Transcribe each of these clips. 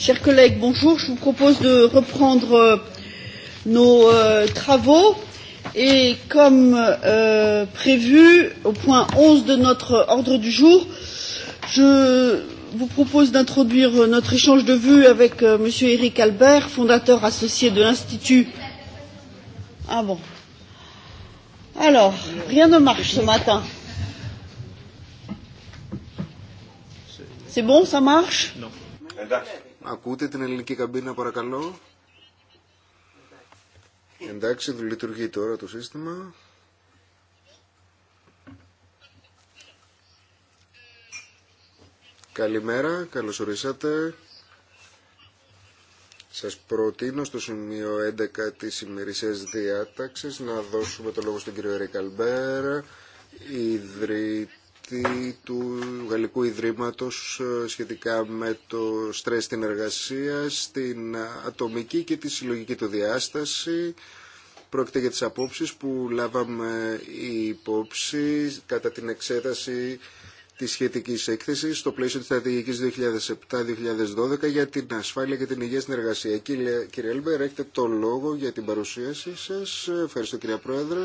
Chers collègues, bonjour. Je vous propose de reprendre nos travaux. Et comme prévu au point 11 de notre ordre du jour, je vous propose d'introduire notre échange de vues avec M. Eric Albert, fondateur associé de l'Institut. Ah bon. Alors, rien ne marche ce matin. C'est bon, ça marche Non. Ακούτε την ελληνική καμπίνα παρακαλώ. Εντάξει, λειτουργεί τώρα το σύστημα. Καλημέρα, καλώς ορίσατε. Σας προτείνω στο σημείο 11 της ημερησίας διάταξης να δώσουμε το λόγο στον κύριο Ερικ Αλμπέρ, ιδρύτη του Γαλλικού Ιδρύματος ε, σχετικά με το στρες στην εργασία, στην ατομική και τη συλλογική του διάσταση. Πρόκειται για τις απόψεις που λάβαμε υπόψη κατά την εξέταση της σχετικής έκθεσης στο πλαίσιο της στρατηγικη 2007 2007-2012 για την ασφάλεια και την υγεία στην εργασία. Κύριε Έλμπερ, έχετε το λόγο για την παρουσίαση σας. Ευχαριστώ κυρία Πρόεδρε.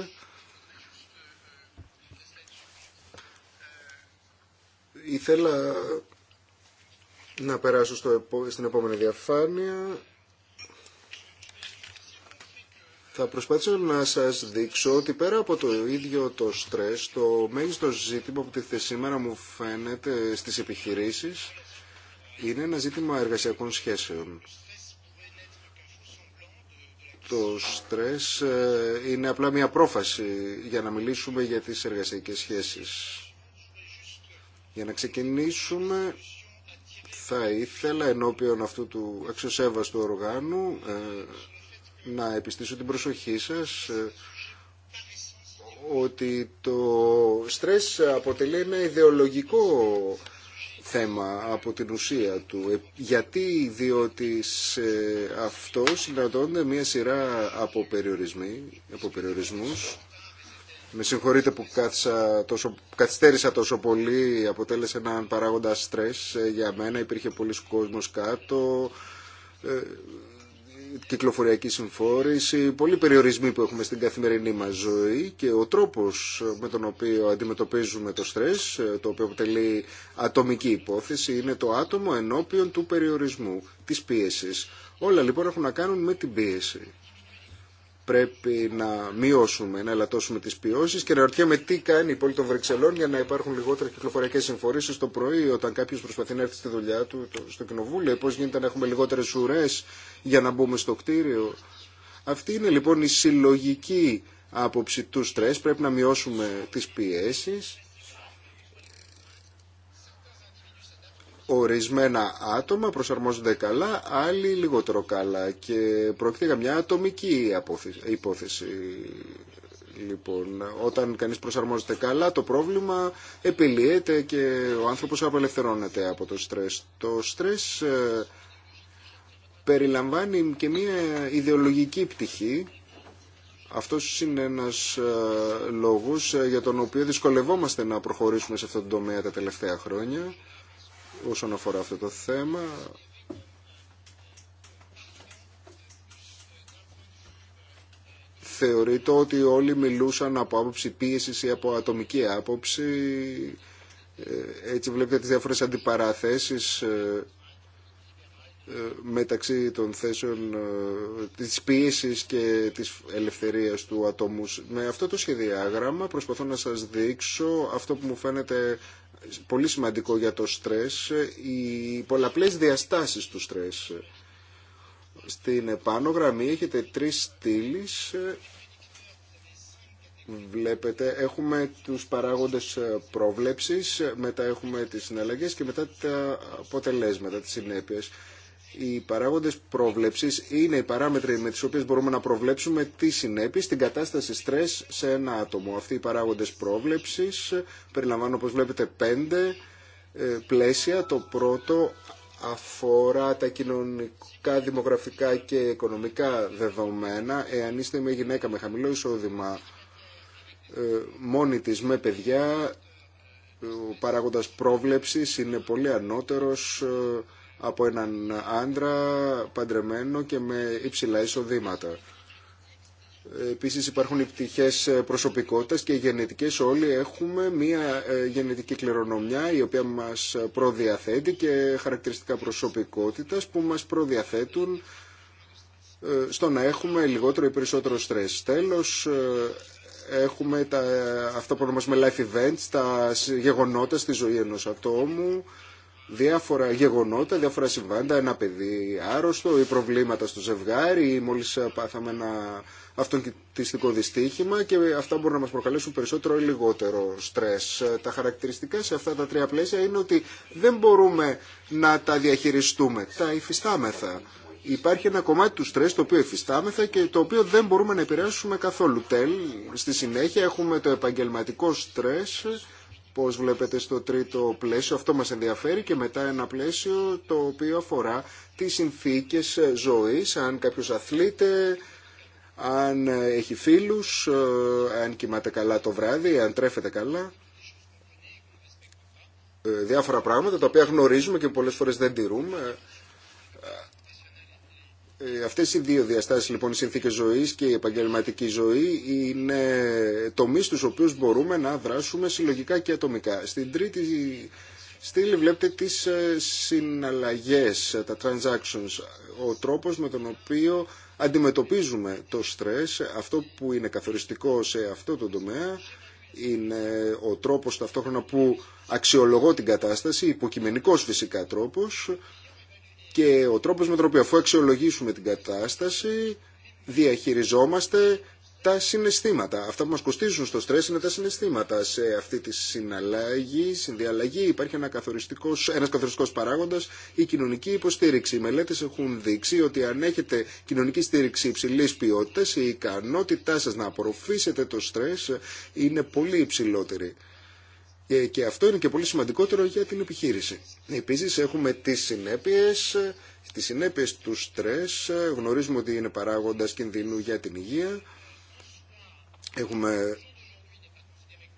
Ήθελα να περάσω στο, στην επόμενη διαφάνεια. Θα προσπαθήσω να σας δείξω ότι πέρα από το ίδιο το στρες, το μέγιστο ζήτημα που τη σήμερα μου φαίνεται στις επιχειρήσεις είναι ένα ζήτημα εργασιακών σχέσεων. Το στρες ε, είναι απλά μια πρόφαση για να μιλήσουμε για τις εργασιακές σχέσεις. Για να ξεκινήσουμε θα ήθελα ενώπιον αυτού του αξιοσέβαστου οργάνου ε, να επιστήσω την προσοχή σας ε, ότι το στρες αποτελεί ένα ιδεολογικό θέμα από την ουσία του. Ε, γιατί, διότι σε αυτό συναντώνται μια σειρά από, περιορισμοί, με συγχωρείτε που τόσο, καθυστέρησα τόσο πολύ, αποτέλεσε έναν παράγοντα στρες για μένα, υπήρχε πολλοί κόσμος κάτω, ε, κυκλοφοριακή συμφόρηση, πολλοί περιορισμοί που έχουμε στην καθημερινή μας ζωή και ο τρόπος με τον οποίο αντιμετωπίζουμε το στρες, το οποίο αποτελεί ατομική υπόθεση, είναι το άτομο ενώπιον του περιορισμού, της πίεσης. Όλα λοιπόν έχουν να κάνουν με την πίεση πρέπει να μειώσουμε, να ελαττώσουμε τις ποιώσεις και να ρωτιέμαι τι κάνει η πόλη των Βρυξελών για να υπάρχουν λιγότερε κυκλοφοριακές συμφορήσεις το πρωί όταν κάποιος προσπαθεί να έρθει στη δουλειά του στο κοινοβούλιο, πώς γίνεται να έχουμε λιγότερες ουρές για να μπούμε στο κτίριο. Αυτή είναι λοιπόν η συλλογική άποψη του στρες, πρέπει να μειώσουμε τις πιέσεις Ορισμένα άτομα προσαρμόζονται καλά, άλλοι λιγότερο καλά και πρόκειται για μια ατομική υπόθεση. Λοιπόν, όταν κανείς προσαρμόζεται καλά, το πρόβλημα επιλύεται και ο άνθρωπος απελευθερώνεται από το στρες. Το στρες ε, περιλαμβάνει και μια ιδεολογική πτυχή. Αυτός είναι ένας ε, λόγος ε, για τον οποίο δυσκολευόμαστε να προχωρήσουμε σε αυτό το τομέα τα τελευταία χρόνια όσον αφορά αυτό το θέμα. Θεωρείται ότι όλοι μιλούσαν από άποψη πίεσης ή από ατομική άποψη. Ε, έτσι βλέπετε τις διάφορες αντιπαραθέσεις ε, ε, μεταξύ των θέσεων της πίεσης και της ελευθερίας του ατόμου. Με αυτό το σχεδιάγραμμα προσπαθώ να σας δείξω αυτό που μου φαίνεται πολύ σημαντικό για το στρες, οι πολλαπλές διαστάσεις του στρες. Στην επάνω γραμμή έχετε τρεις στήλε. Βλέπετε, έχουμε τους παράγοντες προβλέψεις μετά έχουμε τις συναλλαγές και μετά τα αποτελέσματα, τις συνέπειες οι παράγοντες πρόβλεψη είναι οι παράμετροι με τι οποίε μπορούμε να προβλέψουμε τι συνέπει στην κατάσταση στρε σε ένα άτομο. Αυτοί οι παράγοντε πρόβλεψη περιλαμβάνουν όπως βλέπετε πέντε ε, πλαίσια. Το πρώτο αφορά τα κοινωνικά, δημογραφικά και οικονομικά δεδομένα. Εάν είστε μια γυναίκα με χαμηλό εισόδημα ε, μόνη της με παιδιά, ο παράγοντας πρόβλεψης είναι πολύ ανώτερος ε, από έναν άντρα παντρεμένο και με υψηλά εισοδήματα. Επίσης υπάρχουν οι πτυχές προσωπικότητας και γενετικές. Όλοι έχουμε μία ε, γενετική κληρονομιά η οποία μας προδιαθέτει και χαρακτηριστικά προσωπικότητας που μας προδιαθέτουν ε, στο να έχουμε λιγότερο ή περισσότερο στρες. Τέλος, ε, έχουμε τα, αυτά που ονομάζουμε life events, τα γεγονότα στη ζωή ενός ατόμου, διάφορα γεγονότα, διάφορα συμβάντα, ένα παιδί άρρωστο ή προβλήματα στο ζευγάρι ή μόλις ε, πάθαμε ένα αυτοκινητιστικό δυστύχημα και αυτά μπορούν να μας προκαλέσουν περισσότερο ή λιγότερο στρες. Ε, τα χαρακτηριστικά σε αυτά τα τρία πλαίσια είναι ότι δεν μπορούμε να τα διαχειριστούμε, τα υφιστάμεθα. Υπάρχει ένα κομμάτι του στρες το οποίο υφιστάμεθα και το οποίο δεν μπορούμε να επηρεάσουμε καθόλου. Τέλ, στη συνέχεια έχουμε το επαγγελματικό στρες πώς βλέπετε στο τρίτο πλαίσιο. Αυτό μας ενδιαφέρει και μετά ένα πλαίσιο το οποίο αφορά τις συνθήκες ζωής, αν κάποιος αθλείται, αν έχει φίλους, ε, αν κοιμάται καλά το βράδυ, αν τρέφεται καλά. Ε, διάφορα πράγματα τα οποία γνωρίζουμε και πολλές φορές δεν τηρούμε. Ε, αυτές οι δύο διαστάσεις λοιπόν, οι συνθήκες ζωής και η επαγγελματική ζωή είναι τομείς στους οποίους μπορούμε να δράσουμε συλλογικά και ατομικά. Στην τρίτη στήλη βλέπετε τις ε, συναλλαγές, τα transactions, ο τρόπος με τον οποίο αντιμετωπίζουμε το στρες, αυτό που είναι καθοριστικό σε αυτό το τομέα, είναι ο τρόπος ταυτόχρονα που αξιολογώ την κατάσταση, υποκειμενικός φυσικά τρόπος, και ο τρόπος με τον οποίο αφού αξιολογήσουμε την κατάσταση διαχειριζόμαστε τα συναισθήματα. Αυτά που μας κοστίζουν στο στρες είναι τα συναισθήματα. Σε αυτή τη συναλλαγή, συνδιαλλαγή υπάρχει ένα καθοριστικός, ένας καθοριστικός παράγοντας, η κοινωνική υποστήριξη. Οι μελέτες έχουν δείξει ότι αν έχετε κοινωνική στήριξη υψηλή ποιότητας, η ικανότητά σας να απορροφήσετε το στρες είναι πολύ υψηλότερη. Ε, και αυτό είναι και πολύ σημαντικότερο για την επιχείρηση. Επίσης έχουμε τις συνέπειες, τις συνέπειες του στρες, γνωρίζουμε ότι είναι παράγοντας κινδύνου για την υγεία. Έχουμε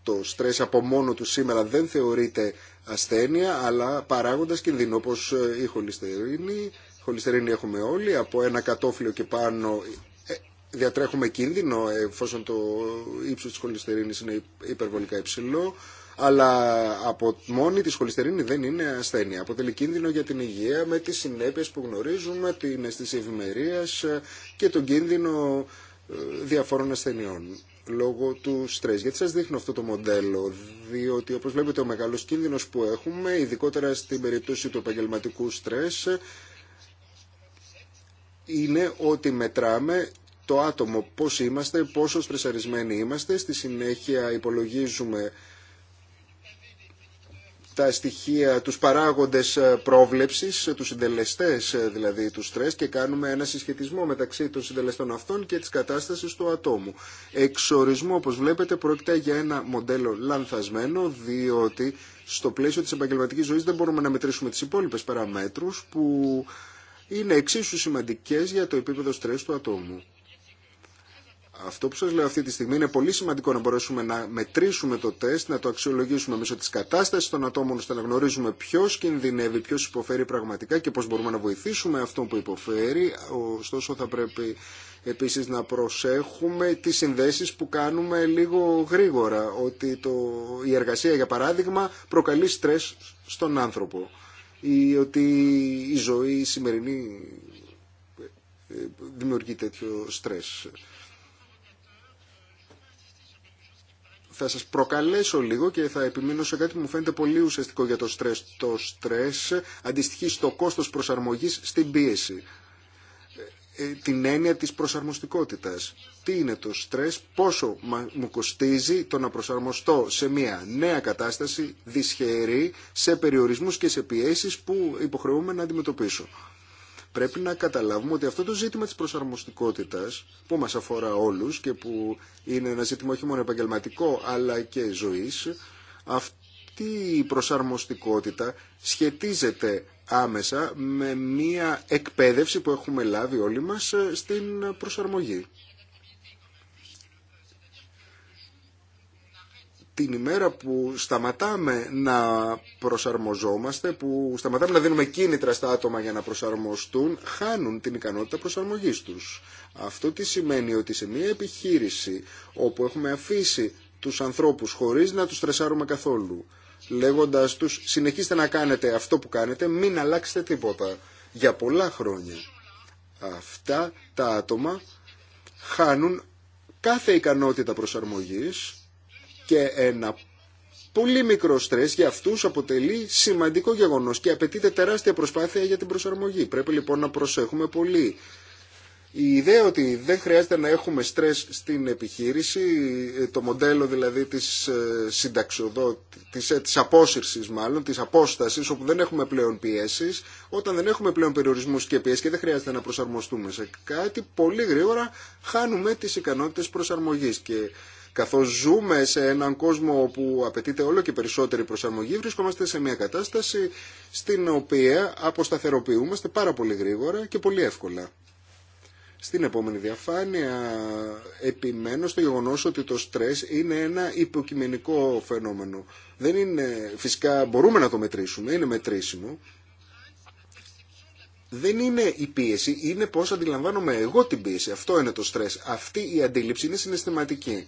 το στρες από μόνο του σήμερα δεν θεωρείται ασθένεια, αλλά παράγοντας κινδύνου όπως η χολυστερίνη. Χολυστερίνη έχουμε όλοι, από ένα κατόφλιο και πάνω ε, διατρέχουμε κίνδυνο εφόσον το ύψος της χολυστερίνης είναι υπερβολικά υψηλό αλλά από μόνη τη χολυστερίνη δεν είναι ασθένεια. Αποτελεί κίνδυνο για την υγεία με τι συνέπειε που γνωρίζουμε, την αίσθηση ευημερία και τον κίνδυνο ε, διαφόρων ασθενειών λόγω του στρες. Γιατί σας δείχνω αυτό το μοντέλο, διότι όπως βλέπετε ο μεγάλος κίνδυνος που έχουμε, ειδικότερα στην περίπτωση του επαγγελματικού στρες, είναι ότι μετράμε το άτομο πώς είμαστε, πόσο στρεσαρισμένοι είμαστε, στη συνέχεια υπολογίζουμε τα στοιχεία, τους παράγοντες ε, πρόβλεψης, ε, τους συντελεστές ε, δηλαδή του στρες και κάνουμε ένα συσχετισμό μεταξύ των συντελεστών αυτών και της κατάστασης του ατόμου. Εξορισμό, όπως βλέπετε, πρόκειται για ένα μοντέλο λανθασμένο, διότι στο πλαίσιο της επαγγελματική ζωής δεν μπορούμε να μετρήσουμε τις υπόλοιπε παραμέτρους που είναι εξίσου σημαντικές για το επίπεδο στρες του ατόμου. Αυτό που σας λέω αυτή τη στιγμή είναι πολύ σημαντικό να μπορέσουμε να μετρήσουμε το τεστ, να το αξιολογήσουμε μέσω της κατάστασης των ατόμων, ώστε να γνωρίζουμε ποιος κινδυνεύει, ποιος υποφέρει πραγματικά και πώς μπορούμε να βοηθήσουμε αυτόν που υποφέρει. Ωστόσο θα πρέπει επίσης να προσέχουμε τις συνδέσεις που κάνουμε λίγο γρήγορα, ότι το, η εργασία για παράδειγμα προκαλεί στρες στον άνθρωπο ή ότι η ζωή η σημερινή ε, ε, δημιουργεί τέτοιο στρες. θα σας προκαλέσω λίγο και θα επιμείνω σε κάτι που μου φαίνεται πολύ ουσιαστικό για το στρες. Το στρες αντιστοιχεί στο κόστος προσαρμογής στην πίεση. Ε, ε, την έννοια της προσαρμοστικότητας. Τι είναι το στρες, πόσο μου κοστίζει το να προσαρμοστώ σε μια νέα κατάσταση δυσχερή, σε περιορισμούς και σε πιέσεις που υποχρεούμε να αντιμετωπίσω πρέπει να καταλάβουμε ότι αυτό το ζήτημα της προσαρμοστικότητας που μας αφορά όλους και που είναι ένα ζήτημα όχι μόνο επαγγελματικό αλλά και ζωής, αυτή η προσαρμοστικότητα σχετίζεται άμεσα με μια εκπαίδευση που έχουμε λάβει όλοι μας ε, στην προσαρμογή. την ημέρα που σταματάμε να προσαρμοζόμαστε, που σταματάμε να δίνουμε κίνητρα στα άτομα για να προσαρμοστούν, χάνουν την ικανότητα προσαρμογής τους. Αυτό τι σημαίνει ότι σε μια επιχείρηση όπου έχουμε αφήσει τους ανθρώπους χωρίς να τους τρεσάρουμε καθόλου, λέγοντας τους συνεχίστε να κάνετε αυτό που κάνετε, μην αλλάξετε τίποτα για πολλά χρόνια. Αυτά τα άτομα χάνουν κάθε ικανότητα προσαρμογής και ένα πολύ μικρό στρες για αυτούς αποτελεί σημαντικό γεγονός και απαιτείται τεράστια προσπάθεια για την προσαρμογή. Πρέπει λοιπόν να προσέχουμε πολύ. Η ιδέα ότι δεν χρειάζεται να έχουμε στρες στην επιχείρηση, το μοντέλο δηλαδή της ε, συνταξιοδό, της, ε, της απόσυρσης μάλλον, της απόστασης όπου δεν έχουμε πλέον πιέσεις, όταν δεν έχουμε πλέον περιορισμούς και πιέσεις και δεν χρειάζεται να προσαρμοστούμε σε κάτι, πολύ γρήγορα χάνουμε τις ικανότητες προσαρμογή. Καθώς ζούμε σε έναν κόσμο όπου απαιτείται όλο και περισσότερη προσαρμογή, βρισκόμαστε σε μια κατάσταση στην οποία αποσταθεροποιούμαστε πάρα πολύ γρήγορα και πολύ εύκολα. Στην επόμενη διαφάνεια επιμένω στο γεγονός ότι το στρες είναι ένα υποκειμενικό φαινόμενο. Δεν είναι, φυσικά μπορούμε να το μετρήσουμε, είναι μετρήσιμο. Δεν είναι η πίεση, είναι πώς αντιλαμβάνομαι εγώ την πίεση. Αυτό είναι το στρες. Αυτή η αντίληψη είναι συναισθηματική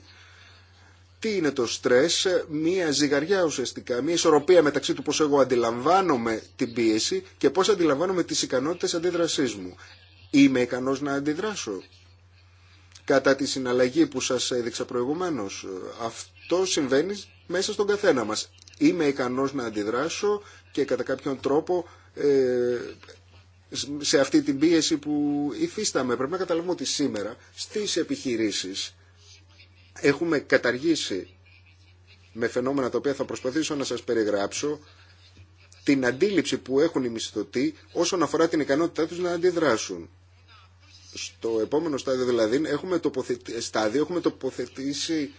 τι είναι το στρες, μία ζυγαριά ουσιαστικά, μία ισορροπία μεταξύ του πώς εγώ αντιλαμβάνομαι την πίεση και πώς αντιλαμβάνομαι τις ικανότητες αντίδρασής μου. Είμαι ικανός να αντιδράσω κατά τη συναλλαγή που σας έδειξα προηγουμένως. Αυτό συμβαίνει μέσα στον καθένα μας. Είμαι ικανός να αντιδράσω και κατά κάποιον τρόπο ε, σε αυτή την πίεση που υφίσταμε. Πρέπει να καταλάβουμε ότι σήμερα στις επιχειρήσεις έχουμε καταργήσει με φαινόμενα τα οποία θα προσπαθήσω να σας περιγράψω την αντίληψη που έχουν οι μισθωτοί όσον αφορά την ικανότητά τους να αντιδράσουν. Στο επόμενο στάδιο δηλαδή έχουμε, τοποθετήσει, στάδιο, έχουμε τοποθετήσει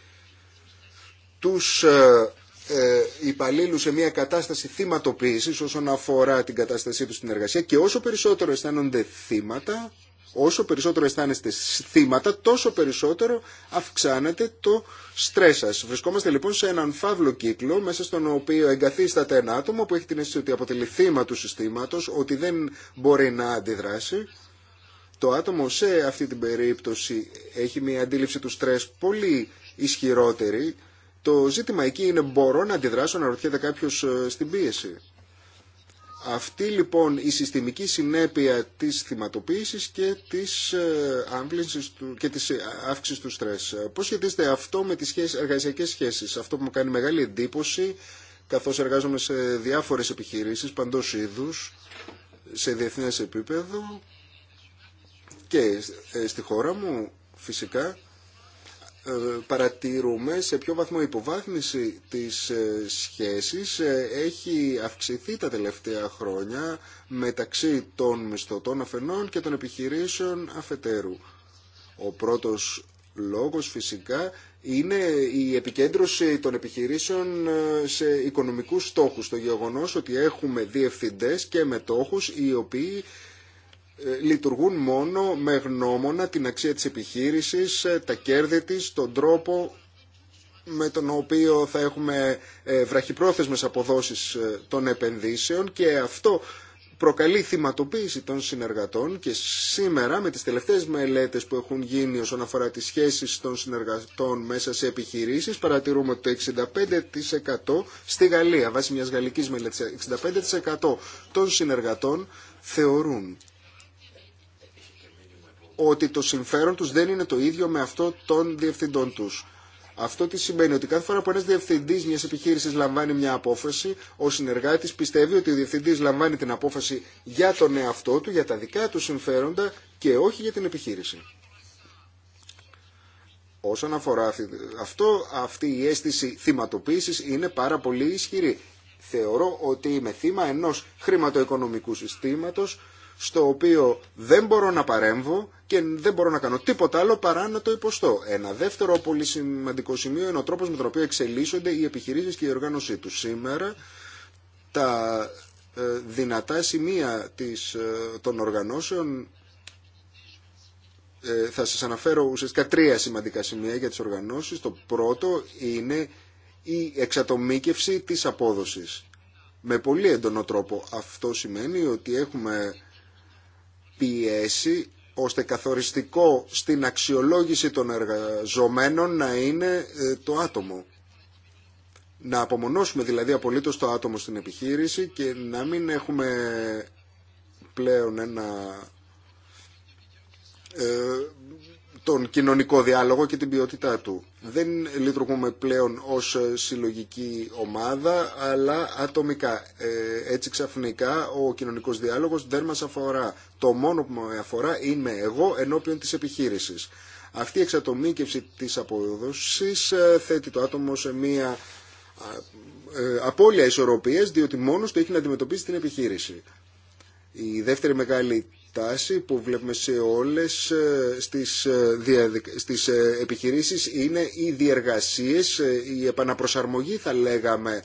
τους ε, ε υπαλλήλου σε μια κατάσταση θυματοποίηση όσον αφορά την κατάστασή του στην εργασία και όσο περισσότερο αισθάνονται θύματα, Όσο περισσότερο αισθάνεστε θύματα, τόσο περισσότερο αυξάνεται το στρες σας. Βρισκόμαστε λοιπόν σε έναν φαύλο κύκλο, μέσα στον οποίο εγκαθίσταται ένα άτομο που έχει την αίσθηση ότι αποτελεί θύμα του συστήματος, ότι δεν μπορεί να αντιδράσει. Το άτομο σε αυτή την περίπτωση έχει μια αντίληψη του στρες πολύ ισχυρότερη. Το ζήτημα εκεί είναι μπορώ να αντιδράσω, να ρωτιέται κάποιο ε, στην πίεση. Αυτή λοιπόν η συστημική συνέπεια της θυματοποίησης και της, ε, άμβλησης του, και της ε, αύξησης του στρες. Πώς σχετίζεται αυτό με τις σχέσεις, εργασιακές σχέσεις. Αυτό που μου κάνει μεγάλη εντύπωση, καθώς εργάζομαι σε διάφορες επιχειρήσεις παντός είδους, σε διεθνές επίπεδο και ε, στη χώρα μου φυσικά ε, παρατηρούμε σε ποιο βαθμό η υποβάθμιση της ε, σχέσης ε, έχει αυξηθεί τα τελευταία χρόνια μεταξύ των μισθωτών αφενών και των επιχειρήσεων αφετέρου. Ο πρώτος λόγος φυσικά είναι η επικέντρωση των επιχειρήσεων σε οικονομικούς στόχους. Το γεγονός ότι έχουμε διευθυντές και μετόχους οι οποίοι ε, λειτουργούν μόνο με γνώμονα την αξία της επιχείρησης, ε, τα κέρδη της, τον τρόπο με τον οποίο θα έχουμε ε, βραχυπρόθεσμες αποδόσεις των επενδύσεων και αυτό προκαλεί θυματοποίηση των συνεργατών και σήμερα με τις τελευταίες μελέτες που έχουν γίνει όσον αφορά τις σχέσεις των συνεργατών μέσα σε επιχειρήσεις παρατηρούμε ότι το 65% στη Γαλλία, βάσει μιας γαλλικής μελέτης, 65% των συνεργατών θεωρούν ότι το συμφέρον τους δεν είναι το ίδιο με αυτό των διευθυντών τους. Αυτό τι σημαίνει ότι κάθε φορά που ένα διευθυντή μια επιχείρηση λαμβάνει μια απόφαση, ο συνεργάτη πιστεύει ότι ο διευθυντή λαμβάνει την απόφαση για τον εαυτό του, για τα δικά του συμφέροντα και όχι για την επιχείρηση. Όσον αφορά αυτό, αυτή η αίσθηση θυματοποίηση είναι πάρα πολύ ισχυρή. Θεωρώ ότι είμαι θύμα ενό χρηματοοικονομικού συστήματος στο οποίο δεν μπορώ να παρέμβω και δεν μπορώ να κάνω τίποτα άλλο παρά να το υποστώ. Ένα δεύτερο πολύ σημαντικό σημείο είναι ο τρόπος με τον οποίο εξελίσσονται οι επιχειρήσεις και η οργάνωσή του Σήμερα τα ε, δυνατά σημεία της, ε, των οργανώσεων ε, θα σας αναφέρω ουσιαστικά τρία σημαντικά σημεία για τις οργανώσεις. Το πρώτο είναι η εξατομίκευση της απόδοσης. Με πολύ έντονο τρόπο αυτό σημαίνει ότι έχουμε πιέσει ώστε καθοριστικό στην αξιολόγηση των εργαζομένων να είναι ε, το άτομο. Να απομονώσουμε δηλαδή απολύτως το άτομο στην επιχείρηση και να μην έχουμε πλέον ένα ε, τον κοινωνικό διάλογο και την ποιότητά του. Δεν λειτουργούμε πλέον ως συλλογική ομάδα, αλλά ατομικά. Ε, έτσι ξαφνικά ο κοινωνικός διάλογος δεν μας αφορά. Το μόνο που με αφορά είμαι εγώ ενώπιον της επιχείρησης. Αυτή η εξατομήκευση της αποδόσης ε, θέτει το άτομο σε μία ε, απώλεια ισορροπίας, διότι μόνος το έχει να αντιμετωπίσει την επιχείρηση. Η δεύτερη μεγάλη τάση που βλέπουμε σε όλες ε, στις, ε, στις ε, επιχειρήσεις είναι οι διεργασίες, η επαναπροσαρμογή θα λέγαμε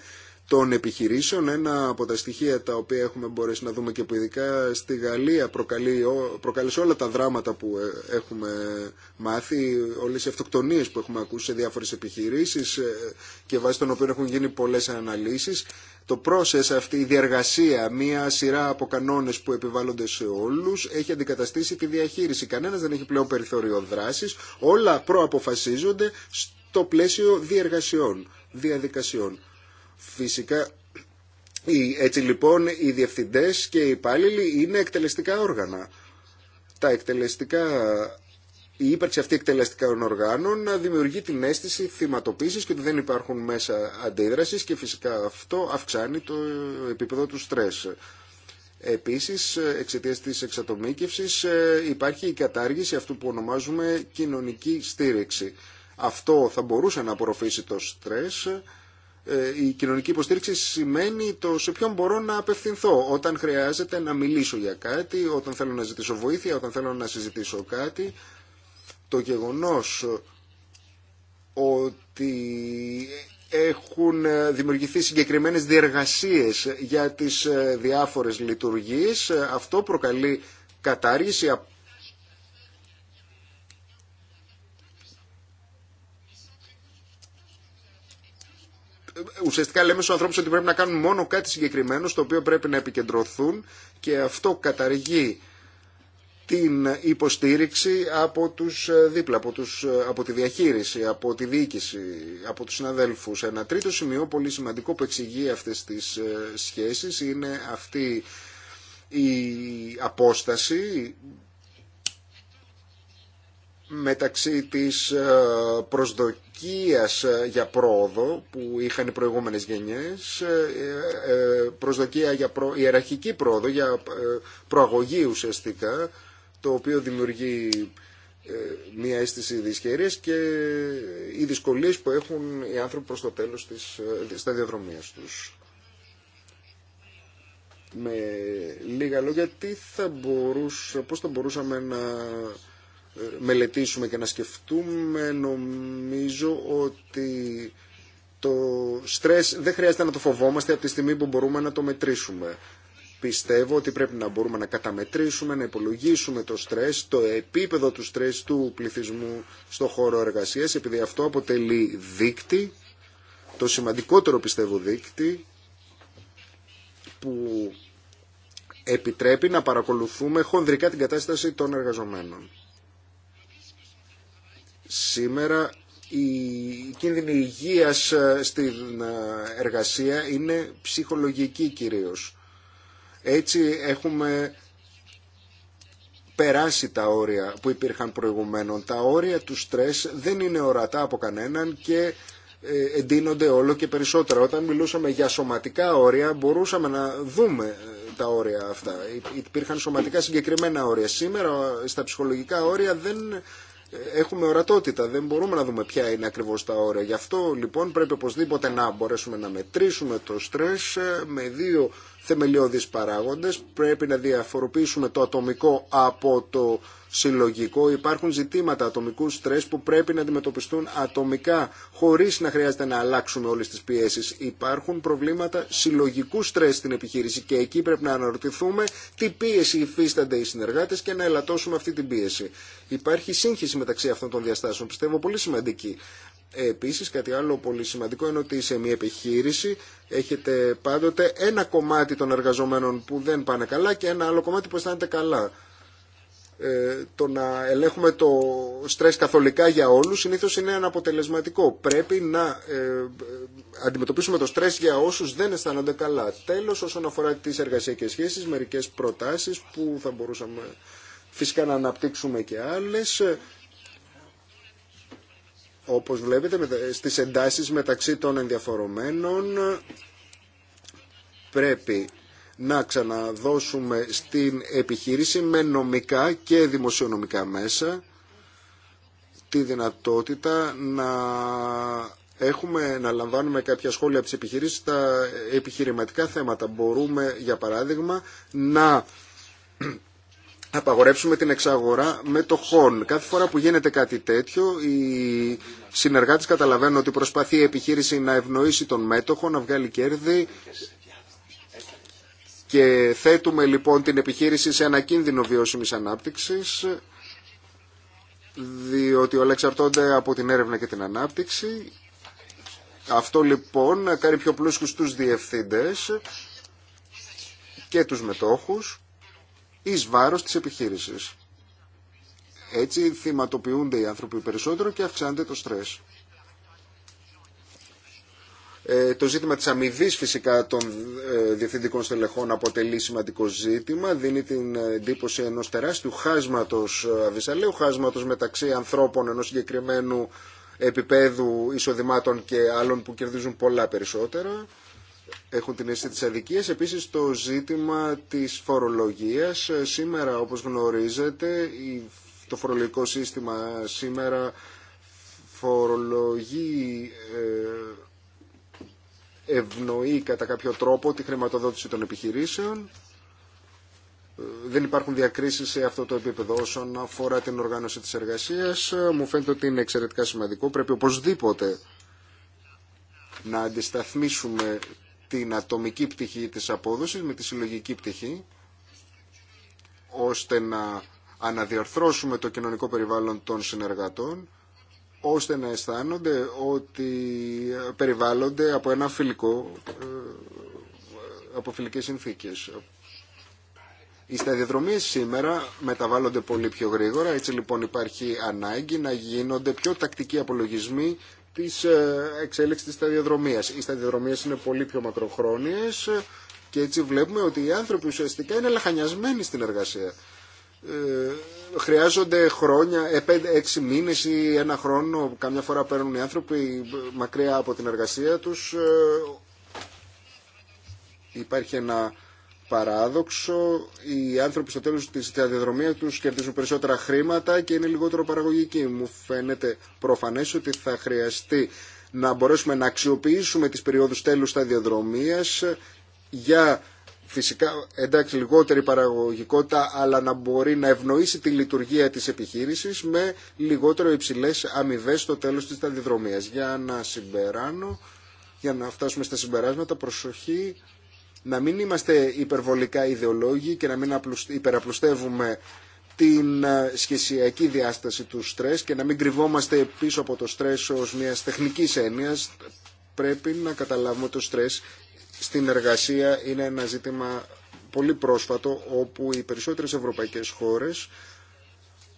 των επιχειρήσεων. Ένα από τα στοιχεία τα οποία έχουμε μπορέσει να δούμε και που ειδικά στη Γαλλία προκαλεί, όλα τα δράματα που ε, έχουμε μάθει, όλε οι αυτοκτονίε που έχουμε ακούσει σε διάφορε επιχειρήσει ε, και βάσει των οποίων έχουν γίνει πολλέ αναλύσει. Το process αυτή, η διαργασία, μία σειρά από κανόνε που επιβάλλονται σε όλου, έχει αντικαταστήσει τη διαχείριση. Κανένα δεν έχει πλέον περιθώριο δράση, όλα προαποφασίζονται στο πλαίσιο διεργασιών, διαδικασιών. Φυσικά, έτσι λοιπόν οι διευθυντές και οι υπάλληλοι είναι εκτελεστικά όργανα. Τα εκτελεστικά η ύπαρξη αυτή εκτελεστικών οργάνων δημιουργεί την αίσθηση θυματοποίησης και ότι δεν υπάρχουν μέσα αντίδραση και φυσικά αυτό αυξάνει το επίπεδο του στρες. Επίσης, εξαιτίας της εξατομίκευση ε, υπάρχει η κατάργηση αυτού που ονομάζουμε κοινωνική στήριξη. Αυτό θα μπορούσε να απορροφήσει το στρες ε, η κοινωνική υποστήριξη σημαίνει το σε ποιον μπορώ να απευθυνθώ όταν χρειάζεται να μιλήσω για κάτι, όταν θέλω να ζητήσω βοήθεια, όταν θέλω να συζητήσω κάτι. Το γεγονός ότι έχουν δημιουργηθεί συγκεκριμένες διεργασίες για τις ε, διάφορες λειτουργίες, ε, αυτό προκαλεί κατάργηση, ουσιαστικά λέμε στου ανθρώπου ότι πρέπει να κάνουν μόνο κάτι συγκεκριμένο στο οποίο πρέπει να επικεντρωθούν και αυτό καταργεί την υποστήριξη από τους ε, δίπλα, από, τους, ε, από τη διαχείριση, από τη διοίκηση, από τους συναδέλφους. Ένα τρίτο σημείο πολύ σημαντικό που εξηγεί αυτές τις ε, σχέσεις είναι αυτή η απόσταση μεταξύ της ε, προσδοκίας ε, για πρόοδο που είχαν οι προηγούμενες γενιές, ε, προσδοκία για προ... ιεραρχική πρόοδο, για προαγωγή ουσιαστικά, το οποίο δημιουργεί μια αίσθηση δυσχερίας και οι δυσκολίες που έχουν οι άνθρωποι προς το τέλος της διαδρομίας τους. Με λίγα λόγια, τι θα μπορούσε, πώς θα μπορούσαμε να μελετήσουμε και να σκεφτούμε νομίζω ότι το στρες δεν χρειάζεται να το φοβόμαστε από τη στιγμή που μπορούμε να το μετρήσουμε. Πιστεύω ότι πρέπει να μπορούμε να καταμετρήσουμε, να υπολογίσουμε το στρες, το επίπεδο του στρες του πληθυσμού στο χώρο εργασίας, επειδή αυτό αποτελεί δίκτυ, το σημαντικότερο πιστεύω δίκτυ, που επιτρέπει να παρακολουθούμε χονδρικά την κατάσταση των εργαζομένων. Σήμερα η κίνδυνη υγείας ε, στην ε, εργασία είναι ψυχολογική κυρίως. Έτσι έχουμε περάσει τα όρια που υπήρχαν προηγουμένων. Τα όρια του στρες δεν είναι ορατά από κανέναν και ε, εντείνονται όλο και περισσότερο. Όταν μιλούσαμε για σωματικά όρια μπορούσαμε να δούμε τα όρια αυτά. Υπήρχαν σωματικά συγκεκριμένα όρια. Σήμερα στα ψυχολογικά όρια δεν έχουμε ορατότητα. Δεν μπορούμε να δούμε ποια είναι ακριβώς τα όρια. Γι' αυτό λοιπόν πρέπει οπωσδήποτε να μπορέσουμε να μετρήσουμε το στρες με δύο θεμελιώδεις παράγοντες. Πρέπει να διαφοροποιήσουμε το ατομικό από το συλλογικό. Υπάρχουν ζητήματα ατομικού στρες που πρέπει να αντιμετωπιστούν ατομικά χωρίς να χρειάζεται να αλλάξουμε όλες τις πιέσεις. Υπάρχουν προβλήματα συλλογικού στρες στην επιχείρηση και εκεί πρέπει να αναρωτηθούμε τι πίεση υφίστανται οι συνεργάτες και να ελαττώσουμε αυτή την πίεση. Υπάρχει σύγχυση μεταξύ αυτών των διαστάσεων, πιστεύω πολύ σημαντική. Ε, επίσης κάτι άλλο πολύ σημαντικό είναι ότι σε μια επιχείρηση έχετε πάντοτε ένα κομμάτι των εργαζομένων που δεν πάνε καλά και ένα άλλο κομμάτι που αισθάνεται καλά. Ε, το να ελέγχουμε το στρες καθολικά για όλους συνήθως είναι αναποτελεσματικό. Πρέπει να ε, αντιμετωπίσουμε το στρες για όσους δεν αισθάνονται καλά. Τέλος όσον αφορά τις εργασιακές σχέσεις, μερικές προτάσεις που θα μπορούσαμε φυσικά να αναπτύξουμε και άλλες όπως βλέπετε στις εντάσεις μεταξύ των ενδιαφορομένων πρέπει να ξαναδώσουμε στην επιχείρηση με νομικά και δημοσιονομικά μέσα τη δυνατότητα να έχουμε να λαμβάνουμε κάποια σχόλια από τις επιχειρήσεις στα επιχειρηματικά θέματα. Μπορούμε για παράδειγμα να θα την εξαγορά με μετοχών. Κάθε φορά που γίνεται κάτι τέτοιο, οι συνεργάτες καταλαβαίνουν ότι προσπαθεί η επιχείρηση να ευνοήσει τον μέτοχο, να βγάλει κέρδη και θέτουμε λοιπόν την επιχείρηση σε ένα κίνδυνο βιώσιμης ανάπτυξης διότι όλα εξαρτώνται από την έρευνα και την ανάπτυξη. Αυτό λοιπόν κάνει πιο τους διευθύντες και τους μετόχους εις βάρος της επιχείρησης. Έτσι θυματοποιούνται οι άνθρωποι περισσότερο και αυξάνεται το στρες. Ε, το ζήτημα της αμοιβή φυσικά των ε, διευθυντικών στελεχών αποτελεί σημαντικό ζήτημα. Δίνει την ε, εντύπωση ενός τεράστιου χάσματος, ε, αβυσαλέου χάσματος μεταξύ ανθρώπων ενός συγκεκριμένου επίπεδου εισοδημάτων και άλλων που κερδίζουν πολλά περισσότερα έχουν την αίσθηση της αδικίας. Επίσης το ζήτημα της φορολογίας. Ε, σήμερα όπως γνωρίζετε το φορολογικό σύστημα σήμερα φορολογεί ε, ευνοεί κατά κάποιο τρόπο τη χρηματοδότηση των επιχειρήσεων. Ε, δεν υπάρχουν διακρίσεις σε αυτό το επίπεδο όσον αφορά την οργάνωση της εργασίας. Μου φαίνεται ότι είναι εξαιρετικά σημαντικό. Πρέπει οπωσδήποτε να αντισταθμίσουμε την ατομική πτυχή της απόδοσης με τη συλλογική πτυχή ώστε να αναδιορθώσουμε το κοινωνικό περιβάλλον των συνεργατών ώστε να αισθάνονται ότι περιβάλλονται από ένα φιλικό ε, από φιλικές συνθήκες. Οι σταδιοδρομίε σήμερα μεταβάλλονται πολύ πιο γρήγορα, έτσι λοιπόν υπάρχει ανάγκη να γίνονται πιο τακτικοί απολογισμοί Τη εξέλιξη της ε, σταδιοδρομία. Οι σταδιοδρομίε είναι πολύ πιο μακροχρόνιες και έτσι βλέπουμε ότι οι άνθρωποι ουσιαστικά είναι λαχανιασμένοι στην εργασία. Ε, χρειάζονται ε, έξι μήνε μήνες ή ένα χρόνο, καμιά φορά παίρνουν οι άνθρωποι μακριά από την εργασία τους. Ε, υπάρχει ένα παράδοξο, οι άνθρωποι στο τέλο τη διαδρομίας του κερδίζουν περισσότερα χρήματα και είναι λιγότερο παραγωγικοί. Μου φαίνεται προφανέ ότι θα χρειαστεί να μπορέσουμε να αξιοποιήσουμε τις περιόδους τέλους σταδιοδρομίας για φυσικά εντάξει λιγότερη παραγωγικότητα αλλά να μπορεί να ευνοήσει τη λειτουργία της επιχείρησης με λιγότερο υψηλές αμοιβέ στο τέλος της σταδιοδρομίας. Για να συμπεράνω, για να φτάσουμε στα συμπεράσματα, προσοχή να μην είμαστε υπερβολικά ιδεολόγοι και να μην υπεραπλουστεύουμε την ε, σχεσιακή διάσταση του στρες και να μην κρυβόμαστε πίσω από το στρες ως μιας τεχνικής έννοιας. Πρέπει να καταλάβουμε το στρες στην εργασία είναι ένα ζήτημα πολύ πρόσφατο όπου οι περισσότερες ευρωπαϊκές χώρες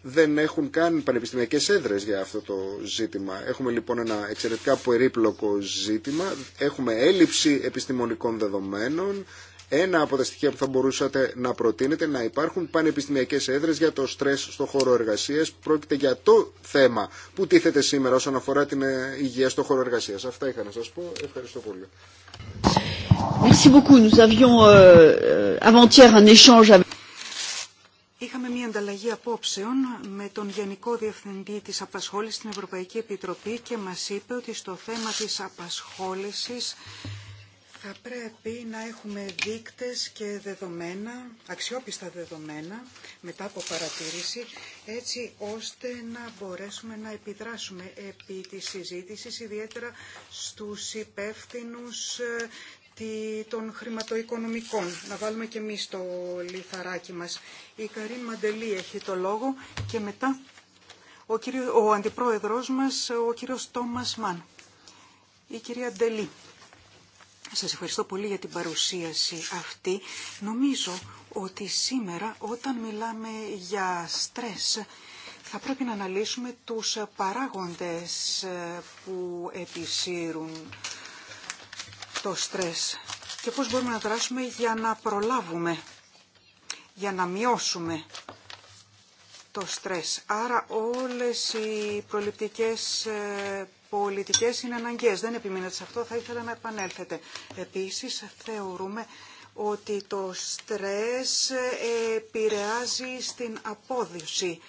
δεν έχουν καν πανεπιστημιακές έδρες για αυτό το ζήτημα. Έχουμε λοιπόν ένα εξαιρετικά περίπλοκο ζήτημα. Έχουμε έλλειψη επιστημονικών δεδομένων. Ένα από τα στοιχεία που θα μπορούσατε να προτείνετε να υπάρχουν πανεπιστημιακές έδρες για το στρες στο χώρο εργασία. Πρόκειται για το θέμα που τίθεται σήμερα όσον αφορά την ε, υγεία στο χώρο εργασία. Αυτά είχα να σα πω. Ευχαριστώ πολύ. Merci beaucoup. Nous avions euh, avant-hier un échange avec Είχαμε μια ανταλλαγή απόψεων με τον Γενικό Διευθυντή της Απασχόλησης στην Ευρωπαϊκή Επιτροπή και μας είπε ότι στο θέμα της απασχόλησης θα πρέπει να έχουμε δείκτες και δεδομένα, αξιόπιστα δεδομένα, μετά από παρατήρηση, έτσι ώστε να μπορέσουμε να επιδράσουμε επί της συζήτησης, ιδιαίτερα στους υπεύθυνου των χρηματοοικονομικών. Να βάλουμε και εμείς το λιθαράκι μας. Η Καρίν Μαντελή έχει το λόγο και μετά ο, κύριο, ο αντιπρόεδρος μας, ο κύριος Τόμας Μαν. Η κυρία Ντελή. Σας ευχαριστώ πολύ για την παρουσίαση αυτή. Νομίζω ότι σήμερα όταν μιλάμε για στρες θα πρέπει να αναλύσουμε τους παράγοντες ε, που επισύρουν το στρες και πώς μπορούμε να δράσουμε για να προλάβουμε, για να μειώσουμε το στρες. Άρα όλες οι προληπτικές ε, πολιτικές είναι αναγκαίες. Δεν επιμείνετε σε αυτό, θα ήθελα να επανέλθετε. Επίσης θεωρούμε ότι το στρες επηρεάζει στην απόδοση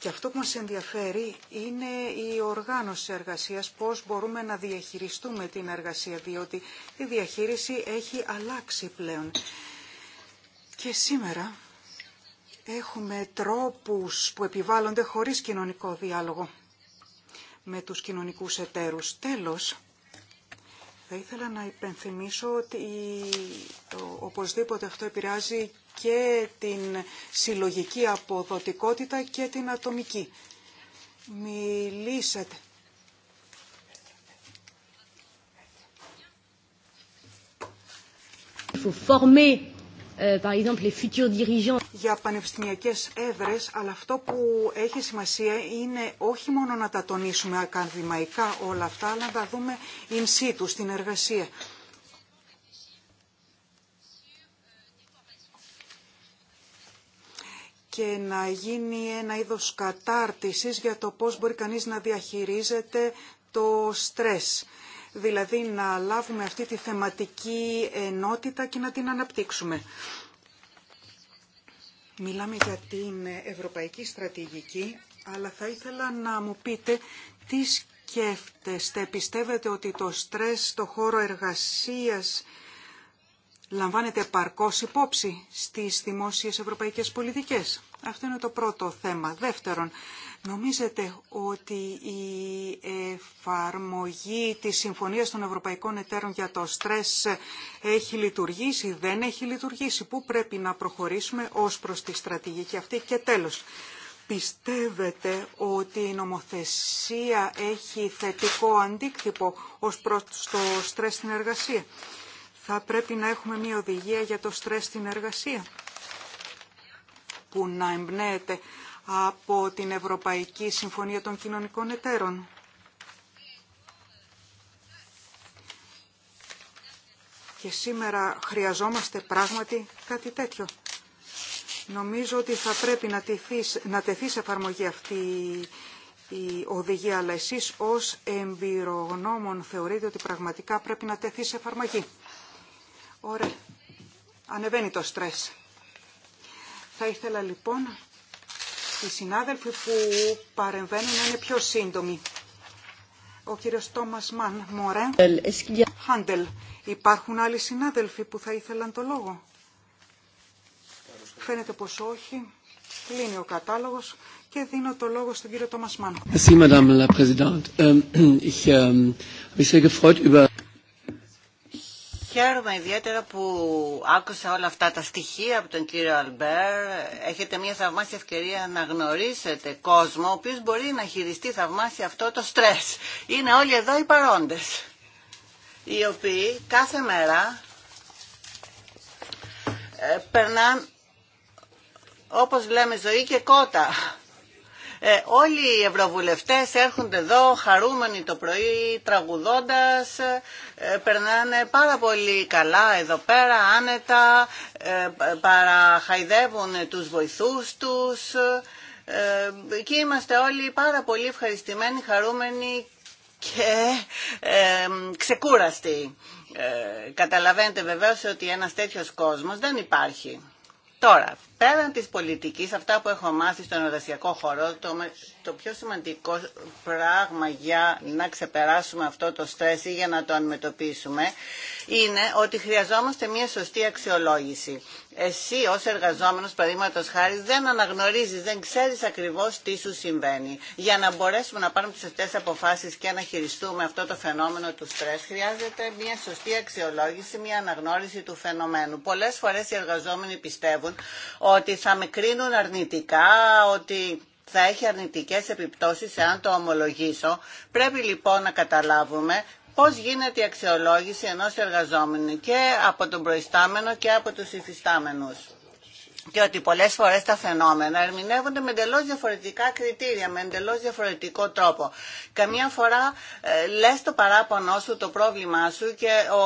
και αυτό που μας ενδιαφέρει είναι η οργάνωση εργασίας, πώς μπορούμε να διαχειριστούμε την εργασία, διότι η διαχείριση έχει αλλάξει πλέον. Και σήμερα έχουμε τρόπους που επιβάλλονται χωρίς κοινωνικό διάλογο με τους κοινωνικούς εταίρους. Τέλος, θα ήθελα να υπενθυμίσω ότι οπωσδήποτε αυτό επηρεάζει και την συλλογική αποδοτικότητα και την ατομική. Μιλήσατε. Euh, Για πανεπιστημιακές έδρες, αλλά αυτό που έχει σημασία είναι όχι μόνο να τα τονίσουμε ακαδημαϊκά όλα αυτά, αλλά να τα δούμε in situ, στην εργασία. και να γίνει ένα είδος κατάρτισης για το πώς μπορεί κανείς να διαχειρίζεται το στρες. Δηλαδή να λάβουμε αυτή τη θεματική ενότητα και να την αναπτύξουμε. Μιλάμε για την ευρωπαϊκή στρατηγική, αλλά θα ήθελα να μου πείτε τι σκέφτεστε. Πιστεύετε ότι το στρες στο χώρο εργασίας λαμβάνεται παρκώ υπόψη στις δημόσιες ευρωπαϊκές πολιτικές. Αυτό είναι το πρώτο θέμα. Δεύτερον, νομίζετε ότι η εφαρμογή της Συμφωνίας των Ευρωπαϊκών Εταίρων για το στρες έχει λειτουργήσει, δεν έχει λειτουργήσει, πού πρέπει να προχωρήσουμε ως προς τη στρατηγική αυτή και τέλος. Πιστεύετε ότι η νομοθεσία έχει θετικό αντίκτυπο ως προς το στρες στην εργασία θα πρέπει να έχουμε μια οδηγία για το στρες στην εργασία που να εμπνέεται από την Ευρωπαϊκή Συμφωνία των Κοινωνικών Εταίρων. Και σήμερα χρειαζόμαστε πράγματι κάτι τέτοιο. Νομίζω ότι θα πρέπει να, να τεθεί σε εφαρμογή αυτή η οδηγία, αλλά εσείς ως εμπειρογνώμων θεωρείτε ότι πραγματικά πρέπει να τεθεί σε εφαρμογή. Ωραία. Ανεβαίνει το στρες. Θα ήθελα λοιπόν οι συνάδελφοι που παρεμβαίνουν να είναι πιο σύντομοι. Ο κύριος Τόμας Μαν, Μωρέ, Χάντελ. Υπάρχουν άλλοι συνάδελφοι που θα ήθελαν το λόγο. Φαίνεται πως όχι. Κλείνει ο κατάλογος και δίνω το λόγο στον κύριο Τόμας Μαν. Χαίρομαι ιδιαίτερα που άκουσα όλα αυτά τα στοιχεία από τον κύριο Αλμπέρ. Έχετε μια θαυμάσια ευκαιρία να γνωρίσετε κόσμο, ο οποίος μπορεί να χειριστεί θαυμάσια αυτό το στρες. Είναι όλοι εδώ οι παρόντες, οι οποίοι κάθε μέρα ε, περνάνε, όπως λέμε, ζωή και κότα. Ε, όλοι οι ευρωβουλευτές έρχονται εδώ χαρούμενοι το πρωί, τραγουδώντας, ε, περνάνε πάρα πολύ καλά εδώ πέρα, άνετα, ε, παραχαϊδεύουν τους βοηθούς τους και είμαστε όλοι πάρα πολύ ευχαριστημένοι, χαρούμενοι και ξεκούραστοι. Καταλαβαίνετε βεβαίως ότι ένας τέτοιος κόσμος δεν υπάρχει. Τώρα, πέραν της πολιτικής, αυτά που έχω μάθει στον εργασιακό χώρο, το, το πιο σημαντικό πράγμα για να ξεπεράσουμε αυτό το στρες ή για να το αντιμετωπίσουμε, είναι ότι χρειαζόμαστε μια σωστή αξιολόγηση. Εσύ ως εργαζόμενος, παραδείγματος χάρη, δεν αναγνωρίζεις, δεν ξέρεις ακριβώς τι σου συμβαίνει. Για να μπορέσουμε να πάρουμε τις σωστές αποφάσεις και να χειριστούμε αυτό το φαινόμενο του στρες, χρειάζεται μια σωστή αξιολόγηση, μια αναγνώριση του φαινομένου. Πολλέ φορές οι εργαζόμενοι πιστεύουν ότι θα με κρίνουν αρνητικά, ότι θα έχει αρνητικές επιπτώσεις εάν το ομολογήσω. Πρέπει λοιπόν να καταλάβουμε πώς γίνεται η αξιολόγηση ενός εργαζόμενου και από τον προϊστάμενο και από τους υφιστάμενους και ότι πολλές φορές τα φαινόμενα ερμηνεύονται με εντελώ διαφορετικά κριτήρια, με εντελώ διαφορετικό τρόπο. Καμιά φορά ε, λες το παράπονο σου, το πρόβλημά σου και ο,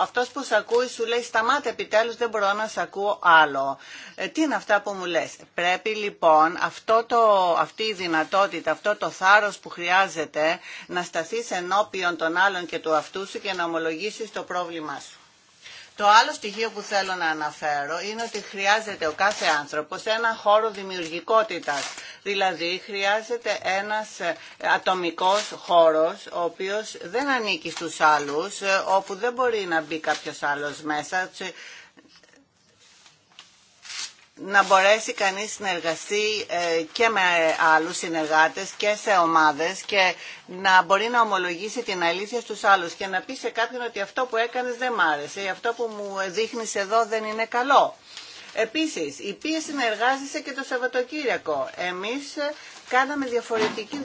αυτός που σε ακούει σου λέει σταμάτε επιτέλους δεν μπορώ να σε ακούω άλλο. Ε, τι είναι αυτά που μου λες. Πρέπει λοιπόν αυτό το, αυτή η δυνατότητα, αυτό το θάρρος που χρειάζεται να σταθείς ενώπιον των άλλων και του αυτού σου και να ομολογήσεις το πρόβλημά σου. Το άλλο στοιχείο που θέλω να αναφέρω είναι ότι χρειάζεται ο κάθε άνθρωπος ένα χώρο δημιουργικότητας. Δηλαδή χρειάζεται ένας ε, ατομικός χώρος ο οποίος δεν ανήκει στους άλλους, ε, όπου δεν μπορεί να μπει κάποιος άλλος μέσα να μπορέσει κανείς να εργαστεί ε, και με άλλους συνεργάτες και σε ομάδες και να μπορεί να ομολογήσει την αλήθεια στους άλλους και να πει σε κάποιον ότι αυτό που έκανες δεν μ' άρεσε ή αυτό που μου δείχνεις εδώ δεν είναι καλό. Επίσης, η πίεση συνεργάζεσαι και το Σαββατοκύριακο. Εμείς ε, κάναμε διαφορετική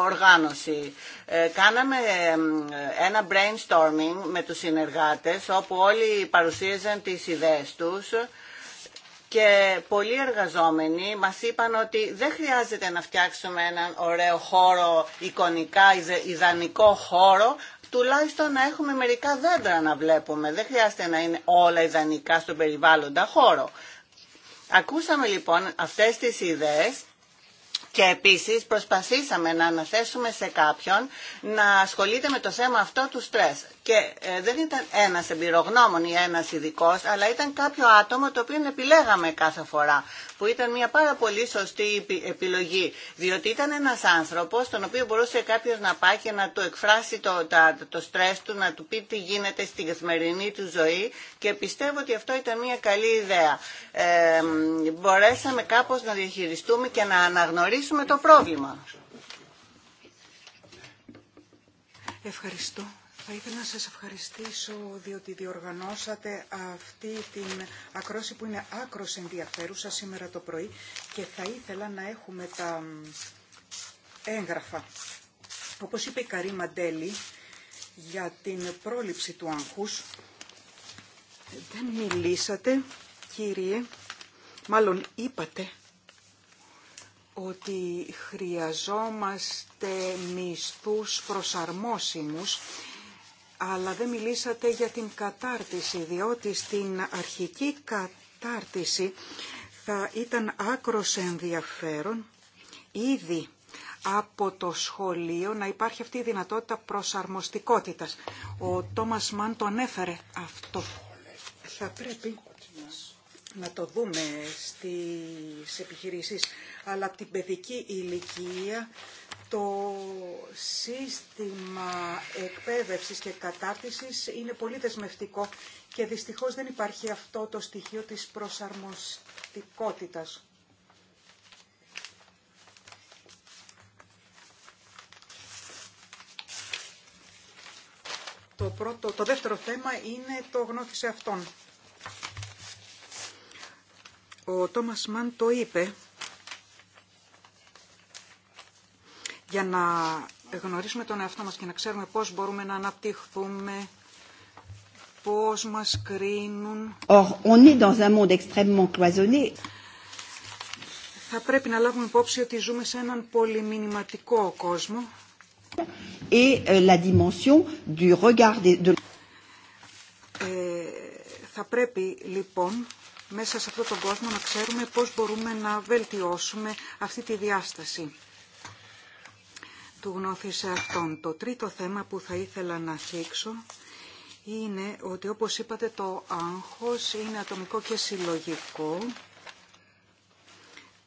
οργάνωση. Ε, κάναμε ένα brainstorming με τους συνεργάτες όπου όλοι παρουσίαζαν τις ιδέες τους και πολλοί εργαζόμενοι μας είπαν ότι δεν χρειάζεται να φτιάξουμε έναν ωραίο χώρο, εικονικά, ιδανικό χώρο, τουλάχιστον να έχουμε μερικά δέντρα να βλέπουμε. Δεν χρειάζεται να είναι όλα ιδανικά στον περιβάλλοντα χώρο. Ακούσαμε λοιπόν αυτές τις ιδέες και επίσης προσπαθήσαμε να αναθέσουμε σε κάποιον να ασχολείται με το θέμα αυτό του στρες. Και ε, δεν ήταν ένας εμπειρογνώμων ή ένας ειδικό, αλλά ήταν κάποιο άτομο το οποίο επιλέγαμε κάθε φορά, που ήταν μια πάρα πολύ σωστή επιλογή, διότι ήταν ένας άνθρωπος τον οποίο μπορούσε κάποιος να πάει και να του εκφράσει το, το στρες του, να του πει τι γίνεται στην καθημερινή του ζωή και πιστεύω ότι αυτό ήταν μια καλή ιδέα. Ε, μπορέσαμε κάπως να διαχειριστούμε και να αναγνωρίσουμε το πρόβλημα. Ευχαριστώ. Θα ήθελα να σας ευχαριστήσω διότι διοργανώσατε αυτή την ακρόση που είναι άκρος ενδιαφέρουσα σήμερα το πρωί και θα ήθελα να έχουμε τα έγγραφα. Όπως είπε η Καρή Μαντέλη για την πρόληψη του άγχους, δεν μιλήσατε κύριε, μάλλον είπατε ότι χρειαζόμαστε μισθούς προσαρμόσιμους αλλά δεν μιλήσατε για την κατάρτιση, διότι στην αρχική κατάρτιση θα ήταν άκρος ενδιαφέρον ήδη από το σχολείο να υπάρχει αυτή η δυνατότητα προσαρμοστικότητας. Ο Τόμας Μαν το ανέφερε αυτό. Θα πρέπει να το δούμε στις επιχειρήσεις, αλλά από την παιδική ηλικία το σύστημα εκπαίδευσης και κατάρτισης είναι πολύ δεσμευτικό και δυστυχώς δεν υπάρχει αυτό το στοιχείο της προσαρμοστικότητας. Το, πρώτο, το δεύτερο θέμα είναι το σε αυτόν. Ο Τόμας Μαν το είπε για να γνωρίσουμε τον εαυτό μας και να ξέρουμε πώς μπορούμε να αναπτυχθούμε, πώς μας κρίνουν. Or, on est dans un monde extrêmement cloisonné. Θα πρέπει να λάβουμε υπόψη ότι ζούμε σε έναν πολυμηνυματικό κόσμο. Et euh, la dimension du regard ε, θα πρέπει λοιπόν μέσα σε αυτόν τον κόσμο να ξέρουμε πώς μπορούμε να βελτιώσουμε αυτή τη διάσταση του γνώθησε αυτόν. Το τρίτο θέμα που θα ήθελα να θίξω είναι ότι όπως είπατε το άγχος είναι ατομικό και συλλογικό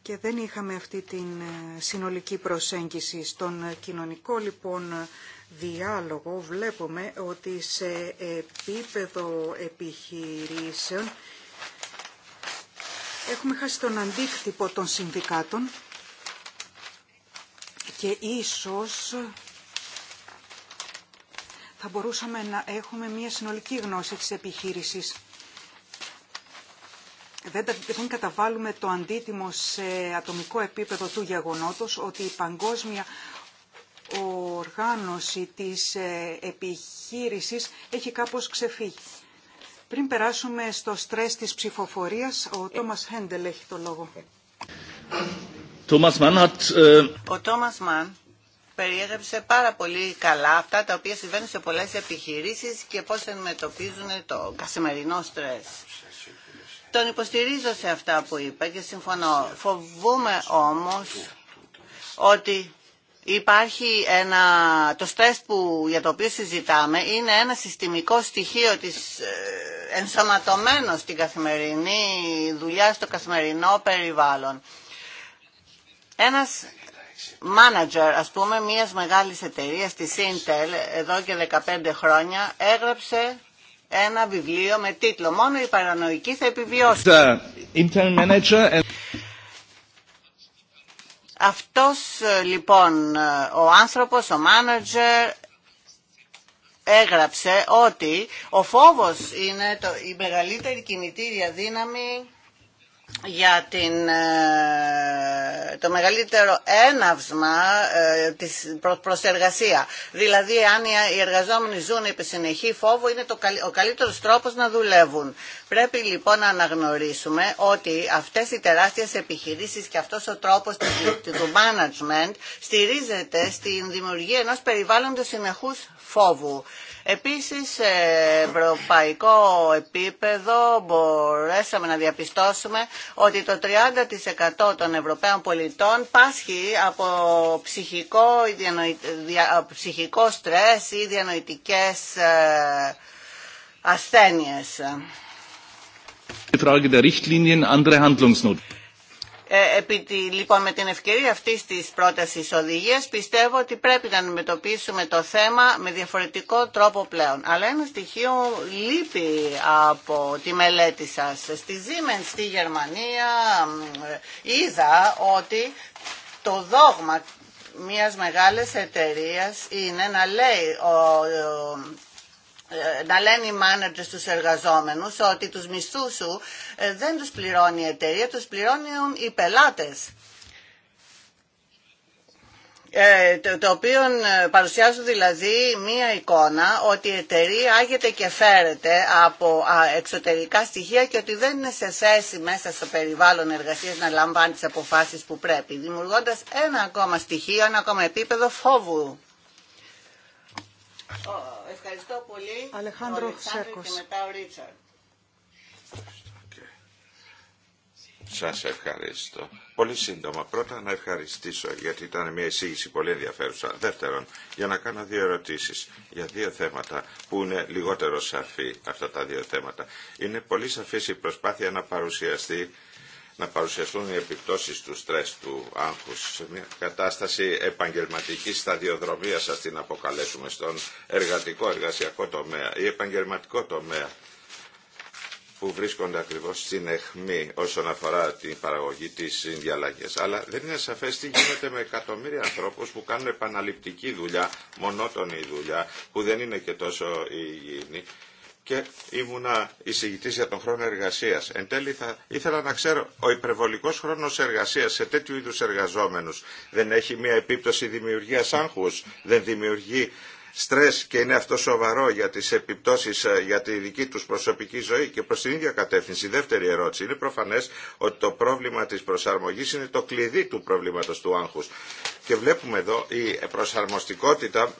και δεν είχαμε αυτή την ε, συνολική προσέγγιση. Στον ε, κοινωνικό λοιπόν διάλογο βλέπουμε ότι σε επίπεδο επιχειρήσεων έχουμε χάσει τον αντίκτυπο των συνδικάτων και ίσως θα μπορούσαμε να έχουμε μια συνολική γνώση της επιχείρησης. Δεν καταβάλουμε το αντίτιμο σε ατομικό επίπεδο του γεγονότος ότι η παγκόσμια οργάνωση της ε, επιχείρησης έχει κάπως ξεφύγει. Πριν περάσουμε στο στρες της ψηφοφορίας, ο ε. Τόμας Χέντελ έχει το λόγο. Ε. Thomas Mann hat, äh, Ο Τόμας Μαν περιέγραψε πάρα πολύ καλά αυτά τα οποία συμβαίνουν σε πολλές επιχειρήσεις και πώς αντιμετωπίζουν το καθημερινό στρες. Τον υποστηρίζω σε αυτά που είπα και συμφωνώ. φοβούμε όμως ότι υπάρχει ένα, το στρες που, για το οποίο συζητάμε είναι ένα συστημικό στοιχείο της ε, ενσωματωμένο στην καθημερινή δουλειά, στο καθημερινό περιβάλλον. Ένας μάνατζερ, ας πούμε, μιας μεγάλης εταιρείας της Intel εδώ και 15 χρόνια έγραψε ένα βιβλίο με τίτλο «Μόνο η παρανοϊκή θα επιβιώσει». Αυτός λοιπόν ο άνθρωπος, ο μάνατζερ έγραψε ότι ο φόβος είναι το, η μεγαλύτερη κινητήρια δύναμη για την, ε, το μεγαλύτερο έναυσμα ε, της προς εργασία. Δηλαδή, αν οι εργαζόμενοι ζουν υπό συνεχή φόβο, είναι το, ο καλύτερος τρόπος να δουλεύουν. Πρέπει λοιπόν να αναγνωρίσουμε ότι αυτές οι τεράστιες επιχειρήσεις και αυτός ο τρόπος του management στηρίζεται στην δημιουργία ενός περιβάλλοντος συνεχούς φόβου. Επίσης, σε ευρωπαϊκό επίπεδο μπορέσαμε να διαπιστώσουμε ότι το 30% των Ευρωπαίων πολιτών πάσχει από ψυχικό, ψυχικό στρες ή διανοητικές ε, ασθένειες. Ε, επί λοιπόν, με την ευκαιρία αυτή τη πρόταση οδηγία, πιστεύω ότι πρέπει να αντιμετωπίσουμε το θέμα με διαφορετικό τρόπο πλέον. Αλλά ένα στοιχείο λείπει από τη μελέτη σα. Στη Siemens στη Γερμανία είδα ότι το δόγμα μιας μεγάλης εταιρείας είναι να λέει ε, να λένε οι μάνατζερ στους εργαζόμενους ότι τους μισθούς σου ε, δεν τους πληρώνει η εταιρεία, τους πληρώνουν οι πελάτες. Ε, το, οποίο παρουσιάζουν δηλαδή μία εικόνα ότι η εταιρεία άγεται και φέρεται από εξωτερικά στοιχεία και ότι δεν είναι σε θέση μέσα στο περιβάλλον εργασίας να λαμβάνει τις αποφάσεις που πρέπει, δημιουργώντας ένα ακόμα στοιχείο, ένα ακόμα επίπεδο φόβου Ευχαριστώ πολύ. Αλεχάνδρο Σέρκος. Και μετά ο Ρίτσαρντ. Σας ευχαριστώ. Πολύ σύντομα. Πρώτα να ευχαριστήσω γιατί ήταν μια εισήγηση πολύ ενδιαφέρουσα. Δεύτερον, για να κάνω δύο ερωτήσεις για δύο θέματα που είναι λιγότερο σαφή αυτά τα δύο θέματα. Είναι πολύ σαφής η προσπάθεια να παρουσιαστεί να παρουσιαστούν οι επιπτώσεις του στρες του άγχους σε μια κατάσταση επαγγελματικής σταδιοδρομίας, ας την αποκαλέσουμε, στον εργατικό εργασιακό τομέα ή επαγγελματικό τομέα που βρίσκονται ακριβώς στην αιχμή όσον αφορά την παραγωγή της συνδιαλλαγής. Αλλά δεν είναι σαφές τι γίνεται με εκατομμύρια ανθρώπους που κάνουν επαναληπτική δουλειά, μονότονη δουλειά, που δεν είναι και τόσο υγιεινή και ήμουνα εισηγητή για τον χρόνο εργασία. Εν τέλει θα ήθελα να ξέρω, ο υπερβολικός χρόνο εργασία, σε τέτοιου είδου εργαζόμενου, δεν έχει μια επίπτωση δημιουργία άγχου, δεν δημιουργεί στρες και είναι αυτό σοβαρό για τις επιπτώσεις ε, για τη δική τους προσωπική ζωή και προς την ίδια κατεύθυνση. Δεύτερη ερώτηση. Είναι προφανές ότι το πρόβλημα της προσαρμογής είναι το κλειδί του προβλήματος του άγχους. Και βλέπουμε εδώ η προσαρμοστικότητα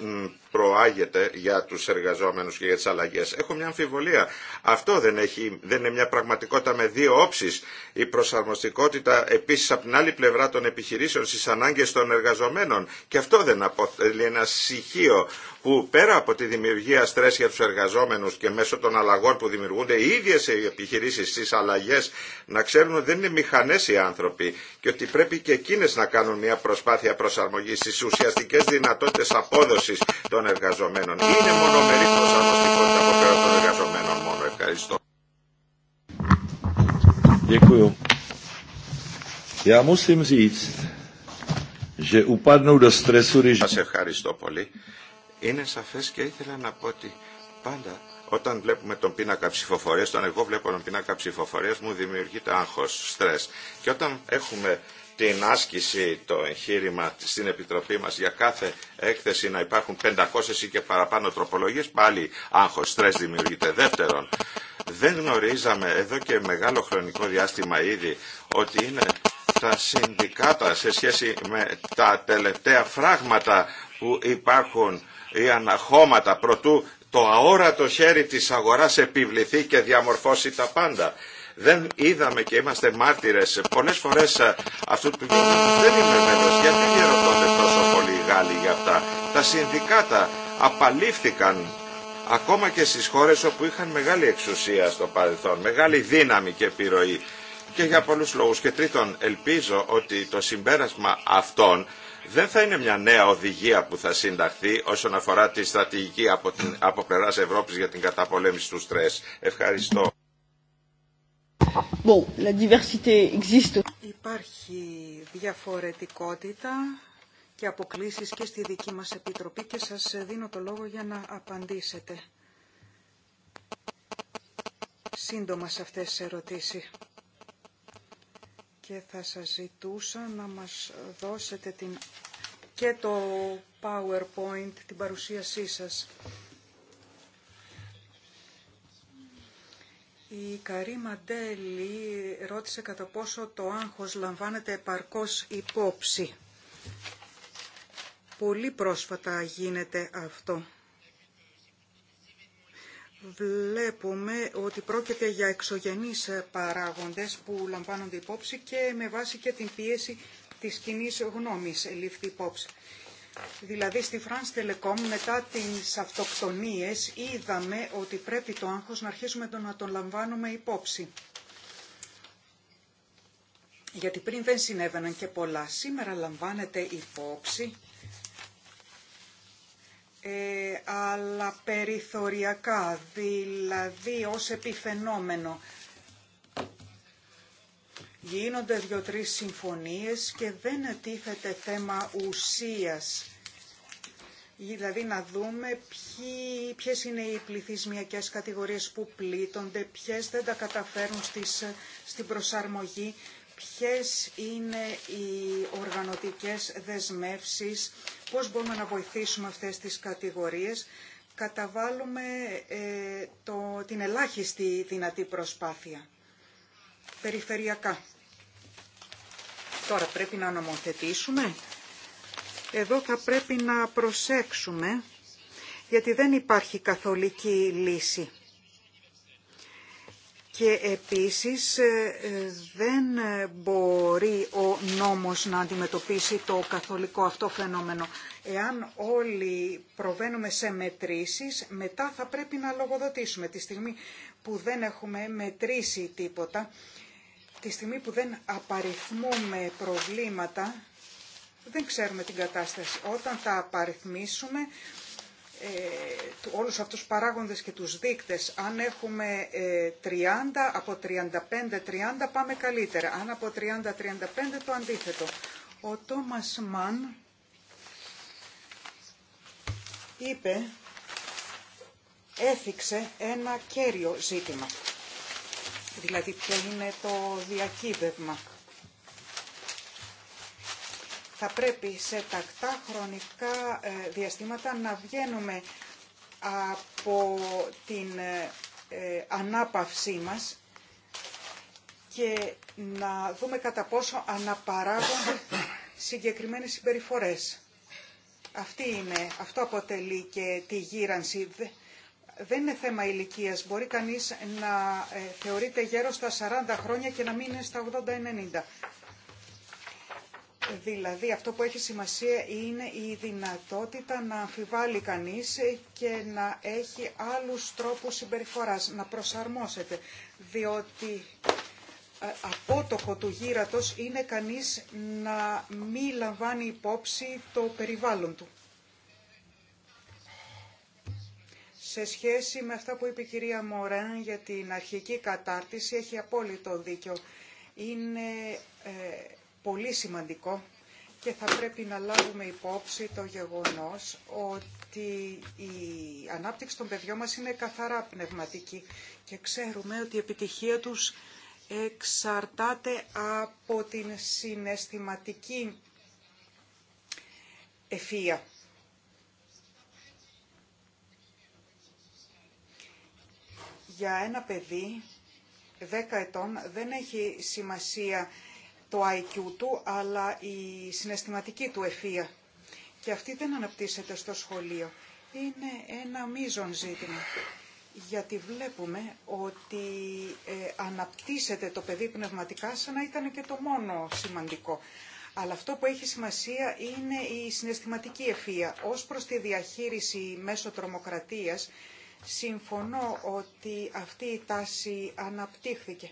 προάγεται για τους εργαζόμενους και για τις αλλαγές. Έχω μια αμφιβολία. Αυτό δεν, έχει, δεν είναι μια πραγματικότητα με δύο όψεις. Η προσαρμοστικότητα επίσης από την άλλη πλευρά των επιχειρήσεων στις ανάγκες των εργαζομένων. Και αυτό δεν αποτελεί ένα στοιχείο που πέρα από τη δημιουργία στρες για τους εργαζόμενους και μέσω των αλλαγών που δημιουργούνται οι ίδιες οι επιχειρήσεις στις αλλαγές να ξέρουν ότι δεν είναι μηχανές οι άνθρωποι και ότι πρέπει και εκείνες να κάνουν μια προσπάθεια προσαρμογής στις ουσιαστικές δυνατότητες απόδοσης των εργαζομένων. Είναι μονομερή προσαρμοστικότητα από πέρα των εργαζομένων μόνο. Ευχαριστώ. Σας ευχαριστώ πολύ είναι σαφές και ήθελα να πω ότι πάντα όταν βλέπουμε τον πίνακα ψηφοφορία, όταν εγώ βλέπω τον πίνακα ψηφοφορία, μου δημιουργείται άγχος στρε. Και όταν έχουμε την άσκηση, το εγχείρημα στην Επιτροπή μας για κάθε έκθεση να υπάρχουν 500 ή και παραπάνω τροπολογίες, πάλι άγχος, στρες δημιουργείται. Δεύτερον, δεν γνωρίζαμε εδώ και μεγάλο χρονικό διάστημα ήδη ότι είναι τα συνδικάτα σε σχέση με τα τελευταία φράγματα που υπάρχουν ή αναχώματα προτού το αόρατο χέρι της αγοράς επιβληθεί και διαμορφώσει τα πάντα. Δεν είδαμε και είμαστε μάρτυρες πολλές φορές αυτού του γεγονότος. Δεν είμαι μέλος. Γιατί διαρωτώνται τόσο πολύ οι Γάλλοι για αυτά. Τα συνδικάτα απαλήφθηκαν ακόμα και στις χώρες όπου είχαν μεγάλη εξουσία στο παρελθόν, μεγάλη δύναμη και επιρροή και για πολλούς λόγους. Και τρίτον, ελπίζω ότι το συμπέρασμα αυτών δεν θα είναι μια νέα οδηγία που θα συνταχθεί όσον αφορά τη στρατηγική από, την, από πλευράς Ευρώπης για την καταπολέμηση του στρες. Ευχαριστώ. la diversité existe. Υπάρχει διαφορετικότητα και αποκλήσεις και στη δική μας Επιτροπή και σας δίνω το λόγο για να απαντήσετε σύντομα σε αυτές τις ερωτήσεις και θα σας ζητούσα να μας δώσετε την... και το PowerPoint, την παρουσίασή σας. Η Καρή Μαντέλη ρώτησε κατά πόσο το άγχος λαμβάνεται επαρκώς υπόψη. Πολύ πρόσφατα γίνεται αυτό βλέπουμε ότι πρόκειται για εξωγενείς παράγοντες που λαμβάνονται υπόψη και με βάση και την πίεση της κοινή γνώμης λήφθη υπόψη. Δηλαδή στη France Telecom μετά τις αυτοκτονίες είδαμε ότι πρέπει το άγχος να αρχίσουμε το να τον λαμβάνουμε υπόψη. Γιατί πριν δεν συνέβαιναν και πολλά. Σήμερα λαμβάνεται υπόψη ε, αλλά περιθωριακά, δηλαδή ως επιφαινόμενο. Γίνονται δύο-τρεις συμφωνίες και δεν τίθεται θέμα ουσίας. Δηλαδή να δούμε ποιε ποιες είναι οι πληθυσμιακές κατηγορίες που πλήττονται, ποιες δεν τα καταφέρουν στις, στην προσαρμογή ποιες είναι οι οργανωτικές δεσμεύσεις, πώς μπορούμε να βοηθήσουμε αυτές τις κατηγορίες. Καταβάλουμε ε, το, την ελάχιστη δυνατή προσπάθεια, περιφερειακά. Τώρα πρέπει να νομοθετήσουμε. Εδώ θα πρέπει να προσέξουμε, γιατί δεν υπάρχει καθολική λύση και επίσης ε, ε, δεν μπορεί ο νόμος να αντιμετωπίσει το καθολικό αυτό φαινόμενο. Εάν όλοι προβαίνουμε σε μετρήσεις, μετά θα πρέπει να λογοδοτήσουμε. Τη στιγμή που δεν έχουμε μετρήσει τίποτα, τη στιγμή που δεν απαριθμούμε προβλήματα, δεν ξέρουμε την κατάσταση. Όταν τα απαριθμίσουμε, ε, όλους αυτούς τους παράγοντες και τους δείκτες. Αν έχουμε 30, ε, από 35-30 πάμε καλύτερα. Αν από 30-35 το αντίθετο. Ο Τόμας Μαν είπε, έθιξε ένα κέριο ζήτημα. Δηλαδή ποιο είναι το διακύβευμα θα πρέπει σε τακτά χρονικά ε, διαστήματα να βγαίνουμε από την ε, ε, ανάπαυσή μας και να δούμε κατά πόσο αναπαράγονται συγκεκριμένες συμπεριφορές. Αυτή είναι, αυτό αποτελεί και τη γύρανση. Δεν είναι θέμα ηλικίας. Μπορεί κανείς να θεωρείται γέρος στα 40 χρόνια και να μην είναι στα 80-90. Δηλαδή αυτό που έχει σημασία είναι η δυνατότητα να αμφιβάλλει κανείς και να έχει άλλους τρόπους συμπεριφοράς, να προσαρμόσεται, διότι ε, απότοχο του γύρατος είναι κανείς να μην λαμβάνει υπόψη το περιβάλλον του. Σε σχέση με αυτά που είπε η κυρία Μωρέν για την αρχική κατάρτιση, έχει απόλυτο δίκιο. Είναι ε, πολύ σημαντικό και θα πρέπει να λάβουμε υπόψη το γεγονός ότι η ανάπτυξη των παιδιών μας είναι καθαρά πνευματική και ξέρουμε ότι η επιτυχία τους εξαρτάται από την συναισθηματική ευφία. Για ένα παιδί 10 ετών δεν έχει σημασία το IQ του, αλλά η συναισθηματική του ευφία. Και αυτή δεν αναπτύσσεται στο σχολείο. Είναι ένα μείζον ζήτημα. Γιατί βλέπουμε ότι ε, αναπτύσσεται το παιδί πνευματικά σαν να ήταν και το μόνο σημαντικό. Αλλά αυτό που έχει σημασία είναι η συναισθηματική ευφία. Ως προς τη διαχείριση μέσω τρομοκρατίας, συμφωνώ ότι αυτή η τάση αναπτύχθηκε.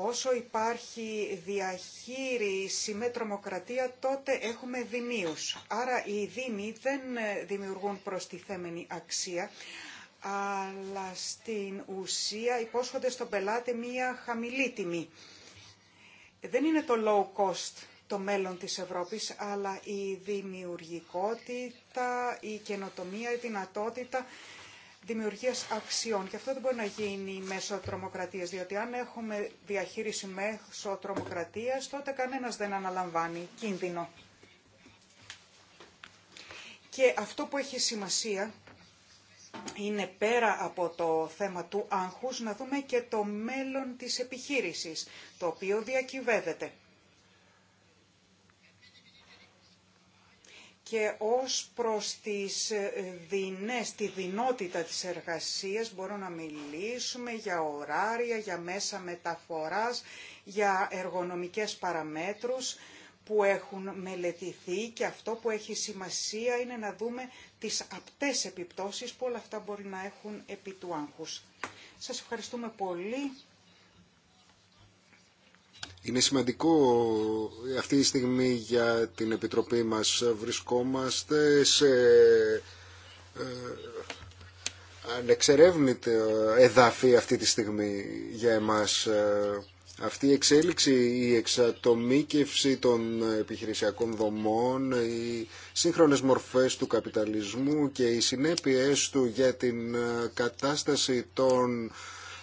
Όσο υπάρχει διαχείριση με τρομοκρατία, τότε έχουμε δημίους. Άρα οι δήμοι δεν ε, δημιουργούν προστιθέμενη αξία, αλλά στην ουσία υπόσχονται στον πελάτη μία χαμηλή τιμή. Δεν είναι το low cost το μέλλον της Ευρώπης, αλλά η δημιουργικότητα, η καινοτομία, η δυνατότητα δημιουργίας αξιών. Και αυτό δεν μπορεί να γίνει μέσω τρομοκρατία, διότι αν έχουμε διαχείριση μέσω τρομοκρατία, τότε κανένας δεν αναλαμβάνει κίνδυνο. Και αυτό που έχει σημασία είναι πέρα από το θέμα του άγχους να δούμε και το μέλλον της επιχείρησης, το οποίο διακυβεύεται. και ως προς τις ε, δεινές, τη δυνότητα της εργασίας μπορώ να μιλήσουμε για ωράρια, για μέσα μεταφοράς, για εργονομικές παραμέτρους που έχουν μελετηθεί και αυτό που έχει σημασία είναι να δούμε τις απτές επιπτώσεις που όλα αυτά μπορεί να έχουν επί του άγχους. Σας ευχαριστούμε πολύ. Είναι σημαντικό ε, αυτή τη στιγμή για την Επιτροπή μας. Βρισκόμαστε σε ε, ανεξερεύνητο ε, εδάφη αυτή τη στιγμή για εμάς. Αυτή η εξέλιξη, η εξατομίκευση των επιχειρησιακών δομών, οι σύγχρονες μορφές του καπιταλισμού και οι συνέπειες του για την κατάσταση των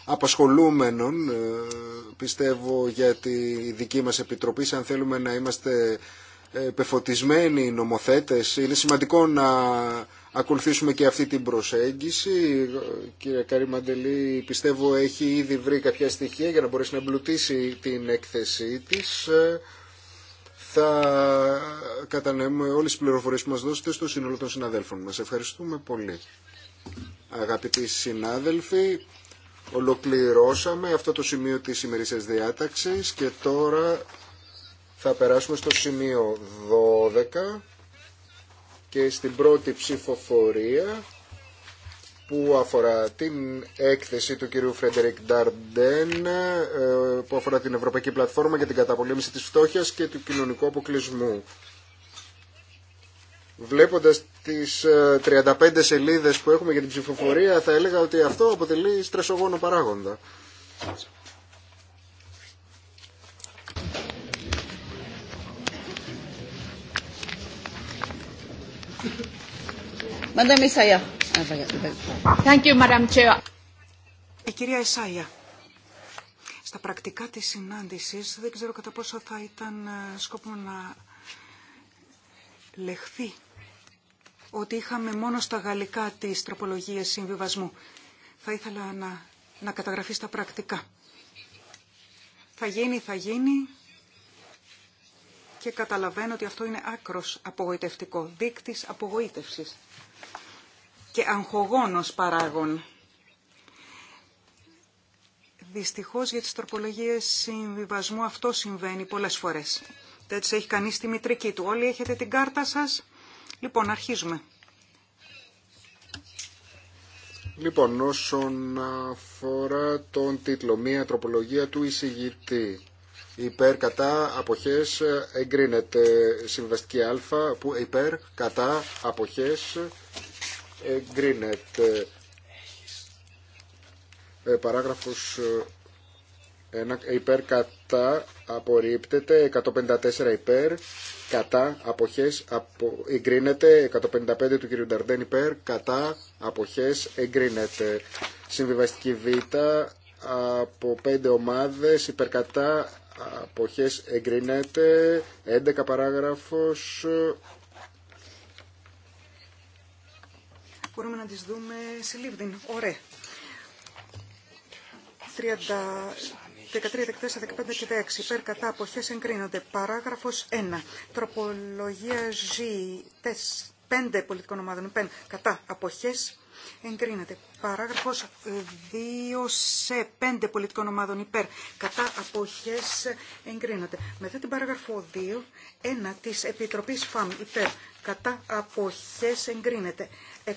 απασχολούμενων ε, πιστεύω για τη δική μας επιτροπή αν θέλουμε να είμαστε πεφωτισμένοι νομοθέτες είναι σημαντικό να ακολουθήσουμε και αυτή την προσέγγιση κύριε Καρή Μαντελή πιστεύω έχει ήδη βρει κάποια στοιχεία για να μπορέσει να εμπλουτίσει την έκθεσή της θα κατανέμουμε όλες τις πληροφορίες που μας δώσετε στο σύνολο των συναδέλφων μας. Ευχαριστούμε πολύ. Αγαπητοί συνάδελφοι, Ολοκληρώσαμε αυτό το σημείο της ημερήσιας διάταξης και τώρα θα περάσουμε στο σημείο 12 και στην πρώτη ψηφοφορία που αφορά την έκθεση του κυρίου Φρέντερικ Νταρντέν ε, που αφορά την Ευρωπαϊκή Πλατφόρμα για την καταπολέμηση της φτώχειας και του κοινωνικού αποκλεισμού. Βλέποντας τις 35 ε, σελίδες που έχουμε για την ψηφοφορία θα έλεγα ότι αυτό αποτελεί στρεσογόνο παράγοντα. Η κυρία Εσάγια, στα πρακτικά της συνάντησης δεν ξέρω κατά πόσο θα ήταν ε, σκόπο να λεχθεί ότι είχαμε μόνο στα γαλλικά τις τροπολογίες συμβιβασμού. Θα ήθελα να, να καταγραφεί στα πρακτικά. Θα γίνει, θα γίνει και καταλαβαίνω ότι αυτό είναι άκρος απογοητευτικό, δείκτης απογοήτευσης και αγχογόνος παράγων. Δυστυχώς για τις τροπολογίες συμβιβασμού αυτό συμβαίνει πολλές φορές. Δεν τις έχει κανείς στη μητρική του. Όλοι έχετε την κάρτα σας. Λοιπόν, αρχίζουμε. Λοιπόν, όσον αφορά τον τίτλο, μία τροπολογία του εισηγητή. Υπέρ, κατά, αποχές, εγκρίνεται συμβαστική α, που υπέρ, κατά, αποχές, εγκρίνεται. Ε, παράγραφος ε, 1 υπέρ κατά απορρίπτεται, 154 υπέρ κατά αποχές απο, εγκρίνεται, 155 του κ. Νταρντέν υπέρ κατά αποχές εγκρίνεται. Συμβιβαστική Β από 5 ομάδες υπέρ κατά αποχές εγκρίνεται, 11 παράγραφος Μπορούμε να τις δούμε σε Λίβδιν. Ωραία. 30, 13, 14, 15 και 16 υπέρ κατά αποχές εγκρίνονται. Παράγραφο 1. Τροπολογία G. 5 πολιτικών ομάδων υπέρ κατά αποχές εγκρίνεται. Παράγραφο 2 σε 5 πολιτικών ομάδων υπέρ κατά αποχές εγκρίνονται. Μετά την παράγραφο 2, 1 της Επιτροπής ΦΑΜ υπέρ κατά αποχές εγκρίνεται. 172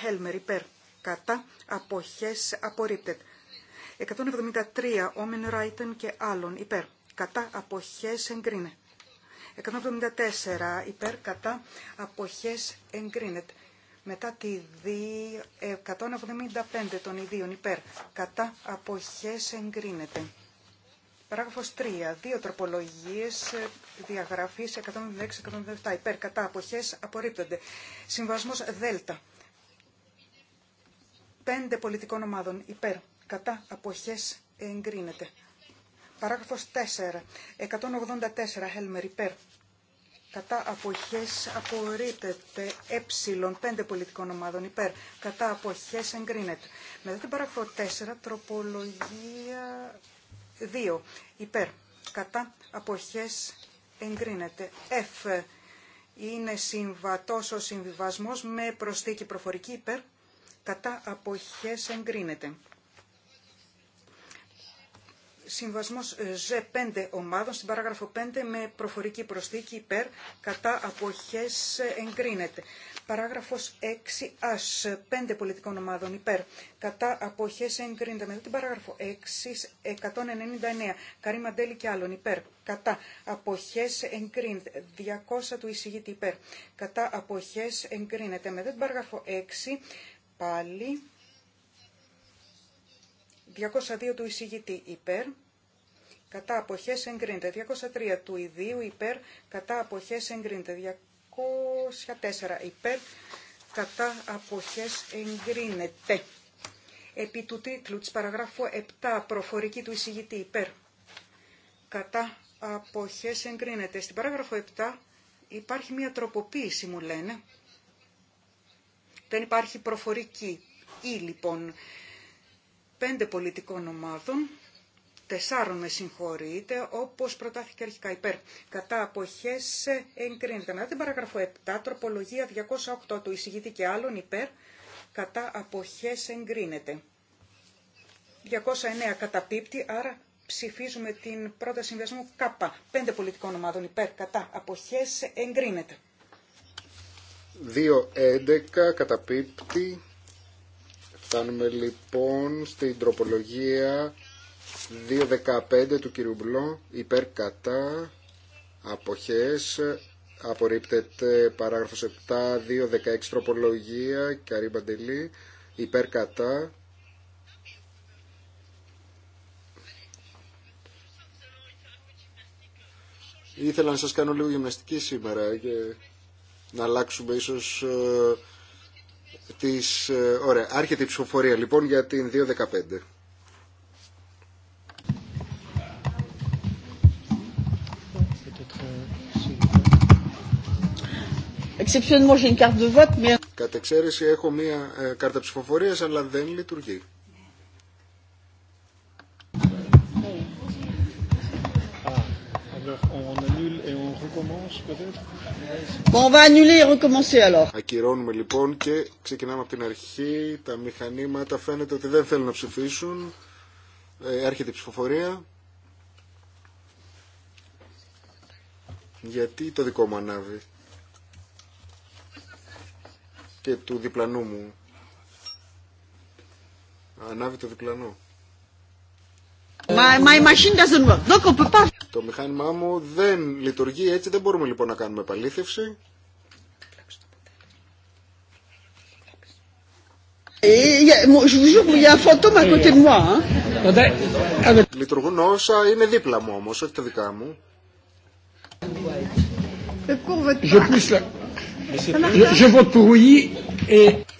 Χέλμερ υπέρ κατά αποχές απορρίπτεται. 173 Όμιν Ράιτεν και άλλων υπέρ. Κατά αποχές εγκρίνεται. 174 υπέρ κατά αποχές εγκρίνεται. Μετά τη 175 ε, των ιδίων υπέρ κατά αποχές εγκρίνεται. Παράγραφος 3. Δύο τροπολογίες ε, διαγραφής 176-177 υπέρ κατά αποχές απορρίπτονται. Συμβασμός Δέλτα. Πέντε πολιτικών ομάδων υπέρ κατά αποχές εγκρίνεται. Παράγραφος 4. 184 Χέλμερ υπέρ. Κατά αποχές απορρίπτεται ε, 5 πολιτικών ομάδων υπέρ. Κατά αποχές εγκρίνεται. Μετά την παράγραφο 4, τροπολογία 2 υπέρ. Κατά αποχές εγκρίνεται. F είναι συμβατός ο συμβιβασμός με προσθήκη προφορική υπέρ. Κατά αποχές εγκρίνεται συμβασμο ε, ζ Ζ5 ομάδων στην παράγραφο 5 με προφορική προσθήκη υπέρ κατά απόχέ ε, εγκρίνεται. Παράγραφο 6 Α 5 πολιτικών ομάδων υπέρ κατά αποχές εγκρίνεται. Μετά την παράγραφο 6 199 Καρή Μαντέλη και άλλων υπέρ κατά απόχέ εγκρίνεται. 200 του εισηγήτη υπέρ κατά απόχέ εγκρίνεται. Μετά την παράγραφο 6 πάλι 202 του εισηγητή υπέρ, κατά αποχέ εγκρίνεται. 203 του ιδίου υπέρ, κατά αποχές εγκρίνεται. 204 υπέρ, κατά απόχέ εγκρίνεται. Επί του τίτλου της παραγράφου 7 προφορική του εισηγητή υπέρ, κατά αποχές εγκρίνεται. Στην παράγραφο 7 υπάρχει μια τροποποίηση μου λένε. Δεν υπάρχει προφορική ή λοιπόν πέντε πολιτικών ομάδων τεσσάρων με συγχωρείτε, όπως προτάθηκε αρχικά υπέρ. Κατά αποχέ ε, εγκρίνεται. Μετά την παραγραφό 7, τροπολογία 208 του εισηγητή και άλλων υπέρ, κατά αποχέ εγκρίνεται. 209 καταπίπτει, άρα ψηφίζουμε την πρόταση συνδυασμού Κ. Πέντε πολιτικών ομάδων υπέρ, κατά αποχέ εγκρίνεται. 2.11 καταπίπτει. Φτάνουμε λοιπόν στην τροπολογία 2.15 του κυρίου Μπλό υπέρ κατά αποχές απορρίπτεται παράγραφος 7 2.16 τροπολογία Καρή Μπαντελή υπέρ κατά Ήθελα να σας κάνω λίγο γυμναστική σήμερα και να αλλάξουμε ίσως ε, τις... Ε, ωραία, άρχεται η ψηφοφορία λοιπόν για την 2.15. Κατ' εξαίρεση έχω μία ε, κάρτα ψηφοφορίας, αλλά δεν λειτουργεί. Ah, Ακυρώνουμε λοιπόν και ξεκινάμε από την αρχή. Τα μηχανήματα φαίνεται ότι δεν θέλουν να ψηφίσουν. Ε, έρχεται η ψηφοφορία. Γιατί το δικό μου ανάβει και του διπλανού μου. Ανάβει το διπλανό. Το μηχάνημά μου δεν λειτουργεί, έτσι δεν μπορούμε λοιπόν να κάνουμε επαλήθευση. Ε, ε, ε. Λειτουργούν όσα είναι δίπλα μου όμως, όχι τα δικά μου.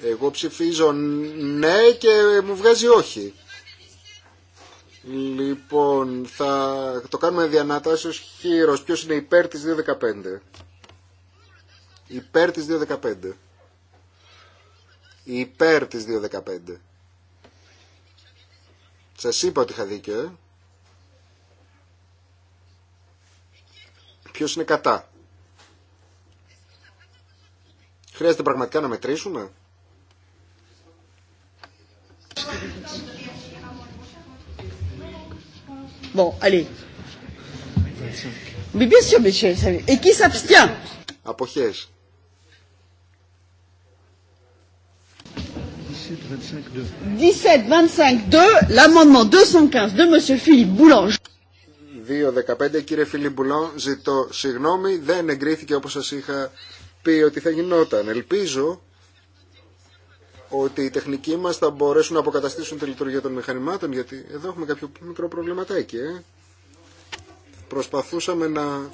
Εγώ ψηφίζω ναι και μου βγάζει όχι. Λοιπόν, θα το κάνουμε ως χείρος. Ποιος είναι υπέρ της 2.15. Υπέρ της 2.15. Υπέρ της 2.15. Σας είπα ότι είχα δίκιο, ε. Ποιος είναι κατά. Χρειάζεται πραγματικά να μετρήσουμε. Bon, allez. Mais bien sûr, monsieur. Et qui s'abstient apoches 17 17-25-2, l'amendement 215 de monsieur Philippe Boulange. 2-15, κύριε Φιλιμπουλόν, ζητώ συγγνώμη, δεν εγκρίθηκε όπως σας είχα πει ότι θα γινόταν. Ελπίζω ότι οι τεχνικοί μας θα μπορέσουν να αποκαταστήσουν τη λειτουργία των μηχανημάτων, γιατί εδώ έχουμε κάποιο μικρό προβληματάκι. Ε. Προσπαθούσαμε να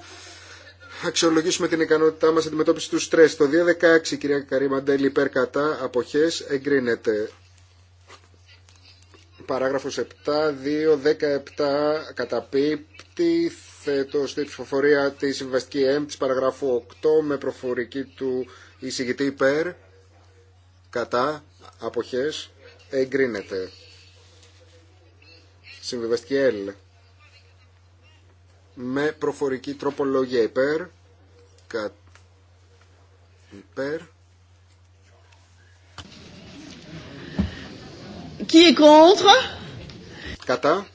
αξιολογήσουμε την ικανότητά μας αντιμετώπιση του στρες. Το 2016, κυρία Καρύμαντέλη, υπέρ κατά αποχές εγκρίνεται. Παράγραφος 7, 2, 17, καταπίπτει, θέτω στη ψηφοφορία τη συμβαστική M της παραγράφου 8 με προφορική του εισηγητή υπέρ κατά αποχές εγκρίνεται. Συμβιβαστική L με προφορική τροπολογία υπέρ κα, υπέρ Qui est Κατά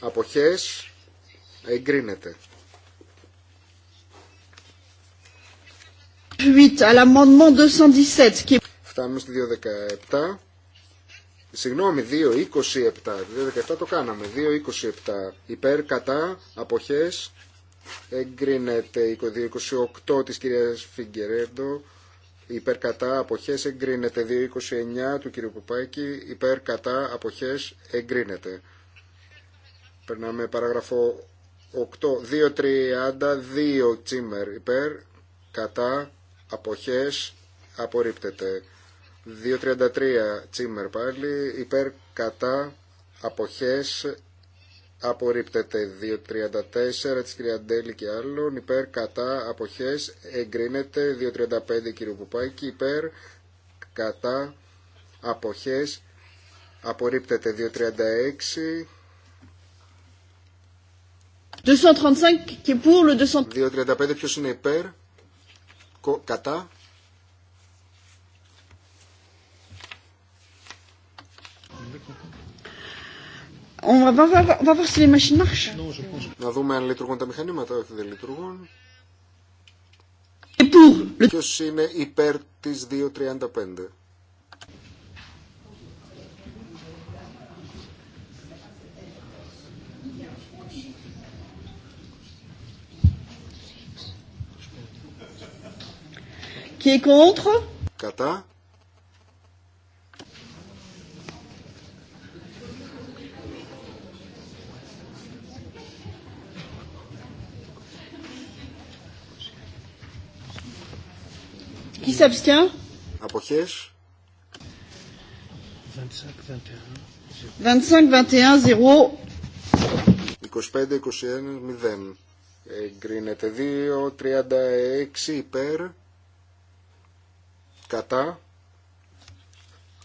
αποχές Εγκρίνεται. 217 Φτάνουμε στη 217. Συγγνώμη, 2.27. 2.17 το κάναμε. 2.27. Υπέρ, κατά, αποχές. Εγκρίνεται 2.28 της κυρίας Φιγκερέντο. Υπέρ, κατά, αποχές. Εγκρίνεται 2.29 του κυρίου Πουπάκη. Υπέρ, κατά, αποχές. Εγκρίνεται. Περνάμε παράγραφο 8.2.32 τσίμερ υπέρ, κατά, αποχές, απορρίπτεται. 2.33 τσίμερ πάλι υπέρ, κατά, αποχές, απορρίπτεται 2.34 της Κυριαντέλη και άλλων υπέρ κατά αποχές εγκρίνεται 2.35 κύριο Πουπάκη υπέρ κατά αποχές απορρίπτεται 2.36 235 και pour le 200... 235 ποιος είναι υπέρ, κατά. On va, va, va, va voir si les machines marchent. Να δούμε αν λειτουργούν τα μηχανήματα, όχι δεν λειτουργούν. Ποιος είναι υπέρ της 235. Qui est contre Kata. Qui s'abstient apoches 25 25-21-0. 25-21-0. Εγκρίνεται 2-36 υπέρ κατά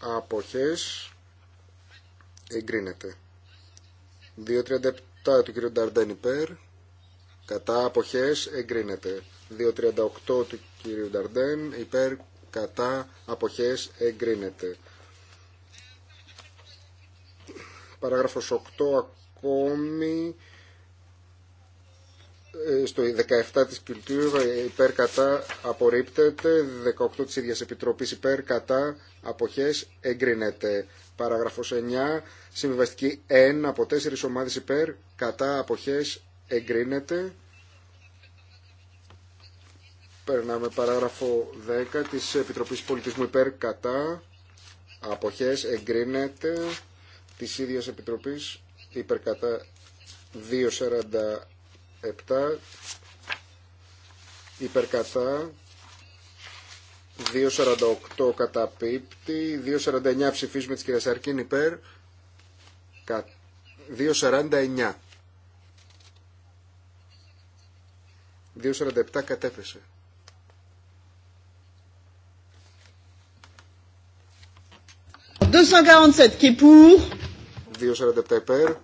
αποχές εγκρίνεται 2.37 του κ. Νταρντέν υπέρ κατά αποχές εγκρίνεται 2.38 του κ. Νταρντέν υπέρ κατά αποχές εγκρίνεται παράγραφος 8 ακόμη ε, στο 17 της Κουλτούρα ε, υπέρ κατά απορρίπτεται, 18 της ίδιας Επιτροπής υπέρ κατά αποχές εγκρίνεται. Παράγραφος 9, συμβιβαστική 1 από 4 ομάδες υπέρ κατά αποχές εγκρίνεται. Περνάμε παράγραφο 10 της Επιτροπής Πολιτισμού υπέρ κατά αποχές εγκρίνεται της ίδιας Επιτροπής υπερκατά κατα 7 υπερκατά 2.48 καταπίπτει 2.49 ψηφίζουμε της κυρίας Αρκίν υπέρ 2.49 2.47 κατέπεσε qui est 247 υπέρ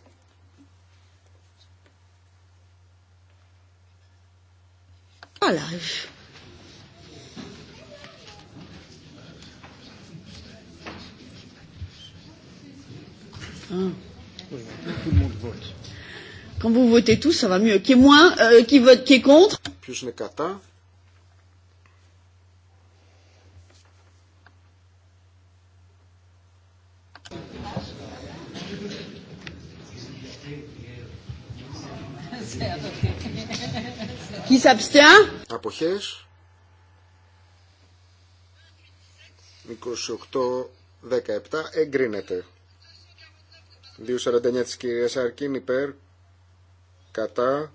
Αλλά. Quand vous votez tous, ça va mieux. Qui est moins, qui vote, qui est contre. Ποιος Qui Αποχές. 28-17 εγκρίνεται. 2.49 τη κυρία Αρκίν υπέρ κατά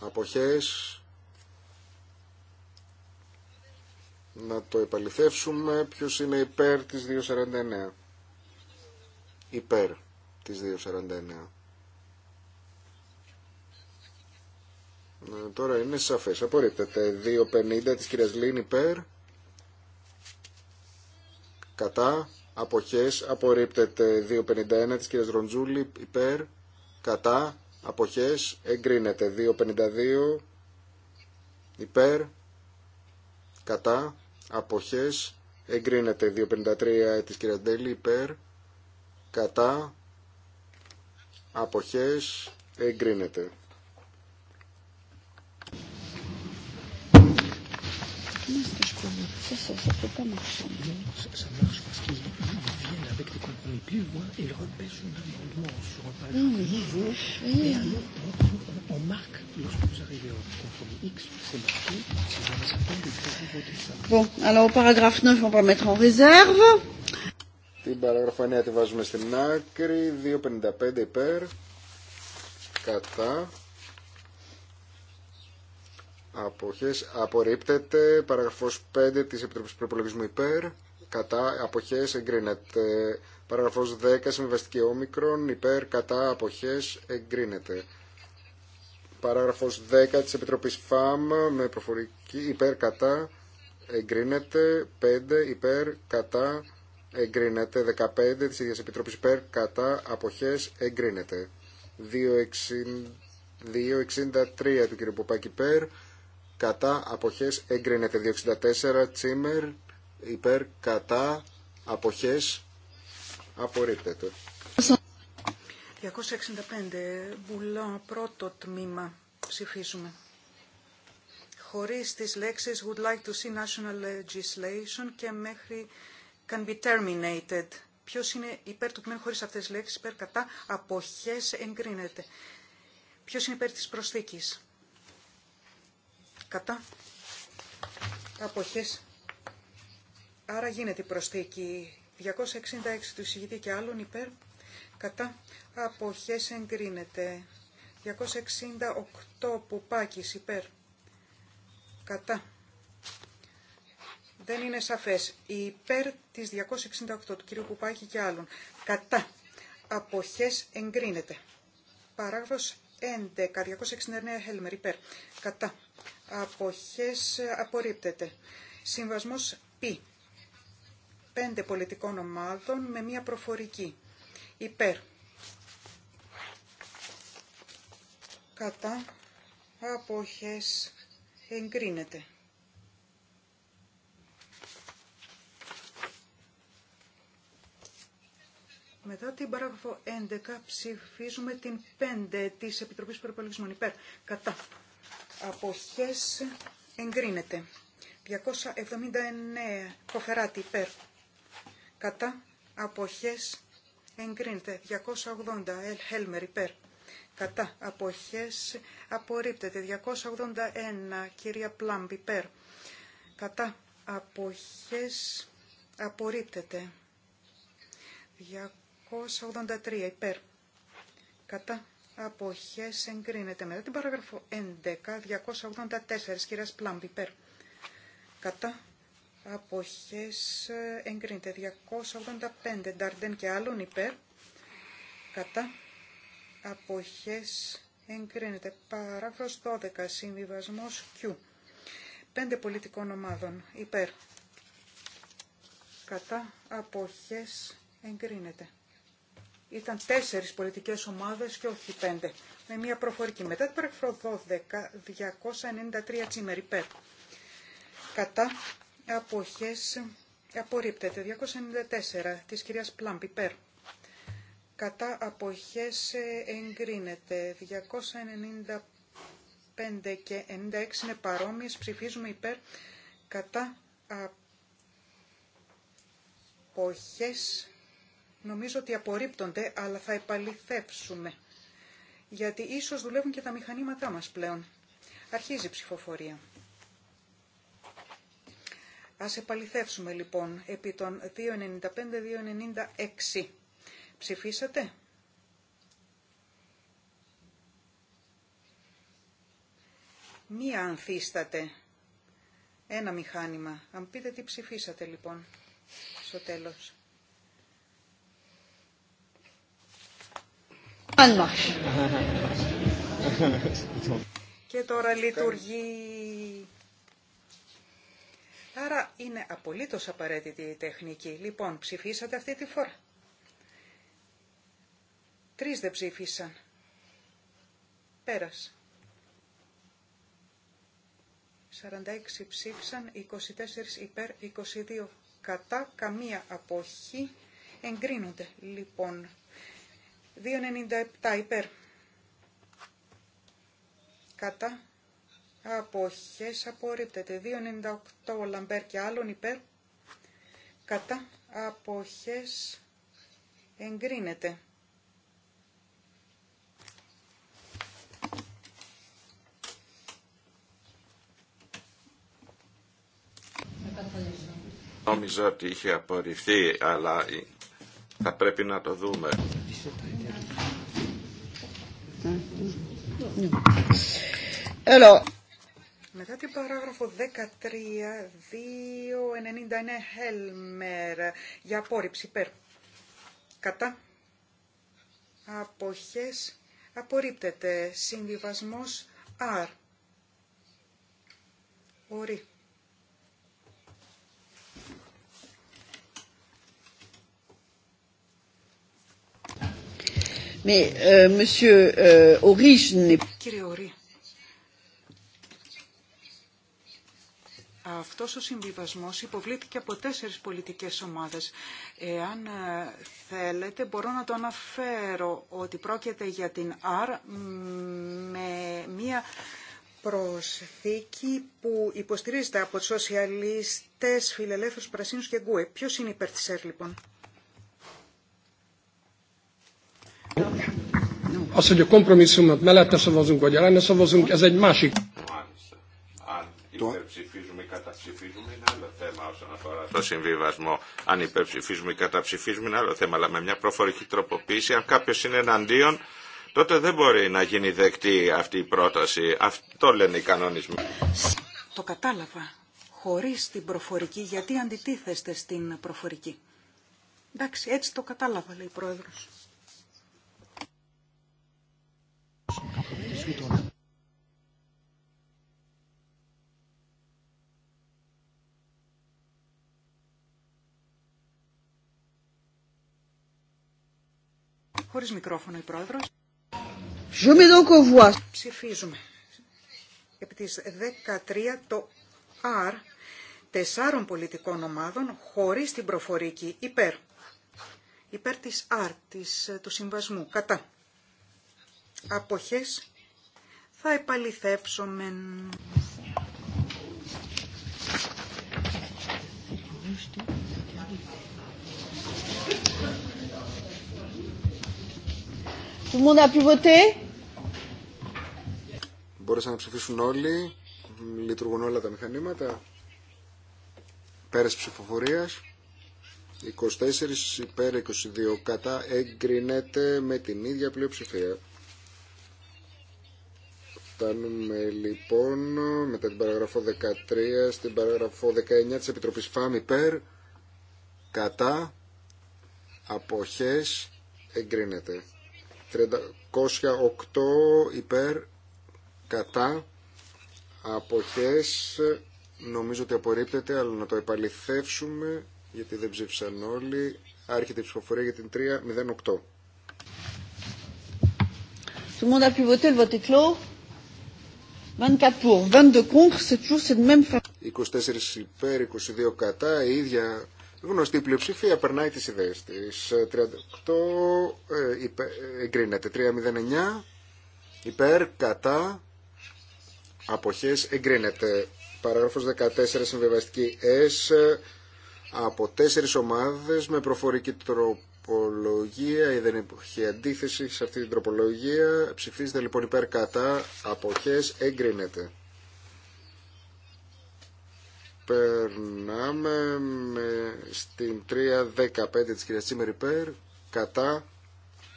αποχές να το επαληθεύσουμε Ποιο είναι υπέρ τη 2.49 υπέρ τη 2.49 Ε, τώρα είναι σαφές. Απορρίπτεται. 2.50 της κυρίας Λίν υπέρ. Κατά. Αποχές. Απορρίπτεται. 2.51 της κυρίας Ροντζούλη υπέρ. Κατά. Αποχές. Εγκρίνεται. 2.52 υπέρ. Κατά. Αποχές. Εγκρίνεται. 2.53 της κυρίας Ντέλη υπέρ. Κατά. Αποχές. Εγκρίνεται. ça, ça, ça peut pas marcher. Non, ça, ça marche parce qu'ils viennent avec des compromis plus loin et ils repêchent une amendement sur un page oui, nouveau. Oui. Et alors, on, on, on marque, lorsque vous arrivez au compromis X, c'est marqué, si jamais ça tombe, il faut voter ça. Bon, alors au paragraphe 9, on va mettre en réserve. Την παράγραφο 9 τη βάζουμε στην άκρη, 2.55 υπέρ, κατά, Αποχές απορρίπτεται. Παραγραφός 5 της Επιτροπής Προπολογισμού υπέρ. Κατά αποχές εγκρίνεται. Παραγραφός 10 συμβαστική όμικρον υπέρ. Κατά αποχές εγκρίνεται. Παράγραφος 10 της Επιτροπής ΦΑΜ με προφορική υπέρ κατά εγκρίνεται 5 υπέρ κατά εγκρίνεται 15 της ίδιας Επιτροπής υπέρ κατά αποχές εγκρίνεται 263 του κ. Ποπάκη υπέρ κατά αποχές εγκρίνεται 264 τσίμερ υπέρ κατά αποχές απορρίπτεται 265 μπουλά πρώτο τμήμα ψηφίσουμε. χωρίς τις λέξεις would like to see national legislation και μέχρι can be terminated ποιος είναι υπέρ του τμήματο χωρίς αυτές τις λέξεις υπέρ κατά αποχές εγκρίνεται ποιος είναι υπέρ της προσθήκης κατά αποχές. Άρα γίνεται η προσθήκη 266 του εισηγητή και άλλων υπέρ κατά αποχές εγκρίνεται. 268 πουπάκης υπέρ κατά. Δεν είναι σαφές. Υπέρ της 268 του κυρίου Πουπάκη και άλλων. Κατά. Αποχές εγκρίνεται. Παράγραφος 11. 269 Χέλμερ υπέρ. Κατά αποχές ε, απορρίπτεται. Συμβασμός π. Πέντε πολιτικών ομάδων με μία προφορική. Υπέρ. Κατά αποχές εγκρίνεται. Μετά την παράγραφο 11 ψηφίζουμε την πέντε της Επιτροπής Προπολογισμών. Υπέρ. Κατά αποχές εγκρίνεται. 279 κοφεράτη υπέρ. Κατά αποχές εγκρίνεται. 280 ελ χέλμερ υπέρ. Κατά αποχές απορρίπτεται. 281 κυρία Πλάμπ υπέρ. Κατά αποχές απορρίπτεται. 283 υπέρ. Κατά αποχές εγκρίνεται. Μετά την παράγραφο 11, 284, κύρια Πλάμπ, υπέρ. Κατά αποχές εγκρίνεται. 285, Νταρντέν και άλλων υπέρ. Κατά αποχές εγκρίνεται. Παράγραφος 12, συμβιβασμός Q. Πέντε πολιτικών ομάδων υπέρ. Κατά αποχές εγκρίνεται ήταν τέσσερις πολιτικές ομάδες και όχι πέντε. Με μια προφορική. Μετά την παραγραφό 12, 293 τσίμερ υπέρ. Κατά αποχές απορρίπτεται. 294 της κυρίας Πλάμπ υπέρ. Κατά αποχές εγκρίνεται. 295 και 96 είναι παρόμοιες. Ψηφίζουμε υπέρ. Κατά αποχές Νομίζω ότι απορρίπτονται, αλλά θα επαληθεύσουμε. Γιατί ίσως δουλεύουν και τα μηχανήματά μας πλέον. Αρχίζει η ψηφοφορία. Ας επαληθεύσουμε λοιπόν επί των 295-296. Ψηφίσατε. Μία ανθίσταται. Ένα μηχάνημα. Αν πείτε τι ψηφίσατε λοιπόν στο τέλος. Και τώρα λειτουργεί. Άρα είναι απολύτως απαραίτητη η τεχνική. Λοιπόν, ψηφίσατε αυτή τη φορά. Τρεις δεν ψήφισαν. Πέρασε. 46 ψήφισαν, 24 υπέρ, 22 κατά, καμία αποχή. Εγκρίνονται λοιπόν 2,97 υπέρ. Κατά. Αποχές απορρίπτεται. 2,98 Λαμπέρ και άλλων υπέρ. Κατά. Αποχές εγκρίνεται. Νόμιζα ότι είχε απορριφθεί, αλλά θα πρέπει να το δούμε. Alors. Ε, Μετά την παράγραφο 13, 299 Helmer για απόρριψη υπέρ. Κατά. Αποχές απορρίπτεται. Συμβιβασμός R. Ορί. Euh, euh, Κύριε αυτός ο συμβιβασμός υποβλήθηκε από τέσσερις πολιτικές ομάδες. Εάν ε, θέλετε μπορώ να το αναφέρω ότι πρόκειται για την ΑΡ με μία προσθήκη που υποστηρίζεται από τους σοσιαλιστές, φιλελεύθερους, πρασίνους και γκουε. Ποιος είναι υπέρ της λοιπόν. αν Υπερψηφίζουμε ή καταψηφίζουμε είναι άλλο θέμα όσον αφορά το συμβιβασμό. Αν υπερψηφίζουμε ή καταψηφίζουμε είναι άλλο θέμα. Αλλά με μια προφορική τροποποίηση, αν κάποιο είναι εναντίον, τότε δεν μπορεί να γίνει δεκτή αυτή η πρόταση. Αυτό λένε οι κανονισμοί. Το κατάλαβα. Χωρίς την προφορική, γιατί αντιτίθεστε στην προφορική. Εντάξει, έτσι το κατάλαβα, λέει η Πρόεδρος. Χωρίς μικρόφωνο η πρόεδρος. Je Ψηφίζουμε. Επί της 13 το R τεσσάρων πολιτικών ομάδων χωρίς την προφορική υπέρ. Υπέρ της R, της, του συμβασμού, κατά αποχές θα επαληθεύσουμε. Tout le monde a pu voter Μπόρεσαν να ψηφίσουν όλοι, λειτουργούν όλα τα μηχανήματα. Πέρες ψηφοφορία 24 υπέρ 22 κατά εγκρινέται με την ίδια πλειοψηφία. Φτάνουμε λοιπόν μετά την παραγραφό 13 στην παραγραφό 19 της Επιτροπής ΦΑΜ υπέρ κατά αποχές εγκρίνεται. 308 υπέρ κατά αποχές νομίζω ότι απορρίπτεται αλλά να το επαληθεύσουμε γιατί δεν ψήφισαν όλοι. Άρχεται η ψηφοφορία για την 308. Tout le monde a pu voter le vote est clos. 24 22 υπέρ, 22 κατά, η ίδια γνωστή πλειοψηφία περνάει τις ιδέες της. 38 ε, εγκρίνεται, 309 υπέρ, κατά, αποχές εγκρίνεται. Παράγραφος 14 συμβεβαστική S από τέσσερις ομάδες με προφορική τρόπο τροπολογία ή δεν υπάρχει αντίθεση σε αυτή την τροπολογία. Ψηφίζεται λοιπόν υπέρ κατά αποχές εγκρίνεται. Περνάμε με στην 3.15 της κυρίας Τσίμερ υπέρ κατά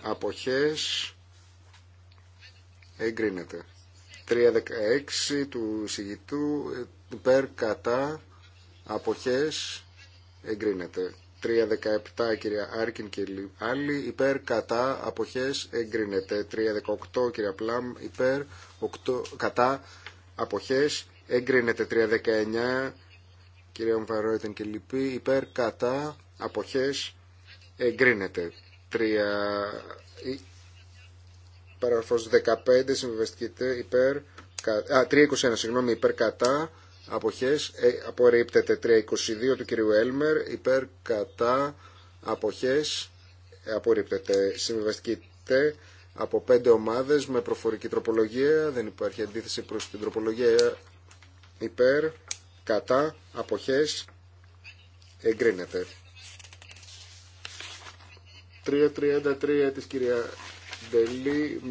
αποχές εγκρίνεται. 3.16 του συγητού υπέρ κατά αποχές εγκρίνεται. 3.17 κυρία Άρκιν και άλλοι υπέρ κατά αποχές εγκρίνεται 3.18 κυρία Πλάμ υπέρ 8, κατά αποχές εγκρίνεται 3.19 κυρία Μβαρόιτεν και λοιποί υπέρ κατά αποχές εγκρίνεται 3 παραγραφός 15 συμβιβαστική υπέρ α, 3.21 συγγνώμη υπέρ κατά αποχές ε, απορρίπτεται 322 του κυρίου Έλμερ υπέρ κατά αποχές ε, απορρίπτεται συμβιβαστική τε από πέντε ομάδες με προφορική τροπολογία δεν υπάρχει αντίθεση προς την τροπολογία ε, υπέρ κατά αποχές εγκρίνεται 333 της κυρία Δελή.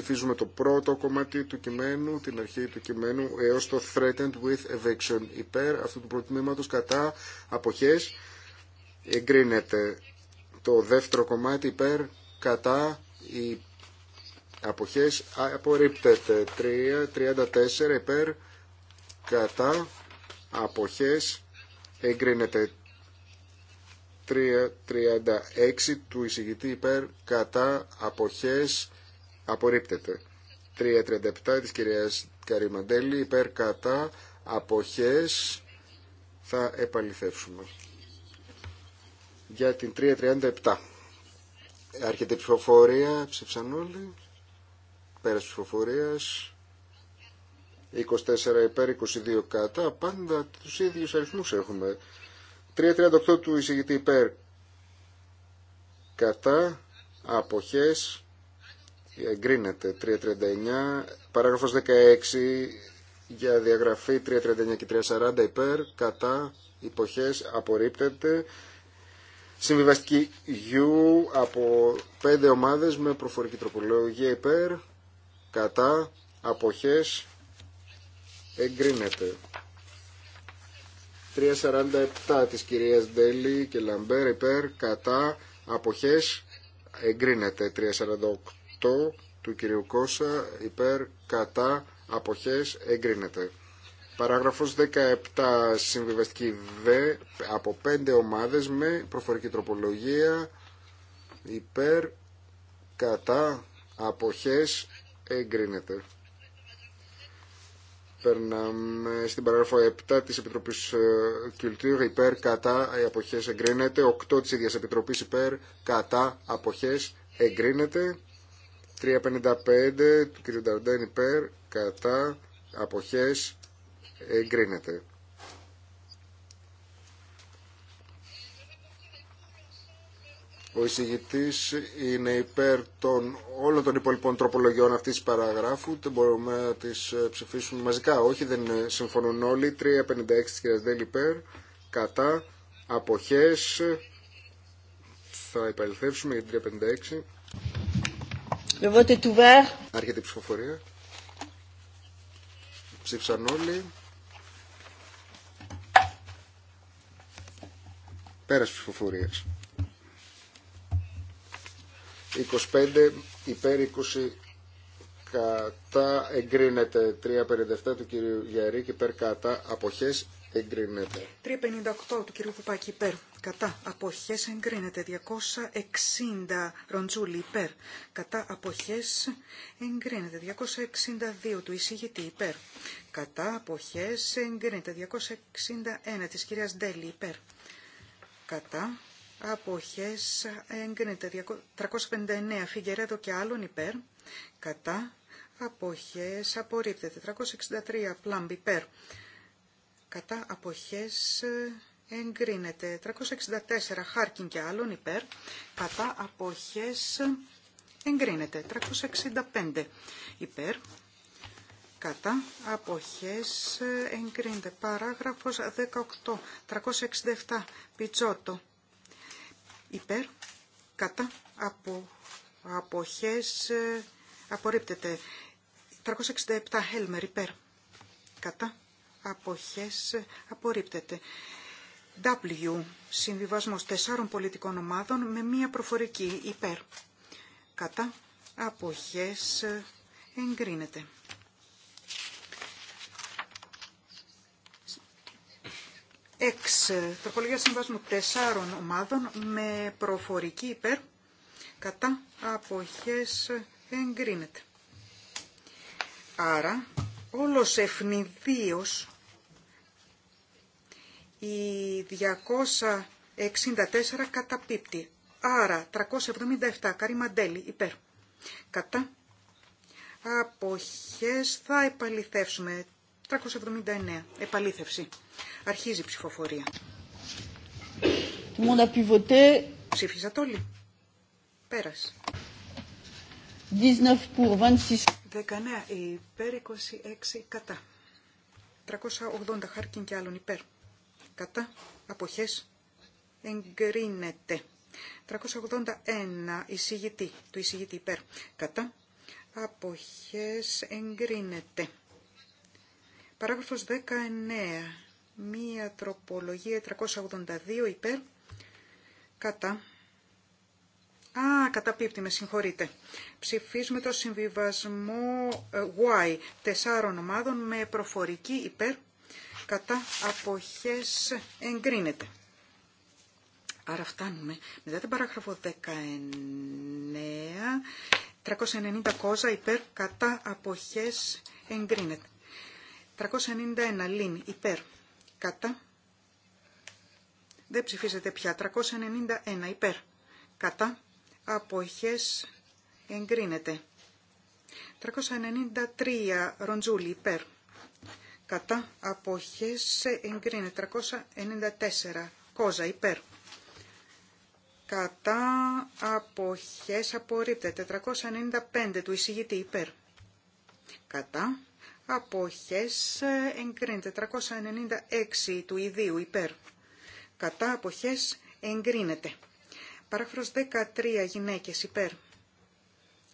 Ψηφίζουμε το πρώτο κομμάτι του κειμένου, την αρχή του κειμένου, έως το threatened with eviction. Υπέρ αυτού του προτιμήματος κατά αποχές εγκρίνεται το δεύτερο κομμάτι υπέρ κατά οι αποχές απορρίπτεται 3, 34 υπέρ κατά αποχές εγκρίνεται 3, 36 του εισηγητή υπέρ κατά αποχές απορρίπτεται. 3.37 της κυρίας Καρυμαντέλη υπέρ κατά αποχές θα επαληθεύσουμε. Για την 3.37 άρχεται η ψηφοφορία, ψήφισαν όλοι, πέρας ψηφοφορίας, 24 υπέρ, 22 κατά, πάντα τους ίδιους αριθμούς έχουμε. 3.38 του εισηγητή υπέρ, κατά, αποχές, Εγκρίνεται 339. Παράγραφος 16 για διαγραφή 339 και 340 υπέρ. Κατά υποχές απορρίπτεται. Συμβιβαστική U από 5 ομάδες με προφορική τροπολογία υπέρ. Κατά αποχές εγκρίνεται. 3.47 της κυρίας Ντέλη και Λαμπέρ υπέρ κατά αποχές εγκρίνεται 3.48 του κυρίου Κώσα υπέρ κατά αποχές εγκρίνεται. Παράγραφος 17 συμβιβαστική Β από 5 ομάδες με προφορική τροπολογία υπέρ κατά αποχές εγκρίνεται. Περνάμε στην παράγραφο 7 της Επιτροπής ε, Κουλτούρ υπέρ κατά αποχές εγκρίνεται. 8 της ίδιας Επιτροπής υπέρ κατά αποχές εγκρίνεται. 355 του κ. Νταρντέν υπέρ κατά αποχές εγκρίνεται. Ο εισηγητής είναι υπέρ των όλων των υπολοιπών τροπολογιών αυτής της παραγράφου. Δεν μπορούμε να τις ε, ψηφίσουμε μαζικά. Όχι, δεν ε, συμφωνούν όλοι. 356 της κ. Νταρντέν υπέρ, κατά, αποχές. Θα υπαλληθεύσουμε για 356. Le vote est ouvert. Άρχεται η ψηφοφορία. Ψήφισαν όλοι. Πέρας ψηφοφορία. 25 υπέρ 20 κατά εγκρίνεται 357 του κυρίου γιαρικη υπέρ κατά αποχές εγκρίνεται 358 του κυρίου Φουπάκη υπέρ κατά αποχές εγκρίνεται 260 ροντζουλί υπέρ, κατά αποχές εγκρίνεται 262 του εισηγητή υπέρ, κατά αποχές εγκρίνεται 261 της κυρίας Ντέλη υπέρ, κατά αποχές εγκρίνεται 359 Φιγκερέδο και άλλων υπέρ, κατά αποχές απορρίπτεται 363 πλάμπ υπέρ, κατά αποχές εγκρίνεται. 364 χάρκιν και άλλων υπέρ, κατά αποχές εγκρίνεται. 365 υπέρ, κατά αποχές εγκρίνεται. Παράγραφος 18, 367 πιτσότο υπέρ, κατά απο, αποχές απορρίπτεται. 367 Χέλμερ υπέρ, κατά αποχές απορρίπτεται. W, Συμβιβασμό τεσσάρων πολιτικών ομάδων με μία προφορική υπέρ. Κατά αποχές εγκρίνεται. Εξ, τροπολογία συμβασμού τεσσάρων ομάδων με προφορική υπέρ. Κατά αποχές εγκρίνεται. Άρα, όλος ευνηδίως η 264 καταπίπτει. Άρα 377 καρυμαντέλη υπέρ. Κατά. Αποχές θα επαληθεύσουμε. 379. Επαλήθευση. Αρχίζει η ψηφοφορία. Ψήφιζα όλοι. Πέρασε. 19 pour 26. 19 υπέρ 26 κατά. 380 χάρκιν και άλλων υπέρ κατά αποχές εγκρίνεται. 381 εισηγητή, του εισηγητή υπέρ, κατά αποχές εγκρίνεται. Παράγραφος 19. Μία τροπολογία 382 υπέρ, κατά. Α, καταπίπτει, με συγχωρείτε. Ψηφίζουμε το συμβιβασμό ε, Y τεσσάρων ομάδων με προφορική υπέρ, κατά αποχές εγκρίνεται. Άρα φτάνουμε μετά την παράγραφο 19, 390 κόζα υπέρ κατά αποχές εγκρίνεται. 391 λίν υπέρ κατά δεν ψηφίζεται πια. 391 υπέρ κατά αποχές εγκρίνεται. 393 ροντζούλι υπέρ κατά αποχές εγκρίνετε 394 κόζα υπέρ κατά αποχές απορρίπτεται 495 του εισηγητή υπέρ κατά αποχές εγκρίνεται 496 του ιδίου υπέρ κατά αποχές εγκρίνεται Παράφρος 13 γυναίκες υπέρ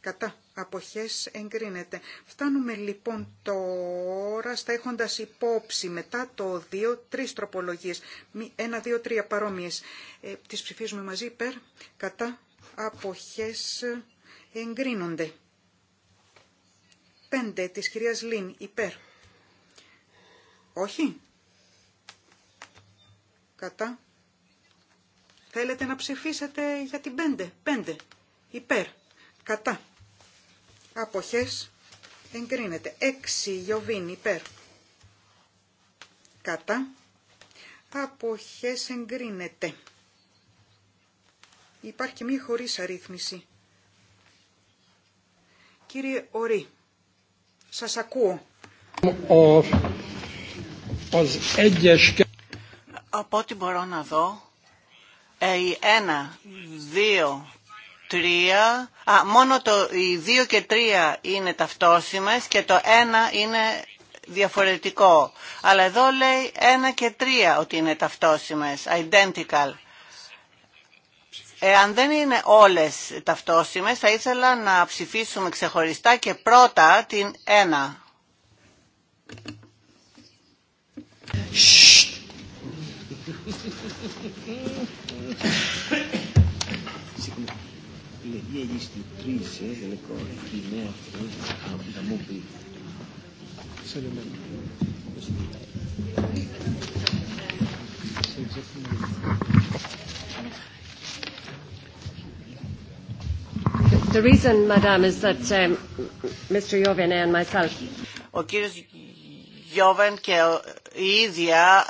κατά αποχές εγκρίνεται. Φτάνουμε λοιπόν τώρα στα έχοντας υπόψη μετά το 2, 3 τροπολογίες, 1, 2, 3 παρόμοιες. Ε, τις ψηφίζουμε μαζί υπέρ, κατά, αποχές εγκρίνονται. 5 της κυρίας Λίν υπέρ. Όχι. Κατά. Θέλετε να ψηφίσετε για την 5. 5. Υπέρ. Κατά αποχές εγκρίνεται. Έξι Ιωβίνη υπέρ κατά αποχές εγκρίνεται. Υπάρχει μία χωρίς αρρύθμιση. Κύριε Ορή, σας ακούω. Από ό,τι μπορώ να δω, ε, η ένα, δύο, 3, α, μόνο το, οι 2 και 3 είναι ταυτόσιμες και το 1 είναι διαφορετικό. Αλλά εδώ λέει 1 και 3 ότι είναι ταυτόσιμες, identical. Εάν δεν είναι όλες ταυτόσιμες, θα ήθελα να ψηφίσουμε ξεχωριστά και πρώτα την 1. le vie istruttrice delle cose di merito da Mobi. The reason, Madam, is that Mr. Jovan and myself. Ο κύριος Γιώβεν και η ίδια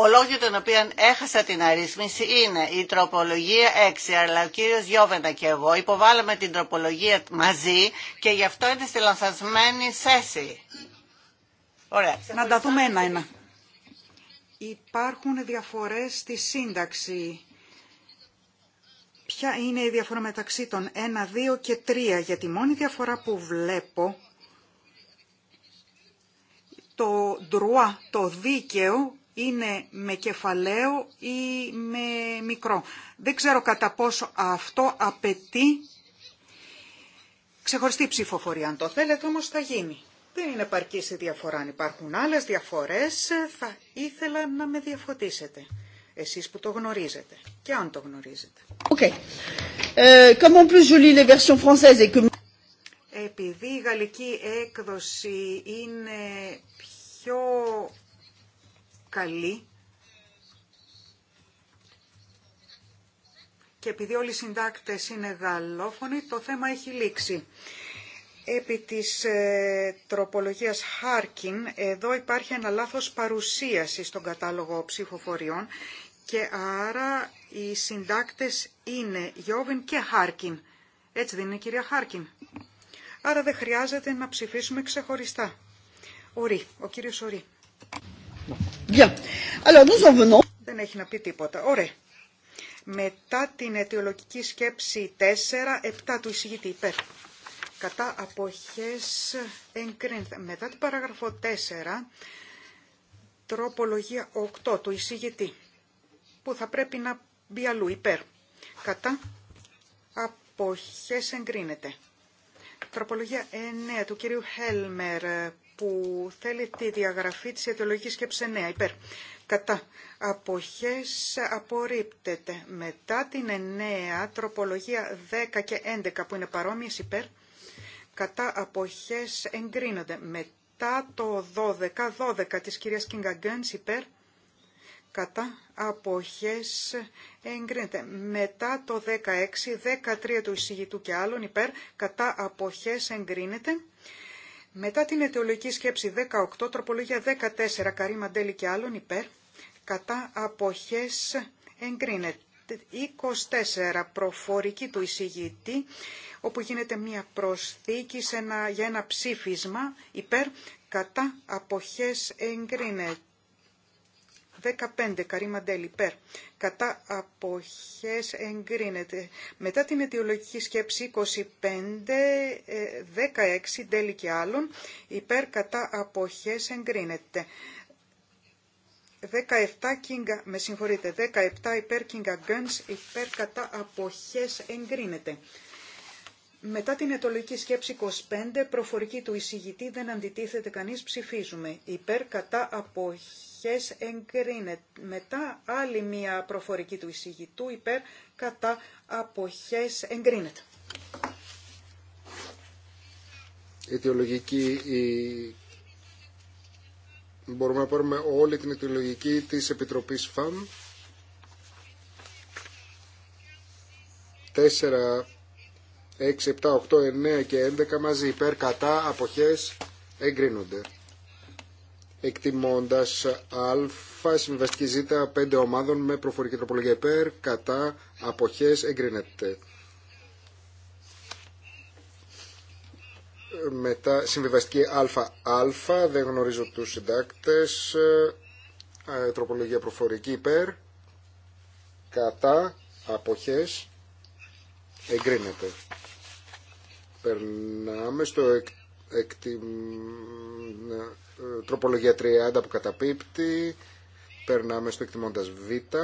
ο λόγος τον οποίο έχασα την αρρύθμιση είναι η τροπολογία 6, αλλά ο κύριος Γιώβεντα και εγώ υποβάλαμε την τροπολογία μαζί και γι' αυτό είναι στη λανθασμένη θέση. Ωραία. Να τα δούμε ένα-ένα. Υπάρχουν διαφορές στη σύνταξη. Ποια είναι η διαφορά μεταξύ των 1, 2 και 3, γιατί η μόνη διαφορά που βλέπω το ντρουά, το δίκαιο, είναι με κεφαλαίο ή με μικρό. Δεν ξέρω κατά πόσο αυτό απαιτεί ξεχωριστή ψηφοφορία. Αν το θέλετε όμως θα γίνει. Δεν είναι επαρκή σε διαφορά. Αν υπάρχουν άλλες διαφορές θα ήθελα να με διαφωτίσετε. Εσείς που το γνωρίζετε και αν το γνωρίζετε. Okay. επειδή η γαλλική έκδοση είναι πιο καλή και επειδή όλοι οι συντάκτες είναι γαλλόφωνοι, το θέμα έχει λήξει. Επί της ε, τροπολογίας Harkin, εδώ υπάρχει ένα λάθος παρουσίαση στον κατάλογο ψηφοφοριών και άρα οι συντάκτες είναι Γιώβιν και Χάρκιν. Έτσι δεν είναι κυρία Χάρκιν. Άρα δεν χρειάζεται να ψηφίσουμε ξεχωριστά. Ορί, ο κύριος Ορί. Bien. Alors, nous en venons... Δεν έχει να πει τίποτα. Ωραία. Μετά την αιτιολογική σκέψη 4, 7 του εισηγητή υπέρ. Κατά αποχές εγκρίνεται. Μετά την παράγραφο 4, τροπολογία 8 του εισηγητή, που θα πρέπει να μπει αλλού υπέρ. Κατά αποχές εγκρίνεται. Τροπολογία 9 του κυρίου Χέλμερ που θέλει τη διαγραφή της αιτιολογικής σκέψη 9 υπέρ. Κατά αποχές απορρίπτεται. Μετά την 9 τροπολογία 10 και 11 που είναι παρόμοιες υπέρ. Κατά αποχές εγκρίνονται. Μετά το 12, 12 της κυρίας Κιγκαγκένς υπέρ. Κατά αποχές εγκρίνεται. Μετά το 16, 13 του εισηγητού και άλλων υπέρ. Κατά αποχές εγκρίνεται. Μετά την αιτιολογική σκέψη 18, τροπολογία 14, Καρή Μαντέλη και άλλων υπέρ, κατά αποχές εγκρίνεται. 24, προφορική του εισηγητή, όπου γίνεται μία προσθήκη σε ένα, για ένα ψήφισμα υπέρ κατά αποχές εγκρίνεται. 15. Καρίμα Ντέλ υπέρ. Κατά αποχές εγκρίνεται. Μετά την αιτιολογική σκέψη 25, 16 ε, Ντέλη και άλλων υπέρ κατά αποχές εγκρίνεται. 17 κίνγκα, με συγχωρείτε, 17 υπέρ κίνγκα Guns υπέρ κατά αποχές εγκρίνεται. Μετά την ετολογική σκέψη 25, προφορική του εισηγητή, δεν αντιτίθεται κανείς, ψηφίζουμε. Υπέρ κατά αποχές εγκρίνεται. Μετά άλλη μία προφορική του εισηγητού, υπέρ κατά αποχές εγκρίνεται. Αιτιολογική μπορούμε να πάρουμε όλη την αιτιολογική της Επιτροπής ΦΑΜ. Τέσσερα 6, 7, 8, 9 και 11 μαζί υπέρ κατά αποχές εγκρίνονται. Εκτιμώντας α, συμβαστική ζ, 5 ομάδων με προφορική τροπολογία υπέρ κατά αποχές εγκρίνεται. Μετά συμβιβαστική α δεν γνωρίζω τους συντάκτες, τροπολογία προφορική υπέρ, κατά, αποχές, εγκρίνεται. Περνάμε στο εκ, την, ε, τροπολογία 30 που καταπίπτει. Περνάμε στο εκτιμώντας β.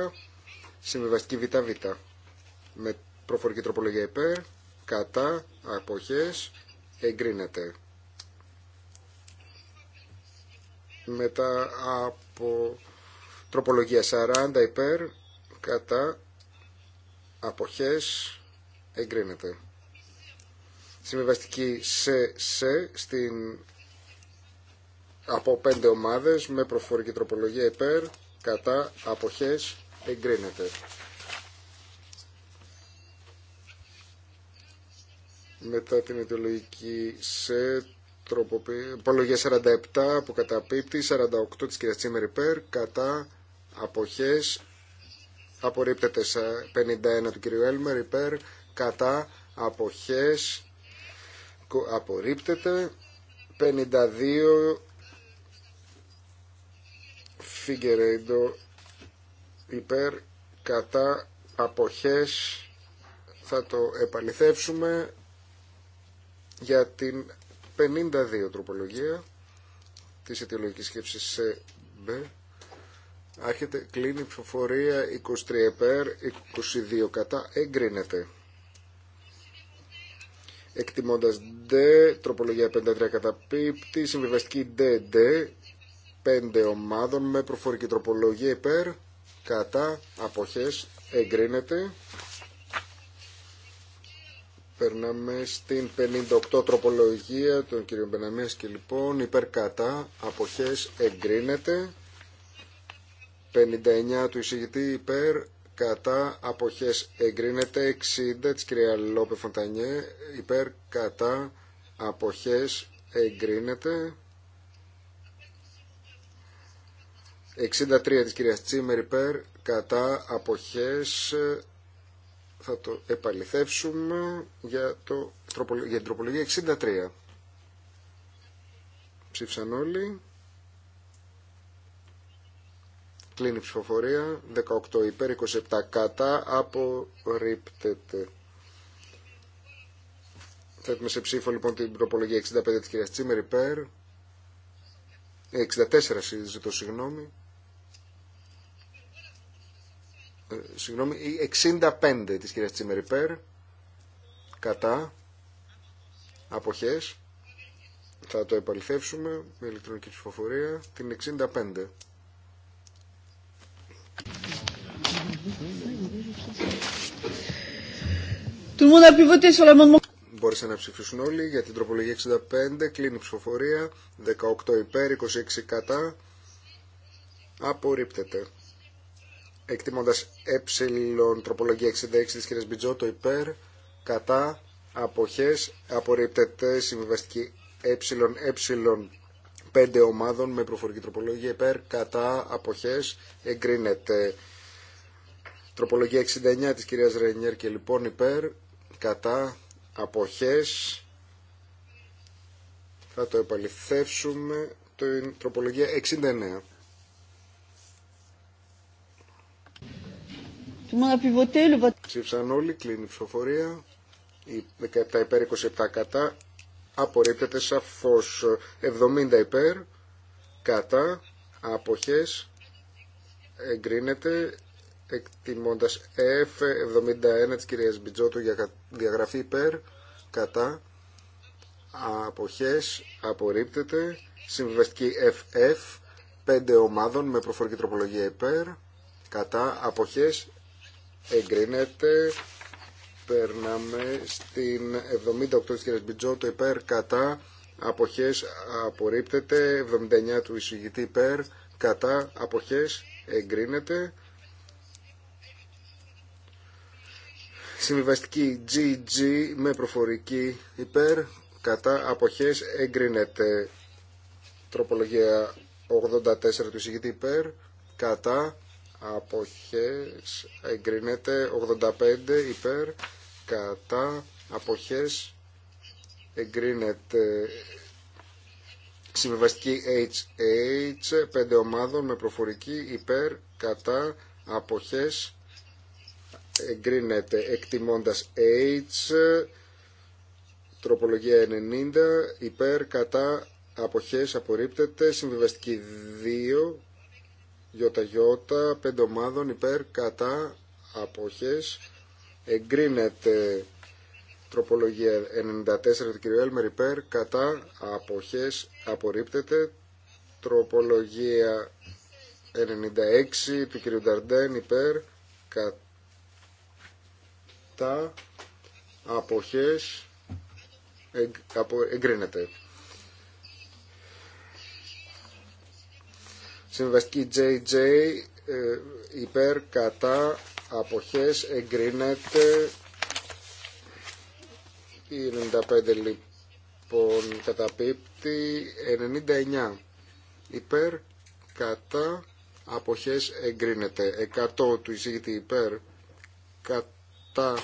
Συμβιβαστική ΒΒ. Με προφορική τροπολογία υπέρ. Κατά. Αποχές. Εγκρίνεται. Μετά από τροπολογία 40 υπέρ. Κατά. Αποχές εγκρίνεται συμβιβαστική σε, σε στην, από πέντε ομάδες με προφορική τροπολογία υπέρ, κατά, αποχές, εγκρίνεται. Μετά την ιδεολογική σε τροπολογία 47 από καταπίπτει, 48 της κυρίας Τσίμερ υπέρ, κατά, αποχές, απορρίπτεται 51 του κυρίου Έλμερ υπέρ, κατά, αποχές, απορρίπτεται 52 Φιγκερέντο υπέρ κατά αποχές θα το επαληθεύσουμε για την 52 τροπολογία της αιτιολογικής σκέψης σε B άρχεται κλείνει ψηφοφορία 23 υπέρ 22 κατά εγκρίνεται Εκτιμώντα D, τροπολογία 53 πίπτη, συμβιβαστική D, 5 ομάδων με προφορική τροπολογία υπέρ, κατά, αποχές, εγκρίνεται. Περνάμε στην 58 τροπολογία των κυρίων Μπεναμίας και λοιπόν υπέρ κατά αποχές εγκρίνεται. 59 του εισηγητή υπέρ κατά αποχές εγκρίνεται 60 της κυρία Λόπε Φωντανιέ υπέρ κατά αποχές εγκρίνεται 63 της κυρία Τσίμερ υπέρ κατά αποχές θα το επαληθεύσουμε για, το, για την τροπολογία 63 ψήφισαν όλοι Κλείνει η ψηφοφορία. 18 υπέρ, 27 κατά. Απορρίπτεται. Θέτουμε σε ψήφο λοιπόν την προπολογία 65 της κυρίας Τσίμερ υπέρ. 64 ε, συζητώ συγγνώμη. Ε, συγγνώμη, η 65 της κυρίας Τσίμερ υπέρ. Κατά. Αποχές. Θα το επαληθεύσουμε με ηλεκτρονική ψηφοφορία. Την 65 μπορεί να ψηφίσουν όλοι για την τροπολογία 65, κλείνει η ψηφοφορία, 18 υπέρ, 26 κατά, απορρίπτεται. Εκτιμώντας ε τροπολογία 66 της κυρίας Μπιτζότο υπέρ, κατά, αποχές, απορρίπτεται, συμβιβαστική ε ε 5 ομάδων με προφορική τροπολογία υπέρ κατά αποχές εγκρίνεται. Τροπολογία 69 της κυρίας Ρενιέρ και λοιπόν υπέρ κατά αποχές θα το επαληθεύσουμε την τροπολογία 69. Ψήφισαν όλοι, κλείνει η ψηφοφορία. 17 υπέρ 27 κατά απορρίπτεται σαφώς 70 υπέρ κατά αποχές εγκρίνεται εκτιμώντας F71 της κυρίας Μπιτζότου για διαγραφή υπέρ κατά αποχές απορρίπτεται συμβιβαστική FF πέντε ομάδων με προφορική τροπολογία υπέρ κατά αποχές εγκρίνεται Περνάμε στην 78 της κυρίας Μπιτζότο υπέρ κατά αποχές απορρίπτεται 79 του εισηγητή υπέρ κατά αποχές εγκρίνεται συμβιβαστική GG με προφορική υπέρ κατά αποχές εγκρίνεται τροπολογία 84 του εισηγητή υπέρ κατά αποχές εγκρίνεται 85 υπέρ κατά αποχές εγκρίνεται συμβιβαστική HH 5 ομάδων με προφορική υπέρ κατά αποχές εγκρίνεται εκτιμώντας H τροπολογία 90 υπέρ κατά αποχές απορρίπτεται συμβιβαστική 2 γιωταγιωτα πέντε ομάδων υπέρ κατά αποχές εγκρίνεται τροπολογία 94 του κ. Έλμερ υπέρ κατά αποχές απορρίπτεται τροπολογία 96 του κ. Νταρντέν υπέρ κατά αποχές εγκρίνεται Συμβαστική JJ ε, υπέρ κατά αποχές εγκρίνεται η 95 λοιπόν καταπίπτει 99 υπέρ κατά αποχές εγκρίνεται 100 του εισηγητή υπέρ κατά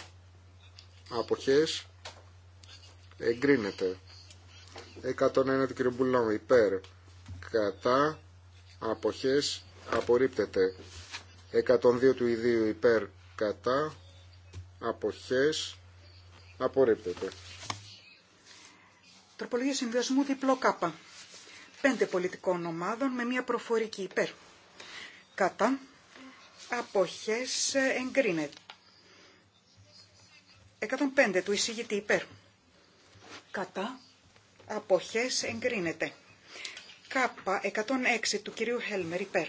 αποχές εγκρίνεται 101 του κ. Μπουλόν υπέρ κατά αποχές απορρίπτεται 102 του ιδίου υπέρ κατά αποχές απορρίπτεται Τροπολογία συνδυασμού διπλό κάπα πέντε πολιτικών ομάδων με μια προφορική υπέρ κατά αποχές ε, εγκρίνεται 105 του εισηγητή υπέρ κατά αποχές εγκρίνεται Κάπα 106 του κυρίου Χέλμερ υπέρ.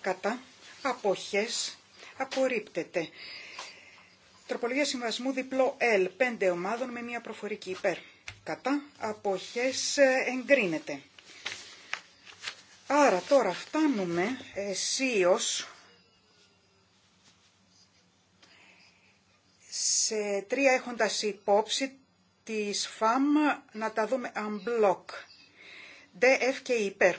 Κατά αποχές απορρίπτεται. Τροπολογία συμβασμού διπλό L, πέντε ομάδων με μία προφορική υπέρ. Κατά αποχές εγκρίνεται. Άρα τώρα φτάνουμε εσίως σε τρία έχοντας υπόψη της ΦΑΜ να τα δούμε unblock. DF και υπέρ.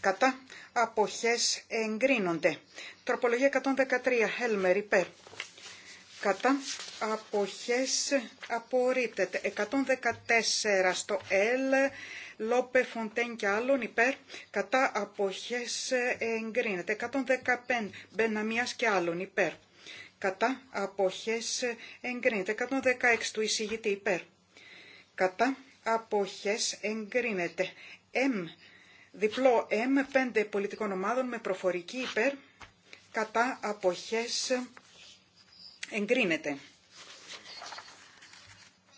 Κατά αποχές εγκρίνονται. Τροπολογία 113 Helmer υπέρ. Κατά αποχές απορρίπτεται. 114 στο Ελ Λόπε Φοντέν και άλλων υπέρ. Κατά αποχές εγκρίνεται. 115 Μπεναμίας και άλλων υπέρ. Κατά αποχές εγκρίνεται. 116 του εισηγητή υπέρ. Κατά αποχές εγκρίνεται. M, διπλό M, 5 πολιτικών ομάδων με προφορική υπέρ, κατά αποχές εγκρίνεται.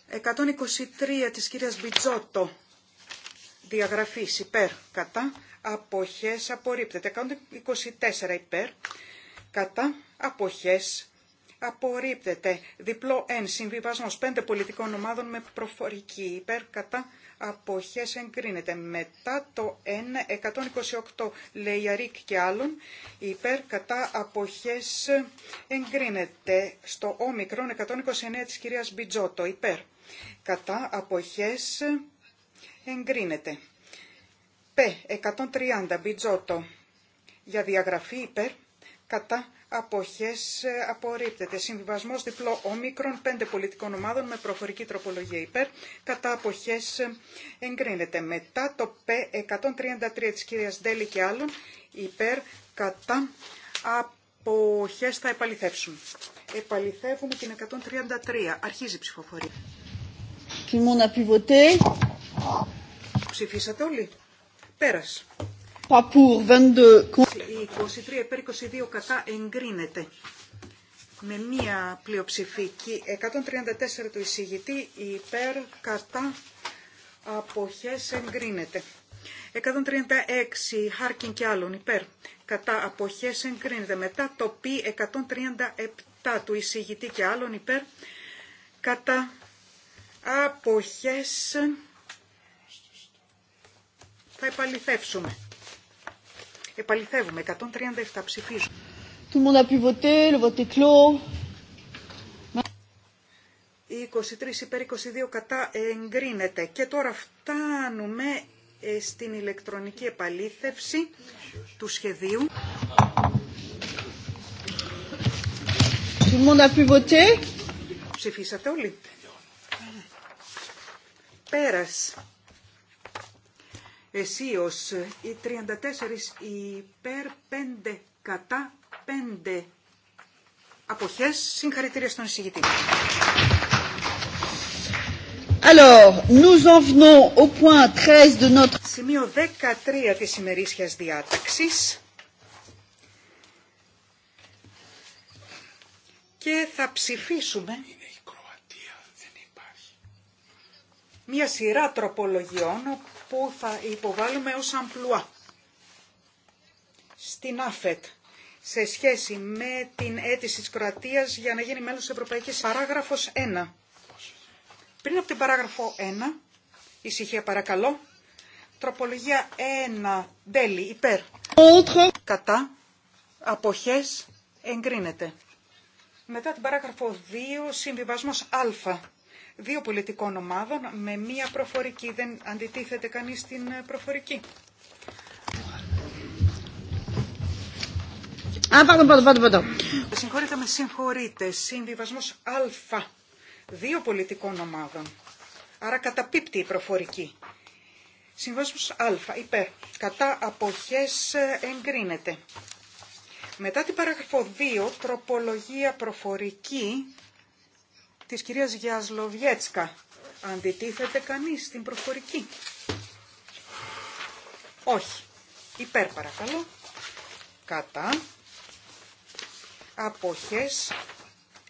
123 της κυρίας Μπιτζότο, διαγραφής υπέρ, κατά αποχές απορρίπτεται. 124 υπέρ, κατά αποχές απορρίπτεται. Διπλό N, συμβιβασμός 5 πολιτικών ομάδων με προφορική υπέρ, κατά αποχές εγκρίνεται. Μετά το 1.128. 128 Λεϊαρίκ και άλλων, υπέρ κατά αποχές εγκρίνεται. Στο όμικρον 129 της κυρίας Μπιτζότο, υπέρ κατά αποχές εγκρίνεται. Π, 130 Μπιτζότο, για διαγραφή υπέρ κατά αποχές ε, απορρίπτεται. Συμβιβασμός διπλό ομίκρον πέντε πολιτικών ομάδων με προφορική τροπολογία υπέρ. Κατά αποχές ε, εγκρίνεται. Μετά το P133 της κυρίας Ντέλη και άλλων υπέρ κατά αποχές θα επαληθεύσουν. Επαληθεύουμε την 133. Αρχίζει η ψηφοφορία. Τι Ψηφίσατε όλοι. Πέρασε. 23 υπέρ 22 κατά εγκρίνεται με μία πλειοψηφική 134 του εισηγητή υπέρ κατά αποχές εγκρίνεται. 136 Χάρκιν και άλλων υπέρ κατά αποχές εγκρίνεται. Μετά το π 137 του εισηγητή και άλλων υπέρ κατά αποχές θα επαληθεύσουμε. Επαληθεύουμε. 137 ψηφίζουν. Tout le monde le vote est clos. 23 υπέρ 22 κατά εγκρίνεται. Και τώρα φτάνουμε ε, στην ηλεκτρονική επαλήθευση του σχεδίου. Ψηφίσατε όλοι. Πέρας. Εσίως, οι 34 υπέρ, 5 κατά, 5 αποχές. Συγχαρητήρια στον εισηγητή. Alors, nous en venons au point 13 de notre... Σημείο 13 της ημερήσιας διάταξης. Και θα ψηφίσουμε... Μια σειρά τροπολογιών που θα υποβάλουμε ως αμπλουά στην ΑΦΕΤ σε σχέση με την αίτηση της Κροατίας για να γίνει μέλος της Ευρωπαϊκής Παράγραφος 1. Πριν από την παράγραφο 1, ησυχία παρακαλώ, τροπολογία 1, τέλη, υπέρ, κατά, αποχές, εγκρίνεται. Μετά την παράγραφο 2, συμβιβασμός α δύο πολιτικών ομάδων με μία προφορική. Δεν αντιτίθεται κανείς στην ε, προφορική. Α, συγχωρείτε, με συγχωρείτε. Συμβιβασμός Α. Δύο πολιτικών ομάδων. Άρα καταπίπτει η προφορική. Συμβιβασμός Α. Υπέρ. Κατά αποχές ε, εγκρίνεται. Μετά την παραγραφό 2, τροπολογία προφορική της κυρίας Γιασλοβιέτσκα. Αντιτίθεται κανείς στην προφορική. Όχι. Υπέρ παρακαλώ. Κατά. Αποχές.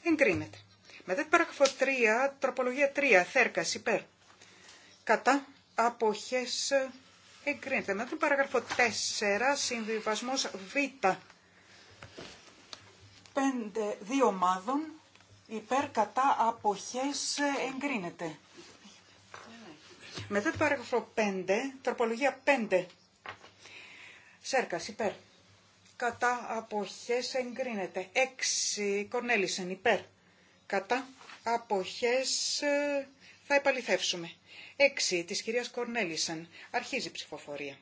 Εγκρίνεται. Μετά την παράγραφο 3, τροπολογία 3, θέρκας υπέρ. Κατά. Αποχές. Εγκρίνεται. Μετά την παράγραφο 4, συνδυασμός β. 5, δύο ομάδων ε, υπέρ κατά αποχές εγκρίνεται. Μετά το παράγραφο 5, τροπολογία 5. Σέρκα, υπέρ. Κατά αποχές εγκρίνεται. 6. Κορνέλισεν υπέρ. Κατά αποχές θα επαληθεύσουμε. 6. Της κυρίας Κορνέλισεν. Αρχίζει η ψηφοφορία.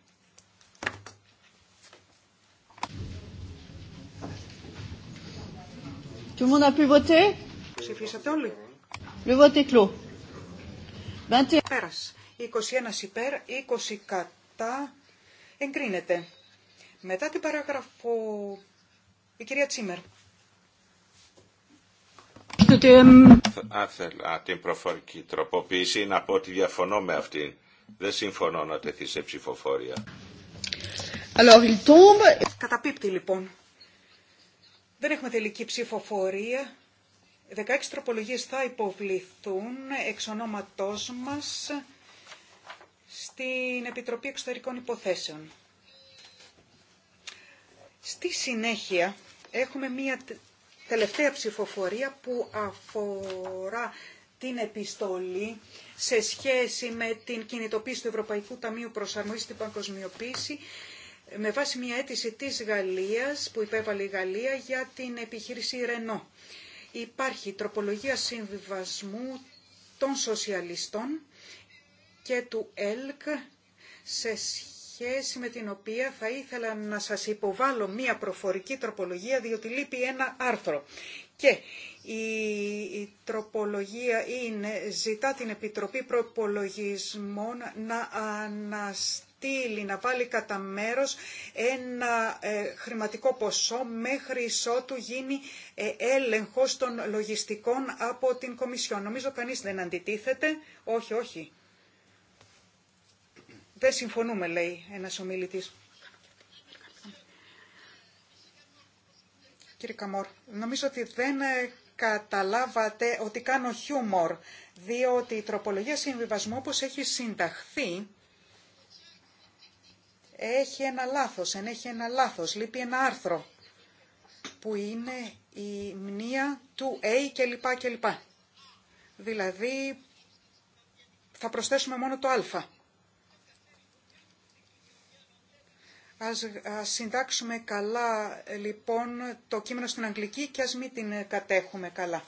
Tout le monde a pu voter Ψηφίσατε όλοι. Πέρας. 21 υπέρ, 20 κατά. Εγκρίνεται. Μετά την παράγραφο... Η κυρία Τσίμερ. Αν θέλω την προφορική τροποποίηση να πω ότι διαφωνώ με αυτήν. Δεν συμφωνώ να τεθεί σε ψηφοφόρια. Καταπίπτει λοιπόν. Δεν έχουμε τελική ψηφοφορία 16 τροπολογίες θα υποβληθούν εξ ονόματός μας στην Επιτροπή Εξωτερικών Υποθέσεων. Στη συνέχεια έχουμε μία τελευταία ψηφοφορία που αφορά την επιστολή σε σχέση με την κινητοποίηση του Ευρωπαϊκού Ταμείου Προσαρμογής στην Παγκοσμιοποίηση με βάση μια αίτηση της Γαλλίας που υπέβαλε η Γαλλία για την επιχείρηση Ρενό Υπάρχει τροπολογία συμβιβασμού των σοσιαλιστών και του ΕΛΚ σε σχέση με την οποία θα ήθελα να σας υποβάλω μία προφορική τροπολογία διότι λείπει ένα άρθρο. Και η τροπολογία είναι ζητά την Επιτροπή Προπολογισμών να αναστείλει στείλει να βάλει κατά μέρο ένα ε, χρηματικό ποσό μέχρι ότου γίνει ε, έλεγχος των λογιστικών από την Κομισιόν. Νομίζω κανείς δεν αντιτίθεται. Όχι, όχι. Δεν συμφωνούμε, λέει ένας ομιλητής. Κύριε Καμόρ, νομίζω ότι δεν ε, καταλάβατε ότι κάνω χιούμορ, διότι η τροπολογία συμβιβασμού όπως έχει συνταχθεί έχει ένα λάθος, Έχει ένα λάθος, λείπει ένα άρθρο που είναι η μνήα του A και κλπ. Δηλαδή θα προσθέσουμε μόνο το α. Ας, συντάξουμε καλά λοιπόν το κείμενο στην αγγλική και ας μην την κατέχουμε καλά.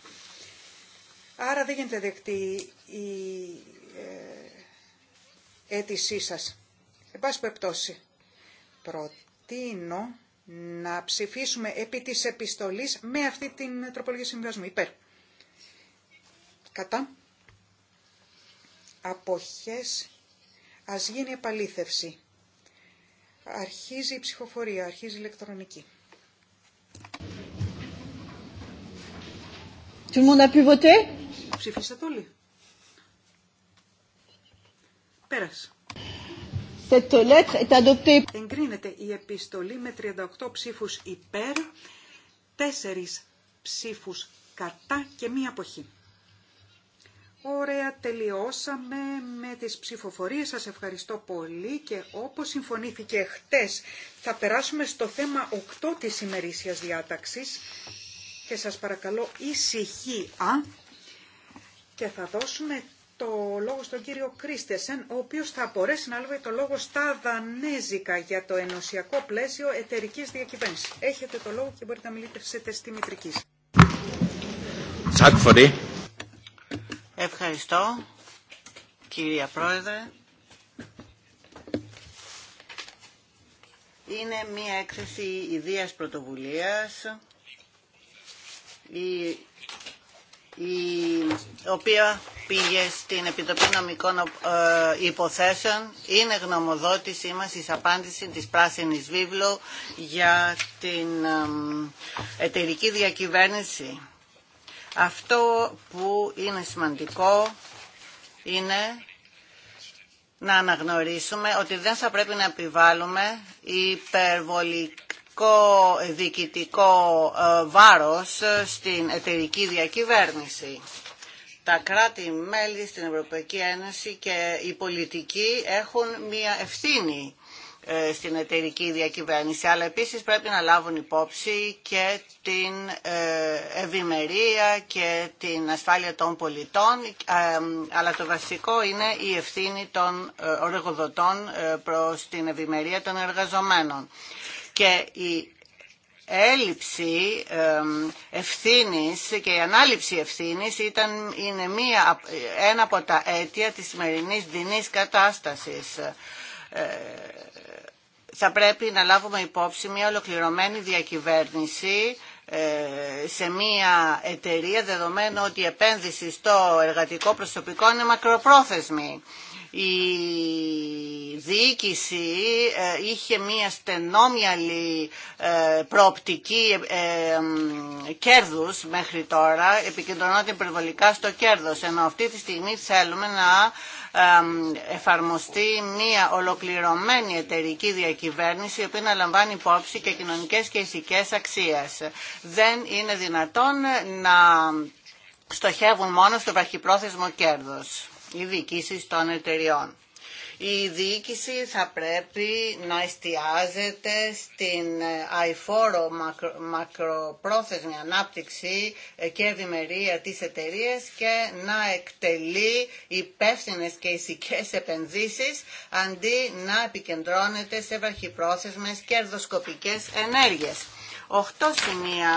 Άρα δεν γίνεται δεκτή η ε, αίτησή σας. Εν πάση προτείνω να ψηφίσουμε επί της επιστολής με αυτή την τροπολογία συμβιβασμού. Υπέρ. Κατά. Αποχές. Ας γίνει επαλήθευση. Αρχίζει η ψηφοφορία, αρχίζει η ηλεκτρονική. Tout le monde a pu voter? Ψηφίσατε όλοι. Πέρασε. Εγκρίνεται η επιστολή με 38 ψήφους υπέρ, 4 ψήφους κατά και μία αποχή. Ωραία, τελειώσαμε με τις ψηφοφορίες. Σας ευχαριστώ πολύ και όπως συμφωνήθηκε χτες θα περάσουμε στο θέμα 8 της ημερήσιας διάταξης και σας παρακαλώ ησυχία και θα δώσουμε το λόγο στον κύριο Κρίστεσεν, ο οποίος θα μπορέσει να λάβει το λόγο στα δανέζικα για το ενωσιακό πλαίσιο εταιρικής διακυβέρνησης. Έχετε το λόγο και μπορείτε να μιλήσετε στη μητρική. Ευχαριστώ, κυρία Πρόεδρε. Είναι μία έκθεση ιδίας πρωτοβουλίας. Η η οποία πήγε στην Επιτροπή Νομικών ε, Υποθέσεων είναι γνωμοδότησή μας εις απάντηση της Πράσινης Βίβλου για την ε, εταιρική διακυβέρνηση. Αυτό που είναι σημαντικό είναι να αναγνωρίσουμε ότι δεν θα πρέπει να επιβάλλουμε υπερβολικά δικητικό διοικητικό ε, βάρος ε, στην εταιρική διακυβέρνηση. Τα κράτη-μέλη στην Ευρωπαϊκή Ένωση και οι πολιτικοί έχουν μία ευθύνη ε, στην εταιρική διακυβέρνηση, αλλά επίσης πρέπει να λάβουν υπόψη και την ευημερία και την ασφάλεια των πολιτών, αλλά το βασικό είναι η ευθύνη των εργοδοτών προς την ευημερία των εργαζομένων και η έλλειψη ευθύνης και η ανάληψη ευθύνης ήταν, είναι μία, ένα από τα αίτια της σημερινής δινής κατάστασης. Ε, θα πρέπει να λάβουμε υπόψη μια ενα απο τα αιτια της σημερινή δινης καταστασης διακυβέρνηση ε, σε μια εταιρεία δεδομένου ότι η επένδυση στο εργατικό προσωπικό είναι μακροπρόθεσμη η διοίκηση ε, είχε μία στενόμυαλη ε, προοπτική ε, κέρδους μέχρι τώρα, επικεντρωνόταν υπερβολικά στο κέρδος, ενώ αυτή τη στιγμή θέλουμε να εφαρμοστεί μία ολοκληρωμένη εταιρική διακυβέρνηση, η οποία να λαμβάνει υπόψη και κοινωνικές και ηθικές αξίες. Δεν είναι δυνατόν να στοχεύουν μόνο στο βαχυπρόθεσμο κέρδος οι διοικήσεις των εταιριών. Η διοίκηση θα πρέπει να εστιάζεται στην ε, αηφόρο μακροπρόθεσμη ανάπτυξη ε, και ευημερία της εταιρεία και να εκτελεί υπεύθυνε και ησικές επενδύσεις αντί να επικεντρώνεται σε και κερδοσκοπικές ενέργειες. Οχτώ σημεία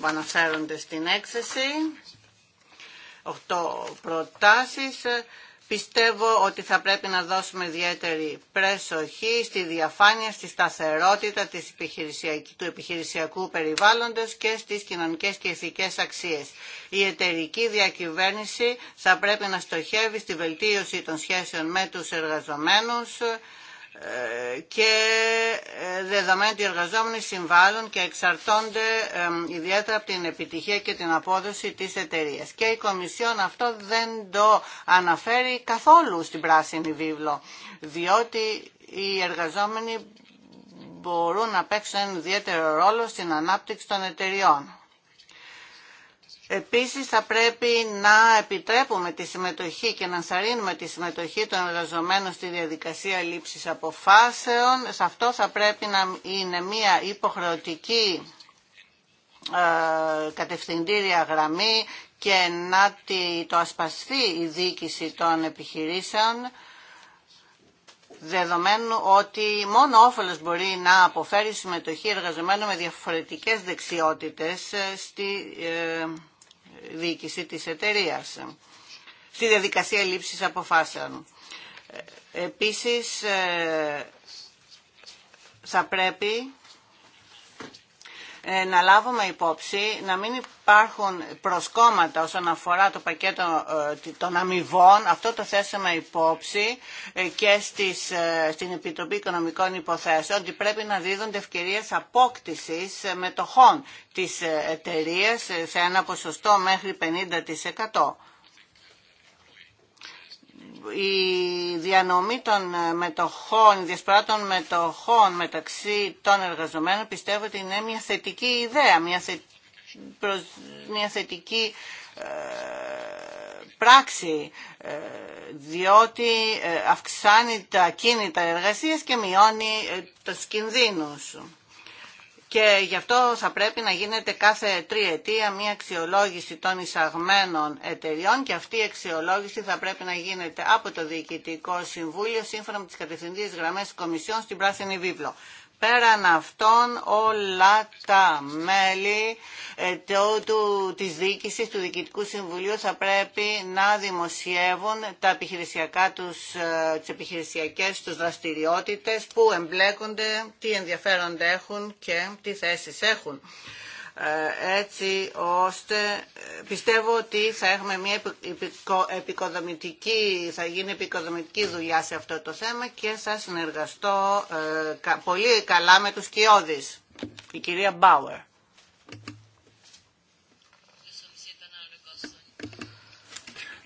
αναφέρονται στην έκθεση 8 προτάσεις. Πιστεύω ότι θα πρέπει να δώσουμε ιδιαίτερη προσοχή στη διαφάνεια, στη σταθερότητα της του επιχειρησιακού περιβάλλοντος και στις κοινωνικές και ηθικές αξίες. Η εταιρική διακυβέρνηση θα πρέπει να στοχεύει στη βελτίωση των σχέσεων με τους εργαζομένους, και ε, δεδομένου ότι οι εργαζόμενοι συμβάλλουν και εξαρτώνται ιδιαίτερα από την επιτυχία και την απόδοση της εταιρεία. Και η Κομισιόν αυτό δεν το αναφέρει καθόλου στην πράσινη βίβλο, διότι οι εργαζόμενοι μπορούν να παίξουν ένα ιδιαίτερο ρόλο στην ανάπτυξη των εταιριών. Επίσης θα πρέπει να επιτρέπουμε τη συμμετοχή και να σαρίνουμε τη συμμετοχή των εργαζομένων στη διαδικασία λήψης αποφάσεων. Σε αυτό θα πρέπει να είναι μια υποχρεωτική ε, κατευθυντήρια γραμμή και να το ασπαστεί η διοίκηση των επιχειρήσεων δεδομένου ότι μόνο όφελος μπορεί να αποφέρει συμμετοχή εργαζομένων με διαφορετικές δεξιότητες ε, στη ε, διοίκηση της εταιρείας στη διαδικασία λήψης αποφάσεων. Ε, επίσης, ε, θα πρέπει ε, να λάβουμε υπόψη να μην υπάρχουν προσκόμματα όσον αφορά το πακέτο ε, των αμοιβών. Αυτό το θέσαμε υπόψη ε, και στις, στην Επιτροπή Οικονομικών Υποθέσεων ότι πρέπει να δίδονται ευκαιρίες απόκτησης μετοχών της εταιρεία σε ένα ποσοστό μέχρι 50% η διανομή των μετοχών, των μετοχών μεταξύ των εργαζομένων πιστεύω ότι είναι μια θετική ιδέα, μια, μια θετική ε, πράξη, ε, διότι ε, αυξάνει τα κίνητα εργασίας και μειώνει τους κινδύνους και γι' αυτό θα πρέπει να γίνεται κάθε τριετία μια αξιολόγηση των εισαγμένων εταιριών και αυτή η αξιολόγηση θα πρέπει να γίνεται από το Διοικητικό Συμβούλιο σύμφωνα με τις κατευθυντήριες γραμμές Κομισιόν στην Πράσινη Βίβλο. Πέραν αυτών όλα τα μέλη ε, το, του, της διοίκησης του Διοικητικού Συμβουλίου θα πρέπει να δημοσιεύουν τα επιχειρησιακά τους, ε, τις επιχειρησιακές τους δραστηριότητες που εμπλέκονται, τι ενδιαφέροντα έχουν και τι θέσεις έχουν. Ε, έτσι ώστε πιστεύω ότι θα έχουμε μια επικοδομητική, θα γίνει επικοδομητική δουλειά σε αυτό το θέμα και θα συνεργαστώ ε, πολύ καλά με τους Κιώδης, η κυρία Μπάουερ.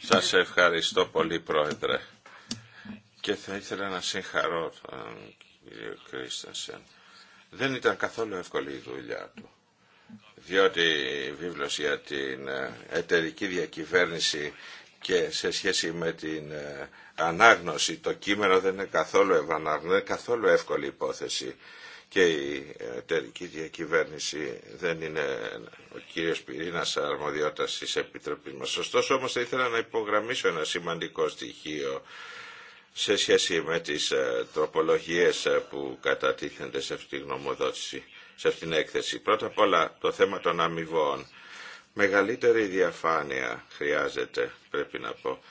Σας ευχαριστώ πολύ Πρόεδρε και θα ήθελα να συγχαρώ τον κύριο Δεν ήταν καθόλου εύκολη η δουλειά του διότι η βίβλος για την ε, εταιρική διακυβέρνηση και σε σχέση με την ε, ανάγνωση το κείμενο δεν είναι καθόλου ευανάγνω, δεν είναι καθόλου εύκολη υπόθεση και η ε, εταιρική διακυβέρνηση δεν είναι ο κύριος πυρήνας αρμοδιότητας της Επιτροπής μας. Ωστόσο όμως θα ήθελα να υπογραμμίσω ένα σημαντικό στοιχείο σε σχέση με τις τροπολογίες που κατατίθενται σε αυτή τη γνωμοδότηση σε αυτήν την έκθεση. Πρώτα απ' όλα το θέμα των αμοιβών. Μεγαλύτερη διαφάνεια χρειάζεται, πρέπει να πω.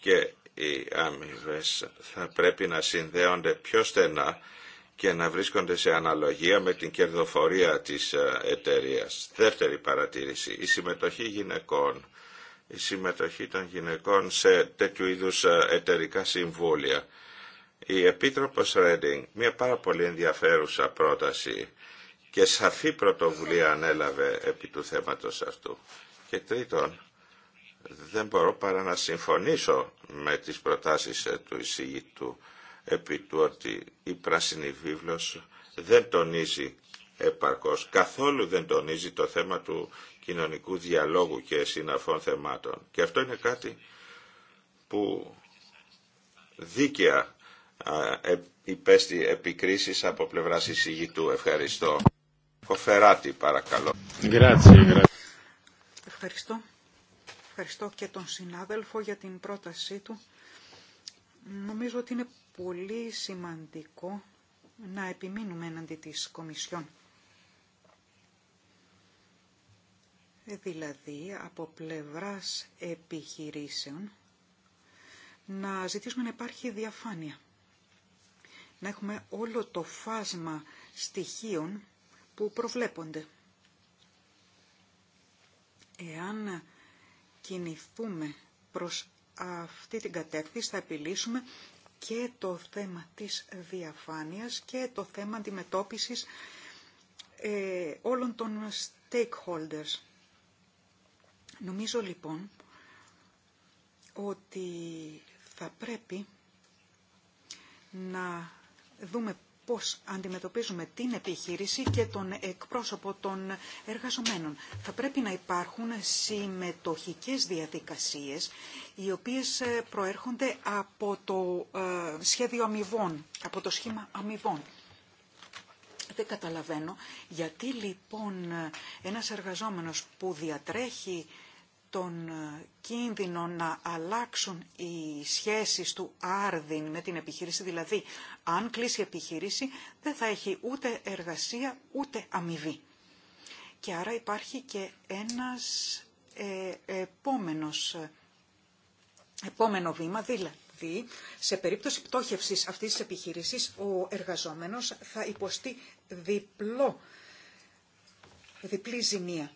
Και οι αμοιβέ θα πρέπει να συνδέονται πιο στενά και να βρίσκονται σε αναλογία με την κερδοφορία της ε, εταιρεία. Δεύτερη παρατήρηση, η συμμετοχή γυναικών. Η συμμετοχή των γυναικών σε τέτοιου είδους ε, εταιρικά συμβούλια. Η Επίτροπος Ρέντινγκ, μια πάρα πολύ ενδιαφέρουσα πρόταση και σαφή πρωτοβουλία ανέλαβε επί του θέματος αυτού. Και τρίτον, δεν μπορώ παρά να συμφωνήσω με τις προτάσεις ε, του εισηγητού επί του ότι η πράσινη βίβλος δεν τονίζει επαρκώς, καθόλου δεν τονίζει το θέμα του κοινωνικού διαλόγου και συναφών θεμάτων. Και αυτό είναι κάτι που δίκαια υπέστη επικρίσεις από πλευράς εισηγητού. Ευχαριστώ. Κοφεράτη παρακαλώ. Ευχαριστώ. Ευχαριστώ και τον συνάδελφο για την πρότασή του. Νομίζω ότι είναι πολύ σημαντικό να επιμείνουμε έναντι της Κομισιόν. Ε, δηλαδή, από πλευράς επιχειρήσεων, να ζητήσουμε να υπάρχει διαφάνεια. Να έχουμε όλο το φάσμα στοιχείων που προβλέπονται. Εάν κινηθούμε προς αυτή την κατεύθυνση θα επιλύσουμε και το θέμα της διαφάνειας και το θέμα αντιμετώπισης ε, όλων των stakeholders. Νομίζω λοιπόν ότι θα πρέπει να δούμε πώς αντιμετωπίζουμε την επιχείρηση και τον εκπρόσωπο των εργαζομένων. Θα πρέπει να υπάρχουν συμμετοχικές διαδικασίες οι οποίες ε, προέρχονται από το ε, σχέδιο αμοιβών, από το σχήμα αμοιβών. Δεν καταλαβαίνω γιατί λοιπόν ένας εργαζόμενος που διατρέχει τον ε, κίνδυνο να αλλάξουν οι σχέσεις του Άρδιν με την επιχείρηση. Δηλαδή, αν κλείσει η επιχείρηση, δεν θα έχει ούτε εργασία, ούτε αμοιβή. Και άρα υπάρχει και ένας ε, επόμενος, ε, επόμενο βήμα, δηλαδή σε περίπτωση πτώχευσης αυτής της επιχείρησης ο εργαζόμενος θα υποστεί διπλό, διπλή ζημία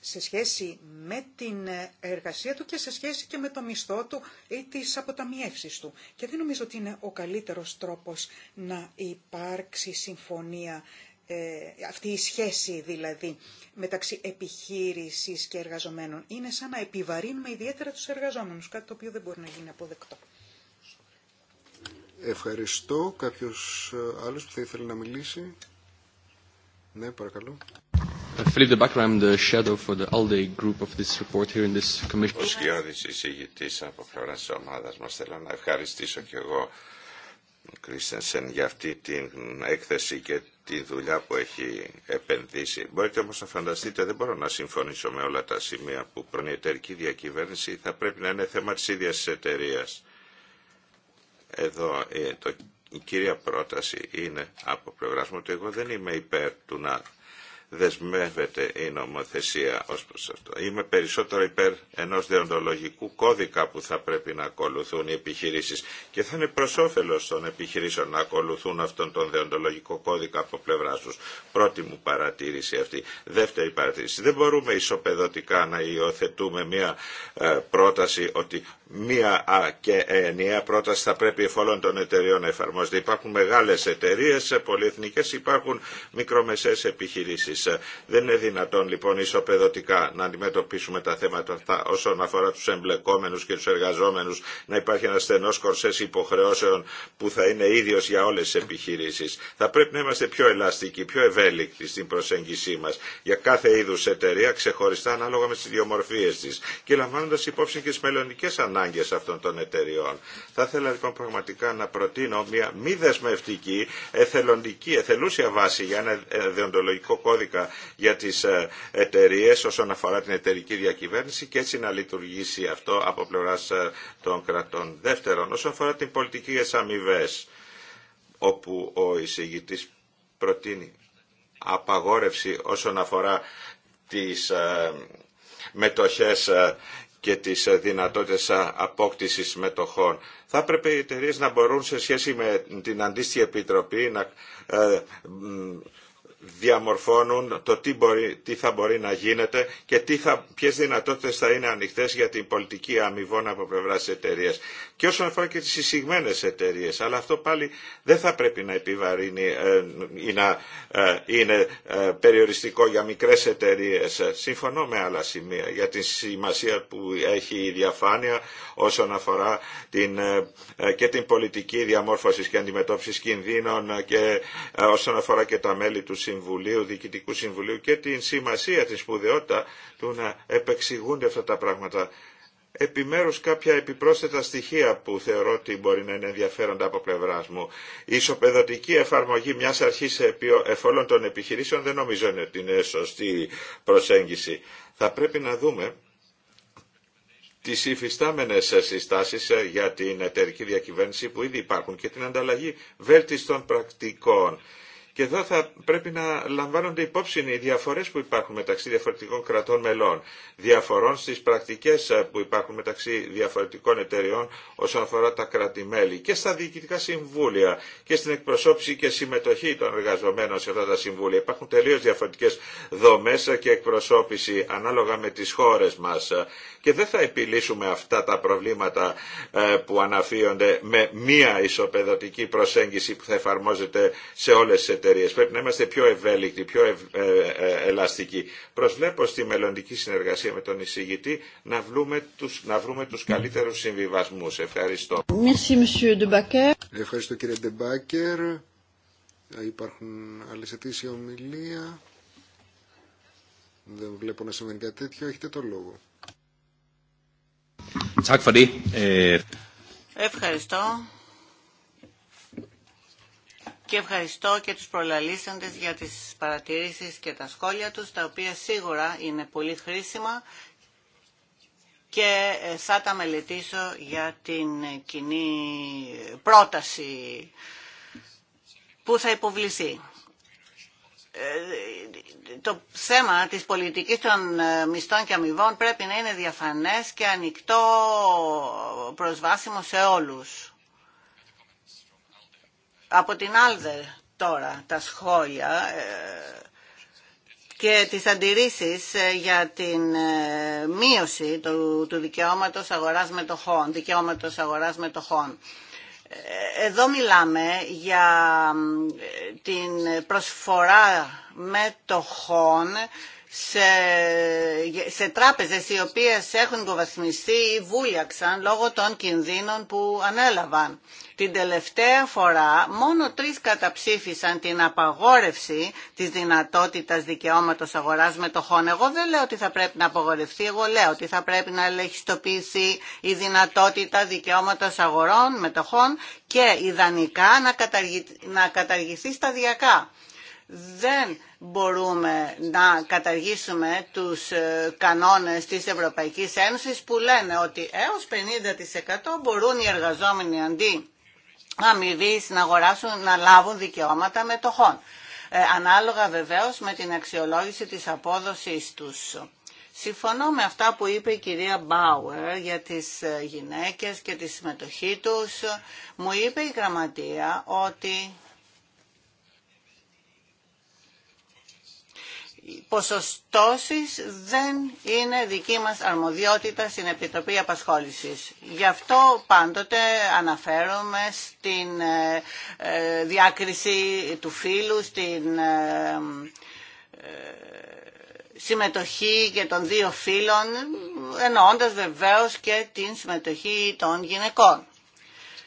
σε σχέση με την εργασία του και σε σχέση και με το μισθό του ή τις αποταμιεύσεις του. Και δεν νομίζω ότι είναι ο καλύτερος τρόπος να υπάρξει συμφωνία, ε, αυτή η σχέση δηλαδή μεταξύ επιχείρησης και εργαζομένων. Είναι σαν να επιβαρύνουμε ιδιαίτερα τους εργαζόμενους, κάτι το οποίο δεν μπορεί να γίνει αποδεκτό. Ευχαριστώ. Κάποιος ε, άλλος που θα ήθελε να μιλήσει. Ναι, παρακαλώ. Philippe de I'm εισηγητής από πλευρά της ομάδας μας θέλω να ευχαριστήσω και εγώ Κρίστενσεν για αυτή την έκθεση και τη δουλειά που έχει επενδύσει. Μπορείτε όμως να φανταστείτε, δεν μπορώ να συμφωνήσω με όλα τα σημεία που προνοιτερική διακυβέρνηση θα πρέπει να είναι θέμα της ίδιας της εταιρείας. Εδώ ε, το, η κύρια πρόταση είναι από πλευρά μου ότι εγώ δεν είμαι υπέρ του να δεσμεύεται η νομοθεσία ως προς αυτό. Είμαι περισσότερο υπέρ ενός διοντολογικού κώδικα που θα πρέπει να ακολουθούν οι επιχειρήσεις και θα είναι προς όφελος των επιχειρήσεων να ακολουθούν αυτόν τον διοντολογικό κώδικα από πλευρά τους. Πρώτη μου παρατήρηση αυτή. Δεύτερη παρατήρηση. Δεν μπορούμε ισοπεδωτικά να υιοθετούμε μια ε, πρόταση ότι μία και ε, ενιαία πρόταση θα πρέπει όλων των εταιριών να εφαρμόζεται. Υπάρχουν μεγάλες εταιρείες, ε, πολυεθνικές, υπάρχουν μικρομεσαίες επιχειρήσεις. Ε, δεν είναι δυνατόν λοιπόν ισοπεδωτικά να αντιμετωπίσουμε τα θέματα αυτά όσον αφορά τους εμπλεκόμενους και τους εργαζόμενους να υπάρχει ένα στενό κορσές υποχρεώσεων που θα είναι ίδιος για όλες τις επιχειρήσεις. Θα πρέπει να είμαστε πιο ελαστικοί, πιο ευέλικτοι στην προσέγγιση μας για κάθε είδου εταιρεία ξεχωριστά ανάλογα με τις διομορφίες της και λαμβάνοντας υπόψη και τις μελλοντικές ανάγκες αυτών των εταιριών. Θα ήθελα λοιπόν πραγματικά να προτείνω μια μη δεσμευτική, εθελοντική, εθελούσια βάση για ένα διοντολογικό κώδικα για τις ε, εταιρείε όσον αφορά την εταιρική διακυβέρνηση και έτσι να λειτουργήσει αυτό από πλευρά ε, των κρατών. Δεύτερον, όσον αφορά την πολιτική για αμοιβέ, όπου ο εισηγητής προτείνει απαγόρευση όσον αφορά τις ε, μετοχές και τις ε, δυνατότητες ε, απόκτησης μετοχών. Θα έπρεπε οι εταιρείε να μπορούν σε σχέση με την αντίστοιχη επιτροπή να ε, διαμορφώνουν το τι, μπορεί, τι θα μπορεί να γίνεται και τι θα, ποιες δυνατότητες θα είναι ανοιχτές για την πολιτική αμοιβών από πλευρά της εταιρείας. Και όσον αφορά και τις εισηγμένες εταιρείε, αλλά αυτό πάλι δεν θα πρέπει να επιβαρύνει ε, ή να ε, είναι ε, περιοριστικό για μικρές εταιρείε. Συμφωνώ με άλλα σημεία για τη σημασία που έχει η διαφάνεια όσον αφορά την, και την πολιτική διαμόρφωση και αντιμετώπιση κινδύνων και όσον αφορά και τα μέλη του Συμβουλίου, Διοικητικού Συμβουλίου και την σημασία, τη σπουδαιότητα του να επεξηγούνται αυτά τα πράγματα. Επιμέρους κάποια επιπρόσθετα στοιχεία που θεωρώ ότι μπορεί να είναι ενδιαφέροντα από πλευρά μου. Η ισοπεδωτική εφαρμογή μια αρχή εφόλων των επιχειρήσεων δεν νομίζω ότι είναι σωστή προσέγγιση. Θα πρέπει να δούμε τις υφιστάμενες συστάσεις ε, για την εταιρική διακυβέρνηση που ήδη υπάρχουν και την ανταλλαγή βέλτιστων πρακτικών. Και εδώ θα πρέπει να λαμβάνονται υπόψη οι διαφορές που υπάρχουν μεταξύ διαφορετικών κρατών μελών, διαφορών στις πρακτικές ε, που υπάρχουν μεταξύ διαφορετικών εταιριών όσον αφορά τα κρατη και στα διοικητικά συμβούλια και στην εκπροσώπηση και συμμετοχή των εργαζομένων σε αυτά τα συμβούλια. Υπάρχουν τελείως διαφορετικές δομές ε, και εκπροσώπηση ανάλογα με τις χώρες μας και δεν θα επιλύσουμε αυτά τα προβλήματα ε, που αναφύονται με μία ισοπεδωτική προσέγγιση που θα εφαρμόζεται σε όλες τις εταιρείε. Πρέπει να είμαστε πιο ευέλικτοι, πιο ε, ε, ελαστικοί. Προσβλέπω στη μελλοντική συνεργασία με τον εισηγητή να, βρούμε τους, να βρούμε τους καλύτερους συμβιβασμούς. Ευχαριστώ. Merci, Ευχαριστώ κύριε Ντεμπάκερ. Υπάρχουν άλλε αιτήσει ομιλία. Δεν βλέπω να σημαίνει κάτι τέτοιο. Έχετε το λόγο. Ε, Ευχαριστώ και ευχαριστώ και τους προλαλήσαντες για τις παρατηρήσεις και τα σχόλια τους, τα οποία σίγουρα είναι πολύ χρήσιμα και ε, θα τα μελετήσω για την κοινή πρόταση που θα υποβληθεί. Ε, το θέμα της πολιτικής των ε, μισθών και αμοιβών πρέπει να είναι διαφανές και ανοιχτό προσβάσιμο σε όλους από την Αλδε τώρα τα σχόλια ε, και τις αντιρρήσεις ε, για την ε, μείωση του, του δικαιώματος αγοράς μετοχών, δικαιώματος αγοράς μετοχών. Εδώ μιλάμε για την προσφορά μετοχών σε, σε τράπεζες οι οποίες έχουν υποβαθμιστεί ή βούλιαξαν λόγω των κινδύνων που ανέλαβαν. Την τελευταία φορά μόνο τρεις καταψήφισαν την απαγόρευση της δυνατότητας δικαιώματος αγοράς μετοχών. Εγώ δεν λέω ότι θα πρέπει να απαγορευτεί, εγώ λέω ότι θα πρέπει να ελεγχιστοποιηθεί η δυνατότητα δικαιώματος αγορών μετοχών και ιδανικά να, καταργη, να καταργηθεί σταδιακά δεν μπορούμε να καταργήσουμε τους ε, κανόνες της Ευρωπαϊκής Ένωσης που λένε ότι έως 50% μπορούν οι εργαζόμενοι αντί αμοιβή να αγοράσουν, να λάβουν δικαιώματα μετοχών. Ε, ανάλογα βεβαίως με την αξιολόγηση της απόδοσης τους. Συμφωνώ με αυτά που είπε η κυρία Μπάουερ για τις ε, γυναίκες και τη συμμετοχή τους. Μου είπε η γραμματεία ότι Οι ποσοστώσεις δεν είναι δική μας αρμοδιότητα στην Επιτροπή Απασχόλησης. Γι' αυτό πάντοτε αναφέρομαι στην ε, ε, διάκριση του φύλου, στην ε, συμμετοχή και των δύο φύλων, εννοώντας βεβαίως και την συμμετοχή των γυναικών.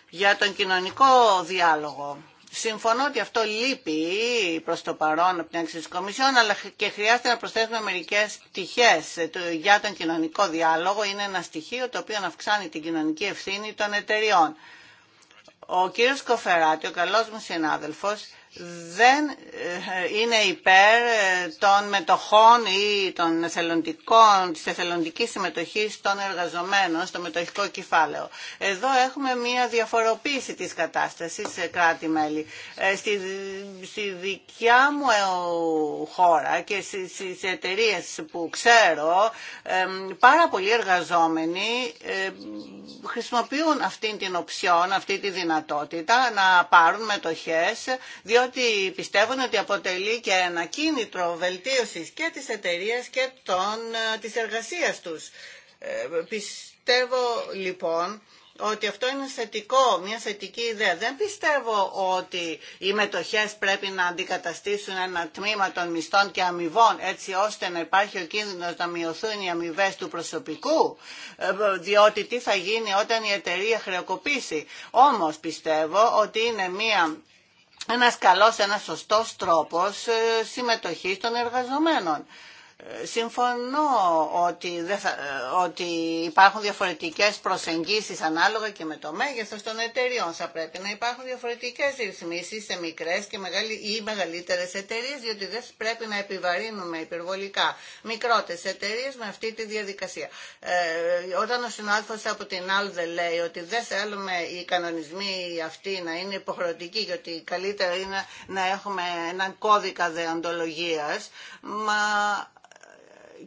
Για τον κοινωνικό διάλογο Συμφωνώ ότι αυτό λείπει προς το παρόν από την έξι τη Κομισιόν, αλλά και χρειάζεται να προσθέσουμε μερικέ πτυχέ ε, για τον κοινωνικό διάλογο. Είναι ένα στοιχείο το οποίο αυξάνει την κοινωνική ευθύνη των εταιριών. Ο κύριος Κοφεράτη, ο καλός μου συνάδελφος, δεν ε, είναι υπέρ ε, των μετοχών ή των εθελοντικών, της εθελοντικής συμμετοχής των εργαζομένων στο μετοχικό κεφάλαιο. Εδώ έχουμε μία διαφοροποίηση της κατάστασης σε κράτη-μέλη. Ε, στη, στη δικιά μου χώρα και στις εταιρείε που ξέρω, πάρα πολλοί εργαζόμενοι χρησιμοποιούν αυτή την οψιόν, αυτή τη δυνατότητα να πάρουν μετοχές, διότι διότι πιστεύουν ότι αποτελεί και ένα κίνητρο βελτίωσης και της εταιρείας και των, ε, της εργασίας τους. Ε, πιστεύω λοιπόν ότι αυτό είναι θετικό, μια θετική ιδέα. Δεν πιστεύω ότι οι μετοχές πρέπει να αντικαταστήσουν ένα τμήμα των μισθών και αμοιβών, έτσι ώστε να υπάρχει ο κίνδυνος να μειωθούν οι αμοιβέ του προσωπικού, ε, διότι τι θα γίνει όταν η εταιρεία χρεοκοπήσει. Όμως πιστεύω ότι είναι μια ένας καλός, ένας σωστός τρόπος ε, συμμετοχής των εργαζομένων. Συμφωνώ ότι, δεν θα, ότι υπάρχουν διαφορετικές προσεγγίσεις ανάλογα και με το μέγεθος των εταιριών. Θα πρέπει να υπάρχουν διαφορετικές ρυθμίσεις σε μικρές και μεγαλυ, ή μεγαλύτερες εταιρείε, διότι δεν πρέπει να επιβαρύνουμε υπερβολικά μικρότερες εταιρείε με αυτή τη διαδικασία. Ε, όταν ο συνάδελφος από την ΑΛΔΕ λέει ότι δεν θέλουμε οι κανονισμοί αυτοί να είναι υποχρεωτικοί, γιατί καλύτερα είναι να έχουμε έναν κώδικα δεοντολογίας, μα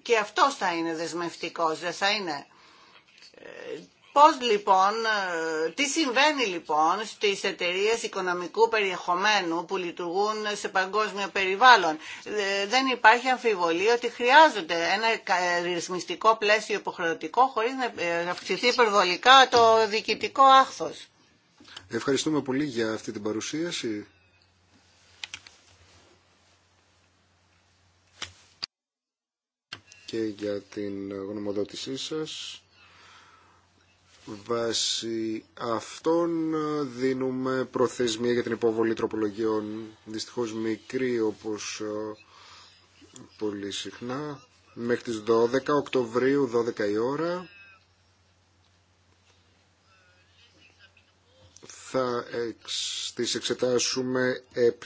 και αυτός θα είναι δεσμευτικός, δεν θα είναι. Πώς λοιπόν, ε, τι συμβαίνει λοιπόν στις εταιρείες οικονομικού περιεχομένου που λειτουργούν σε παγκόσμιο περιβάλλον. Ε, δεν υπάρχει αμφιβολία ότι χρειάζονται ένα ρυθμιστικό πλαίσιο υποχρεωτικό χωρίς ε, να αυξηθεί υπερβολικά το διοικητικό άχθος. Ευχαριστούμε πολύ για αυτή την παρουσίαση. και για την γνωμοδότησή σας. Βάσει αυτών δίνουμε προθεσμία για την υποβολή τροπολογιών, δυστυχώς μικρή όπως ε, πολύ συχνά, μέχρι τις 12 Οκτωβρίου, 12 η ώρα. θα τις εξετάσουμε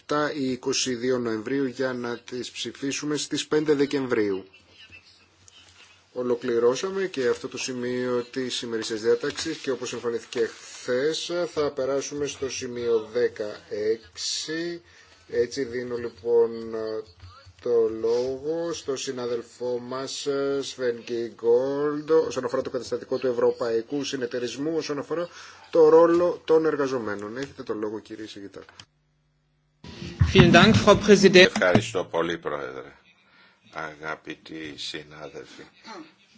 7 ή 22 Νοεμβρίου για να τις ψηφίσουμε στις 5 Δεκεμβρίου. Ολοκληρώσαμε και αυτό το σημείο τη σημερινή διάταξη και όπω συμφωνήθηκε χθε θα περάσουμε στο σημείο 16. Έτσι δίνω λοιπόν ε, το λόγο στο συναδελφό μα ε, Σβέν Γκόλντ όσον αφορά το καταστατικό του Ευρωπαϊκού Συνεταιρισμού όσον αφορά το ρόλο των εργαζομένων. Έχετε το λόγο κύριε Σιγητά. Ευχαριστώ πολύ Πρόεδρε αγαπητοί συνάδελφοι.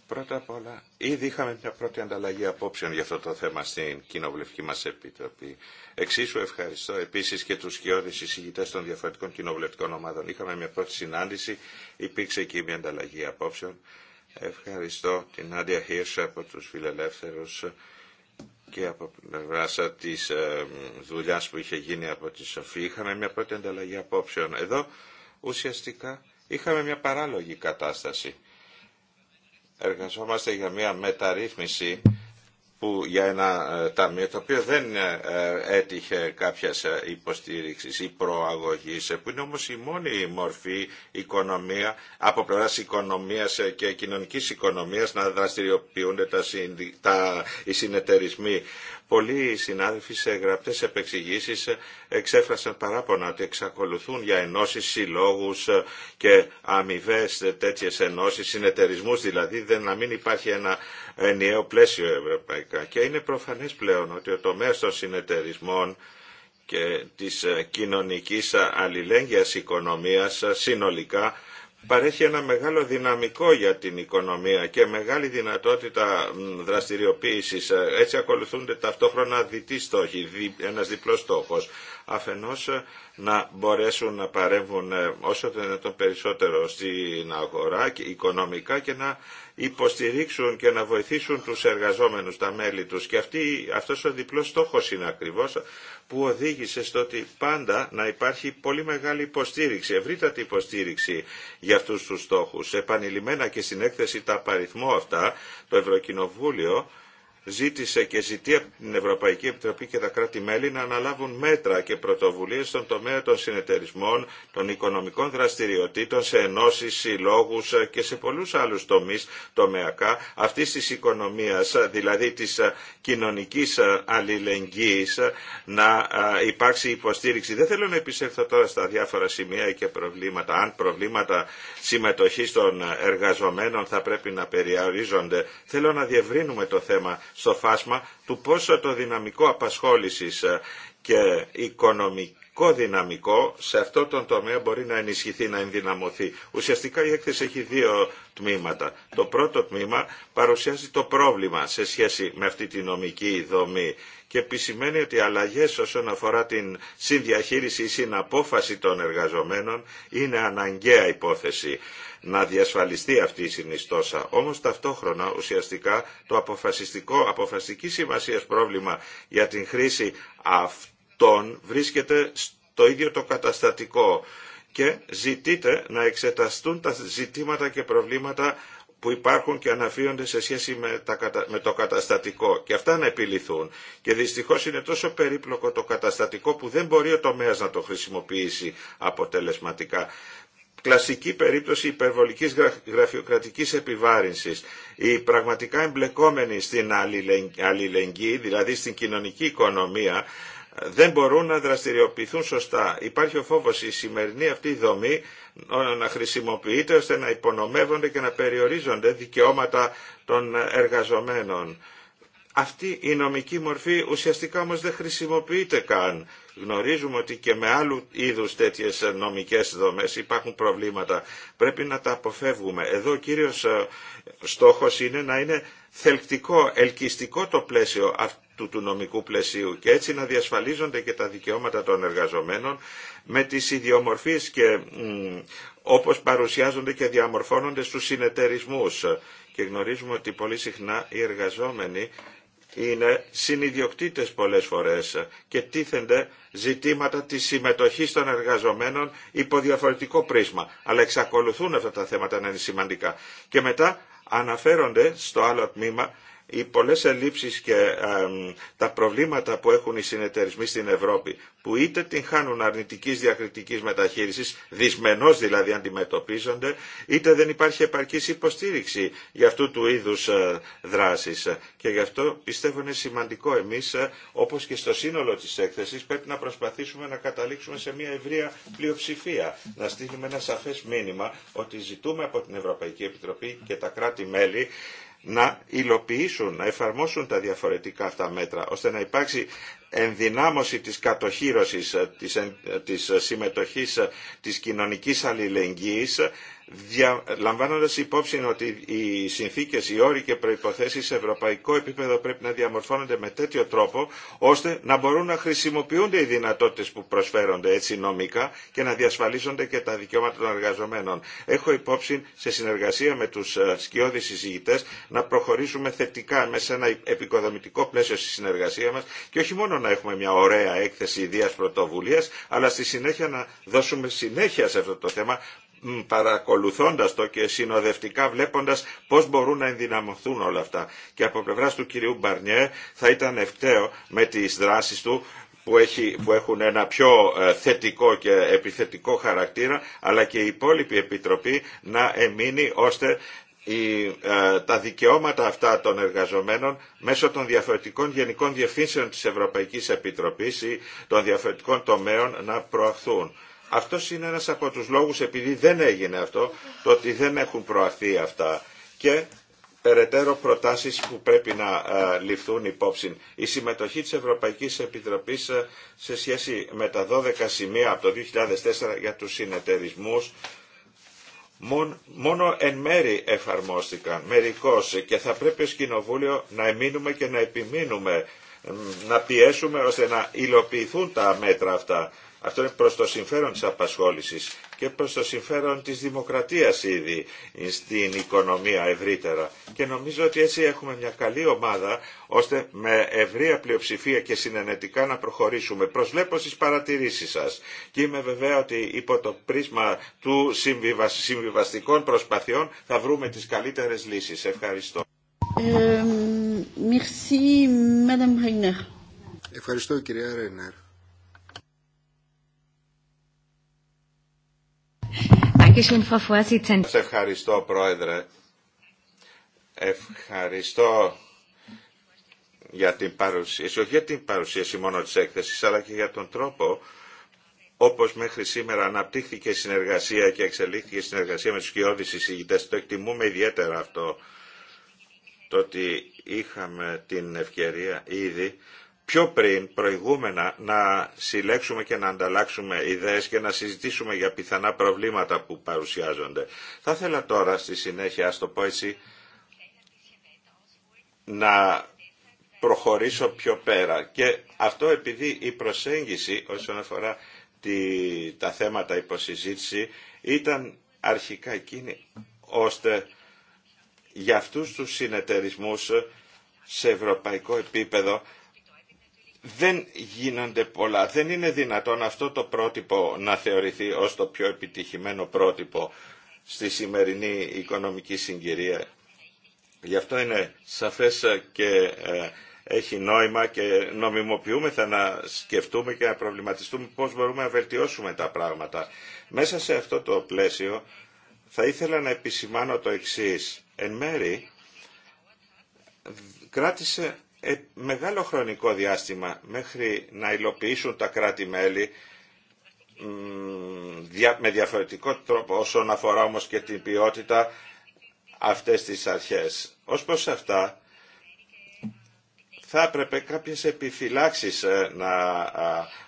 Πρώτα απ' όλα, ήδη είχαμε μια πρώτη ανταλλαγή απόψεων για αυτό το θέμα στην Κοινοβουλευτική μας Επιτροπή. Εξίσου ευχαριστώ επίσης και τους σκιώδεις εισηγητές των διαφορετικών κοινοβουλευτικών ομάδων. Είχαμε μια πρώτη συνάντηση, υπήρξε εκεί μια ανταλλαγή απόψεων. Ευχαριστώ την Άντια Χίρσα από τους φιλελεύθερους και από πλευρά τη ε, δουλειά που είχε γίνει από τη Σοφή. Είχαμε μια πρώτη ανταλλαγή απόψεων. Εδώ ουσιαστικά είχαμε μια παράλογη κατάσταση. Εργαζόμαστε για μια μεταρρύθμιση που για ένα ε, ταμείο το οποίο δεν ε, ε, έτυχε κάποιας υποστήριξης ή προαγωγής που είναι όμως η μόνη μορφή οικονομία από πλευράς οικονομίας και κοινωνικής οικονομίας να δραστηριοποιούνται τα, οι συνεταιρισμοί Πολλοί συνάδελφοι σε γραπτές επεξηγήσεις εξέφρασαν παράπονα ότι εξακολουθούν για ενώσεις, συλλόγους και αμοιβέ τέτοιες ενώσεις, συνεταιρισμούς δηλαδή, δεν να μην υπάρχει ένα ενιαίο πλαίσιο ευρωπαϊκά. Και είναι προφανές πλέον ότι ο τομέας των συνεταιρισμών και της κοινωνικής αλληλέγγυας οικονομίας συνολικά παρέχει ένα μεγάλο δυναμικό για την οικονομία και μεγάλη δυνατότητα δραστηριοποίησης. Ε, έτσι ακολουθούνται ταυτόχρονα διτοί στόχοι, ένας διπλός στόχος. Αφενός ε, να μπορέσουν να παρέμβουν ε, όσο το περισσότερο στην αγορά και οικονομικά και να υποστηρίξουν και να βοηθήσουν τους εργαζόμενους, τα μέλη τους. Και αυτή, αυτός ο διπλός στόχος είναι ακριβώς που οδήγησε στο ότι πάντα να υπάρχει πολύ μεγάλη υποστήριξη, ευρύτατη υποστήριξη για αυτούς τους στόχους. Επανειλημμένα και στην έκθεση τα παριθμό αυτά, το Ευρωκοινοβούλιο ζήτησε και ζητεί από την Ευρωπαϊκή Επιτροπή και τα κράτη-μέλη να αναλάβουν μέτρα και πρωτοβουλίες στον τομέα των συνεταιρισμών, των οικονομικών δραστηριοτήτων, σε ενώσεις, συλλόγους και σε πολλούς άλλους τομείς τομεακά αυτής της οικονομίας, δηλαδή της κοινωνικής αλληλεγγύης, να υπάρξει υποστήριξη. Δεν θέλω να επισέλθω τώρα στα διάφορα σημεία και προβλήματα. Αν προβλήματα συμμετοχής των εργαζομένων θα πρέπει να περιορίζονται, θέλω να διευρύνουμε το θέμα στο φάσμα του πόσο το δυναμικό απασχόλησης ε, και οικονομικό δυναμικό σε αυτό τον τομέα μπορεί να ενισχυθεί, να ενδυναμωθεί. Ουσιαστικά η έκθεση έχει δύο τμήματα. Το πρώτο τμήμα παρουσιάζει το πρόβλημα σε σχέση με αυτή τη νομική δομή και επισημαίνει ότι αλλαγές όσον αφορά την συνδιαχείριση ή συναπόφαση των εργαζομένων είναι αναγκαία υπόθεση να διασφαλιστεί αυτή η συνιστόσα. Όμως ταυτόχρονα ουσιαστικά το αποφασιστικό, αποφασιστική σημασία πρόβλημα για την χρήση αυτών βρίσκεται στο ίδιο το καταστατικό και ζητείται να εξεταστούν τα ζητήματα και προβλήματα που υπάρχουν και αναφύονται σε σχέση με, με το καταστατικό και αυτά να επιληθούν. Και δυστυχώς είναι τόσο περίπλοκο το καταστατικό που δεν μπορεί ο τομέας να το χρησιμοποιήσει αποτελεσματικά κλασική περίπτωση υπερβολικής γραφειοκρατικής επιβάρυνσης. Οι πραγματικά εμπλεκόμενοι στην αλληλεγγύη, δηλαδή στην κοινωνική οικονομία, δεν μπορούν να δραστηριοποιηθούν σωστά. Υπάρχει ο φόβος η σημερινή αυτή δομή να χρησιμοποιείται ώστε να υπονομεύονται και να περιορίζονται δικαιώματα των εργαζομένων. Αυτή η νομική μορφή ουσιαστικά όμως δεν χρησιμοποιείται καν Γνωρίζουμε ότι και με άλλου είδους τέτοιες νομικές δομές υπάρχουν προβλήματα. Πρέπει να τα αποφεύγουμε. Εδώ ο κύριος ε, στόχος είναι να είναι θελκτικό, ελκυστικό το πλαίσιο αυτού του νομικού πλαισίου και έτσι να διασφαλίζονται και τα δικαιώματα των εργαζομένων με τις ιδιομορφίες και όπως παρουσιάζονται και διαμορφώνονται στους συνεταιρισμούς. Και γνωρίζουμε ότι πολύ συχνά οι εργαζόμενοι είναι συνειδιοκτήτες πολλές φορές και τίθενται ζητήματα της συμμετοχής των εργαζομένων υπό διαφορετικό πρίσμα. Αλλά εξακολουθούν αυτά τα θέματα να είναι σημαντικά. Και μετά αναφέρονται στο άλλο τμήμα οι πολλές ελλείψεις και τα προβλήματα που έχουν οι συνεταιρισμοί στην Ευρώπη που είτε την χάνουν αρνητικής διακριτικής μεταχείρισης, δυσμενώς δηλαδή αντιμετωπίζονται, είτε δεν υπάρχει επαρκής υποστήριξη για αυτού του είδους ε, δράσης. Και γι' αυτό πιστεύω είναι σημαντικό εμείς, ε, όπως και στο σύνολο της έκθεσης, πρέπει να προσπαθήσουμε να καταλήξουμε σε μια ευρεία πλειοψηφία, να στείλουμε ένα σαφές μήνυμα ότι ζητούμε από την Ευρωπαϊκή Επιτροπή και τα κράτη-μέλη να υλοποιήσουν, να εφαρμόσουν τα διαφορετικά αυτά μέτρα, ώστε να υπάρξει ενδυνάμωση της κατοχήρωσης, ε, της ε, ε, συμμετοχής της κοινωνικής αλληλεγγύης λαμβάνοντα λαμβάνοντας υπόψη ότι οι συνθήκες, οι όροι και προϋποθέσεις σε ευρωπαϊκό επίπεδο πρέπει να διαμορφώνονται με τέτοιο τρόπο ώστε να μπορούν να χρησιμοποιούνται οι δυνατότητες που προσφέρονται έτσι νομικά και να διασφαλίζονται και τα δικαιώματα των εργαζομένων. Έχω υπόψη σε συνεργασία με τους ε, σκιώδεις συζητητές να προχωρήσουμε θετικά μέσα σε ένα επικοδομητικό πλαίσιο στη συνεργασία μας και όχι μόνο να έχουμε μια ωραία έκθεση ιδείας πρωτοβουλία, αλλά στη συνέχεια να δώσουμε συνέχεια σε αυτό το θέμα παρακολουθώντας το και συνοδευτικά βλέποντας πώς μπορούν να ενδυναμωθούν όλα αυτά. Και από πλευράς του κυρίου Μπαρνιέ θα ήταν ευκταίο με τις δράσεις του που, έχει, έχουν ένα πιο ε, θετικό και επιθετικό χαρακτήρα αλλά και η υπόλοιπη Επιτροπή να εμείνει ώστε ε, τα δικαιώματα αυτά των εργαζομένων μέσω των διαφορετικών γενικών διευθύνσεων της Ευρωπαϊκής Επιτροπής ή των διαφορετικών τομέων να προαχθούν. Αυτό είναι ένας από τους λόγους, επειδή δεν έγινε αυτό, το ότι δεν έχουν προαθεί αυτά. Και περαιτέρω προτάσεις που πρέπει να ε, ληφθούν υπόψη. Η συμμετοχή της Ευρωπαϊκής Επιτροπής ε, σε σχέση με τα 12 σημεία από το 2004 για τους συνεταιρισμούς μόνο εν μέρη εφαρμόστηκαν, μερικώς και θα πρέπει ως Κοινοβούλιο να εμείνουμε και να επιμείνουμε να πιέσουμε ώστε να υλοποιηθούν τα μέτρα αυτά αυτό είναι προς το συμφέρον της απασχόλησης και προς το συμφέρον της δημοκρατίας ήδη στην οικονομία ευρύτερα. Και νομίζω ότι έτσι έχουμε μια καλή ομάδα ώστε με ευρεία πλειοψηφία και συνενετικά να προχωρήσουμε. Προσβλέπω στις παρατηρήσεις σας και είμαι βέβαια ότι υπό το πρίσμα του συμβιβαστικών προσπαθειών θα βρούμε τις καλύτερες λύσεις. Ευχαριστώ. Ε, Ευχαριστώ κυρία Ρέινερ. Σας ευχαριστώ, Πρόεδρε. Ευχαριστώ για την παρουσίαση, όχι για την παρουσίαση μόνο της έκθεσης, αλλά και για τον τρόπο όπως μέχρι σήμερα αναπτύχθηκε η συνεργασία και εξελίχθηκε η συνεργασία με τους κοιόδης εισηγητές. Το εκτιμούμε ιδιαίτερα αυτό, το ότι είχαμε την ευκαιρία ήδη πιο πριν προηγούμενα να συλλέξουμε και να ανταλλάξουμε ιδέες και να συζητήσουμε για πιθανά προβλήματα που παρουσιάζονται. Θα ήθελα τώρα στη συνέχεια, ας το πω έτσι, να προχωρήσω πιο πέρα. Και αυτό επειδή η προσέγγιση όσον αφορά τη, τα θέματα υποσυζήτηση ήταν αρχικά εκείνη ώστε για αυτούς τους συνεταιρισμούς σε ευρωπαϊκό επίπεδο δεν γίνονται πολλά. Δεν είναι δυνατόν αυτό το πρότυπο να θεωρηθεί ως το πιο επιτυχημένο πρότυπο στη σημερινή οικονομική συγκυρία. Γι' αυτό είναι σαφές και ε, έχει νόημα και νομιμοποιούμεθα να σκεφτούμε και να προβληματιστούμε πώς μπορούμε να βελτιώσουμε τα πράγματα. Μέσα σε αυτό το πλαίσιο θα ήθελα να επισημάνω το εξής. Εν μέρη κράτησε ε, μεγάλο χρονικό διάστημα μέχρι να υλοποιήσουν τα κράτη-μέλη με διαφορετικό τρόπο όσον αφορά όμως και την ποιότητα αυτές τις αρχές. Ως προς αυτά θα έπρεπε κάποιες επιφυλάξεις ε, να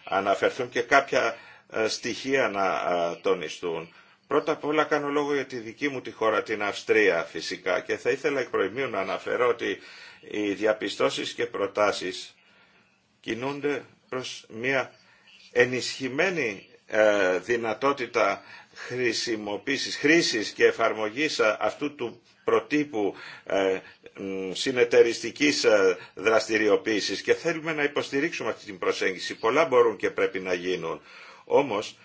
αναφερθούν και κάποια ε, στοιχεία να τονιστούν. Πρώτα απ' όλα κάνω λόγο για τη δική μου τη χώρα, την Αυστρία φυσικά και θα ήθελα εκ προημίου να αναφέρω ότι οι διαπιστώσεις και προτάσεις κινούνται προς μια ενισχυμένη ε, δυνατότητα χρησιμοποίησης, χρήσης και εφαρμογής ε, αυτού του προτύπου ε, συνεταιριστικής δραστηριοποίησης και θέλουμε να υποστηρίξουμε αυτή την προσέγγιση. Πολλά μπορούν και πρέπει να γίνουν. Όμως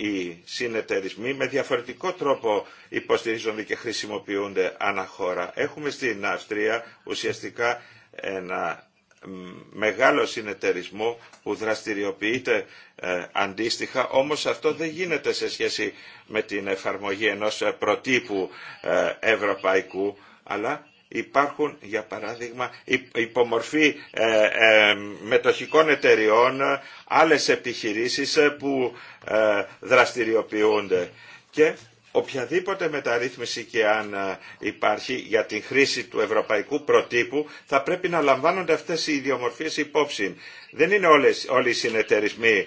οι συνεταιρισμοί με διαφορετικό τρόπο υποστηρίζονται και χρησιμοποιούνται αναχώρα. Έχουμε στην Αυστρία ουσιαστικά ένα μεγάλο συνεταιρισμό που δραστηριοποιείται ε, αντίστοιχα, όμως αυτό δεν γίνεται σε σχέση με την εφαρμογή ενός ε, προτύπου ε, ευρωπαϊκού, αλλά υπάρχουν για παράδειγμα υπομορφή ε, ε, μετοχικών εταιριών άλλες επιχειρήσεις ε, που δραστηριοποιούνται και οποιαδήποτε μεταρρύθμιση και αν υπάρχει για την χρήση του ευρωπαϊκού προτύπου θα πρέπει να λαμβάνονται αυτές οι ιδιομορφίες υπόψη. Δεν είναι όλες, όλοι οι συνεταιρισμοί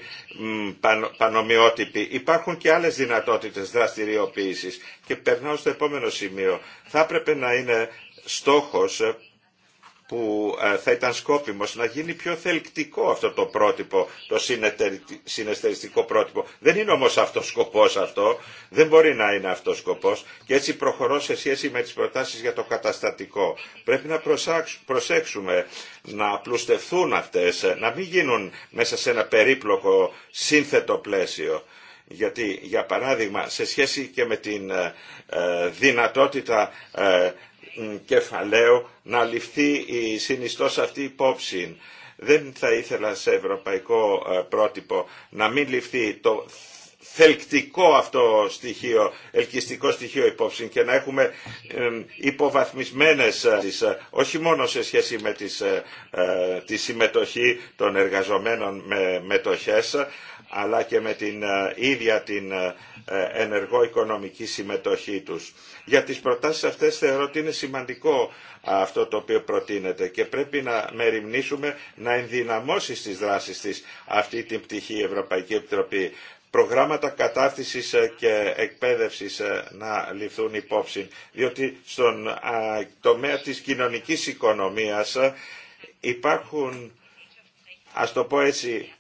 παν, πανομοιότυποι. Υπάρχουν και άλλες δυνατότητες δραστηριοποίησης. Και περνάω στο επόμενο σημείο. Θα έπρεπε να είναι στόχος ε, που ε, θα ήταν σκόπιμος να γίνει πιο θελκτικό αυτό το πρότυπο, το συνεστεριστικό πρότυπο. Δεν είναι όμως αυτός σκοπός αυτό, δεν μπορεί να είναι αυτός σκοπός και έτσι προχωρώ σε σχέση με τις προτάσεις για το καταστατικό. Πρέπει να προσέξουμε να απλουστευτούν αυτές, ε, να μην γίνουν μέσα σε ένα περίπλοκο σύνθετο πλαίσιο. Γιατί, για παράδειγμα, σε σχέση και με την δυνατότητα κεφαλαίου να ληφθεί η συνιστός αυτή υπόψη. Δεν θα ήθελα σε ευρωπαϊκό ε, πρότυπο να μην ληφθεί το θελκτικό αυτό στοιχείο, ελκυστικό στοιχείο υπόψη και να έχουμε ε, υποβαθμισμένες, ε, όχι μόνο σε σχέση με τις, τη συμμετοχή των εργαζομένων με μετοχές, αλλά και με την ε, ίδια την ε, ε, ενεργό οικονομική συμμετοχή τους. Για τις προτάσεις αυτές θεωρώ ότι είναι σημαντικό αυτό το οποίο προτείνεται και πρέπει να μεριμνήσουμε να ενδυναμώσει στις δράσεις της αυτή την πτυχή η Ευρωπαϊκή Επιτροπή προγράμματα κατάρτισης και εκπαίδευσης να ληφθούν υπόψη, διότι στον τομέα της κοινωνικής οικονομίας υπάρχουν, ας το πω έτσι,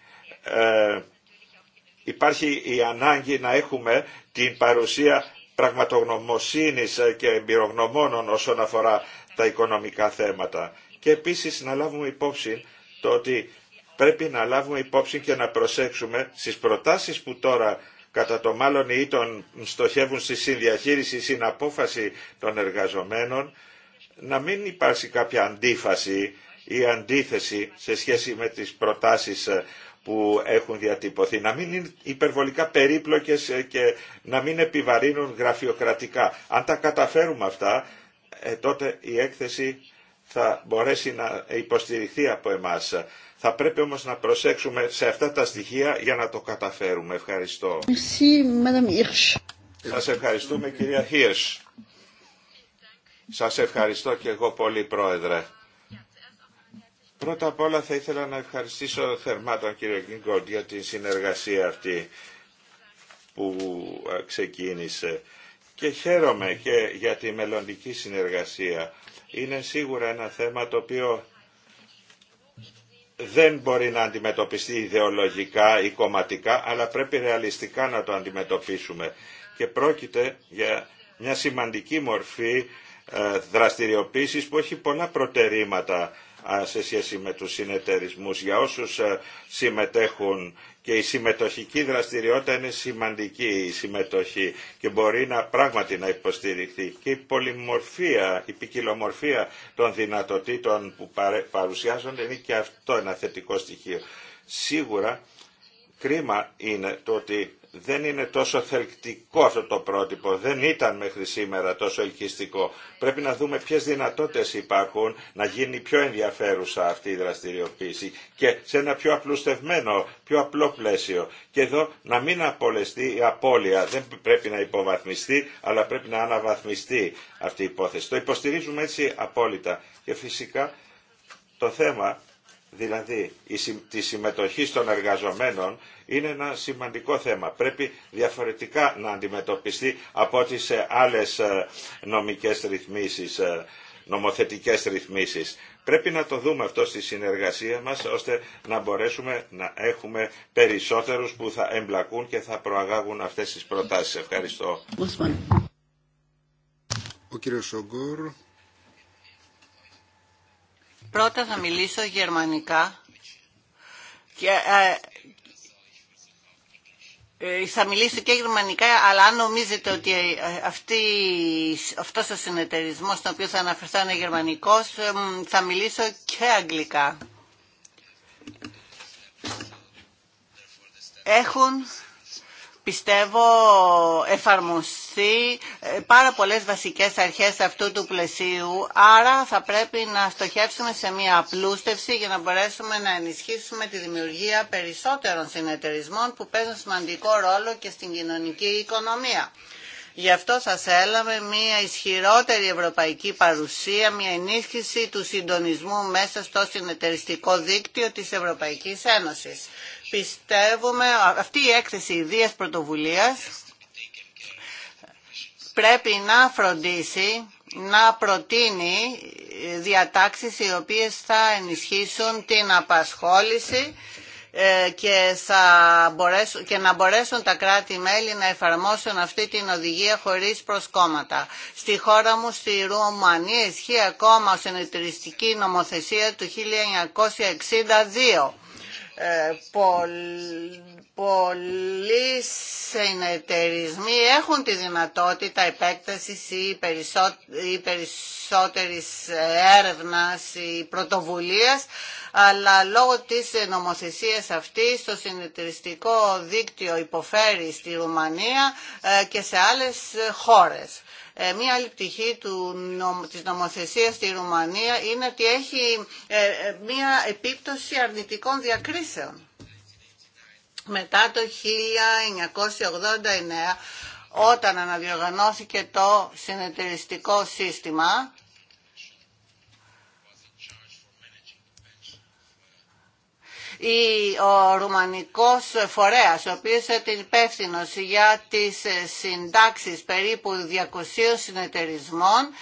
υπάρχει η ανάγκη να έχουμε την παρουσία πραγματογνωμοσύνης και εμπειρογνωμόνων όσον αφορά τα οικονομικά θέματα. Και επίσης να λάβουμε υπόψη το ότι πρέπει να λάβουμε υπόψη και να προσέξουμε στις προτάσεις που τώρα κατά το μάλλον ή τον στοχεύουν στη συνδιαχείριση, απόφαση των εργαζομένων, να μην υπάρξει κάποια αντίφαση ή αντίθεση σε σχέση με τις προτάσεις που έχουν διατυπωθεί, να μην είναι υπερβολικά περίπλοκες ε, και να μην επιβαρύνουν γραφειοκρατικά. Αν τα καταφέρουμε αυτά, ε, τότε η έκθεση θα μπορέσει να υποστηριχθεί από εμάς. Θα πρέπει όμως να προσέξουμε σε αυτά τα στοιχεία για να το καταφέρουμε. Ευχαριστώ. Σας ευχαριστούμε κυρία Χίρς. Σας ευχαριστώ και εγώ πολύ πρόεδρε. Πρώτα απ' όλα θα ήθελα να ευχαριστήσω θερμά τον κύριο Γκίνγκοντ για την συνεργασία αυτή που ξεκίνησε και χαίρομαι και για τη μελλοντική συνεργασία. Είναι σίγουρα ένα θέμα το οποίο δεν μπορεί να αντιμετωπιστεί ιδεολογικά ή κομματικά, αλλά πρέπει ρεαλιστικά να το αντιμετωπίσουμε. Και πρόκειται για μια σημαντική μορφή ε, δραστηριοποίησης που έχει πολλά προτερήματα σε σχέση με τους συνεταιρισμούς. Για όσους συμμετέχουν και η συμμετοχική δραστηριότητα είναι σημαντική η συμμετοχή και μπορεί να πράγματι να υποστηριχθεί και η πολυμορφία, η ποικιλομορφία των δυνατοτήτων που παρουσιάζονται είναι και αυτό ένα θετικό στοιχείο. Σίγουρα κρίμα είναι το ότι δεν είναι τόσο θελκτικό αυτό το πρότυπο, δεν ήταν μέχρι σήμερα τόσο ελκυστικό. Πρέπει να δούμε ποιες δυνατότητες υπάρχουν να γίνει πιο ενδιαφέρουσα αυτή η δραστηριοποίηση και σε ένα πιο απλουστευμένο, πιο απλό πλαίσιο. Και εδώ να μην απολεστεί η απώλεια, δεν πρέπει να υποβαθμιστεί, αλλά πρέπει να αναβαθμιστεί αυτή η υπόθεση. Το υποστηρίζουμε έτσι απόλυτα. Και φυσικά το θέμα Δηλαδή, τη συμμετοχή των εργαζομένων είναι ένα σημαντικό θέμα. Πρέπει διαφορετικά να αντιμετωπιστεί από ό,τι σε άλλες ε, νομικές ρυθμίσεις, ε, νομοθετικές ρυθμίσεις. Πρέπει να το δούμε αυτό στη συνεργασία μας, ώστε να μπορέσουμε να έχουμε περισσότερους που θα εμπλακούν και θα προαγάγουν αυτές τις προτάσεις. Ευχαριστώ. Ο κύριος Πρώτα θα μιλήσω γερμανικά και ε, ε, θα μιλήσω και γερμανικά, αλλά αν νομίζετε ότι ε, αυτή, αυτός ο συνεταιρισμός στον οποίο θα αναφερθώ είναι γερμανικός, θα μιλήσω και αγγλικά. Έχουν πιστεύω εφαρμοστεί ε, πάρα πολλές βασικές αρχές αυτού του πλαισίου, άρα θα πρέπει να στοχεύσουμε σε μια απλούστευση για να μπορέσουμε να ενισχύσουμε τη δημιουργία περισσότερων συνεταιρισμών που παίζουν σημαντικό ρόλο και στην κοινωνική οικονομία. Γι' αυτό σας έλαβε μια ισχυρότερη ευρωπαϊκή παρουσία, μια ενίσχυση του συντονισμού μέσα στο συνεταιριστικό δίκτυο της Ευρωπαϊκής Ένωσης. Πιστεύουμε αυτή η έκθεση ιδίας πρωτοβουλίας πρέπει να φροντίσει να προτείνει διατάξεις οι οποίες θα ενισχύσουν την απασχόληση ε, και, θα μπορέσουν, και να μπορέσουν τα κράτη-μέλη να εφαρμόσουν αυτή την οδηγία χωρίς προσκόμματα. Στη χώρα μου, στη Ρουμανία, ισχύει ακόμα ο νομοθεσία του 1962 ε, πολλοί συνεταιρισμοί έχουν τη δυνατότητα επέκτασης ή, περισσό, ή περισσότερης έρευνας ή πρωτοβουλίας αλλά λόγω της νομοθεσίας αυτής το συνεταιριστικό δίκτυο υποφέρει στη Ρουμανία ε, και σε άλλες χώρες. Ε, μία άλλη πτυχή του, της νομοθεσίας στη Ρουμανία είναι ότι έχει ε, ε, μία επίπτωση αρνητικών διακρίσεων. Μετά το 1989, όταν αναδιοργανώθηκε το συνεταιριστικό σύστημα, ή ο Ρουμανικός φορέας, ο οποίος ήταν υπεύθυνο για τις συντάξεις περίπου 200 συνεταιρισμών,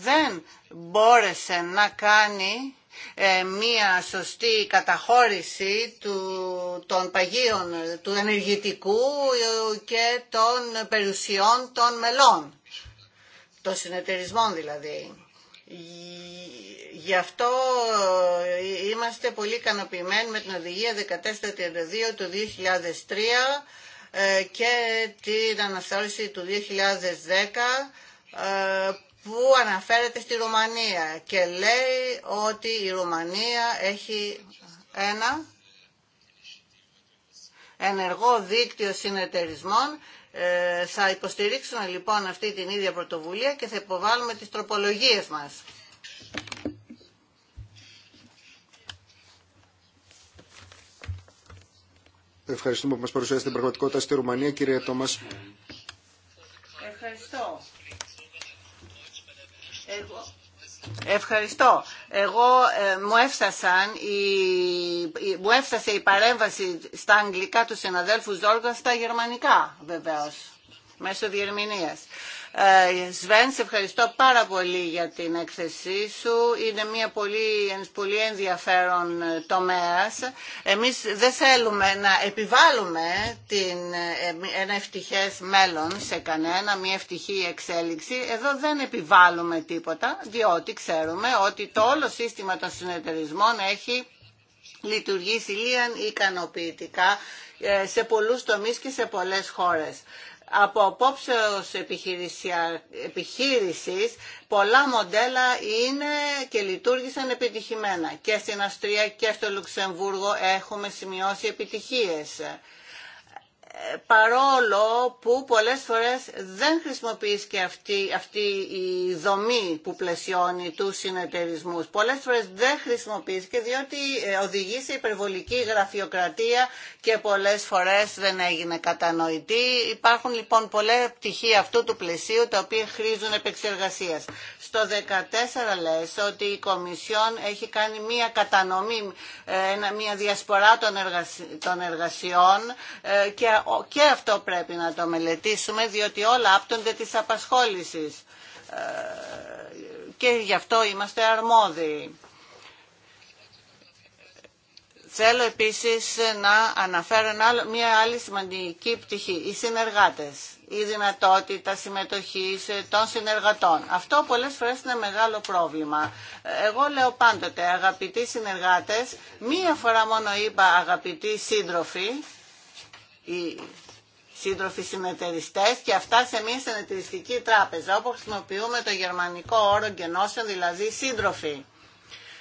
δεν μπόρεσε να κάνει ε, μία σωστή καταχώρηση του, των παγίων του ενεργητικού και των περιουσιών των μελών, των συνεταιρισμών δηλαδή. Γι' αυτό είμαστε πολύ ικανοποιημένοι με την οδηγία 1432 του 2003 ε, και την αναθεώρηση του 2010 ε, που αναφέρεται στη Ρουμανία και λέει ότι η Ρουμανία έχει ένα ενεργό δίκτυο συνεταιρισμών ε, θα υποστηρίξουμε λοιπόν αυτή την ίδια πρωτοβουλία και θα υποβάλουμε τις τροπολογίες μας. Ευχαριστούμε που μας παρουσιάσετε την πραγματικότητα στη Ρουμανία, κύριε Τόμας. Ευχαριστώ. Ευχαριστώ. Εγώ ε, μου, έφτασαν η, η, μου έφτασε η παρέμβαση στα αγγλικά του συναδέλφου Ζόργα στα γερμανικά βεβαίως μέσω διερμηνίας. Ε, Σβέν, σε ευχαριστώ πάρα πολύ για την έκθεσή σου. Είναι μια πολύ, πολύ ενδιαφέρον ε, τομέας. Εμείς δεν θέλουμε να επιβάλλουμε την, ε, ένα ευτυχές μέλλον σε κανένα, μια ευτυχή εξέλιξη. Εδώ δεν επιβάλλουμε τίποτα, διότι ξέρουμε ότι το όλο σύστημα των συνεταιρισμών έχει λειτουργήσει λίγαν ικανοποιητικά σε πολλούς τομείς και σε πολλές χώρες από απόψεως επιχείρησης πολλά μοντέλα είναι και λειτουργήσαν επιτυχημένα. Και στην Αυστρία και στο Λουξεμβούργο έχουμε σημειώσει επιτυχίες παρόλο που πολλές φορές δεν χρησιμοποιείς και αυτή, η δομή που πλαισιώνει του συνεταιρισμού. Πολλές φορές δεν χρησιμοποιείς και διότι ε, οδηγεί σε υπερβολική γραφειοκρατία και πολλές φορές δεν έγινε κατανοητή. Υπάρχουν λοιπόν πολλές πτυχία αυτού του πλαισίου τα οποία χρήζουν επεξεργασίες. Στο 14 λες ότι η Κομισιόν έχει κάνει μια κατανομή, μια ε, διασπορά των, εργασιών ε, και και αυτό πρέπει να το μελετήσουμε διότι όλα άπτονται της απασχόλησης ε, και γι' αυτό είμαστε αρμόδιοι. Θέλω επίσης να αναφέρω μια άλλη σημαντική πτυχή, οι συνεργάτες, η δυνατότητα συμμετοχής των συνεργατών. Αυτό πολλές φορές είναι μεγάλο πρόβλημα. Εγώ λέω πάντοτε αγαπητοί συνεργάτες, μία φορά μόνο είπα αγαπητοί σύντροφοι, οι σύντροφοι συνεταιριστέ και αυτά σε μια συνεταιριστική τράπεζα όπου χρησιμοποιούμε το γερμανικό όρο γενώσεων, δηλαδή σύντροφοι.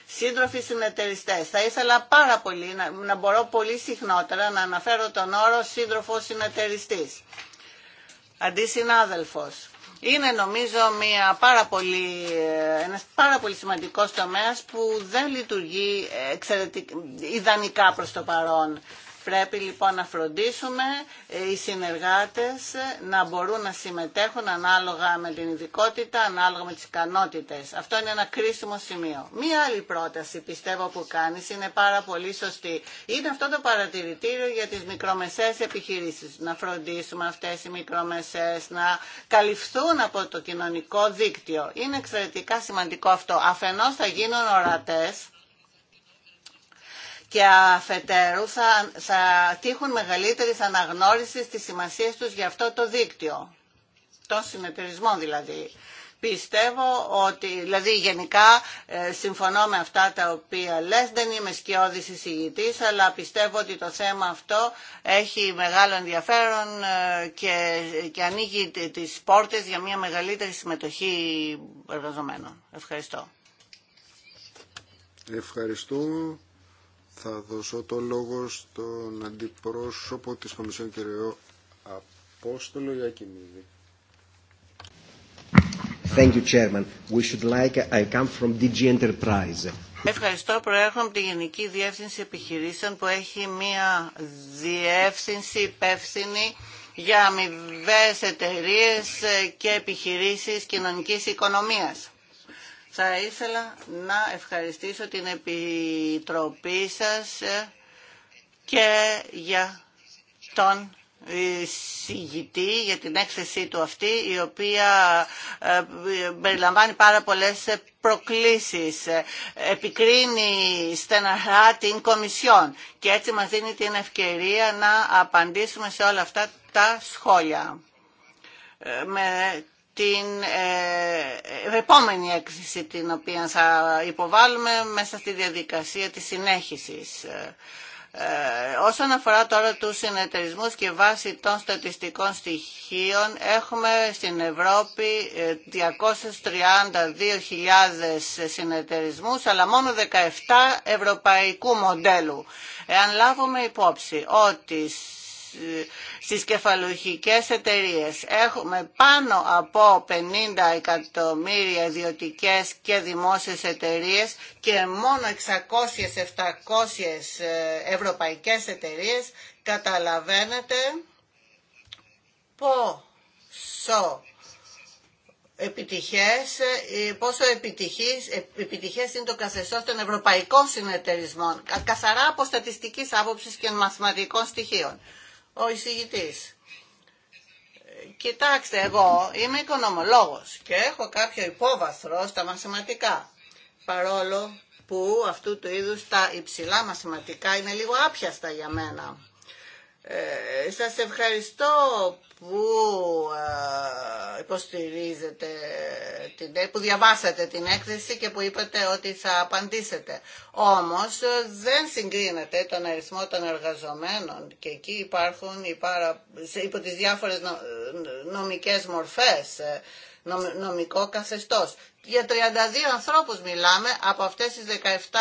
Σύντροφοι συνεταιριστέ. Θα ήθελα πάρα πολύ να, μπορώ πολύ συχνότερα να αναφέρω τον όρο σύντροφο συνεταιριστή. Αντί συνάδελφο. Είναι νομίζω μια πάρα πολύ, ένας πάρα πολύ σημαντικός τομέας που δεν λειτουργεί ιδανικά προς το παρόν. Πρέπει λοιπόν να φροντίσουμε ε, οι συνεργάτες να μπορούν να συμμετέχουν ανάλογα με την ειδικότητα, ανάλογα με τις ικανότητες. Αυτό είναι ένα κρίσιμο σημείο. Μία άλλη πρόταση πιστεύω που κάνεις είναι πάρα πολύ σωστή. Είναι αυτό το παρατηρητήριο για τις μικρομεσαίες επιχειρήσεις. Να φροντίσουμε αυτές οι μικρομεσαίες να καλυφθούν από το κοινωνικό δίκτυο. Είναι εξαιρετικά σημαντικό αυτό. Αφενός θα γίνουν ορατές και αφετέρου θα, θα τύχουν μεγαλύτερης αναγνώρισης της σημασία τους για αυτό το δίκτυο, των συνεταιρισμών δηλαδή. Πιστεύω ότι, δηλαδή γενικά ε, συμφωνώ με αυτά τα οποία λες, δεν είμαι σκιώδης εισηγητής, αλλά πιστεύω ότι το θέμα αυτό έχει μεγάλο ενδιαφέρον ε, και, και ανοίγει τις πόρτες για μια μεγαλύτερη συμμετοχή εργαζομένων. Ευχαριστώ. Ευχαριστώ. Θα δώσω το λόγο στον αντιπρόσωπο της Κομισιόν κύριο Απόστολο Ιακημίδη. Thank you, Chairman. We should like I come from DG Enterprise. Ευχαριστώ. Προέρχομαι από τη Γενική Διεύθυνση Επιχειρήσεων που έχει μία διεύθυνση υπεύθυνη για αμοιβέ εταιρείε και επιχειρήσεις κοινωνικής οικονομίας. Θα ήθελα να ευχαριστήσω την Επιτροπή σας ε, και για τον συγητή για την έκθεσή του αυτή η οποία ε, περιλαμβάνει πάρα πολλές προκλήσεις ε, επικρίνει στεναρά την Κομισιόν και έτσι μας δίνει την ευκαιρία να απαντήσουμε σε όλα αυτά τα σχόλια την ε, ε, επόμενη έκθεση την οποία θα υποβάλουμε μέσα στη διαδικασία της συνέχισης. Ε, όσον αφορά τώρα τους συνεταιρισμούς και βάση των στατιστικών στοιχείων, έχουμε στην Ευρώπη 232.000 συνεταιρισμούς αλλά μόνο 17 ευρωπαϊκού μοντέλου. Εάν λάβουμε υπόψη ότι στις κεφαλουχικές εταιρείες. Έχουμε πάνω από 50 εκατομμύρια ιδιωτικέ και δημόσιες εταιρείες και μόνο 600-700 ε, ευρωπαϊκές εταιρείες. Καταλαβαίνετε πόσο επιτυχές, ε, πόσο επιτυχής, ε, επιτυχές είναι το καθεστώς των ευρωπαϊκών συνεταιρισμών, καθαρά από στατιστικής άποψης και μαθηματικών στοιχείων ο εισηγητής. Κοιτάξτε, εγώ είμαι οικονομολόγος και έχω κάποιο υπόβαθρο στα μαθηματικά. Παρόλο που αυτού του είδους τα υψηλά μαθηματικά είναι λίγο άπιαστα για μένα σα ε, σας ευχαριστώ που ε, υποστηρίζετε, την, που διαβάσατε την έκθεση και που είπατε ότι θα απαντήσετε. Όμως δεν συγκρίνεται τον αριθμό των εργαζομένων και εκεί υπάρχουν οι υπό τις διάφορες νομικές μορφές, ε, νομικό καθεστώς. Για 32 ανθρώπους μιλάμε από αυτές τις 17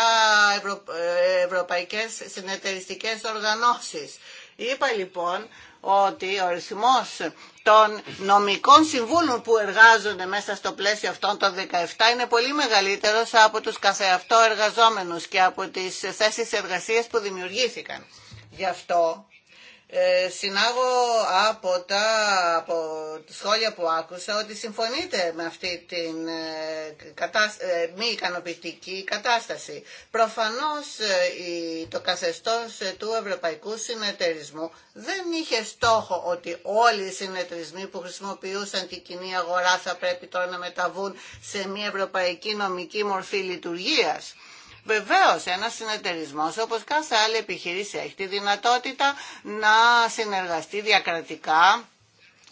ευρωπαϊκές συνεταιριστικές οργανώσεις. Είπα λοιπόν ότι ο ρυθμός των νομικών συμβούλων που εργάζονται μέσα στο πλαίσιο αυτών των 17 είναι πολύ μεγαλύτερος από τους καθεαυτό εργαζόμενους και από τις θέσεις εργασίας που δημιουργήθηκαν. Γι' αυτό ε, συνάγω από τα από σχόλια που άκουσα ότι συμφωνείτε με αυτή την ε, ε, μη ικανοποιητική κατάσταση. Προφανώς το καθεστώς του Ευρωπαϊκού Συνεταιρισμού δεν είχε στόχο ότι όλοι οι συνεταιρισμοί που χρησιμοποιούσαν την κοινή αγορά θα πρέπει τώρα να μεταβούν σε μια ευρωπαϊκή νομική μορφή λειτουργίας. Βεβαίω, ένα συνεταιρισμό όπως κάθε άλλη επιχειρήση έχει τη δυνατότητα να συνεργαστεί διακρατικά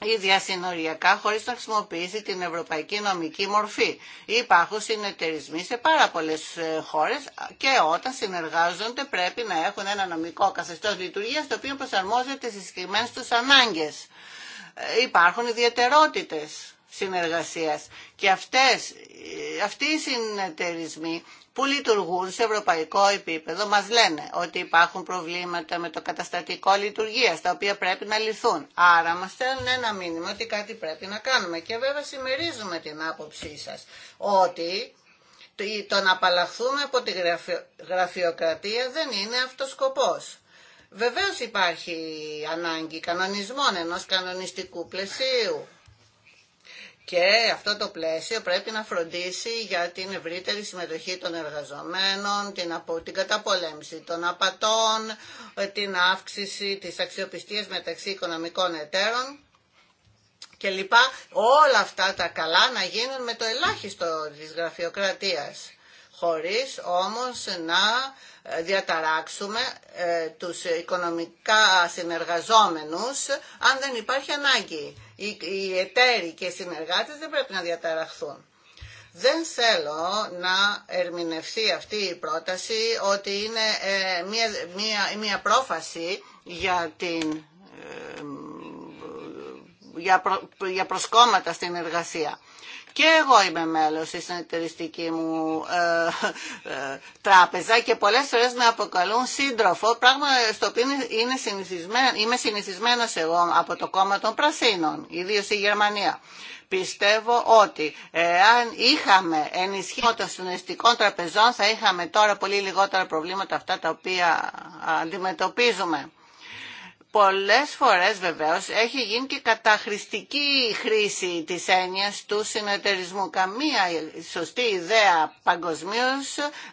ή διασυνοριακά χωρί να χρησιμοποιήσει την ευρωπαϊκή νομική μορφή. Υπάρχουν συνεταιρισμοί σε πάρα πολλέ ε, χώρες και όταν συνεργάζονται πρέπει να έχουν ένα νομικό καθεστώ λειτουργία, το οποίο προσαρμόζεται στις συγκεκριμένε του ανάγκε. Ε, υπάρχουν ιδιαιτερότητες συνεργασίας. Και αυτές, αυτοί οι συνεταιρισμοί που λειτουργούν σε ευρωπαϊκό επίπεδο μας λένε ότι υπάρχουν προβλήματα με το καταστατικό λειτουργίας τα οποία πρέπει να λυθούν. Άρα μας στέλνουν ένα μήνυμα ότι κάτι πρέπει να κάνουμε και βέβαια συμμερίζουμε την άποψή σας ότι το να απαλλαχθούμε από τη γραφειοκρατία δεν είναι αυτός σκοπός. Βεβαίως υπάρχει ανάγκη κανονισμών ενός κανονιστικού πλαισίου και αυτό το πλαίσιο πρέπει να φροντίσει για την ευρύτερη συμμετοχή των εργαζομένων, την, απο, την καταπολέμηση των απατών, ε, την αύξηση της αξιοπιστίας μεταξύ οικονομικών εταίρων και λοιπά. Όλα αυτά τα καλά να γίνουν με το ελάχιστο της γραφειοκρατίας χωρίς όμως να ε, διαταράξουμε ε, τους οικονομικά συνεργαζόμενους αν δεν υπάρχει ανάγκη. Οι εταίροι και οι συνεργάτες δεν πρέπει να διαταραχθούν. Δεν θέλω να ερμηνευθεί αυτή η πρόταση ότι είναι ε, μια, μια, μια πρόφαση για, την, για, για προσκόμματα στην εργασία. Και εγώ είμαι μέλος στη συνεταιριστική μου ε, ε, τράπεζα και πολλές φορές με αποκαλούν σύντροφο, πράγμα στο οποίο είναι συνηθισμένο, είμαι συνηθισμένος εγώ από το κόμμα των Πρασίνων, ιδίως η Γερμανία. Πιστεύω ότι εάν είχαμε ενισχύσει των συνεστικών τραπεζών θα είχαμε τώρα πολύ λιγότερα προβλήματα αυτά τα οποία αντιμετωπίζουμε. Πολλές φορές βεβαίως έχει γίνει και καταχρηστική χρήση της έννοιας του συνεταιρισμού. Καμία σωστή ιδέα παγκοσμίω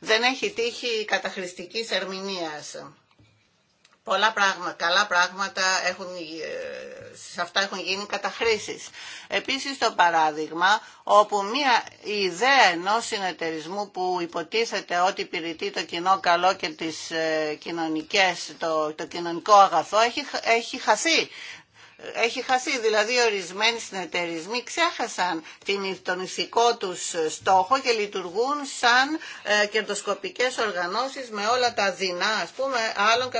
δεν έχει τύχει καταχρηστικής ερμηνείας πολλά πράγματα, καλά πράγματα έχουν, ε, σε αυτά έχουν γίνει καταχρήσεις. Επίσης το παράδειγμα όπου μια ιδέα ενό συνεταιρισμού που υποτίθεται ότι υπηρετεί το κοινό καλό και τις ε, κοινωνικές, το, το κοινωνικό αγαθό έχει, έχει χαθεί. Έχει χαθεί, δηλαδή ορισμένοι συνεταιρισμοί ξέχασαν την, τον ηθικό τους στόχο και λειτουργούν σαν ε, κερδοσκοπικές οργανώσεις με όλα τα δεινά, ας πούμε, άλλων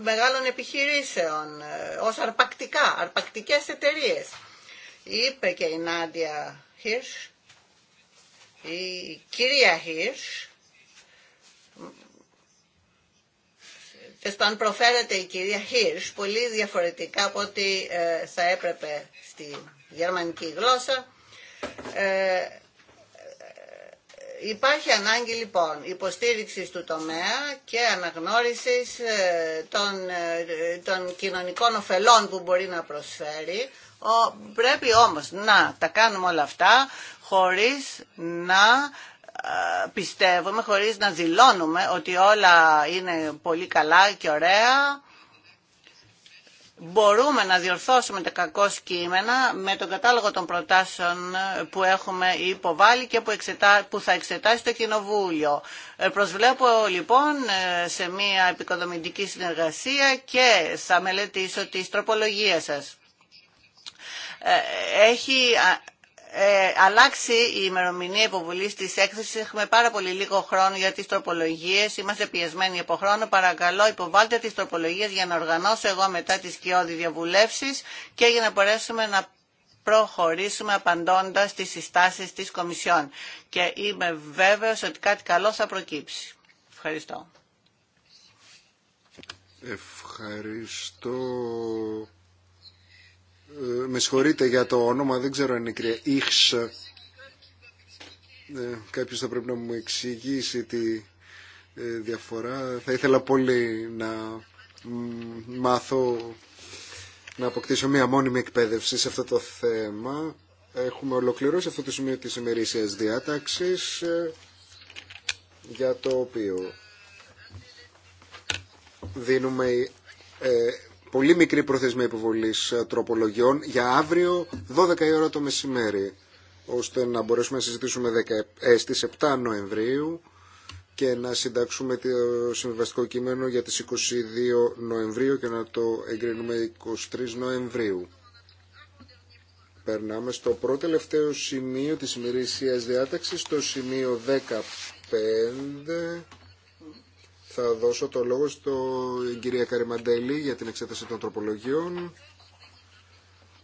μεγάλων επιχειρήσεων ε, ως αρπακτικά, αρπακτικές εταιρείες. Είπε και η Νάντια Χίρς, η κυρία Χίρς, και αν προφέρεται η κυρία Χίρς πολύ διαφορετικά από ό,τι ε, θα έπρεπε στη γερμανική γλώσσα, ε, Υπάρχει ανάγκη λοιπόν υποστήριξης του τομέα και αναγνώρισης ε, των, ε, των κοινωνικών ωφελών που μπορεί να προσφέρει. Ο, πρέπει όμως να τα κάνουμε όλα αυτά χωρίς να ε, πιστεύουμε, χωρίς να δηλώνουμε ότι όλα είναι πολύ καλά και ωραία μπορούμε να διορθώσουμε τα κακό κείμενα με τον κατάλογο των προτάσεων που έχουμε υποβάλει και που, θα εξετάσει το Κοινοβούλιο. Ε, προσβλέπω λοιπόν ε, σε μια επικοδομητική συνεργασία και θα μελετήσω τις τροπολογίες σας. Ε, έχει ε, αλλάξει η ημερομηνία υποβολή τη έκθεση. Έχουμε πάρα πολύ λίγο χρόνο για τι τροπολογίε. Είμαστε πιεσμένοι από χρόνο. Παρακαλώ, υποβάλτε τι τροπολογίε για να οργανώσω εγώ μετά τι σκιώδει διαβουλεύσει και για να μπορέσουμε να προχωρήσουμε απαντώντα τι συστάσει τη Κομισιόν. Και είμαι βέβαιο ότι κάτι καλό θα προκύψει. Ευχαριστώ. Ευχαριστώ ε, με συγχωρείτε για το όνομα, δεν ξέρω αν είναι κυρία Ιχς ε, κάποιος θα πρέπει να μου εξηγήσει τη ε, διαφορά. Θα ήθελα πολύ να μάθω να αποκτήσω μία μόνιμη εκπαίδευση σε αυτό το θέμα. Έχουμε ολοκληρώσει αυτό το σημείο της ημερήσιας διάταξης για το οποίο δίνουμε πολύ μικρή προθεσμία υποβολή ε, τροπολογιών για αύριο 12 η ώρα το μεσημέρι ώστε να μπορέσουμε να συζητήσουμε ε, στι 7 Νοεμβρίου και να συντάξουμε το συμβιβαστικό κείμενο για τις 22 Νοεμβρίου και να το εγκρίνουμε 23 Νοεμβρίου. Περνάμε στο πρώτο τελευταίο σημείο της ημερησίας διάταξης, το σημείο 15 θα δώσω το λόγο στην κυρία Καρυμαντέλη για την εξέταση των τροπολογιών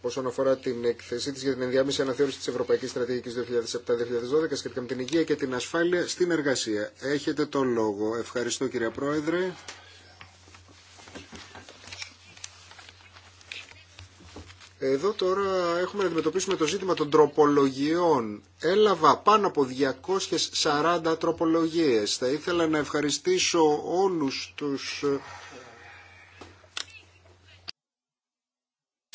όσον αφορά την εκθεσή τη για την ενδιάμεση αναθεώρηση τη Ευρωπαϊκή Στρατηγική 2007-2012 σχετικά με την υγεία και την ασφάλεια στην εργασία. Έχετε το λόγο. Ευχαριστώ, κυρία Πρόεδρε. Εδώ τώρα έχουμε να αντιμετωπίσουμε το ζήτημα των τροπολογιών. Έλαβα πάνω από 240 τροπολογίες. Θα ήθελα να ευχαριστήσω όλους τους ε,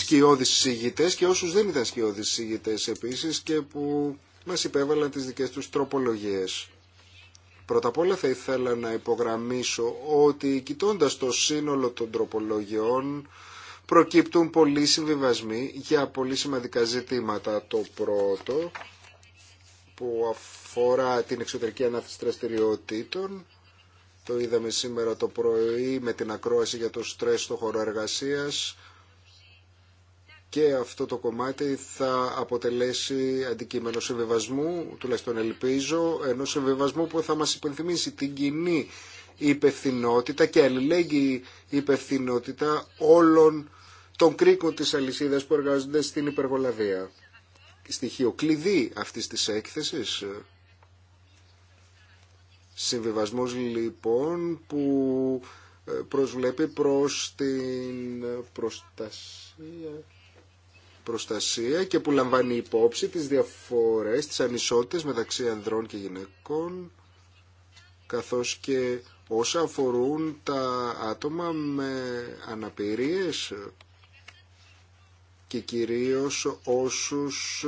σκιώδεις συζητητές και όσους δεν ήταν σκιώδεις συζητητές επίσης και που μας υπέβαλαν τις δικές τους τροπολογίες. Πρώτα απ' όλα θα ήθελα να υπογραμμίσω ότι κοιτώντας το σύνολο των τροπολογιών προκύπτουν πολλοί συμβιβασμοί για πολύ σημαντικά ζητήματα. Το πρώτο που αφορά την εξωτερική ανάθεση δραστηριοτήτων, το είδαμε σήμερα το πρωί με την ακρόαση για το στρες στο χώρο εργασίας και αυτό το κομμάτι θα αποτελέσει αντικείμενο συμβιβασμού, τουλάχιστον ελπίζω, ενό συμβιβασμού που θα μας υπενθυμίσει την κοινή υπευθυνότητα και αλληλέγγυη υπευθυνότητα όλων τον κρίκο της αλυσίδας που εργάζονται στην υπεργολαβία. Στοιχείο κλειδί αυτής της έκθεσης. Συμβιβασμός λοιπόν που ε, προσβλέπει προς την προστασία, προστασία και που λαμβάνει υπόψη τις διαφορές, τις ανισότητες μεταξύ ανδρών και γυναικών καθώς και όσα αφορούν τα άτομα με αναπηρίες και κυρίως όσους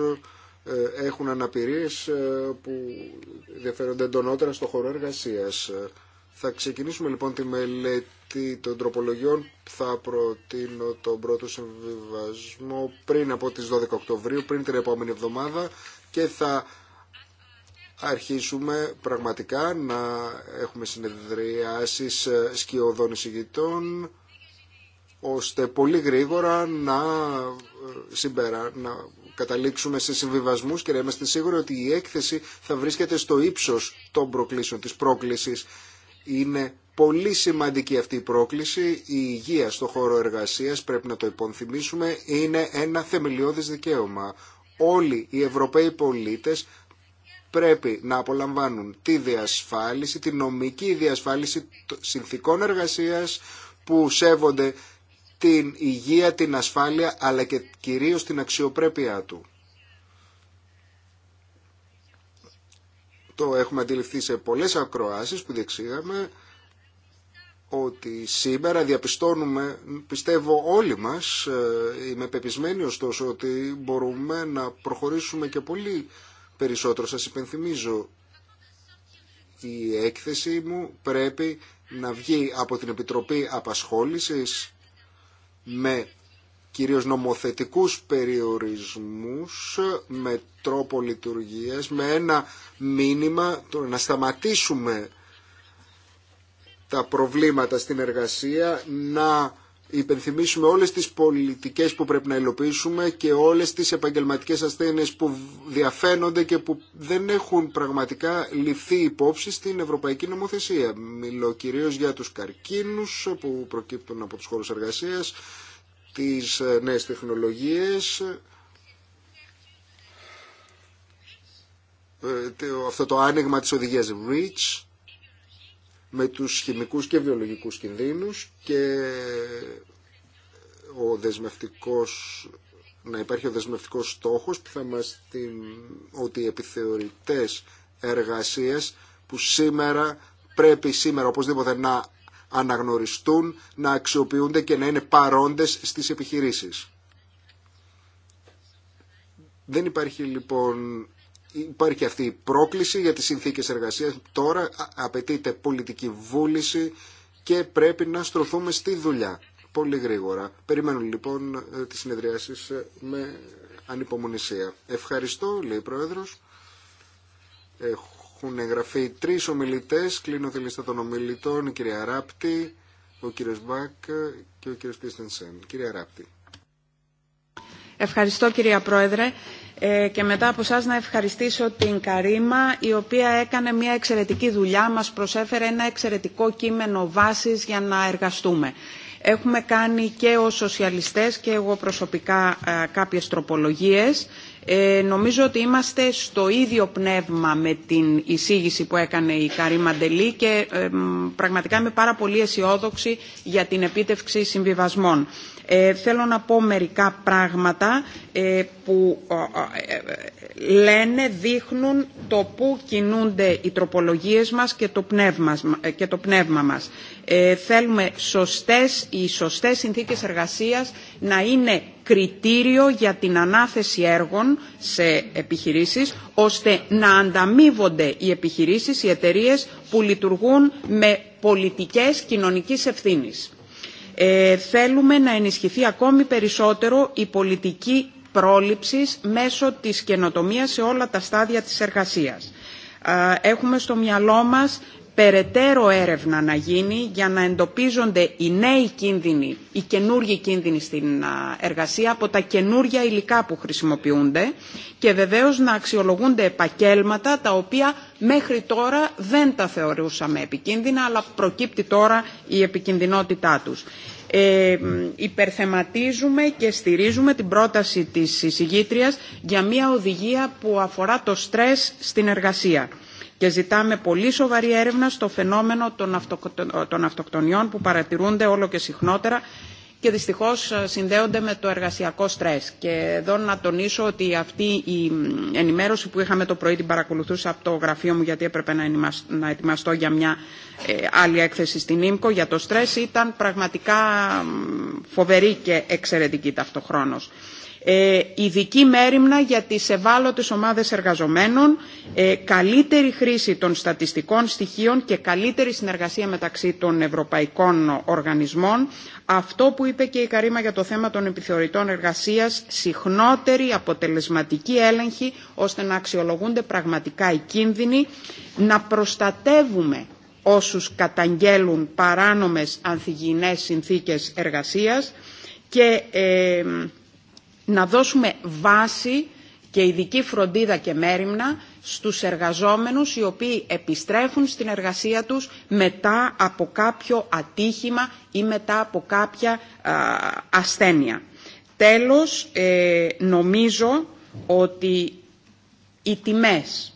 ε, έχουν αναπηρίες ε, που διαφέρονται εντονότερα στο χώρο εργασίας. Θα ξεκινήσουμε λοιπόν τη μελέτη των τροπολογιών. Θα προτείνω τον πρώτο συμβιβασμό πριν από τις 12 Οκτωβρίου, πριν την επόμενη εβδομάδα και θα αρχίσουμε πραγματικά να έχουμε συνεδριάσεις σκιωδών εισηγητών ώστε πολύ γρήγορα να, ε, συμπερα... να καταλήξουμε σε συμβιβασμού και να είμαστε σίγουροι ότι η έκθεση θα βρίσκεται στο ύψο των προκλήσεων, της πρόκλησης. Είναι πολύ σημαντική αυτή η πρόκληση. Η υγεία στο χώρο εργασίας, πρέπει να το υπονθυμίσουμε, είναι ένα θεμελιώδες δικαίωμα. Όλοι οι Ευρωπαίοι πολίτες πρέπει να απολαμβάνουν τη διασφάλιση, τη νομική διασφάλιση συνθήκων εργασίας που σέβονται την υγεία, την ασφάλεια αλλά και κυρίως την αξιοπρέπειά του. Το έχουμε αντιληφθεί σε πολλές ακροάσεις που διεξήγαμε ότι σήμερα διαπιστώνουμε, πιστεύω όλοι μας, ε, είμαι πεπισμένοι. ωστόσο ότι μπορούμε να προχωρήσουμε και πολύ περισσότερο. Σας υπενθυμίζω, η έκθεση μου πρέπει να βγει από την Επιτροπή Απασχόλησης με κυρίως νομοθετικούς περιορισμούς με τρόπο λειτουργίας, με ένα μήνυμα το να σταματήσουμε τα προβλήματα στην εργασία, να υπενθυμίσουμε όλες τις πολιτικές που πρέπει να υλοποιήσουμε και όλες τις επαγγελματικές ασθένειες που διαφαίνονται και που δεν έχουν πραγματικά ληφθεί υπόψη στην ευρωπαϊκή νομοθεσία. Μιλώ κυρίως για τους καρκίνους που προκύπτουν από τους χώρους εργασίας, τις ε, νέες τεχνολογίες, ε, αυτό το άνοιγμα της οδηγίας REACH, με τους χημικούς και βιολογικούς κινδύνους και ο δεσμευτικός, να υπάρχει ο δεσμευτικός στόχος που θα μας την, ότι οι επιθεωρητές εργασίες που σήμερα πρέπει σήμερα οπωσδήποτε να αναγνωριστούν, να αξιοποιούνται και να είναι παρόντες στις επιχειρήσεις. Δεν υπάρχει λοιπόν υπάρχει αυτή η πρόκληση για τις συνθήκες εργασίας. Τώρα απαιτείται πολιτική βούληση και πρέπει να στρωθούμε στη δουλειά πολύ γρήγορα. Περιμένω λοιπόν ε, τις συνεδριάσεις ε, με ανυπομονησία. Ευχαριστώ, λέει η Πρόεδρος. Έχουν εγγραφεί τρεις ομιλητές. Κλείνω τη λίστα των ομιλητών. Η κυρία Ράπτη, ο κύριος Μπακ και ο κύριος Κρίστενσεν. Κυρία Ράπτη. Ευχαριστώ κυρία Πρόεδρε. Ε, και μετά από εσά να ευχαριστήσω την Καρίμα η οποία έκανε μια εξαιρετική δουλειά, μας προσέφερε ένα εξαιρετικό κείμενο βάσης για να εργαστούμε. Έχουμε κάνει και ως σοσιαλιστές και εγώ προσωπικά ε, κάποιες τροπολογίες. Ε, νομίζω ότι είμαστε στο ίδιο πνεύμα με την εισήγηση που έκανε η Καρή Ντελή και ε, πραγματικά είμαι πάρα πολύ αισιόδοξη για την επίτευξη συμβιβασμών. Ε, θέλω να πω μερικά πράγματα ε, που ε, λένε, δείχνουν το πού κινούνται οι τροπολογίες μας και το πνεύμα, και το πνεύμα μας. Ε, θέλουμε σωστές, οι σωστές συνθήκες εργασίας να είναι κριτήριο για την ανάθεση έργων σε επιχειρήσεις, ώστε να ανταμείβονται οι επιχειρήσεις, οι εταιρείες που λειτουργούν με πολιτικές κοινωνικής ευθύνης. Ε, θέλουμε να ενισχυθεί ακόμη περισσότερο η πολιτική πρόληψης μέσω της καινοτομίας σε όλα τα στάδια της εργασίας. Έχουμε στο μυαλό μας περαιτέρω έρευνα να γίνει για να εντοπίζονται οι νέοι κίνδυνοι, οι καινούργιοι κίνδυνοι στην εργασία από τα καινούργια υλικά που χρησιμοποιούνται και βεβαίως να αξιολογούνται επακέλματα τα οποία μέχρι τώρα δεν τα θεωρούσαμε επικίνδυνα αλλά προκύπτει τώρα η επικινδυνότητά τους ε, υπερθεματίζουμε και στηρίζουμε την πρόταση της εισηγήτριας για μια οδηγία που αφορά το στρες στην εργασία και ζητάμε πολύ σοβαρή έρευνα στο φαινόμενο των αυτοκτονιών που παρατηρούνται όλο και συχνότερα και δυστυχώς ε, συνδέονται με το εργασιακό στρες. Και εδώ να τονίσω ότι αυτή η ενημέρωση που είχαμε το πρωί την παρακολουθούσα από το γραφείο μου γιατί έπρεπε να ετοιμαστώ για μια ε, άλλη έκθεση στην ΙΜΚΟ για το στρες ήταν πραγματικά φοβερή και εξαιρετική ταυτοχρόνως. Ε, ειδική μέρημνα για τις ευάλωτες ομάδες εργαζομένων, ε, καλύτερη χρήση των στατιστικών στοιχείων και καλύτερη συνεργασία μεταξύ των ευρωπαϊκών οργανισμών. Αυτό που είπε και η Καρίμα για το θέμα των επιθεωρητών εργασίας, συχνότερη αποτελεσματική έλεγχη ώστε να αξιολογούνται πραγματικά οι κίνδυνοι, να προστατεύουμε όσους καταγγέλουν παράνομες ανθυγιεινές συνθήκες εργασίας και ε, να δώσουμε βάση και ειδική φροντίδα και μέρημνα στους εργαζόμενους οι οποίοι επιστρέφουν στην εργασία τους μετά από κάποιο ατύχημα ή μετά από κάποια ασθένεια. Τέλος, ε, νομίζω ότι οι τιμές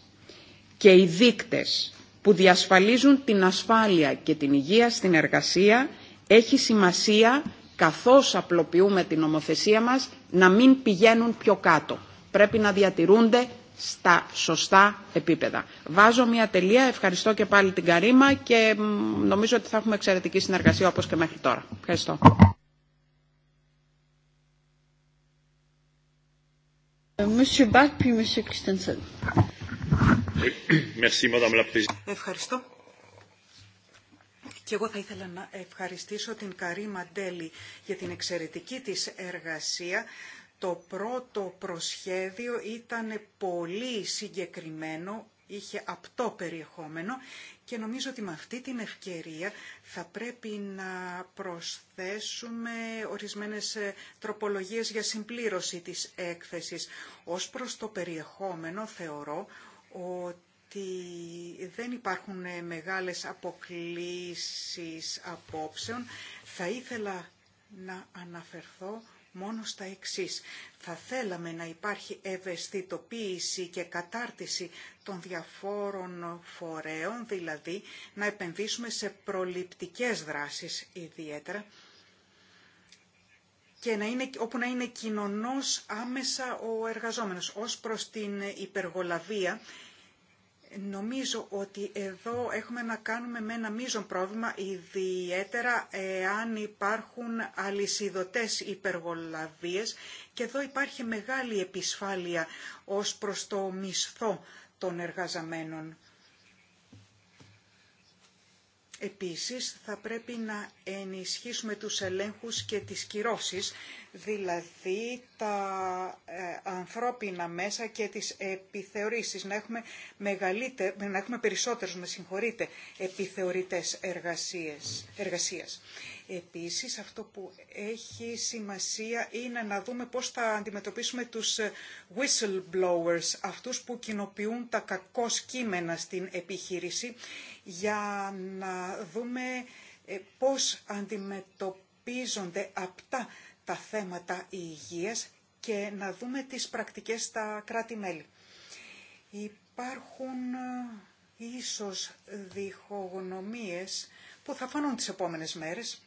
και οι δείκτες που διασφαλίζουν την ασφάλεια και την υγεία στην εργασία έχει σημασία καθώς απλοποιούμε την νομοθεσία μας, να μην πηγαίνουν πιο κάτω. Πρέπει να διατηρούνται στα σωστά επίπεδα. Βάζω μια τελεία. Ευχαριστώ και πάλι την Καρίμα και νομίζω ότι θα έχουμε εξαιρετική συνεργασία όπως και μέχρι τώρα. Ευχαριστώ. Ε, Ευχαριστώ. Και εγώ θα ήθελα να ευχαριστήσω την Καρή Μαντέλη για την εξαιρετική της εργασία. Το πρώτο προσχέδιο ήταν πολύ συγκεκριμένο, είχε απτό περιεχόμενο και νομίζω ότι με αυτή την ευκαιρία θα πρέπει να προσθέσουμε ορισμένες ε, τροπολογίες για συμπλήρωση της έκθεσης. Ως προς το περιεχόμενο θεωρώ ότι ότι δεν υπάρχουν ε, μεγάλες αποκλίσεις απόψεων. Θα ήθελα να αναφερθώ μόνο στα εξής. Θα θέλαμε να υπάρχει ευαισθητοποίηση και κατάρτιση των διαφόρων φορέων, δηλαδή να επενδύσουμε σε προληπτικές δράσεις ιδιαίτερα και να είναι, όπου να είναι κοινωνός άμεσα ο εργαζόμενος ως προς την υπεργολαβία Νομίζω ότι εδώ έχουμε να κάνουμε με ένα μείζον πρόβλημα, ιδιαίτερα εάν υπάρχουν αλυσιδωτές υπεργολαβίες και εδώ υπάρχει μεγάλη επισφάλεια ως προς το μισθό των εργαζαμένων. Επίσης, θα πρέπει να ενισχύσουμε τους ελέγχους και τις κυρώσεις δηλαδή τα ε, ανθρώπινα μέσα και τις επιθεωρήσεις, να έχουμε, μεγαλύτε, να έχουμε περισσότερους, με συγχωρείτε, επιθεωρητές εργασίες, εργασίας. Επίσης, αυτό που έχει σημασία είναι να δούμε πώς θα αντιμετωπίσουμε τους whistleblowers, αυτούς που κοινοποιούν τα κακό κείμενα στην επιχείρηση, για να δούμε ε, πώς αντιμετωπίζονται αυτά τα θέματα υγείας και να δούμε τις πρακτικές στα κράτη-μέλη. Υπάρχουν ε, ίσως διχογνωμίες που θα φανούν τις επόμενες μέρες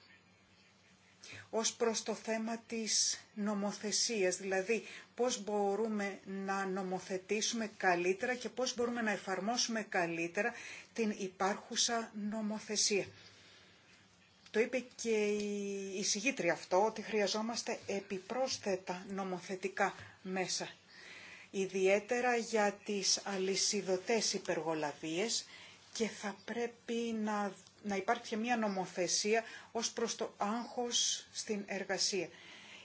ως προς το θέμα της νομοθεσίας, δηλαδή πώς μπορούμε να νομοθετήσουμε καλύτερα και πώς μπορούμε να εφαρμόσουμε καλύτερα την υπάρχουσα νομοθεσία. Το είπε και η εισηγήτρια αυτό, ότι χρειαζόμαστε επιπρόσθετα νομοθετικά μέσα. Ιδιαίτερα για τις αλυσιδωτές υπεργολαβίες και θα πρέπει να, να υπάρχει μια νομοθεσία ως προς το άγχος στην εργασία.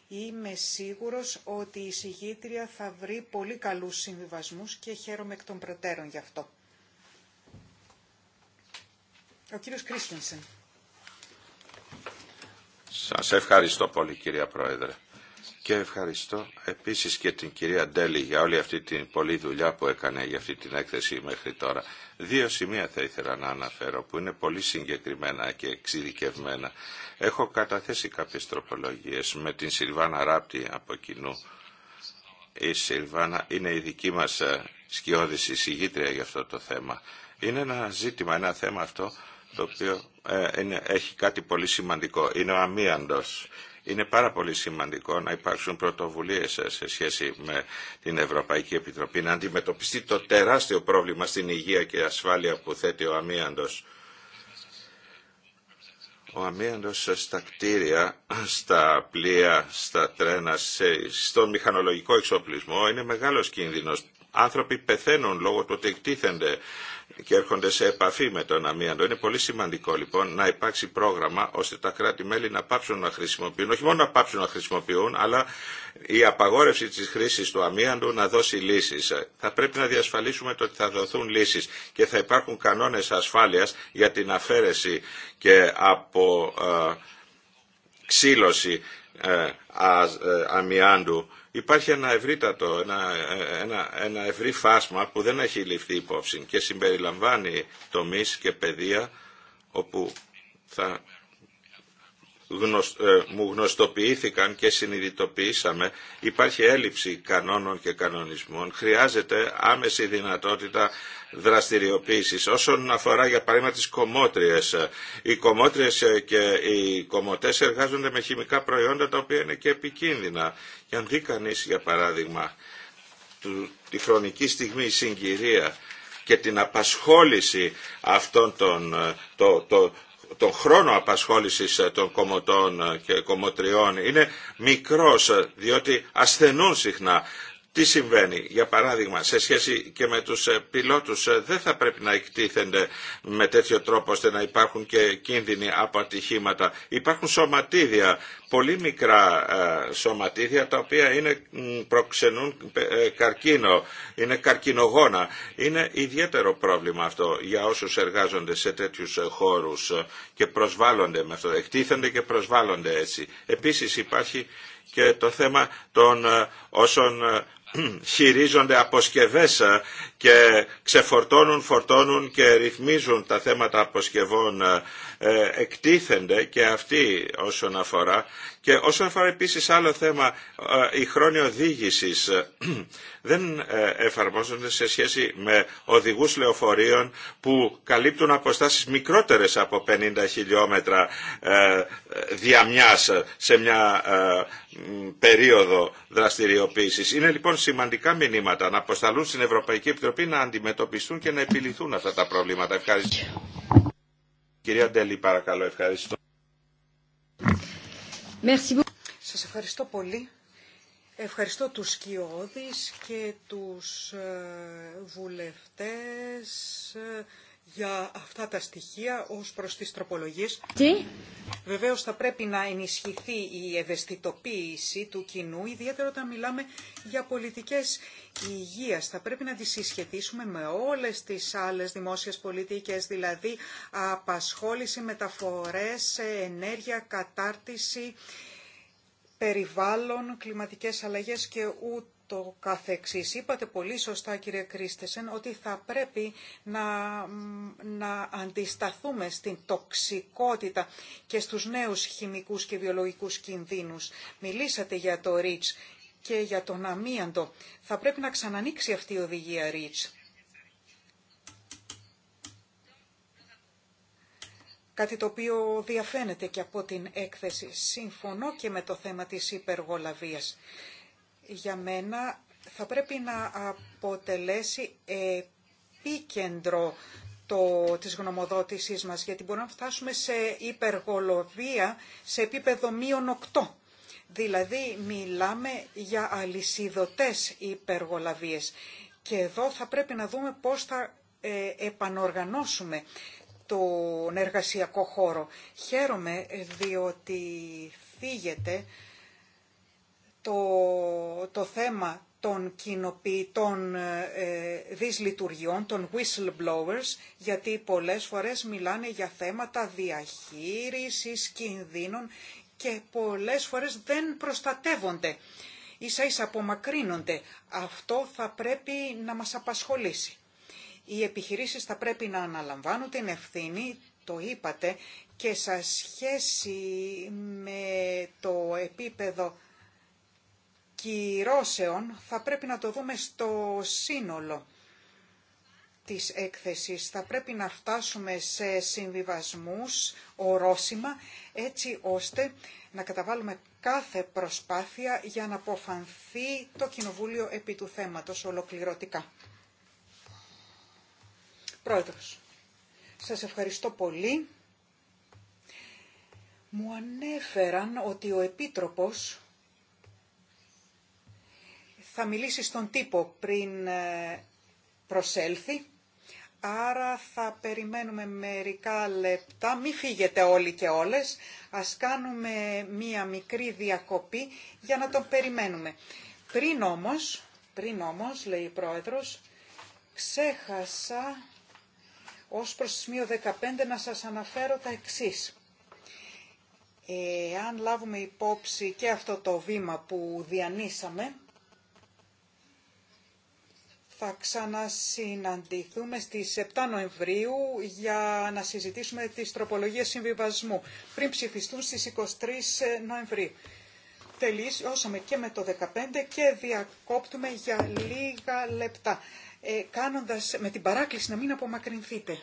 Είμαι σίγουρος ότι η συγγήτρια θα βρει πολύ καλούς συμβιβασμούς και χαίρομαι εκ των προτέρων γι' αυτό. Ο κύριος σας ευχαριστώ πολύ κυρία Πρόεδρε. Και ευχαριστώ επίσης και την κυρία Ντέλη για όλη αυτή την πολλή δουλειά που έκανε για αυτή την έκθεση μέχρι τώρα. Δύο σημεία θα ήθελα να αναφέρω που είναι πολύ συγκεκριμένα και εξειδικευμένα. Έχω καταθέσει κάποιες τροπολογίες με την Σιλβάνα Ράπτη από κοινού. Η Σιλβάνα είναι η δική μας ε, σκιώδηση συγγήτρια για αυτό το θέμα. Είναι ένα ζήτημα, ένα θέμα αυτό το οποίο ε, έχει κάτι πολύ σημαντικό. Είναι ο αμύαντος. Είναι πάρα πολύ σημαντικό να υπάρξουν πρωτοβουλίες ε, σε σχέση με την Ευρωπαϊκή Επιτροπή να αντιμετωπιστεί το τεράστιο πρόβλημα στην υγεία και ασφάλεια που θέτει ο αμύαντος. Ο αμύαντος στα κτίρια, στα πλοία, στα τρένα, σε, στον μηχανολογικό εξοπλισμό είναι μεγάλος κίνδυνος. Άνθρωποι πεθαίνουν λόγω του ότι εκτίθενται και έρχονται σε επαφή με τον αμίαντο. Είναι πολύ σημαντικό λοιπόν να υπάρξει πρόγραμμα ώστε τα κράτη-μέλη να πάψουν να χρησιμοποιούν, όχι μόνο να πάψουν να χρησιμοποιούν, αλλά η απαγόρευση της χρήσης του αμίαντου να δώσει λύσεις. Θα πρέπει να διασφαλίσουμε το ότι θα δοθούν λύσεις και θα υπάρχουν κανόνες ασφάλειας για την αφαίρεση και από ε, ξύλωση ε, ε, αμοιάντου υπάρχει ένα ευρύτατο, ένα, ε, ένα, ένα ευρύ φάσμα που δεν έχει ληφθεί υπόψη και συμπεριλαμβάνει τομείς και παιδεία όπου θα ε, μου γνωστοποιήθηκαν και συνειδητοποιήσαμε υπάρχει έλλειψη κανόνων και κανονισμών. Χρειάζεται άμεση δυνατότητα δραστηριοποίησης. Όσον αφορά για παράδειγμα τις κομμότριες, ε, οι κομμότριες ε, και οι κομμωτές εργάζονται με χημικά προϊόντα τα οποία είναι και επικίνδυνα. Και αν δει κανείς για παράδειγμα τη χρονική στιγμή συγκυρία και την απασχόληση αυτών των, το χρόνο απασχόλησης ε, των κομμωτών ε, και κομμωτριών είναι μικρός ε, διότι ασθενούν συχνά τι συμβαίνει. Για παράδειγμα, σε σχέση και με τους ε, πιλότους ε, δεν θα πρέπει να εκτίθενται με τέτοιο τρόπο ώστε να υπάρχουν και κίνδυνοι από ατυχήματα. Υπάρχουν σωματίδια, πολύ μικρά ε, σωματίδια τα οποία είναι, προξενούν καρκίνο, είναι καρκινογόνα. Είναι ιδιαίτερο πρόβλημα αυτό για όσους εργάζονται σε τέτοιους χώρους και προσβάλλονται με αυτό, εκτίθενται και προσβάλλονται έτσι. Επίσης υπάρχει και το θέμα των ε, όσων ε, χειρίζονται αποσκευές ε, και ξεφορτώνουν, φορτώνουν και ρυθμίζουν τα θέματα αποσκευών ε, εκτίθενται και αυτοί όσον αφορά. Και όσον αφορά επίσης άλλο θέμα, ε, η χρόνια οδήγηση ε, δεν εφαρμόζονται σε σχέση με οδηγούς λεωφορείων που καλύπτουν αποστάσεις μικρότερες από 50 χιλιόμετρα διαμιάς σε μια περίοδο δραστηριοποίησης. Είναι λοιπόν σημαντικά μηνύματα να αποσταλούν στην Ευρωπαϊκή Επιτροπή να αντιμετωπιστούν και να επιληθούν αυτά τα προβλήματα. Ευχαριστώ. Κυρία Ντέλη, παρακαλώ, ευχαριστώ. Σας ευχαριστώ πολύ. Ευχαριστώ τους σκιώδεις και τους ε, βουλευτές ε, για αυτά τα στοιχεία ως προς τις τροπολογίες. Τι? Βεβαίως θα πρέπει να ενισχυθεί η ευαισθητοποίηση του κοινού, ιδιαίτερα όταν μιλάμε για πολιτικές υγείας. Θα πρέπει να τις συσχετίσουμε με όλες τις άλλες δημόσιες πολιτικές, δηλαδή απασχόληση, μεταφορές, ενέργεια, κατάρτιση, περιβάλλον, κλιματικές αλλαγές και ούτω το καθεξής. Είπατε πολύ σωστά κύριε Κρίστεσεν ότι θα πρέπει να, να αντισταθούμε στην τοξικότητα και στους νέους χημικούς και βιολογικούς κινδύνους. Μιλήσατε για το REACH και για τον αμίαντο. Θα πρέπει να ξανανοίξει αυτή η οδηγία REACH. κάτι το οποίο διαφαίνεται και από την έκθεση. Συμφωνώ και με το θέμα της υπεργολαβίας για μένα θα πρέπει να αποτελέσει επίκεντρο το, της γνωμοδότησής μας, γιατί μπορούμε να φτάσουμε σε υπεργολοβία σε επίπεδο μείον 8. Δηλαδή μιλάμε για αλυσιδωτές υπεργολαβίες. Και εδώ θα πρέπει να δούμε πώς θα ε, επανοργανώσουμε τον εργασιακό χώρο. Χαίρομαι διότι φύγεται το, το θέμα των κοινοποιητών ε, δυσλειτουργιών, των whistleblowers, γιατί πολλές φορές μιλάνε για θέματα διαχείρισης κινδύνων και πολλές φορές δεν προστατεύονται, ίσα ίσα απομακρύνονται. Αυτό θα πρέπει να μας απασχολήσει. Οι επιχειρήσεις θα πρέπει να αναλαμβάνουν την ευθύνη, το είπατε, και σε σχέση με το επίπεδο κυρώσεων θα πρέπει να το δούμε στο σύνολο της έκθεσης. Θα πρέπει να φτάσουμε σε συμβιβασμούς, ορόσημα, έτσι ώστε να καταβάλουμε κάθε προσπάθεια για να αποφανθεί το Κοινοβούλιο επί του θέματος ολοκληρωτικά. Πρόεδρος, σας ευχαριστώ πολύ. Μου ανέφεραν ότι ο Επίτροπος θα μιλήσει στον τύπο πριν ε, προσέλθει. Άρα θα περιμένουμε μερικά λεπτά, μη φύγετε όλοι και όλες, ας κάνουμε μία μικρή διακοπή για να τον περιμένουμε. Πριν όμως, πριν όμως, λέει η Πρόεδρος, ξέχασα ως προς σημείο 15 να σας αναφέρω τα εξής. Ε, αν λάβουμε υπόψη και αυτό το βήμα που διανύσαμε, θα ξανασυναντηθούμε στις 7 Νοεμβρίου για να συζητήσουμε τις τροπολογίες συμβιβασμού πριν ψηφιστούν στις 23 Νοεμβρίου. Τελειώσαμε και με το 15 και διακόπτουμε για λίγα λεπτά, ε, κάνοντας με την παράκληση να μην απομακρυνθείτε.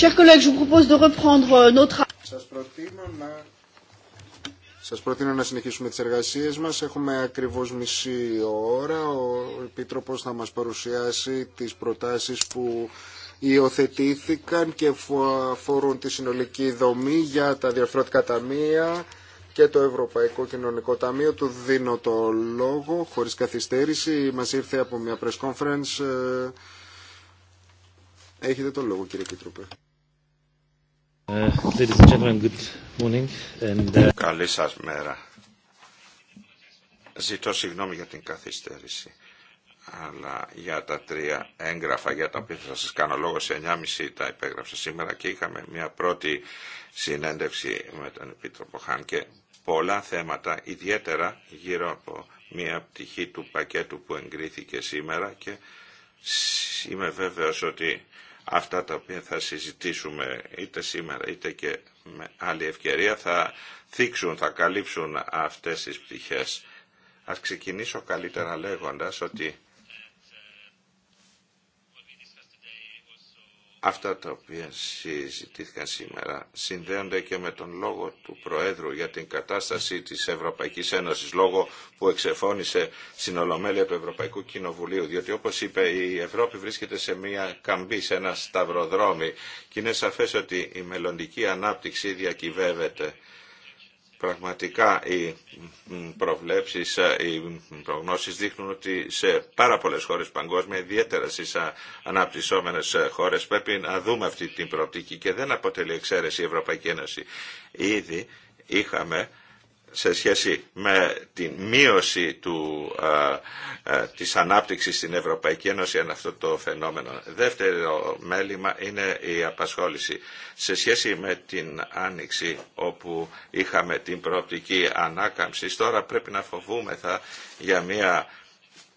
Chers Σας προτείνω να... συνεχίσουμε τις εργασίες μας. Έχουμε ακριβώς μισή ώρα. Ο Επίτροπος θα μας παρουσιάσει τις προτάσεις που υιοθετήθηκαν και αφορούν τη συνολική δομή για τα διαφορετικά ταμεία και το Ευρωπαϊκό Κοινωνικό Ταμείο. Του δίνω το λόγο χωρίς καθυστέρηση. Μας ήρθε από μια press conference. Ε, έχετε το λόγο κύριε Επίτροπε. Uh, uh, Καλή σας μέρα. Ζητώ συγγνώμη για την καθυστέρηση, αλλά για τα τρία έγγραφα για τα οποία θα σας κάνω λόγο σε 9.30 τα υπέγραψα σήμερα και είχαμε μια πρώτη συνέντευξη με τον Επίτροπο Χάν και πολλά θέματα, ιδιαίτερα γύρω από μια πτυχή του πακέτου που εγκρίθηκε σήμερα και είμαι βέβαιος ότι αυτά τα οποία θα συζητήσουμε είτε σήμερα είτε και με άλλη ευκαιρία θα θίξουν, θα καλύψουν αυτές τις πτυχές. Ας ξεκινήσω καλύτερα λέγοντας ότι Αυτά τα οποία συζητήθηκαν σήμερα συνδέονται και με τον λόγο του Προέδρου για την κατάσταση της Ευρωπαϊκής Ένωσης, λόγο που εξεφώνησε στην Ολομέλεια του Ευρωπαϊκού Κοινοβουλίου, διότι όπως είπε η Ευρώπη βρίσκεται σε μια καμπή, σε ένα σταυροδρόμι και είναι σαφές ότι η μελλοντική ανάπτυξη διακυβεύεται Πραγματικά οι προβλέψεις, ε, οι προγνώσεις δείχνουν ότι σε πάρα πολλές χώρες παγκόσμια, ιδιαίτερα στις αναπτυσσόμενες ε, χώρες, πρέπει να δούμε αυτή την προοπτική και δεν αποτελεί εξαίρεση η Ευρωπαϊκή Ένωση. Ήδη είχαμε σε σχέση με τη μείωση του, ε, ε, της ανάπτυξης στην Ευρωπαϊκή Ένωση αν αυτό το φαινόμενο. Δεύτερο μέλημα είναι η απασχόληση. Σε σχέση με την άνοιξη όπου είχαμε την προοπτική ανάκαμψη, τώρα πρέπει να φοβούμεθα για μια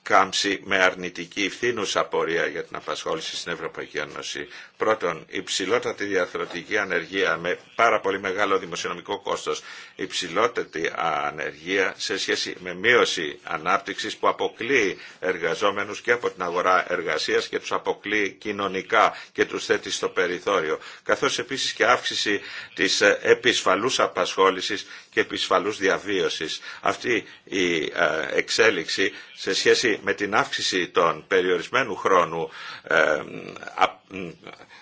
κάμψη με αρνητική φθήνουσα πορεία για την απασχόληση στην Ευρωπαϊκή Ένωση. Πρώτον, υψηλότατη διαθροτική ανεργία με πάρα πολύ μεγάλο δημοσιονομικό κόστος. Υψηλότατη ανεργία σε σχέση με μείωση ανάπτυξης που αποκλείει εργαζόμενους και από την αγορά εργασίας και τους αποκλείει κοινωνικά και τους θέτει στο περιθώριο. Καθώς επίσης και αύξηση της επισφαλούς απασχόλησης και επισφαλούς διαβίωσης. Αυτή η ε, εξέλιξη σε σχέση με την αύξηση των περιορισμένου χρόνου ε,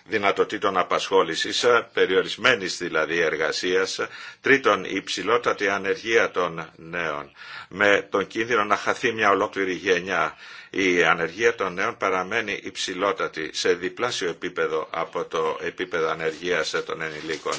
δυνατοτήτων απασχόλησης, περιορισμένης δηλαδή εργασίας, τρίτον η υψηλότατη ανεργία των νέων, με τον κίνδυνο να χαθεί μια ολόκληρη γενιά. Η ανεργία των νέων παραμένει υψηλότατη σε διπλάσιο επίπεδο από το επίπεδο ανεργίας των ενηλίκων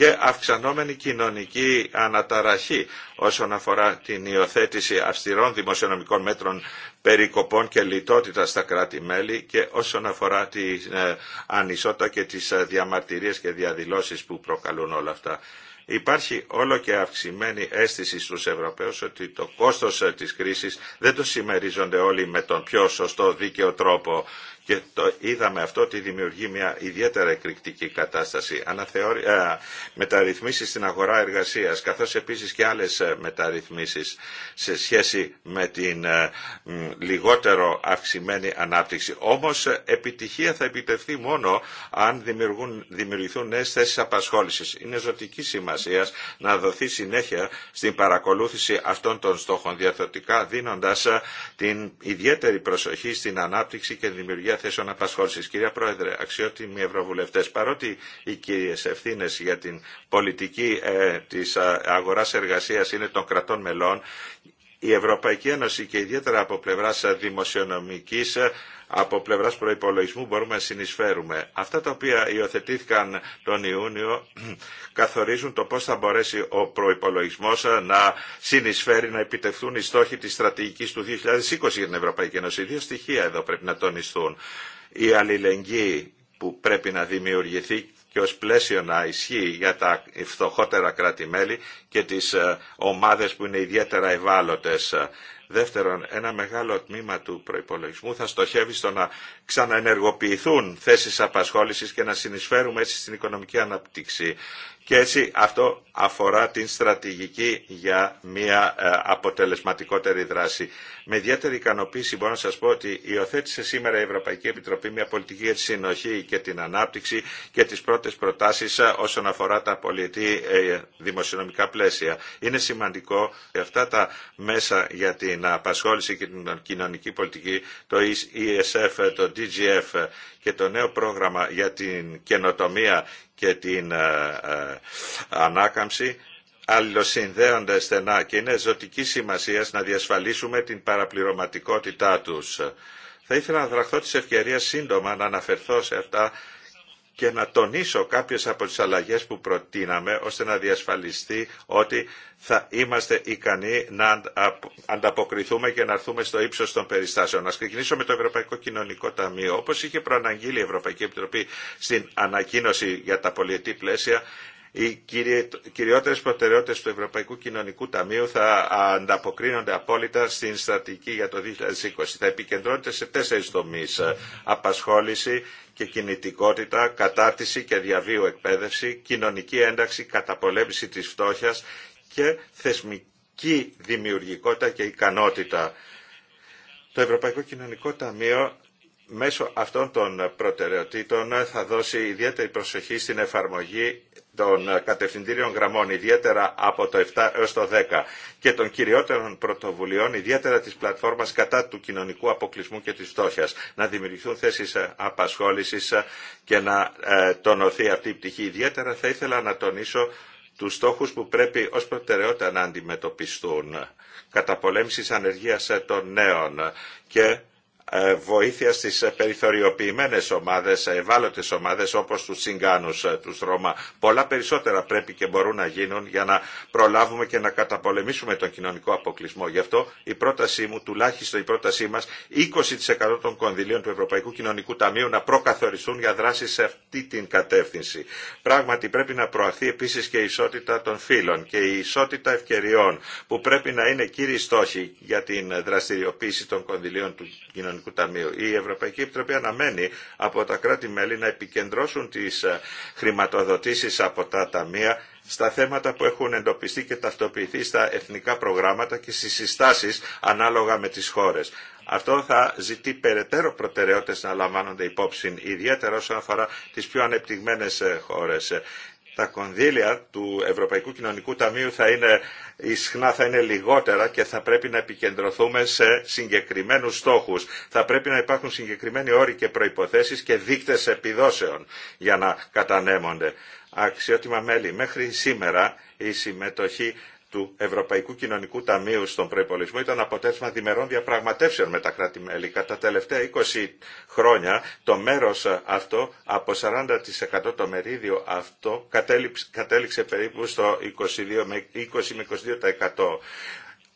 και αυξανόμενη κοινωνική αναταραχή όσον αφορά την υιοθέτηση αυστηρών δημοσιονομικών μέτρων περικοπών και λιτότητα στα κράτη-μέλη και όσον αφορά την ε, ανισότητα και τις ε, διαμαρτυρίες και διαδηλώσεις που προκαλούν όλα αυτά. Υπάρχει όλο και αυξημένη αίσθηση στους Ευρωπαίους ότι το κόστος ε, της κρίσης δεν το συμμερίζονται όλοι με τον πιο σωστό δίκαιο τρόπο και το είδαμε αυτό ότι δημιουργεί μια ιδιαίτερα εκρηκτική κατάσταση. Αναθεώρη, ε, μεταρρυθμίσεις στην αγορά εργασίας καθώς επίσης και άλλες ε, μεταρρυθμίσεις σε σχέση με την ε, λιγότερο αυξημένη ανάπτυξη. Όμως ε, επιτυχία θα επιτευχθεί μόνο αν δημιουργούν, δημιουργηθούν νέες θέσεις απασχόλησης. Είναι ζωτική σημασία να δοθεί συνέχεια στην παρακολούθηση αυτών των στόχων διαθετικά δίνοντας την ιδιαίτερη προσοχή στην ανάπτυξη και δημιουργία διαθέσεων απασχόλησης. Κυρία Πρόεδρε, αξιότιμοι ευρωβουλευτές, παρότι οι κύριες ευθύνε για την πολιτική ε, της ε, αγοράς εργασίας είναι των κρατών μελών, η Ευρωπαϊκή Ένωση και ιδιαίτερα από πλευράς δημοσιονομικής από πλευράς προπολογισμού μπορούμε να συνεισφέρουμε. Αυτά τα οποία υιοθετήθηκαν τον Ιούνιο καθορίζουν το πώς θα μπορέσει ο προπολογισμό να συνεισφέρει να επιτευχθούν οι στόχοι της στρατηγικής του 2020 για την Ευρωπαϊκή Ένωση. Δύο στοιχεία εδώ πρέπει να τονιστούν. Η αλληλεγγύη που πρέπει να δημιουργηθεί και ως πλαίσιο να ισχύει για τα φτωχότερα κράτη-μέλη και τις ε, ομάδες που είναι ιδιαίτερα ευάλωτες. Ε, δεύτερον, ένα μεγάλο τμήμα του προϋπολογισμού θα στοχεύει στο να ξαναενεργοποιηθούν θέσεις απασχόλησης και να συνεισφέρουμε έτσι στην οικονομική αναπτύξη. Και έτσι αυτό αφορά την στρατηγική για μια ε, αποτελεσματικότερη δράση. Με ιδιαίτερη ικανοποίηση μπορώ να σας πω ότι υιοθέτησε σήμερα η Ευρωπαϊκή Επιτροπή μια πολιτική για τη συνοχή και την ανάπτυξη και τις πρώτες προτάσεις ε, όσον αφορά τα πολιτή ε, δημοσιονομικά πλαίσια. Είναι σημαντικό αυτά τα μέσα για την απασχόληση και την κοινωνική πολιτική, το ESF, το DGF και το νέο πρόγραμμα για την καινοτομία και την ε, ε, ανάκαμψη αλληλοσυνδέονται στενά και είναι ζωτική σημασία να διασφαλίσουμε την παραπληρωματικότητά τους. Θα ήθελα να δραχθώ τη ευκαιρία σύντομα να αναφερθώ σε αυτά και να τονίσω κάποιες από τις αλλαγές που προτείναμε ώστε να διασφαλιστεί ότι θα είμαστε ικανοί να ανταποκριθούμε και να έρθουμε στο ύψος των περιστάσεων. Να ξεκινήσω με το Ευρωπαϊκό Κοινωνικό Ταμείο. Όπως είχε προαναγγείλει η Ευρωπαϊκή Επιτροπή στην ανακοίνωση για τα πολιετή πλαίσια, οι κυριότερε προτεραιότητε του Ευρωπαϊκού Κοινωνικού Ταμείου θα ανταποκρίνονται απόλυτα στην στρατηγική για το 2020. Θα επικεντρώνεται σε τέσσερι τομεί. Απασχόληση και κινητικότητα, κατάρτιση και διαβίου εκπαίδευση, κοινωνική ένταξη, καταπολέμηση τη φτώχεια και θεσμική δημιουργικότητα και ικανότητα. Το Ευρωπαϊκό Κοινωνικό Ταμείο μέσω αυτών των προτεραιοτήτων θα δώσει ιδιαίτερη προσοχή στην εφαρμογή των κατευθυντήριων γραμμών, ιδιαίτερα από το 7 έως το 10 και των κυριότερων πρωτοβουλειών, ιδιαίτερα της πλατφόρμας κατά του κοινωνικού αποκλεισμού και της φτώχειας, να δημιουργηθούν θέσεις απασχόλησης και να ε, τονωθεί αυτή η πτυχή. Ιδιαίτερα θα ήθελα να τονίσω τους στόχους που πρέπει ως προτεραιότητα να αντιμετωπιστούν, καταπολέμησης ανεργίας των νέων και ε, βοήθεια στις ε, περιθωριοποιημένες ομάδες, ε, ευάλωτες ομάδες όπως τους Τσιγκάνους, του Ρώμα. Πολλά περισσότερα πρέπει και μπορούν να γίνουν για να προλάβουμε και να καταπολεμήσουμε τον κοινωνικό αποκλεισμό. Γι' αυτό η πρότασή μου, τουλάχιστον η πρότασή μας, 20% των κονδυλίων του Ευρωπαϊκού Κοινωνικού Ταμείου να προκαθοριστούν για δράση σε αυτή την κατεύθυνση. Πράγματι πρέπει να προαχθεί επίσης και η ισότητα των φύλων και η ισότητα ευκαιριών που πρέπει να είναι κύριοι στόχοι για την δραστηριοποίηση των κονδυλίων του κοινωνικού Κοινωνικού Η Ευρωπαϊκή Επιτροπή αναμένει από τα κράτη-μέλη να επικεντρώσουν τις ε, χρηματοδοτήσεις από τα ταμεία στα θέματα που έχουν εντοπιστεί και ταυτοποιηθεί στα εθνικά προγράμματα και στις συστάσεις ανάλογα με τις χώρες. Αυτό θα ζητεί περαιτέρω προτεραιότητες να λαμβάνονται υπόψη, ιδιαίτερα όσον αφορά τις πιο ανεπτυγμένες ε, χώρες τα κονδύλια του Ευρωπαϊκού Κοινωνικού Ταμείου θα είναι ισχνά, θα είναι λιγότερα και θα πρέπει να επικεντρωθούμε σε συγκεκριμένους στόχους. Θα πρέπει να υπάρχουν συγκεκριμένοι όροι και προϋποθέσεις και δείκτες επιδόσεων για να κατανέμονται. Αξιότιμα μέλη, μέχρι σήμερα η συμμετοχή του Ευρωπαϊκού Κοινωνικού Ταμείου στον προπολογισμό ήταν αποτέλεσμα διμερών διαπραγματεύσεων με τα κράτη-μέλη. Κατά τα τελευταία 20 χρόνια το μέρος αυτό από 40% το μερίδιο αυτό κατέληξε περίπου στο 22 20 με 22%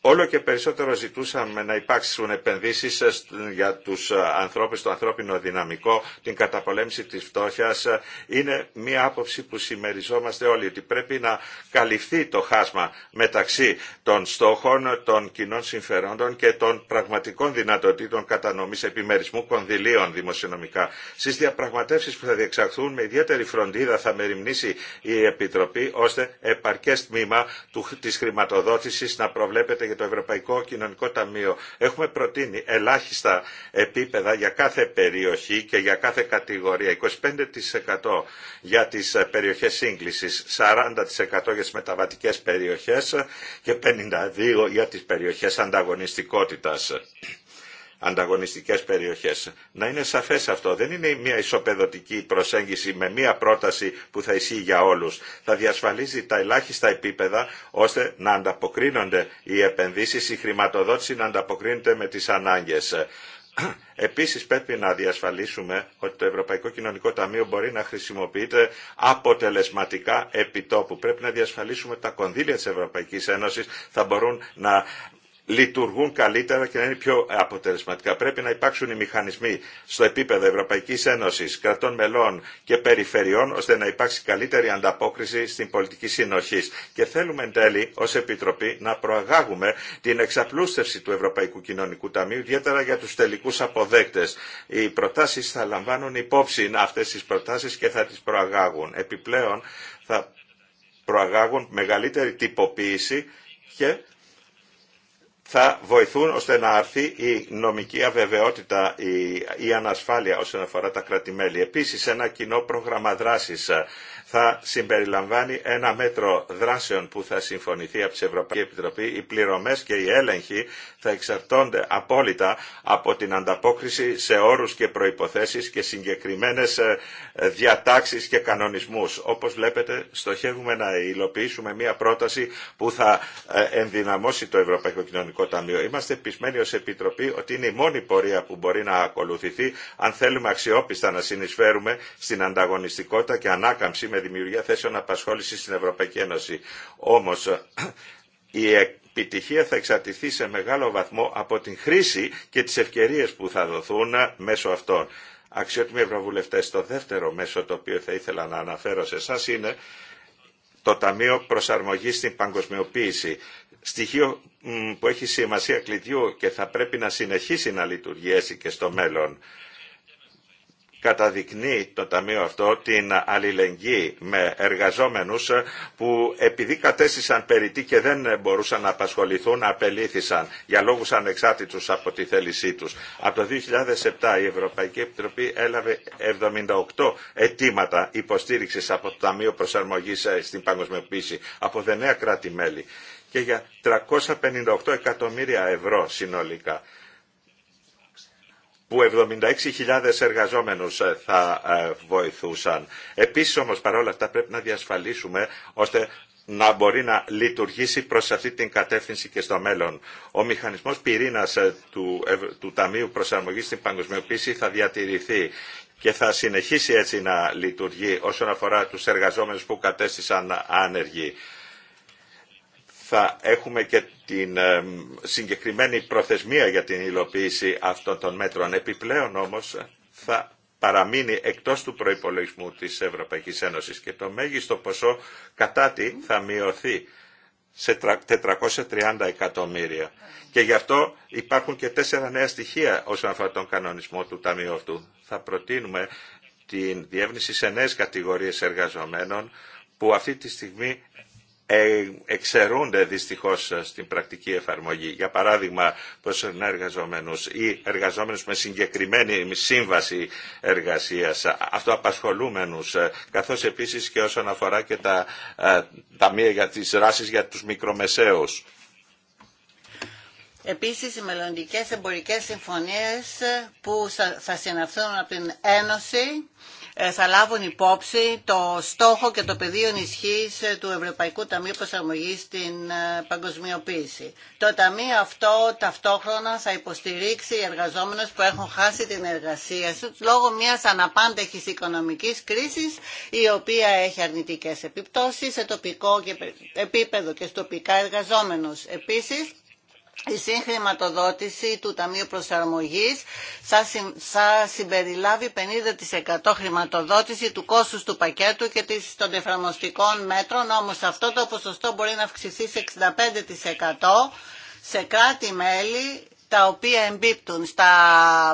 όλο και περισσότερο ζητούσαμε να υπάρξουν επενδύσεις ε, για τους ε, ανθρώπους, το ανθρώπινο δυναμικό, την καταπολέμηση της φτώχειας. Είναι μια άποψη που συμμεριζόμαστε όλοι, ότι πρέπει να καλυφθεί το χάσμα μεταξύ των στόχων, των κοινών συμφερόντων και των πραγματικών δυνατοτήτων κατανομής επιμερισμού κονδυλίων δημοσιονομικά. Στις διαπραγματεύσεις που θα διεξαχθούν με ιδιαίτερη φροντίδα θα μεριμνήσει η Επιτροπή ώστε επαρκές τμήμα της χρηματοδότησης να προβλέπεται για το Ευρωπαϊκό Κοινωνικό Ταμείο έχουμε προτείνει ελάχιστα επίπεδα για κάθε περιοχή και για κάθε κατηγορία. 25% για τις ε, περιοχές σύγκλησης, 40% για τις μεταβατικές περιοχές και 52% για τις περιοχές ανταγωνιστικότητας ανταγωνιστικές περιοχές. Να είναι σαφές αυτό. Δεν είναι μια ισοπεδωτική προσέγγιση με μια πρόταση που θα ισχύει για όλους. Θα διασφαλίζει τα ελάχιστα επίπεδα ώστε να ανταποκρίνονται οι επενδύσεις, η χρηματοδότηση να ανταποκρίνεται με τις ανάγκες. Επίσης πρέπει να διασφαλίσουμε ότι το Ευρωπαϊκό Κοινωνικό Ταμείο μπορεί να χρησιμοποιείται αποτελεσματικά επιτόπου. Πρέπει να διασφαλίσουμε ότι τα κονδύλια της Ευρωπαϊκής Ένωσης θα μπορούν να λειτουργούν καλύτερα και να είναι πιο αποτελεσματικά. Πρέπει να υπάρξουν οι μηχανισμοί στο επίπεδο Ευρωπαϊκής Ένωσης, κρατών μελών και περιφερειών, ώστε να υπάρξει καλύτερη ανταπόκριση στην πολιτική συνοχή. Και θέλουμε εν τέλει ως Επιτροπή να προαγάγουμε την εξαπλούστευση του Ευρωπαϊκού Κοινωνικού Ταμείου, ιδιαίτερα για τους τελικούς αποδέκτες. Οι προτάσεις θα λαμβάνουν υπόψη αυτές τις προτάσεις και θα τις προαγάγουν. Επιπλέον θα προαγάγουν μεγαλύτερη τυποποίηση και θα βοηθούν ώστε να αρθεί η νομική αβεβαιότητα, η, η ανασφάλεια όσον αφορά τα κρατημέλη. Επίσης ένα κοινό πρόγραμμα δράσης θα συμπεριλαμβάνει ένα μέτρο δράσεων που θα συμφωνηθεί από την Ευρωπαϊκή Επιτροπή. Οι πληρωμές και οι έλεγχοι θα εξαρτώνται απόλυτα από την ανταπόκριση σε όρους και προϋποθέσεις και συγκεκριμένες ε, διατάξεις και κανονισμούς. Όπως βλέπετε, στοχεύουμε να υλοποιήσουμε μια πρόταση που θα ε, ενδυναμώσει το Ευρωπαϊκό Κοινωνικό Ταμείο. Είμαστε πεισμένοι ως Επιτροπή ότι είναι η μόνη πορεία που μπορεί να ακολουθηθεί αν θέλουμε αξιόπιστα να συνεισφέρουμε στην ανταγωνιστικότητα και ανάκαμψη με δημιουργία θέσεων απασχόλησης στην Ευρωπαϊκή Ένωση. Όμως η επιτυχία θα εξαρτηθεί σε μεγάλο βαθμό από την χρήση και τις ευκαιρίες που θα δοθούν μέσω αυτών. Αξιότιμοι Ευρωβουλευτέ, το δεύτερο μέσο το οποίο θα ήθελα να αναφέρω σε εσά είναι το Ταμείο Προσαρμογής στην Παγκοσμιοποίηση. Στοιχείο που έχει σημασία κλειδιού και θα πρέπει να συνεχίσει να λειτουργήσει και στο μέλλον καταδεικνύει το Ταμείο αυτό την αλληλεγγύη με εργαζόμενους που επειδή κατέστησαν περιττή και δεν μπορούσαν να απασχοληθούν, απελήθησαν για λόγους ανεξάρτητους από τη θέλησή τους. Από το 2007 η Ευρωπαϊκή Επιτροπή έλαβε 78 αιτήματα υποστήριξης από το Ταμείο Προσαρμογής ε, στην Παγκοσμιοποίηση από 9 κράτη-μέλη και για 358 εκατομμύρια ευρώ συνολικά που 76.000 εργαζόμενους ε, θα ε, βοηθούσαν. Επίσης όμως παρόλα αυτά πρέπει να διασφαλίσουμε ώστε να μπορεί να λειτουργήσει προς αυτή την κατεύθυνση και στο μέλλον. Ο μηχανισμός πυρήνας ε, του, του Ταμείου Προσαρμογής στην Παγκοσμιοποίηση θα διατηρηθεί και θα συνεχίσει έτσι να λειτουργεί όσον αφορά τους εργαζόμενους που κατέστησαν άνεργοι θα έχουμε και την συγκεκριμένη προθεσμία για την υλοποίηση αυτών των μέτρων. Επιπλέον όμως θα παραμείνει εκτός του προϋπολογισμού της Ευρωπαϊκής Ένωσης και το μέγιστο ποσό κατά τη θα μειωθεί σε 430 εκατομμύρια. Και γι' αυτό υπάρχουν και τέσσερα νέα στοιχεία όσον αφορά τον κανονισμό του Ταμείου αυτού. Θα προτείνουμε την διεύνηση σε νέες κατηγορίες εργαζομένων που αυτή τη στιγμή ε, εξαιρούνται δυστυχώς ε, στην πρακτική εφαρμογή. Για παράδειγμα, προσωρινά εργαζόμενους ή εργαζόμενους με συγκεκριμένη σύμβαση εργασίας, αυτοαπασχολούμενους, ε, καθώς επίσης και όσον αφορά και τα ταμεία για τις δράσεις για τους μικρομεσαίους. Επίσης, οι μελλοντικές εμπορικές συμφωνίες που θα συναυθούν από την Ένωση ε, θα λάβουν υπόψη το στόχο και το πεδίο ενισχύ ε, του Ευρωπαϊκού Ταμείου Προσαρμογή στην ε, παγκοσμιοποίηση. Το ταμείο αυτό ταυτόχρονα θα υποστηρίξει οι εργαζόμενους που έχουν χάσει την εργασία του λόγω μιας αναπάντεχης οικονομικής κρίσης η οποία έχει αρνητικές επιπτώσεις σε τοπικό επίπεδο και στοπικά τοπικά εργαζόμενους η συγχρηματοδότηση του Ταμείου Προσαρμογής θα συμπεριλάβει 50% χρηματοδότηση του κόστους του πακέτου και των εφαρμοστικών μέτρων, όμως αυτό το ποσοστό μπορεί να αυξηθεί σε 65% σε κράτη-μέλη τα οποία εμπίπτουν στα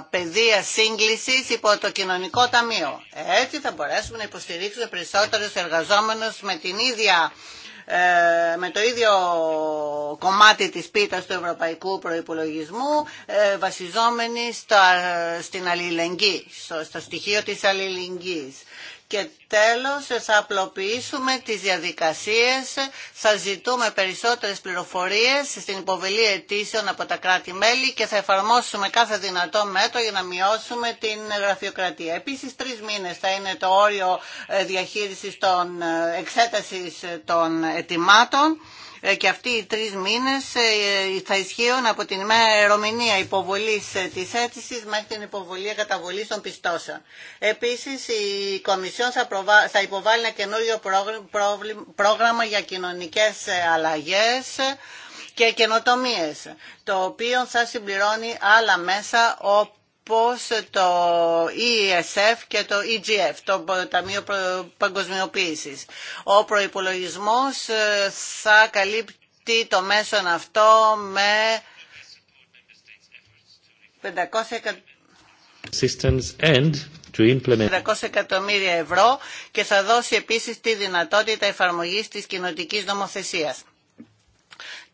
πεδία σύγκλησης υπό το κοινωνικό ταμείο. Έτσι θα μπορέσουμε να υποστηρίξουμε περισσότερους εργαζόμενους με την ίδια ε, με το ίδιο κομμάτι της πίτας του ευρωπαϊκού προϋπολογισμού ε, βασιζόμενη στην αλληλεγγύη, στο, στοιχείο της αλληλεγγύης. Και τέλος, θα απλοποιήσουμε τις διαδικασίες, θα ζητούμε περισσότερες πληροφορίες στην υποβελή αιτήσεων από τα κράτη-μέλη και θα εφαρμόσουμε κάθε δυνατό μέτρο για να μειώσουμε την γραφειοκρατία. Επίσης, τρεις μήνες θα είναι το όριο ε, διαχείρισης των ε, εξέτασης των ετοιμάτων ε, και αυτοί οι τρεις μήνες ε, θα ισχύουν από την ημερομηνία υποβολής ε, της αίτησης μέχρι την υποβολή καταβολή των πιστώσεων. Επίσης η Κομισιόν θα υποβάλει ένα καινούριο πρόγραμμα για κοινωνικές αλλαγές και καινοτομίες, το οποίο θα συμπληρώνει άλλα μέσα όπου όπως το ESF και το EGF, το Ταμείο Παγκοσμιοποίησης. Ο προϋπολογισμός ε, θα καλύπτει το μέσον αυτό με 500 εκατομμύρια. ευρώ και θα δώσει επίσης τη δυνατότητα εφαρμογής της κοινοτικής νομοθεσίας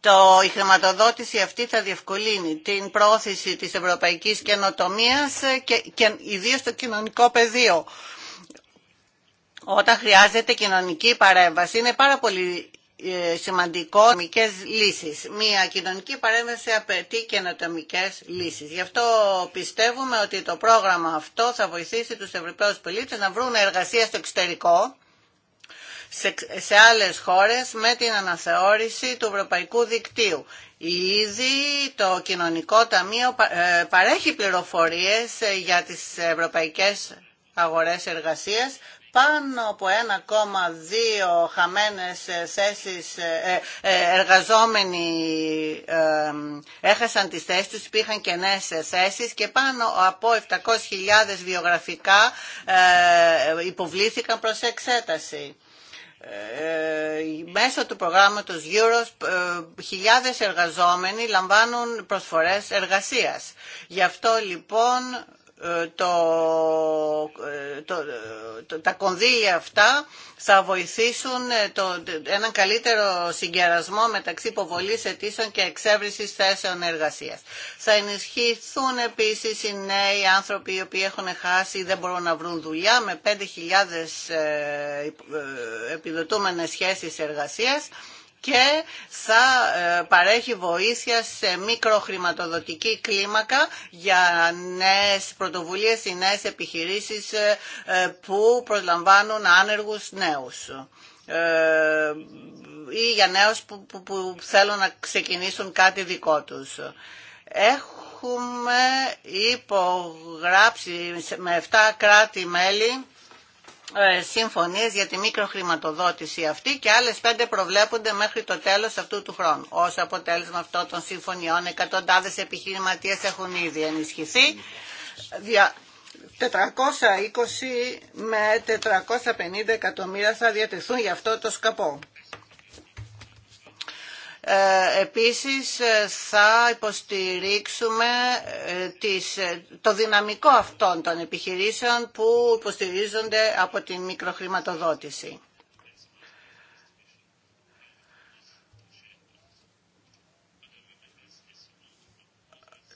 το, η χρηματοδότηση αυτή θα διευκολύνει την πρόθεση της ευρωπαϊκής καινοτομίας και, και ιδίως στο κοινωνικό πεδίο. Όταν χρειάζεται κοινωνική παρέμβαση είναι πάρα πολύ ε, σημαντικό καινοτομικές λύσεις. Μια κοινωνική παρέμβαση απαιτεί καινοτομικέ λύσεις. Γι' αυτό πιστεύουμε ότι το πρόγραμμα αυτό θα βοηθήσει τους Ευρωπαίους πολίτες να βρουν εργασία στο εξωτερικό σε, σε άλλες χώρες με την αναθεώρηση του Ευρωπαϊκού Δικτύου. Ήδη το Κοινωνικό Ταμείο ε, παρέχει πληροφορίες ε, για τις ευρωπαϊκές αγορές εργασίας πάνω από 1,2 χαμένες ε, θέσεις εργαζόμενοι έχασαν τις θέσεις τους, υπήρχαν και νέες θέσεις και πάνω από 700.000 βιογραφικά υποβλήθηκαν προς εξέταση. Ε, μέσω του προγράμματος Euros ε, χιλιάδες εργαζόμενοι λαμβάνουν προσφορές εργασίας. Γι' αυτό λοιπόν το, τα κονδύλια αυτά θα βοηθήσουν ε, έναν καλύτερο συγκερασμό μεταξύ υποβολής αιτήσεων και εξέβρισης θέσεων εργασίας. Θα ενισχυθούν επίσης οι νέοι άνθρωποι οι οποίοι έχουν χάσει ή δεν μπορούν να βρουν δουλειά με 5.000 ε, ε, επιδοτούμενες σχέσεις εργασίας και θα ε, παρέχει βοήθεια σε μικροχρηματοδοτική κλίμακα για νέες πρωτοβουλίες ή νέες επιχειρήσεις ε, ε, που προσλαμβάνουν άνεργους νέους ή για νέους που, που, θέλουν να ξεκινήσουν κάτι δικό τους. Έχουμε υπογράψει με 7 κράτη-μέλη ε, συμφωνίες για τη μικροχρηματοδότηση αυτή και άλλες πέντε προβλέπονται μέχρι το τέλος αυτού του χρόνου. Ως αποτέλεσμα αυτών των συμφωνιών εκατοντάδες επιχειρηματίες έχουν ήδη ενισχυθεί. 420 με 450 εκατομμύρια θα διατηθούν για αυτό το σκαπό. Ε, επίσης ε, θα υποστηρίξουμε ε, το δυναμικό αυτών των επιχειρήσεων που υποστηρίζονται από την μικροχρηματοδότηση.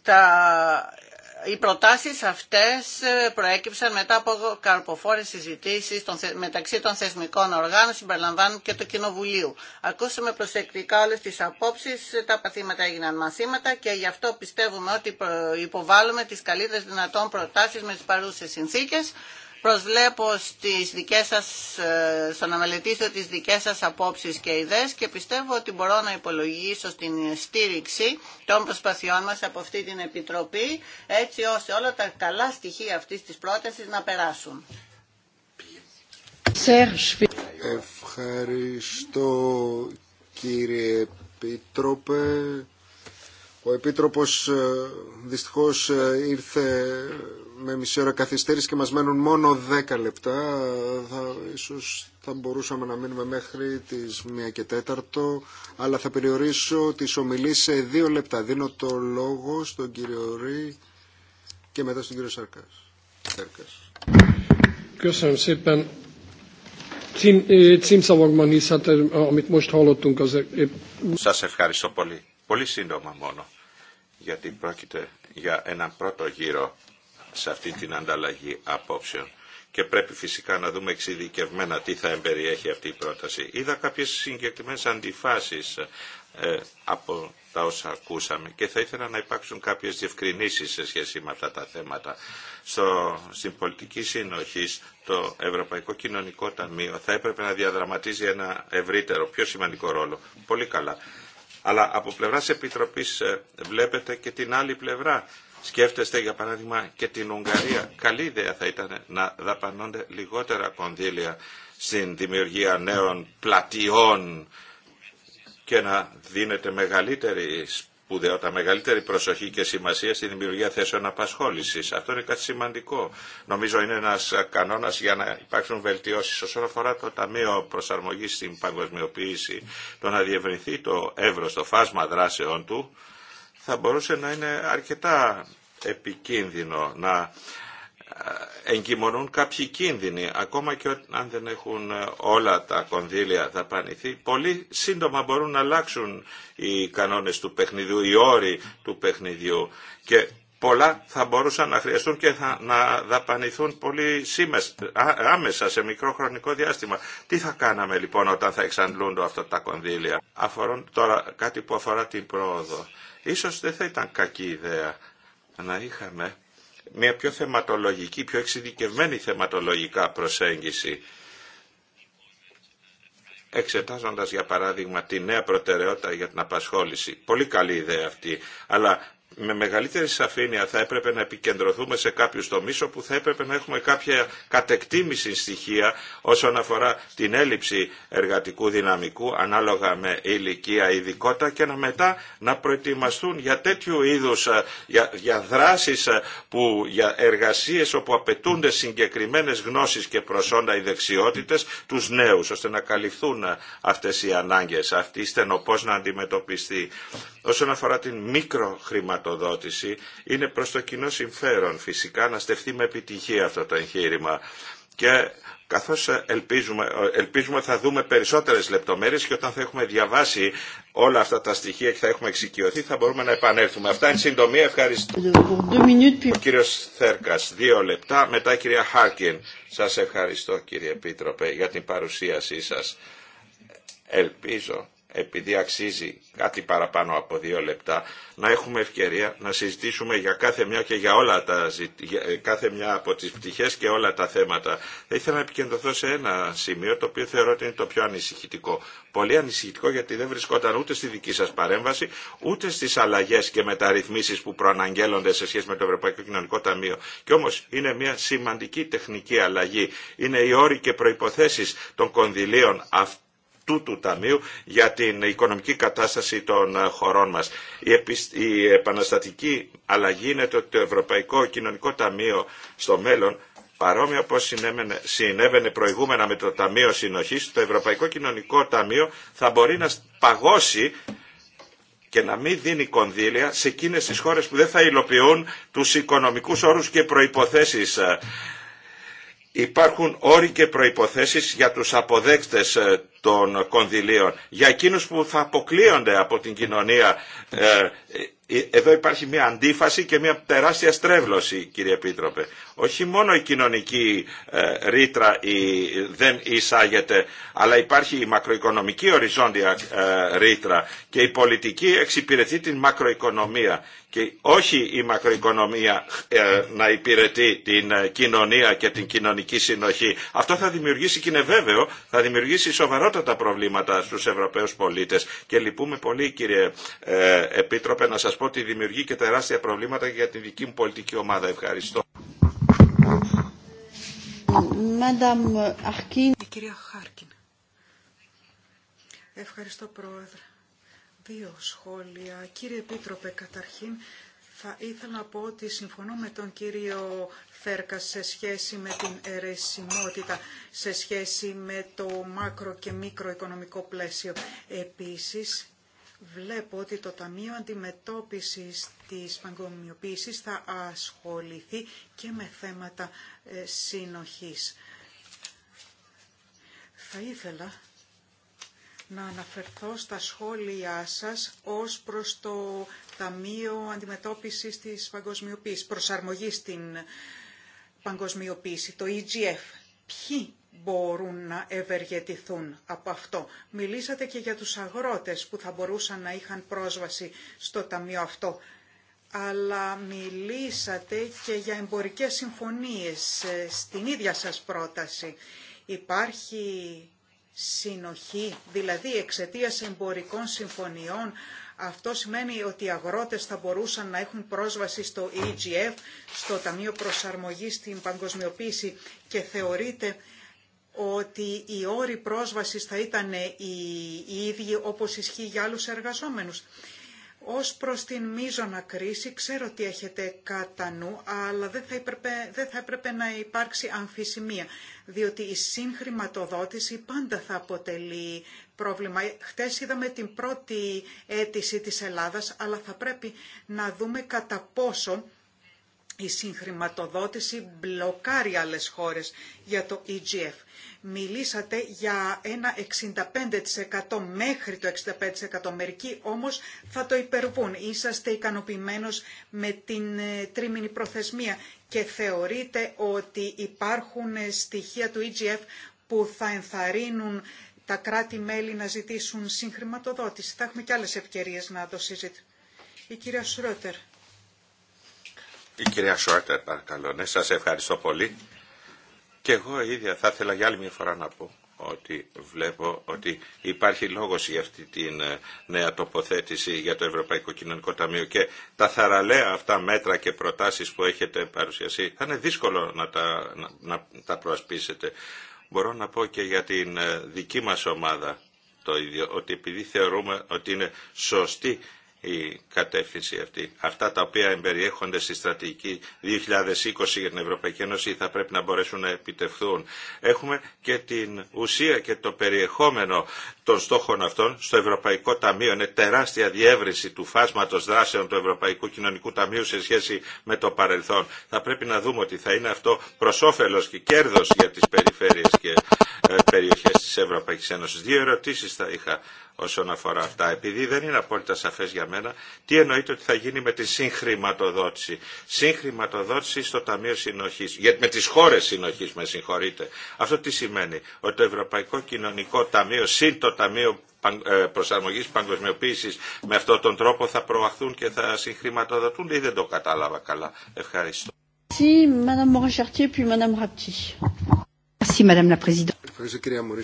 Τα οι προτάσεις αυτές ε, προέκυψαν μετά από καρποφόρες συζητήσεις μεταξύ των θεσμικών οργάνων, συμπεριλαμβάνουν και το Κοινοβουλίου. Ακούσαμε προσεκτικά όλες τις απόψεις, ε, τα παθήματα έγιναν μαθήματα και γι' αυτό πιστεύουμε ότι υποβάλλουμε τις καλύτερες δυνατόν προτάσεις με τις παρούσες συνθήκες Προσβλέπω στις δικές σας, ε, στο να μελετήσω τις δικές σας απόψεις και ιδέες και πιστεύω ότι μπορώ να υπολογίσω στην στήριξη των προσπαθειών μας από αυτή την Επιτροπή έτσι ώστε όλα τα καλά στοιχεία αυτής της πρότασης να περάσουν. Ευχαριστώ κύριε Επιτρόπε. Ο Επίτροπος ε, δυστυχώς ε, ήρθε με μισή ώρα καθυστέρηση και μας μένουν μόνο δέκα λεπτά. Θα, ίσως θα μπορούσαμε να μείνουμε μέχρι τις μία και τέταρτο, αλλά θα περιορίσω τις ομιλίες σε δύο λεπτά. Δίνω το λόγο στον κύριο Ρή και μετά στον κύριο Σαρκάς. Σαρκάς. Σας ευχαριστώ πολύ. Πολύ σύντομα μόνο, γιατί πρόκειται για ένα πρώτο γύρο σε αυτή την ανταλλαγή απόψεων και πρέπει φυσικά να δούμε εξειδικευμένα τι θα εμπεριέχει αυτή η πρόταση. Είδα κάποιες συγκεκριμένες αντιφάσεις ε, από τα όσα ακούσαμε και θα ήθελα να υπάρξουν κάποιες διευκρινήσεις σε σχέση με αυτά τα θέματα. Στο, στην πολιτική συνοχή το Ευρωπαϊκό Κοινωνικό Ταμείο θα έπρεπε να διαδραματίζει ένα ευρύτερο, πιο σημαντικό ρόλο. Πολύ καλά. Αλλά από πλευρά Επίτροπή ε, βλέπετε και την άλλη πλευρά. Σκέφτεστε για παράδειγμα και την Ουγγαρία. Καλή ιδέα θα ήταν να δαπανώνται λιγότερα κονδύλια στην δημιουργία νέων πλατιών και να δίνεται μεγαλύτερη που τα μεγαλύτερη προσοχή και σημασία στην δημιουργία θέσεων απασχόληση. Αυτό είναι κάτι σημαντικό. Νομίζω είναι ένα κανόνα για να υπάρξουν βελτιώσει όσον αφορά το Ταμείο Προσαρμογή στην Παγκοσμιοποίηση. Το να διευρυνθεί το εύρο, το φάσμα δράσεών του, θα μπορούσε να είναι αρκετά επικίνδυνο να εγκυμονούν κάποιοι κίνδυνοι, ακόμα και αν δεν έχουν ε, όλα τα κονδύλια δαπανηθεί, πολύ σύντομα μπορούν να αλλάξουν οι κανόνες του παιχνιδιού, οι όροι του παιχνιδιού και πολλά θα μπορούσαν να χρειαστούν και να δαπανηθούν πολύ σήμες, άμεσα σε μικρό χρονικό διάστημα. Τι θα κάναμε λοιπόν όταν θα εξαντλούν αυτά τα κονδύλια. Αφορούν τώρα κάτι που αφορά την πρόοδο. Ίσως δεν θα ήταν κακή ιδέα να είχαμε μια πιο θεματολογική, πιο εξειδικευμένη θεματολογικά προσέγγιση εξετάζοντας για παράδειγμα τη νέα προτεραιότητα για την απασχόληση. Πολύ καλή ιδέα αυτή, αλλά με μεγαλύτερη σαφήνεια θα έπρεπε να επικεντρωθούμε σε κάποιους τομείς όπου θα έπρεπε να έχουμε κάποια κατεκτήμηση στοιχεία όσον αφορά την έλλειψη εργατικού δυναμικού ανάλογα με ηλικία ειδικότητα και να μετά να προετοιμαστούν για τέτοιου είδους ε, για, για δράσεις ε, που, για εργασίες όπου απαιτούνται συγκεκριμένες γνώσεις και προσόντα οι δεξιότητες τους νέους ώστε να καλυφθούν ε, αυτές οι ανάγκες αυτή στενοπώς να αντιμετωπιστεί όσον αφορά την μικροχρηματική χρηματοδότηση, είναι προς το κοινό συμφέρον φυσικά να στεφθεί με επιτυχία αυτό το εγχείρημα. Και καθώς ελπίζουμε, ελπίζουμε θα δούμε περισσότερες λεπτομέρειες και όταν θα έχουμε διαβάσει όλα αυτά τα στοιχεία και θα έχουμε εξοικειωθεί θα μπορούμε να επανέλθουμε. Αυτά είναι συντομία ευχαριστώ. Ο κύριος Θέρκας, δύο λεπτά, μετά η κυρία Χάρκιν. Σας ευχαριστώ κύριε Επίτροπε για την παρουσίασή σας. Ελπίζω επειδή αξίζει κάτι παραπάνω από δύο λεπτά, να έχουμε ευκαιρία να συζητήσουμε για κάθε μια και για όλα τα ε, κάθε μια από τις πτυχές και όλα τα θέματα. Θα ήθελα να επικεντρωθώ σε ένα σημείο το οποίο θεωρώ ότι είναι το πιο ανησυχητικό. Πολύ ανησυχητικό γιατί δεν βρισκόταν ούτε στη δική σας παρέμβαση, ούτε στις αλλαγές και μεταρρυθμίσεις που προαναγγέλλονται σε σχέση με το Ευρωπαϊκό Κοινωνικό Ταμείο. Και όμως είναι μια σημαντική τεχνική αλλαγή. Είναι οι όροι και προϋποθέσεις των κονδυλίων αυτού του Ταμείου για την οικονομική κατάσταση των ε, χωρών μας. Η επαναστατική αλλαγή είναι ότι το Ευρωπαϊκό Κοινωνικό Ταμείο στο μέλλον Παρόμοια όπως συνέβαινε προηγούμενα με το Ταμείο Συνοχής, το Ευρωπαϊκό Κοινωνικό Ταμείο θα μπορεί να παγώσει και να μην δίνει κονδύλια σε εκείνες τις χώρες που δεν θα υλοποιούν τους οικονομικούς όρους και προϋποθέσεις ε, υπάρχουν όροι και προϋποθέσεις για τους αποδέκτες ε, των κονδυλίων, για εκείνους που θα αποκλείονται από την κοινωνία. Ε, ε, εδώ υπάρχει μια αντίφαση και μια τεράστια στρέβλωση, κύριε Επίτροπε όχι μόνο η κοινωνική ε, ρήτρα δεν εισάγεται, αλλά υπάρχει η μακροοικονομική οριζόντια ε, ρήτρα και η πολιτική εξυπηρετεί την μακροοικονομία και όχι η μακροοικονομία ε, να υπηρετεί την κοινωνία και την κοινωνική συνοχή. Αυτό θα δημιουργήσει και είναι βέβαιο, θα δημιουργήσει σοβαρότατα προβλήματα στους Ευρωπαίους πολίτες. Και λυπούμε πολύ κύριε Επίτροπε να σας πω ότι δημιουργεί και τεράστια προβλήματα για την δική μου πολιτική ομάδα. Ευχαριστώ. Η κυρία Χάρκιν. Ευχαριστώ Πρόεδρε. Δύο σχόλια. Κύριε Επίτροπε, καταρχήν θα ήθελα να πω ότι συμφωνώ με τον κύριο Φέρκα σε σχέση με την αιρεσιμότητα, σε σχέση με το μάκρο και μικροοικονομικό πλαίσιο. Επίσης, βλέπω ότι το Ταμείο Αντιμετώπισης της παγκομιοποίησης θα ασχοληθεί και με θέματα ε, συνοχής. Θα ήθελα να αναφερθώ στα σχόλιά σας ως προς το Ταμείο Αντιμετώπισης της Παγκοσμιοποίησης, προσαρμογή στην παγκοσμιοποίηση, το EGF. Ποιοι μπορούν να ευεργετηθούν από αυτό. Μιλήσατε και για τους αγρότες που θα μπορούσαν να είχαν πρόσβαση στο Ταμείο αυτό αλλά μιλήσατε και για εμπορικές συμφωνίες ε, στην ίδια σας πρόταση. Υπάρχει συνοχή, δηλαδή εξαιτία εμπορικών συμφωνιών, αυτό σημαίνει ότι οι αγρότες θα μπορούσαν να έχουν πρόσβαση στο EGF, στο Ταμείο Προσαρμογής στην Παγκοσμιοποίηση και θεωρείται ότι οι όροι πρόσβασης θα ήταν οι ίδιοι όπως ισχύει για άλλους εργαζόμενους. Ως προς την μείζωνα κρίση, ξέρω τι έχετε κατά νου, αλλά δεν θα, έπρεπε, δεν θα έπρεπε να υπάρξει αμφισημία, διότι η συγχρηματοδότηση πάντα θα αποτελεί πρόβλημα. Χτες είδαμε την πρώτη αίτηση της Ελλάδας, αλλά θα πρέπει να δούμε κατά πόσο η συγχρηματοδότηση μπλοκάρει άλλες χώρες για το EGF. Μιλήσατε για ένα 65% μέχρι το 65%. Μερικοί όμως θα το υπερβούν. Είσαστε ικανοποιημένος με την ε, τρίμηνη προθεσμία και θεωρείτε ότι υπάρχουν ε, στοιχεία του EGF που θα ενθαρρύνουν τα κράτη-μέλη να ζητήσουν συγχρηματοδότηση. Θα έχουμε και άλλες ευκαιρίες να το συζητήσουμε. Η κυρία Σρότερ. Η κυρία Σόρτερ παρακαλώ. Ναι, σας ευχαριστώ πολύ. Και εγώ ίδια θα ήθελα για άλλη μια φορά να πω ότι βλέπω ότι υπάρχει λόγος για αυτή την ε, νέα τοποθέτηση για το Ευρωπαϊκό Κοινωνικό Ταμείο και τα θαραλέα αυτά μέτρα και προτάσεις που έχετε παρουσιαστεί θα είναι δύσκολο να τα, να, να τα προασπίσετε. Μπορώ να πω και για την ε, δική μας ομάδα το ίδιο, ότι επειδή θεωρούμε ότι είναι σωστή η κατεύθυνση αυτή. Αυτά τα οποία εμπεριέχονται στη στρατηγική 2020 για την Ευρωπαϊκή Ένωση θα πρέπει να μπορέσουν να επιτευχθούν. Έχουμε και την ουσία και το περιεχόμενο των στόχων αυτών στο Ευρωπαϊκό Ταμείο. Είναι τεράστια διεύρυνση του φάσματος δράσεων του Ευρωπαϊκού Κοινωνικού Ταμείου σε σχέση με το παρελθόν. Θα πρέπει να δούμε ότι θα είναι αυτό προ όφελο και κέρδο για τι περιφέρειες και ε, περιοχές της Ευρωπαϊκής Ένωσης. Δύο ερωτήσει θα είχα όσον αφορά αυτά. Επειδή δεν είναι απόλυτα σαφέ για τι εννοείται ότι θα γίνει με τη συγχρηματοδότηση. Συγχρηματοδότηση στο Ταμείο Συνοχής, με τι χώρε συνοχή με συγχωρείτε. Αυτό τι σημαίνει, ότι το Ευρωπαϊκό Κοινωνικό Ταμείο συν το Ταμείο ε, προσαρμογής παγκοσμιοποίησης με αυτόν τον τρόπο θα προαχθούν και θα συγχρηματοδοτούν ή δεν το κατάλαβα καλά. Ευχαριστώ. Ευχαριστώ κυρία Μωρή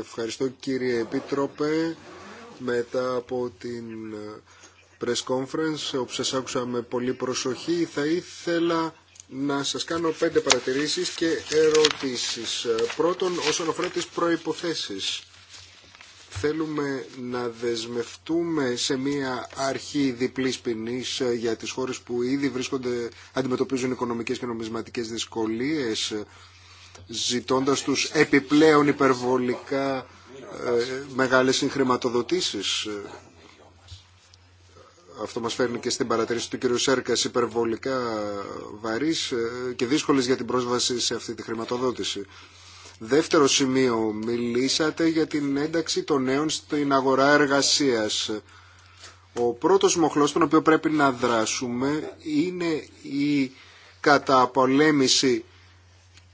Ευχαριστώ κύριε Επίτροπε μετά από την ε, press conference όπου σας άκουσα με πολύ προσοχή. Θα ήθελα να σας κάνω πέντε παρατηρήσεις και ερωτήσεις. Ε, πρώτον, όσον αφορά τις προϋποθέσεις. Θέλουμε να δεσμευτούμε σε μία αρχή διπλής ποινής ε, για τις χώρες που ήδη βρίσκονται, αντιμετωπίζουν οικονομικές και νομισματικές δυσκολίες, ζητώντας τους επιπλέον υπερβολικά ε, μεγάλες συγχρηματοδοτήσεις. Ε, αυτό μας φέρνει και στην παρατηρήση του κ. Σέρκας υπερβολικά βαρύς ε, και δύσκολες για την πρόσβαση σε αυτή τη χρηματοδότηση. Δεύτερο σημείο, μιλήσατε για την ένταξη των νέων στην αγορά εργασίας. Ο πρώτος μοχλός τον οποίο πρέπει να δράσουμε είναι η καταπολέμηση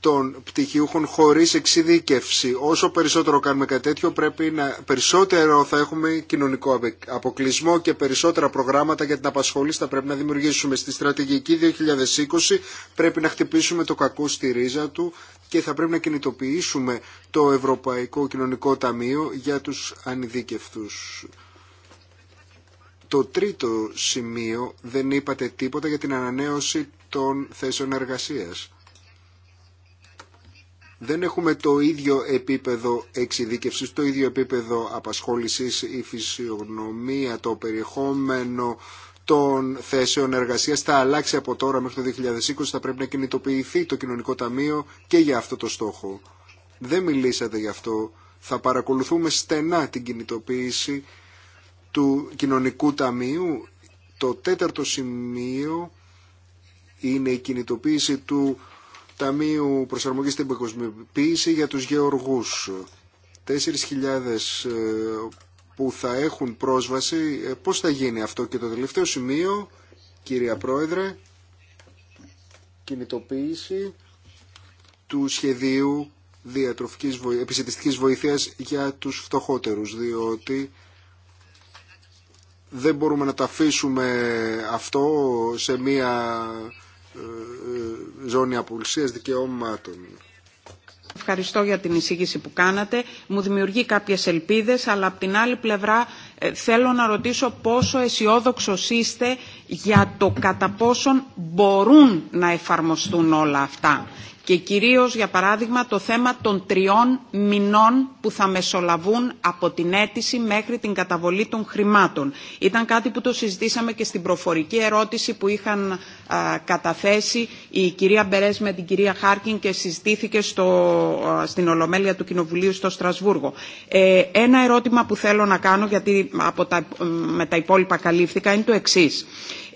των πτυχιούχων χωρίς εξειδίκευση. Όσο περισσότερο κάνουμε κάτι τέτοιο πρέπει να περισσότερο θα έχουμε κοινωνικό αποκλεισμό και περισσότερα προγράμματα για την απασχόληση θα πρέπει να δημιουργήσουμε. Στη στρατηγική 2020 πρέπει να χτυπήσουμε το κακό στη ρίζα του και θα πρέπει να κινητοποιήσουμε το Ευρωπαϊκό Κοινωνικό Ταμείο για τους ανειδίκευτους. Το τρίτο σημείο δεν είπατε τίποτα για την ανανέωση των θέσεων εργασίας δεν έχουμε το ίδιο επίπεδο εξειδίκευσης, το ίδιο επίπεδο απασχόλησης, η φυσιογνωμία, το περιεχόμενο των θέσεων εργασίας θα αλλάξει από τώρα μέχρι το 2020, θα πρέπει να κινητοποιηθεί το κοινωνικό ταμείο και για αυτό το στόχο. Δεν μιλήσατε γι' αυτό. Θα παρακολουθούμε στενά την κινητοποίηση του κοινωνικού ταμείου. Το τέταρτο σημείο είναι η κινητοποίηση του Ταμείου Προσαρμογής στην Παγκοσμιοποίηση για τους γεωργούς. 4.000 ε, που θα έχουν πρόσβαση. Ε, πώς θα γίνει αυτό και το τελευταίο σημείο, κυρία Πρόεδρε, κινητοποίηση του σχεδίου διατροφικής επισητιστικής βοήθειας για τους φτωχότερους, διότι δεν μπορούμε να τα αφήσουμε αυτό σε μία ε, ε, ζώνη απολυσίας δικαιωμάτων. Ευχαριστώ για την εισήγηση που κάνατε. Μου δημιουργεί κάποιες ελπίδες, αλλά από την άλλη πλευρά ε, θέλω να ρωτήσω πόσο αισιόδοξο είστε για το κατά πόσον μπορούν να εφαρμοστούν όλα αυτά. Και κυρίως, για παράδειγμα, το θέμα των τριών μηνών που θα μεσολαβούν από την αίτηση μέχρι την καταβολή των χρημάτων. Ήταν κάτι που το συζητήσαμε και στην προφορική ερώτηση που είχαν α, καταθέσει η κυρία Μπερές με την κυρία Χάρκιν και συζητήθηκε στο, στην Ολομέλεια του Κοινοβουλίου στο Στρασβούργο. Ε, ένα ερώτημα που θέλω να κάνω, γιατί από τα, με τα υπόλοιπα καλύφθηκα, είναι το εξής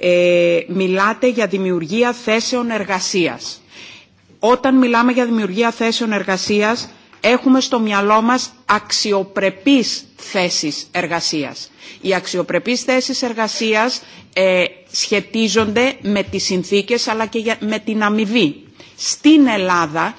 ε, μιλάτε για δημιουργία θέσεων εργασίας. Όταν μιλάμε για δημιουργία θέσεων εργασίας, έχουμε στο μυαλό μας αξιοπρεπείς θέσεις εργασίας. Οι αξιοπρεπείς θέσεις εργασίας ε, σχετίζονται με τις συνθήκες αλλά και με την αμοιβή. Στην Ελλάδα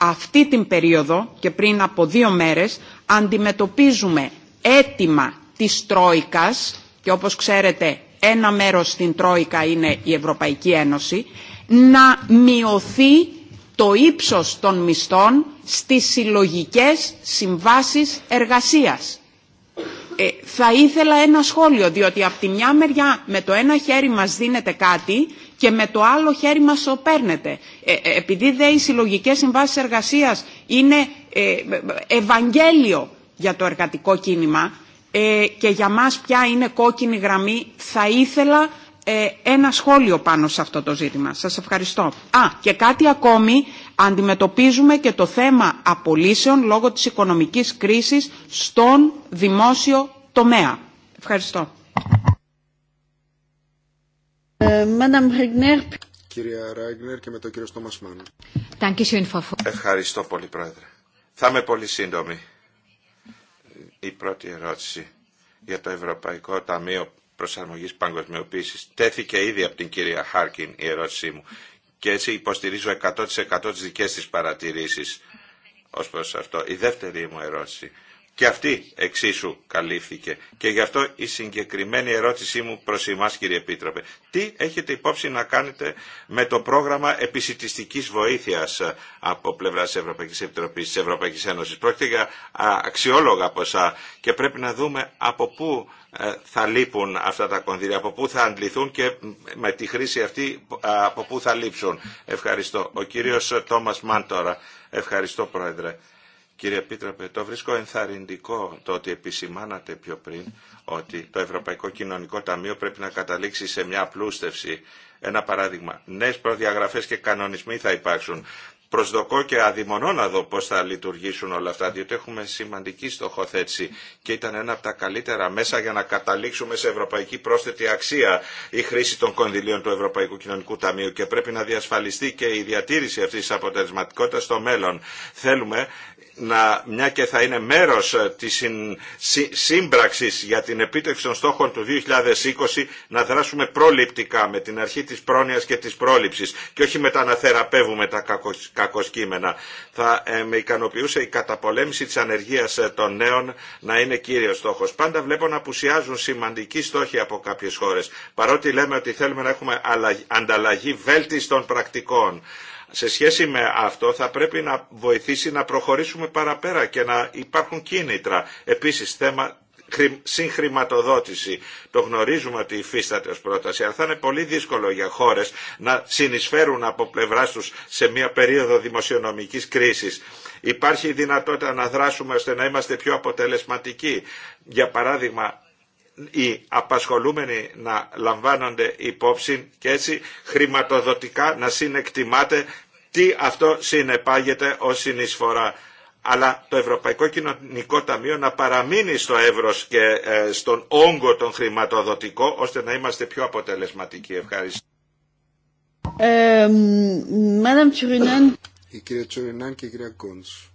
αυτή την περίοδο και πριν από δύο μέρες αντιμετωπίζουμε αίτημα της Τρόικας και όπως ξέρετε ένα μέρος στην Τρόικα είναι η Ευρωπαϊκή Ένωση, να μειωθεί το ύψος των μισθών στις συλλογικές συμβάσεις εργασίας. Ε, θα ήθελα ένα σχόλιο, διότι από τη μια μεριά με το ένα χέρι μας δίνεται κάτι και με το άλλο χέρι μας το παίρνετε. Ε, επειδή δε οι συλλογικές συμβάσεις εργασίας είναι ε, ε ευαγγέλιο για το εργατικό κίνημα, ε, και για μας ποια είναι κόκκινη γραμμή. Θα ήθελα ε, ένα σχόλιο πάνω σε αυτό το ζήτημα. Σας ευχαριστώ. Α, και κάτι ακόμη. Αντιμετωπίζουμε και το θέμα απολύσεων λόγω της οικονομικής κρίσης στον δημόσιο τομέα. Ευχαριστώ. Ε, Κυρία και με τον κύριο Ευχαριστώ πολύ, Πρόεδρε. Θα είμαι πολύ σύντομη. Η πρώτη ερώτηση για το Ευρωπαϊκό Ταμείο Προσαρμογής Παγκοσμιοποίησης τέθηκε ήδη από την κυρία Χάρκιν η ερώτησή μου και έτσι υποστηρίζω 100% τις δικές της παρατηρήσεις ως προς αυτό. Η δεύτερη μου ερώτηση και αυτή εξίσου καλύφθηκε. Και γι' αυτό η συγκεκριμένη ερώτησή μου προς εμάς κύριε Επίτροπε. Τι έχετε υπόψη να κάνετε με το πρόγραμμα επισητιστικής βοήθειας ε, από πλευράς της Ευρωπαϊκής Επιτροπής της Ευρωπαϊκής Ένωσης. Πρόκειται για αξιόλογα ποσά και πρέπει να δούμε από πού ε, θα λείπουν αυτά τα κονδύλια, από πού θα αντληθούν και με τη χρήση αυτή ε, από πού θα λείψουν. Ευχαριστώ. Ο κύριος Τόμας Μάντορα. Ευχαριστώ πρόεδρε. Κύριε Επίτροπε, το βρίσκω ενθαρρυντικό το ότι επισημάνατε πιο πριν ότι το Ευρωπαϊκό Κοινωνικό Ταμείο πρέπει να καταλήξει σε μια απλούστευση. Ένα παράδειγμα, νέες προδιαγραφές και κανονισμοί θα υπάρξουν. Προσδοκώ και αδειμονώ να δω πώς θα λειτουργήσουν όλα αυτά, διότι έχουμε σημαντική στοχοθέτηση και ήταν ένα από τα καλύτερα μέσα για να καταλήξουμε σε ευρωπαϊκή πρόσθετη αξία η χρήση των κονδυλίων του Ευρωπαϊκού Κοινωνικού Ταμείου και πρέπει να διασφαλιστεί και η διατήρηση αυτής τη αποτελεσματικότητα στο μέλλον. Θέλουμε να, μια και θα είναι μέρος ε, της σύμπραξης για την επίτευξη των στόχων του 2020 να δράσουμε προληπτικά με την αρχή της πρόνοιας και της πρόληψης και όχι μετά να θεραπεύουμε τα κακοσκήμενα. Θα ε, με ικανοποιούσε η καταπολέμηση της ανεργίας ε, των νέων να είναι κύριος στόχος. Πάντα βλέπω να απουσιάζουν σημαντικοί στόχοι από κάποιες χώρες παρότι λέμε ότι θέλουμε να έχουμε ανταλλαγή βέλτιστων πρακτικών σε σχέση με αυτό θα πρέπει να βοηθήσει να προχωρήσουμε παραπέρα και να υπάρχουν κίνητρα. Επίσης θέμα συγχρηματοδότηση. Το γνωρίζουμε ότι υφίσταται ως πρόταση, αλλά θα είναι πολύ δύσκολο για χώρες να συνεισφέρουν από πλευράς τους σε μια περίοδο δημοσιονομικής κρίσης. Υπάρχει δυνατότητα να δράσουμε ώστε να είμαστε πιο αποτελεσματικοί. Για παράδειγμα, οι απασχολούμενοι να λαμβάνονται υπόψη και έτσι χρηματοδοτικά να συνεκτιμάται τι αυτό συνεπάγεται ως συνεισφορά. Αλλά το Ευρωπαϊκό Κοινωνικό Ταμείο να παραμείνει στο εύρος και ε, στον όγκο τον χρηματοδοτικό ώστε να είμαστε πιο αποτελεσματικοί. Ευχαριστώ. Ε, η κυρία Τσουρινάν και η κυρία Κόντς.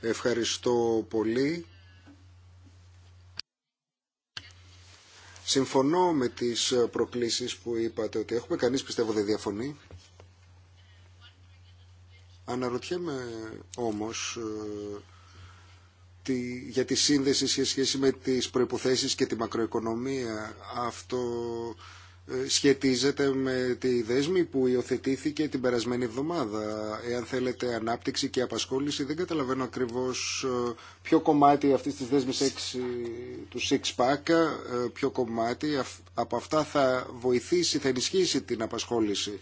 Ευχαριστώ πολύ. Συμφωνώ με τις ε, προκλήσεις που είπατε ότι έχουμε. Κανείς πιστεύω δεν διαφωνεί. Αναρωτιέμαι όμως ε, για τη σύνδεση σε σχέση με τις προϋποθέσεις και τη μακροοικονομία. Αυτό ε, σχετίζεται με τη δέσμη που υιοθετήθηκε την περασμένη εβδομάδα. Εάν θέλετε ανάπτυξη και απασχόληση, δεν καταλαβαίνω ακριβώς ε, ποιο κομμάτι αυτής της δέσμης του six pack, ε, ποιο κομμάτι από αυτά θα βοηθήσει, θα ενισχύσει την απασχόληση.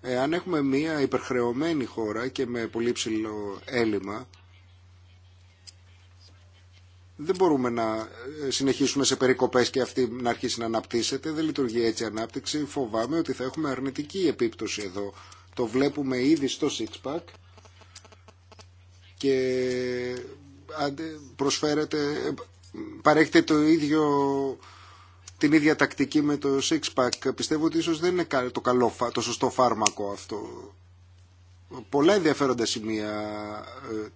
Εάν έχουμε μια υπερχρεωμένη χώρα και με πολύ ψηλό έλλειμμα, δεν μπορούμε να ε, συνεχίσουμε σε περικοπές και αυτή να αρχίσει να αναπτύσσεται. Δεν λειτουργεί έτσι η ανάπτυξη. Φοβάμαι ότι θα έχουμε αρνητική επίπτωση εδώ. Το βλέπουμε ήδη στο six-pack και ε, προσφέρεται, ε, παρέχεται το ίδιο, την ίδια τακτική με το six Πιστεύω ότι ίσως δεν είναι το, καλό, το σωστό φάρμακο αυτό. Πολλά ενδιαφέροντα σημεία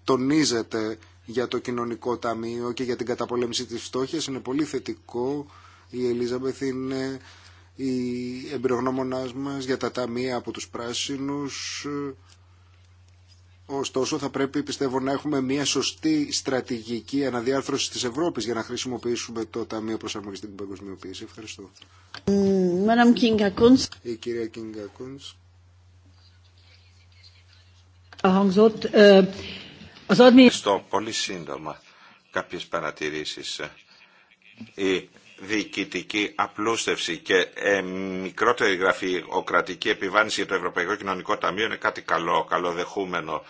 τονίζεται για το κοινωνικό ταμείο και για την καταπολέμηση της φτώχειας είναι πολύ θετικό. Η Ελίζαμπεθ είναι η εμπειρογνώμονάς μας για τα ταμεία από τους πράσινους. Ωστόσο θα πρέπει πιστεύω να έχουμε μια σωστή στρατηγική αναδιάρθρωση της Ευρώπης για να χρησιμοποιήσουμε το Ταμείο Προσαρμογής στην Παγκοσμιοποίηση. Ευχαριστώ. Η κυρία Κίνγκα στο πολύ σύντομα κάποιες παρατηρήσεις. Η διοικητική απλούστευση και ε, μικρότερη γραφειοκρατική επιβάνηση για το Ευρωπαϊκό Κοινωνικό Ταμείο είναι κάτι καλό, καλοδεχούμενο.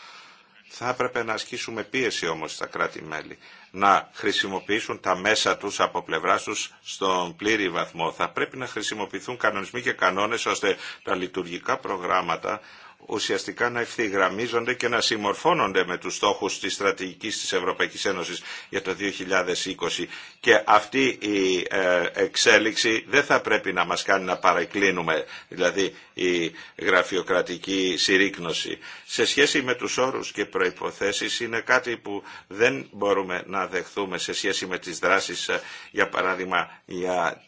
Θα έπρεπε να ασκήσουμε πίεση όμως στα κράτη-μέλη, να χρησιμοποιήσουν τα μέσα τους από πλευρά τους στον πλήρη βαθμό. Θα πρέπει να χρησιμοποιηθούν κανονισμοί και κανόνες ώστε τα λειτουργικά προγράμματα ουσιαστικά να ευθυγραμμίζονται και να συμμορφώνονται με τους στόχους της στρατηγικής της Ευρωπαϊκής Ένωσης για το 2020. Και αυτή η ε, εξέλιξη δεν θα πρέπει να μας κάνει να παρακλίνουμε δηλαδή η γραφειοκρατική συρρήκνωση. Σε σχέση με τους όρους και προϋποθέσεις είναι κάτι που δεν μπορούμε να δεχθούμε σε σχέση με τις δράσεις, ε, για παράδειγμα, για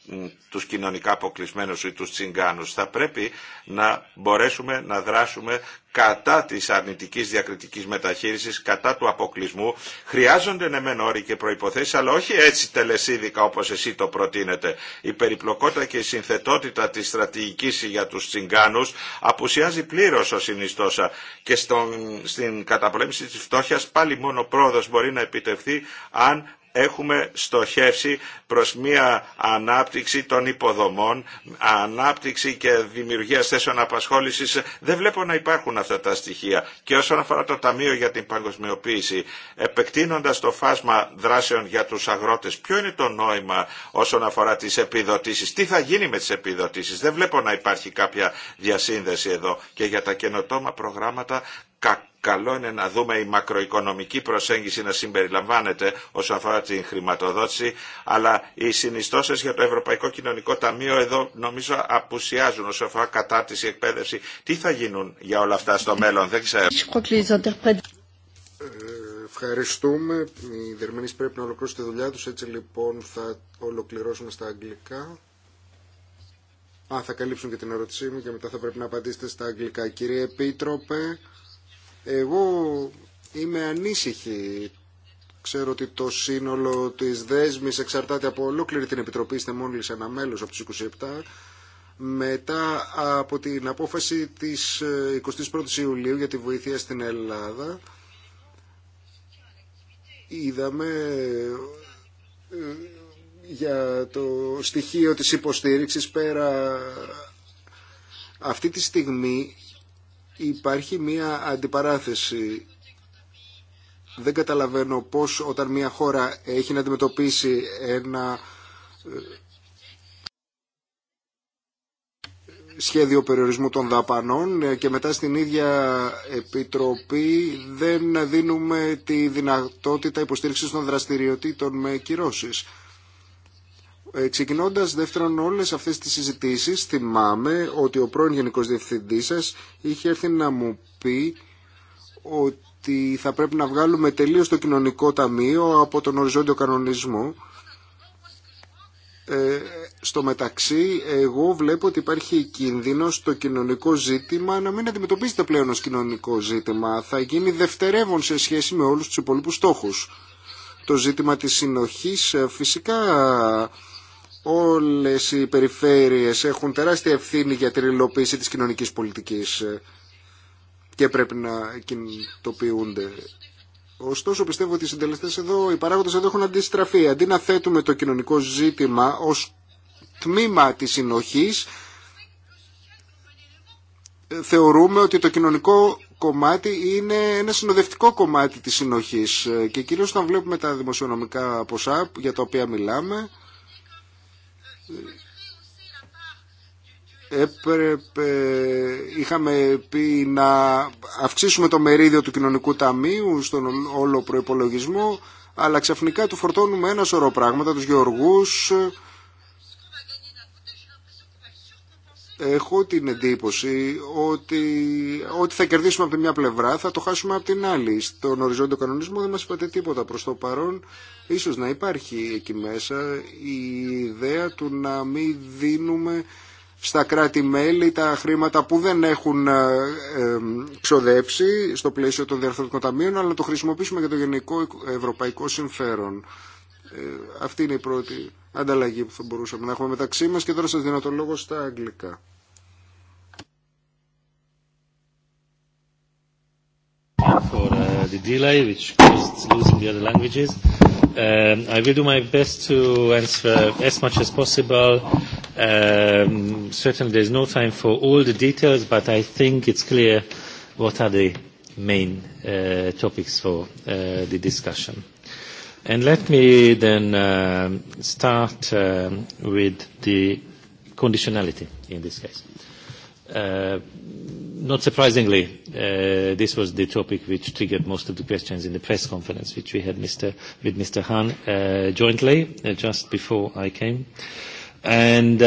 τους κοινωνικά αποκλεισμένους ή τους τσιγκάνους. Θα πρέπει να μπορέσουμε να δράσουμε κατά της αρνητικής διακριτικής μεταχείρισης, κατά του αποκλεισμού. Χρειάζονται ναι μεν όροι και προϋποθέσεις, αλλά όχι έτσι τελεσίδικα όπως εσύ το προτείνετε. Η περιπλοκότητα και η συνθετότητα της στρατηγικής για τους τσιγκάνου, απουσιάζει πλήρως ο συνιστόσα και στον, στην καταπολέμηση της φτώχειας πάλι μόνο πρόοδο μπορεί να επιτευχθεί αν έχουμε στοχεύσει προς μια ανάπτυξη των υποδομών, ανάπτυξη και δημιουργία θέσεων απασχόλησης. Δεν βλέπω να υπάρχουν αυτά τα στοιχεία. Και όσον αφορά το Ταμείο για την Παγκοσμιοποίηση, επεκτείνοντας το φάσμα δράσεων για τους αγρότες, ποιο είναι το νόημα όσον αφορά τις επιδοτήσεις, τι θα γίνει με τις επιδοτήσεις. Δεν βλέπω να υπάρχει κάποια διασύνδεση εδώ και για τα καινοτόμα προγράμματα καλό είναι να δούμε η μακροοικονομική προσέγγιση να συμπεριλαμβάνεται όσον αφορά την χρηματοδότηση, αλλά οι συνιστώσεις για το Ευρωπαϊκό Κοινωνικό Ταμείο εδώ νομίζω απουσιάζουν όσον αφορά κατάρτιση, εκπαίδευση. Τι θα γίνουν για όλα αυτά στο μέλλον, δεν ξέρω. Ευχαριστούμε. Οι δερμηνείς πρέπει να ολοκληρώσουν τη δουλειά τους, έτσι λοιπόν θα ολοκληρώσουμε στα αγγλικά. Α, θα καλύψουν και την ερώτησή μου και μετά θα πρέπει να απαντήσετε στα αγγλικά. Κύριε Επίτροπε, εγώ είμαι ανήσυχη. Ξέρω ότι το σύνολο της δέσμης εξαρτάται από ολόκληρη την Επιτροπή. Είστε μόλι ένα μέλος από τους 27 μετά από την απόφαση της 21ης ε, Ιουλίου για τη βοήθεια στην Ελλάδα είδαμε ε, για το στοιχείο της υποστήριξης πέρα αυτή τη στιγμή υπάρχει μία αντιπαράθεση. Δεν καταλαβαίνω πώς όταν μία χώρα έχει να αντιμετωπίσει ένα ε, σχέδιο περιορισμού των δαπανών ε, και μετά στην ίδια επιτροπή δεν δίνουμε τη δυνατότητα υποστήριξης των δραστηριοτήτων με κυρώσεις. Ε, Ξεκινώντα δεύτερον όλε αυτέ τι συζητήσει, θυμάμαι ότι ο πρώην Γενικό Διευθυντή σα είχε έρθει να μου πει ότι θα πρέπει να βγάλουμε τελείω το κοινωνικό ταμείο από τον οριζόντιο κανονισμό. Ε, στο μεταξύ, εγώ βλέπω ότι υπάρχει κίνδυνο στο κοινωνικό ζήτημα να μην αντιμετωπίζεται πλέον ως κοινωνικό ζήτημα. Θα γίνει δευτερεύον σε σχέση με όλους τους υπόλοιπου στόχους. Το ζήτημα της συνοχής ε, φυσικά όλες οι περιφέρειες έχουν τεράστια ευθύνη για την υλοποίηση της κοινωνικής πολιτικής και πρέπει να κινητοποιούνται. Ωστόσο πιστεύω ότι οι συντελεστές εδώ, οι παράγοντες εδώ έχουν αντιστραφεί. Αντί να θέτουμε το κοινωνικό ζήτημα ως τμήμα της συνοχής, θεωρούμε ότι το κοινωνικό κομμάτι είναι ένα συνοδευτικό κομμάτι της συνοχής και κυρίως όταν βλέπουμε τα δημοσιονομικά ποσά για τα οποία μιλάμε έπρεπε, είχαμε πει να αυξήσουμε το μερίδιο του κοινωνικού ταμείου στον όλο προϋπολογισμό αλλά ξαφνικά του φορτώνουμε ένα σωρό πράγματα, τους γεωργούς, έχω την εντύπωση ότι ό,τι θα κερδίσουμε από τη μια πλευρά θα το χάσουμε από την άλλη. Στον οριζόντιο κανονισμό δεν μας είπατε τίποτα. Προς το παρόν ίσως να υπάρχει εκεί μέσα η ιδέα του να μην δίνουμε στα κράτη-μέλη τα χρήματα που δεν έχουν ε, ξοδέψει στο πλαίσιο των διαρθρωτικών ταμείων αλλά να το χρησιμοποιήσουμε για το γενικό ευρωπαϊκό συμφέρον. Ε, αυτή είναι η πρώτη ανταλλαγή που θα μπορούσαμε να έχουμε μεταξύ μας και τώρα σας δίνω το λόγο στα αγγλικά. For the delay which caused losing the other languages, um, I will do my best to answer as much as possible. Um, certainly there's no time for all the details, but I think it's clear what are the main uh, topics for uh, the discussion. And let me then start with the conditionality in this case. Not surprisingly, this was the topic which triggered most of the questions in the press conference which we had with Mr. Hahn jointly just before I came. And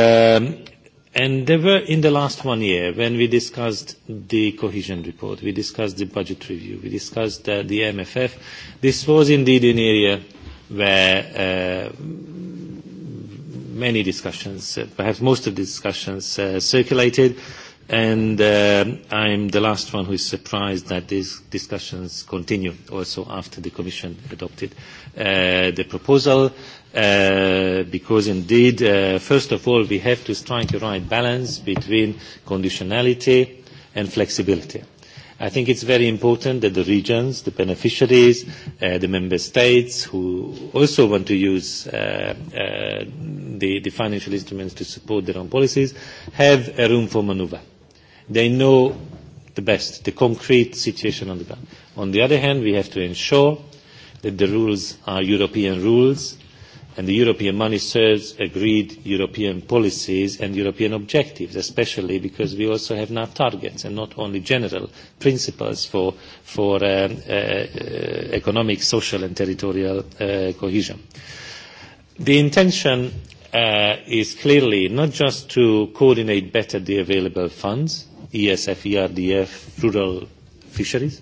And there were, in the last one year, when we discussed the cohesion report, we discussed the budget review, we discussed the MFF, this was indeed an area where many discussions, perhaps most of the discussions, circulated, and I am the last one who is surprised that these discussions continue also after the Commission adopted the proposal because indeed, first of all, we have to strike the right balance between conditionality and flexibility. I think it is very important that the regions, the beneficiaries, the member states who also want to use the financial instruments to support their own policies have a room for manoeuvre. They know the best, the concrete situation on the ground. On the other hand, we have to ensure that the rules are European rules and the European money serves agreed European policies and European objectives, especially because we also have now targets and not only general principles for economic, social and territorial cohesion. The intention is clearly not just to coordinate better the available funds, ESF, ERDF, rural fisheries,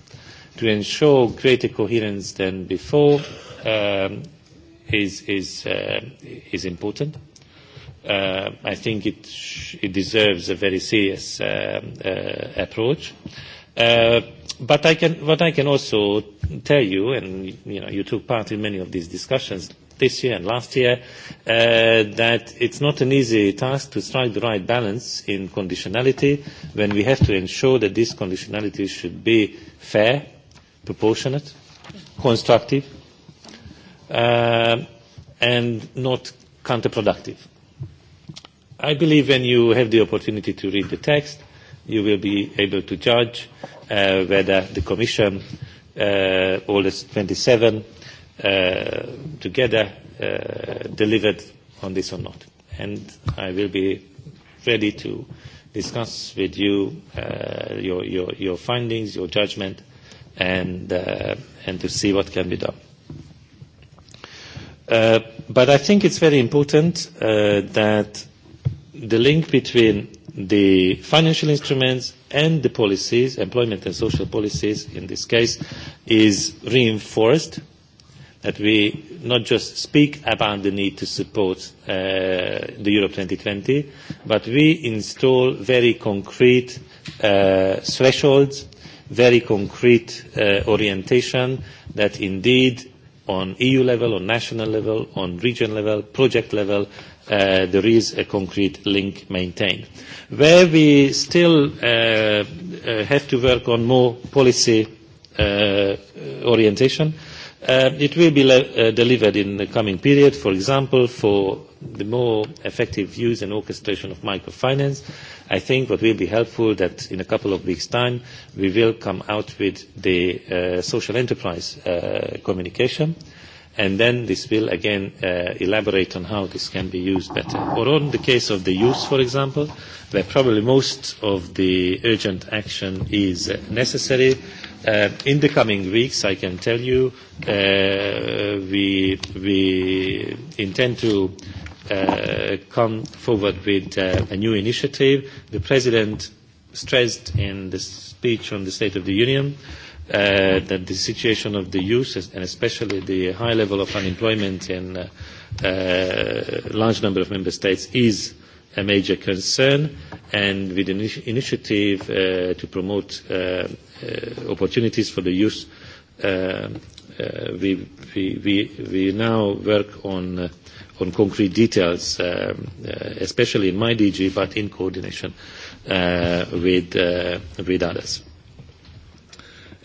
to ensure greater coherence than before is important. I think it it deserves a very serious approach. But I can what I can also tell you, and you you took part in many of these discussions this year and last year, that it's not an easy task to strike the right balance in conditionality when we have to ensure that this conditionality should be fair proportionate, constructive, and not counterproductive. I believe when you have the opportunity to read the text, you will be able to judge whether the Commission, all the 27 together, delivered on this or not. And I will be ready to discuss with you your findings, your judgment and and to see what can be done. But I think it's very important that the link between the financial instruments and the policies, employment and social policies in this case, is reinforced, that we not just speak about the need to support the Europe 2020, but we install very concrete thresholds very concrete orientation that indeed on EU level, on national level, on region level, project level, there is a concrete link maintained. Where we still have to work on more policy orientation It will be delivered in the coming period, for example, for the more effective use and orchestration of microfinance. I think what will be helpful that in a couple of weeks' time we will come out with the social enterprise communication and then this will again elaborate on how this can be used better. Or on the case of the youth, for example, where probably most of the urgent action is necessary In the coming weeks, I can tell you, we we intend to come forward with a new initiative. The President stressed in the speech on the State of the Union that the situation of the youth and especially the high level of unemployment in a large number of member states is a major concern and with an initiative to promote opportunities for the youth we we now work on on concrete details especially in my DG but in coordination with with others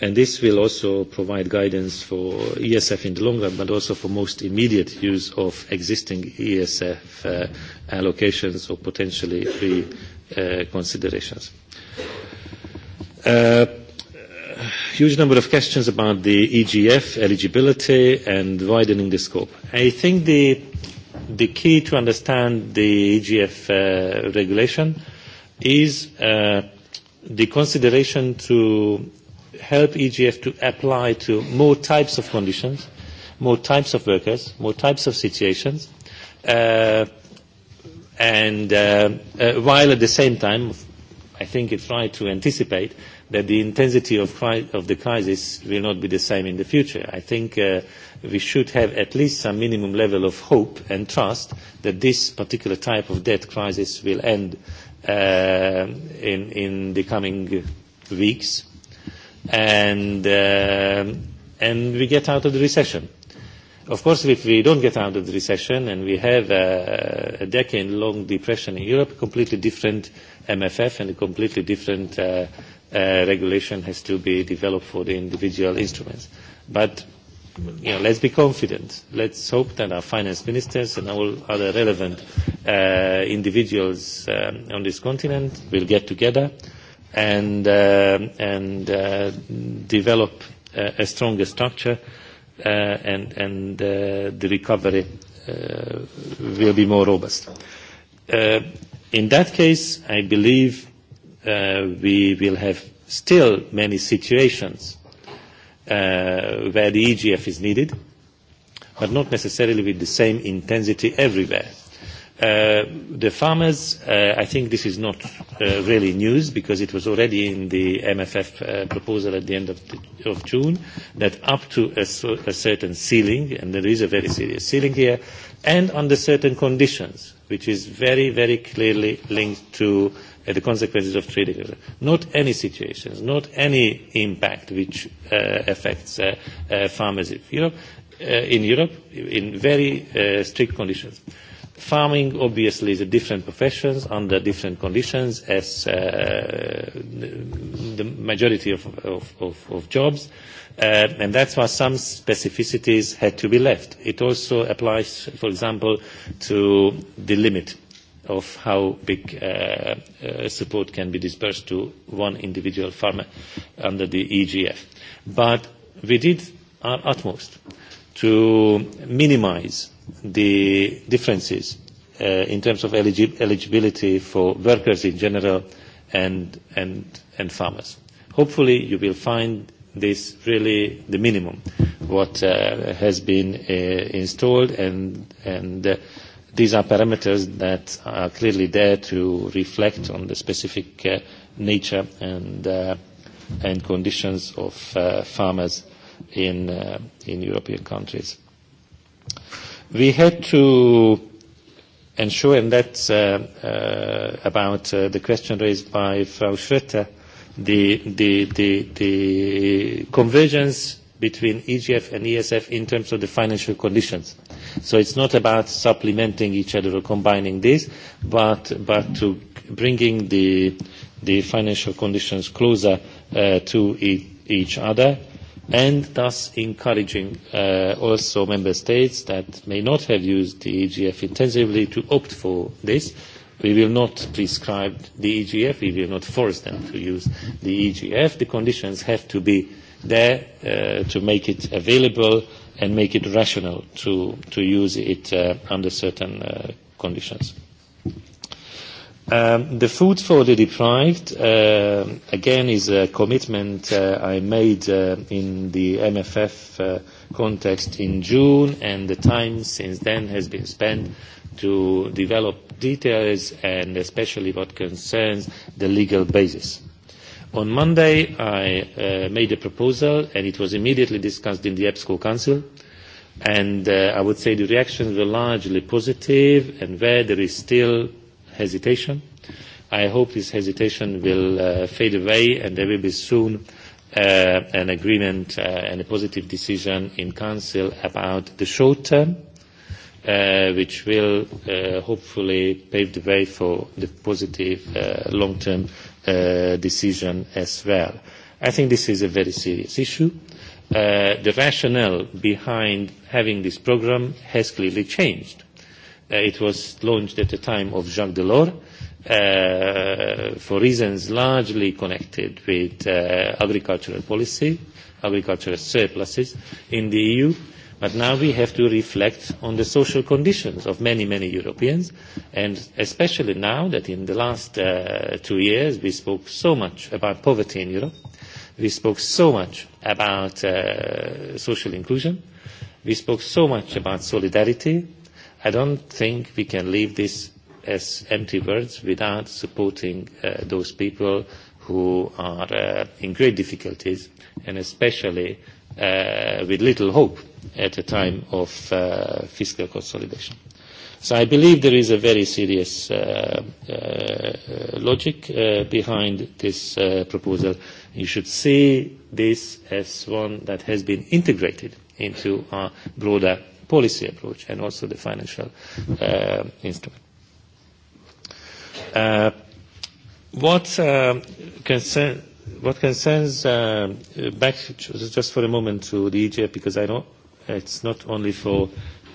and this will also provide guidance for ESF in the long run, but also for most immediate use of existing ESF allocations or potentially free considerations. Huge number of questions about the EGF eligibility and widening the scope. I think the the key to understand the EGF regulation is the consideration to help EGF to apply to more types of conditions, more types of workers, more types of situations, and while at the same time, I think it's right to anticipate that the intensity of the crisis will not be the same in the future. I think we should have at least some minimum level of hope and trust that this particular type of debt crisis will end in the coming weeks and we get out of the recession. Of course, if we don't get out of the recession and we have a decade-long depression in Europe, a completely different MFF and a completely different regulation has to be developed for the individual instruments. But you know, let's be confident. Let's hope that our finance ministers and all other relevant individuals on this continent will get together and develop a stronger structure and the recovery will be more robust. In that case, I believe we will have still many situations where the EGF is needed, but not necessarily with the same intensity everywhere. The farmers, I think this is not really news because it was already in the MFF proposal at the end of June that up to a certain ceiling, and there is a very serious ceiling here, and under certain conditions, which is very, very clearly linked to the consequences of trade Not any situations, not any impact which affects farmers in Europe in very strict conditions. Farming, obviously, is a different profession under different conditions as the majority of jobs, and that's why some specificities had to be left. It also applies, for example, to the limit of how big support can be dispersed to one individual farmer under the EGF. But we did our utmost to minimize the differences in terms of eligibility for workers in general and and farmers. Hopefully you will find this really the minimum what has been installed and and these are parameters that are clearly there to reflect on the specific nature and and conditions of farmers in in European countries. We had to ensure, and that's about the question raised by Frau Schroeter, the convergence between EGF and ESF in terms of the financial conditions. So it's not about supplementing each other or combining these, but to bringing the financial conditions closer to each other and thus encouraging also member states that may not have used the EGF intensively to opt for this. We will not prescribe the EGF. We will not force them to use the EGF. The conditions have to be there to make it available and make it rational to use it under certain conditions. The food for the deprived, again, is a commitment I made in the MFF context in June, and the time since then has been spent to develop details and especially what concerns the legal basis. On Monday, I made a proposal, and it was immediately discussed in the EBSCO Council and I would say the reactions were largely positive, and where there is still hesitation. I hope this hesitation will fade away and there will be soon an agreement and a positive decision in Council about the short term, which will hopefully pave the way for the positive long-term decision as well. I think this is a very serious issue. The rationale behind having this programme has clearly changed It was launched at the time of Jacques Delors for reasons largely connected with agricultural policy, agricultural surpluses in the EU, but now we have to reflect on the social conditions of many, many Europeans, and especially now that in the last two years we spoke so much about poverty in Europe, we spoke so much about social inclusion, we spoke so much about solidarity I don't think we can leave this as empty words without supporting those people who are in great difficulties and especially with little hope at a time of fiscal consolidation. So I believe there is a very serious logic behind this proposal. You should see this as one that has been integrated into our broader policy approach and also the financial instrument. What concerns back just for a moment to the EGF, because I know it's not only for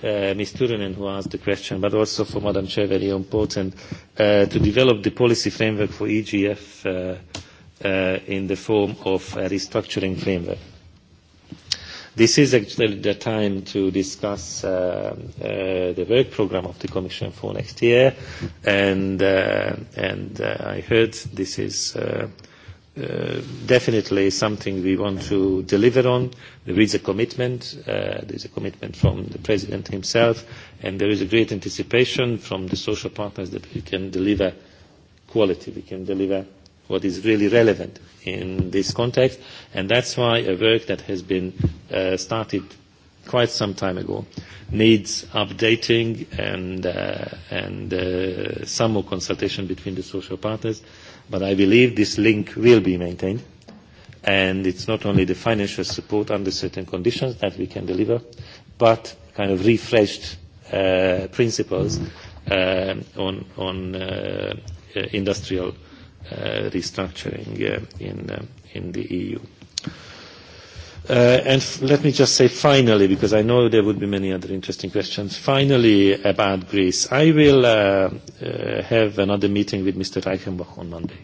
Ms. Turunen who asked the question, but also for Madam Chair, very important to develop the policy framework for EGF in the form of a restructuring framework. This is actually the time to discuss the work program of the Commission for next year, and I heard this is definitely something we want to deliver on. There is a commitment. There is a commitment from the President himself, and there is a great anticipation from the social partners that we can deliver quality, we can deliver what is really relevant in this context, and that's why a work that has been started quite some time ago needs updating and and some more consultation between the social partners. But I believe this link will be maintained, and it's not only the financial support under certain conditions that we can deliver, but kind of refreshed principles on on industrial restructuring in in the EU. And let me just say finally, because I know there would be many other interesting questions, finally about Greece. I will have another meeting with Mr. Reichenbach on Monday.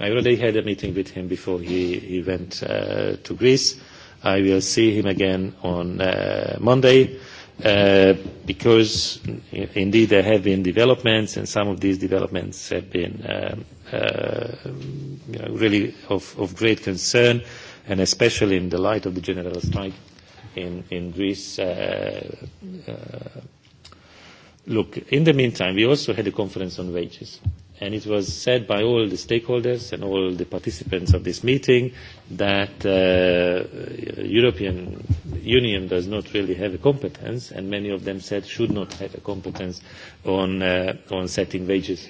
I already had a meeting with him before he went to Greece. I will see him again on Monday because indeed there have been developments and some of these developments have been really of great concern and especially in the light of the general strike in Greece. Look, in the meantime, we also had a conference on wages and it was said by all the stakeholders and all the participants of this meeting that the European Union does not really have a competence, and many of them said should not have a competence on setting wages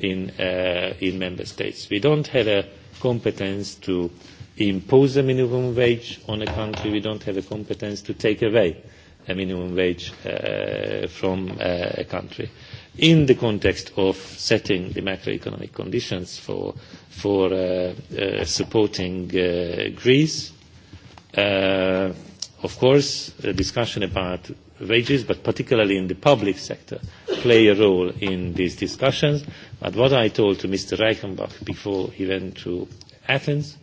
in member states. We don't have a competence to impose a minimum wage on a country. We don't have a competence to take away a minimum wage from a country in the context of setting the macroeconomic conditions for supporting Greece. Of course, the discussion about wages, but particularly in the public sector, play a role in these discussions. But what I told to Mr. Reichenbach before he went to Athens,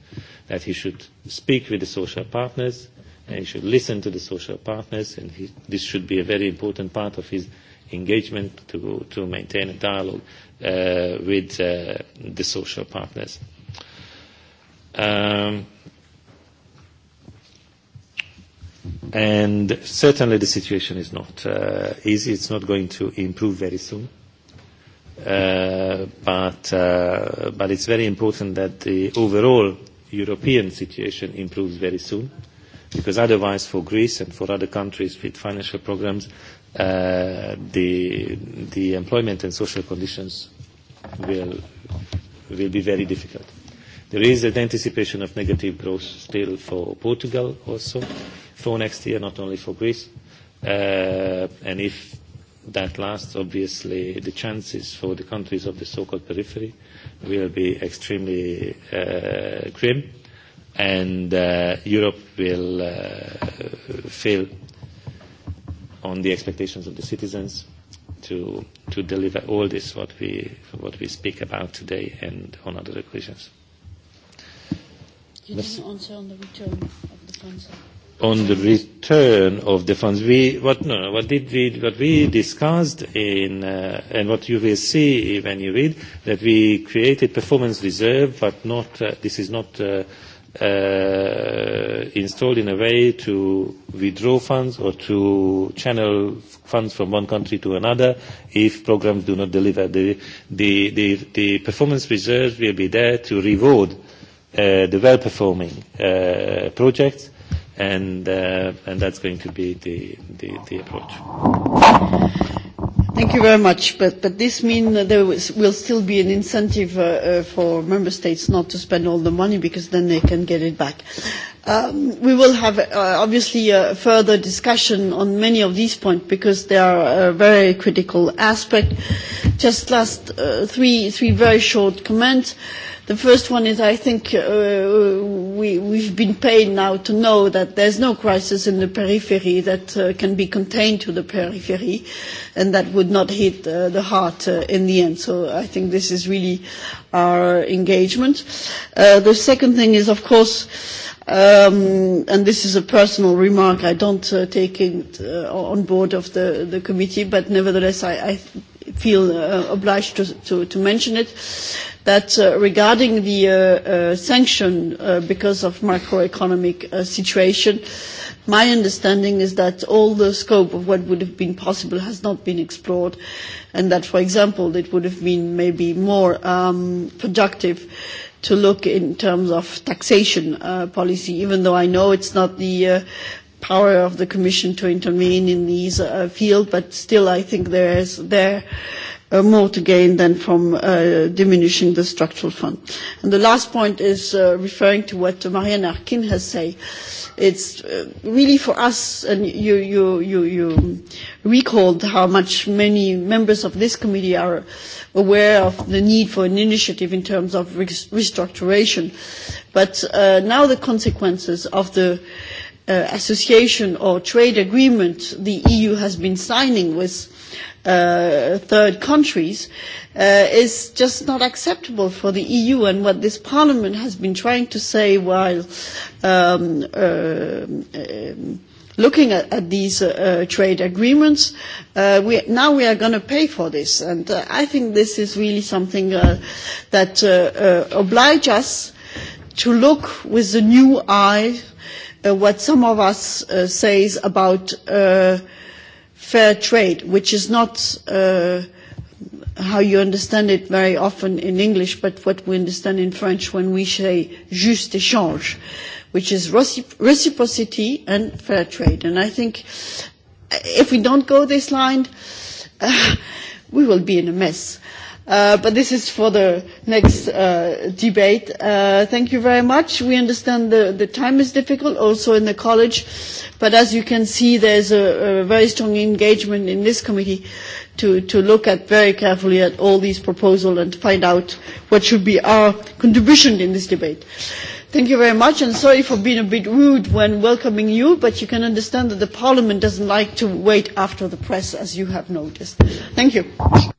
that he should speak with the social partners and he should listen to the social partners, and this should be a very important part of his engagement, to, to maintain a dialogue with the social partners. And certainly the situation is not easy. It's not going to improve very soon. But it's very important that the overall European situation improves very soon because otherwise for Greece and for other countries with financial programs the the employment and social conditions will will be very difficult. There is an anticipation of negative growth still for Portugal also for next year, not only for Greece. And if that lasts, obviously the chances for the countries of the so-called periphery will be extremely grim, and Europe will fail on the expectations of the citizens to to deliver all this what we what we speak about today and on other occasions. You answer on the return of the funds. On the return of the funds, we what no what did we what we discussed in and what you will see when you read that we created performance reserve, but not this is not installed in a way to withdraw funds or to channel funds from one country to another if programs do not deliver. The performance reserves will be there to reward the well-performing projects and that's going to be the approach. Thank you very much. But this means there will still be an incentive for member states not to spend all the money because then they can get it back. We will have obviously a further discussion on many of these points because they are a very critical aspect. Just last three very short comments. The first one is I think we we've been paid now to know that there's no crisis in the periphery that can be contained to the periphery and that would not hit the heart in the end. So I think this is really our engagement. The second thing is of course and this is a personal remark I don't take it on board of the the committee but nevertheless I feel obliged to mention it that regarding the sanction because of macroeconomic situation, my understanding is that all the scope of what would have been possible has not been explored and that, for example, it would have been maybe more productive to look in terms of taxation policy, even though I know it's not the power of the Commission to intervene in these fields, but still I think there is there more to gain than from diminishing the structural fund. And the last point is referring to what Marianne Arkin has said. It's really for us, and you, recalled how much many members of this committee are aware of the need for an initiative in terms of restructuration. But now the consequences of the association or trade agreement the EU has been signing with third countries is just not acceptable for the EU and what this Parliament has been trying to say while looking at these trade agreements. Now we are going to pay for this and I think this is really something that obliges us to look with a new eye what some of us say about fair trade, which is not how you understand it very often in English, but what we understand in French when we say juste échange, which is reciprocity and fair trade. And I think if we don't go this line, we will be in a mess. But this is for the next debate. Thank you very much. We understand the time is difficult, also in the college, but as you can see, there is a very strong engagement in this committee to look at very carefully at all these proposals and find out what should be our contribution in this debate. Thank you very much, and sorry for being a bit rude when welcoming you, but you can understand that the Parliament doesn't like to wait after the press, as you have noticed. Thank you.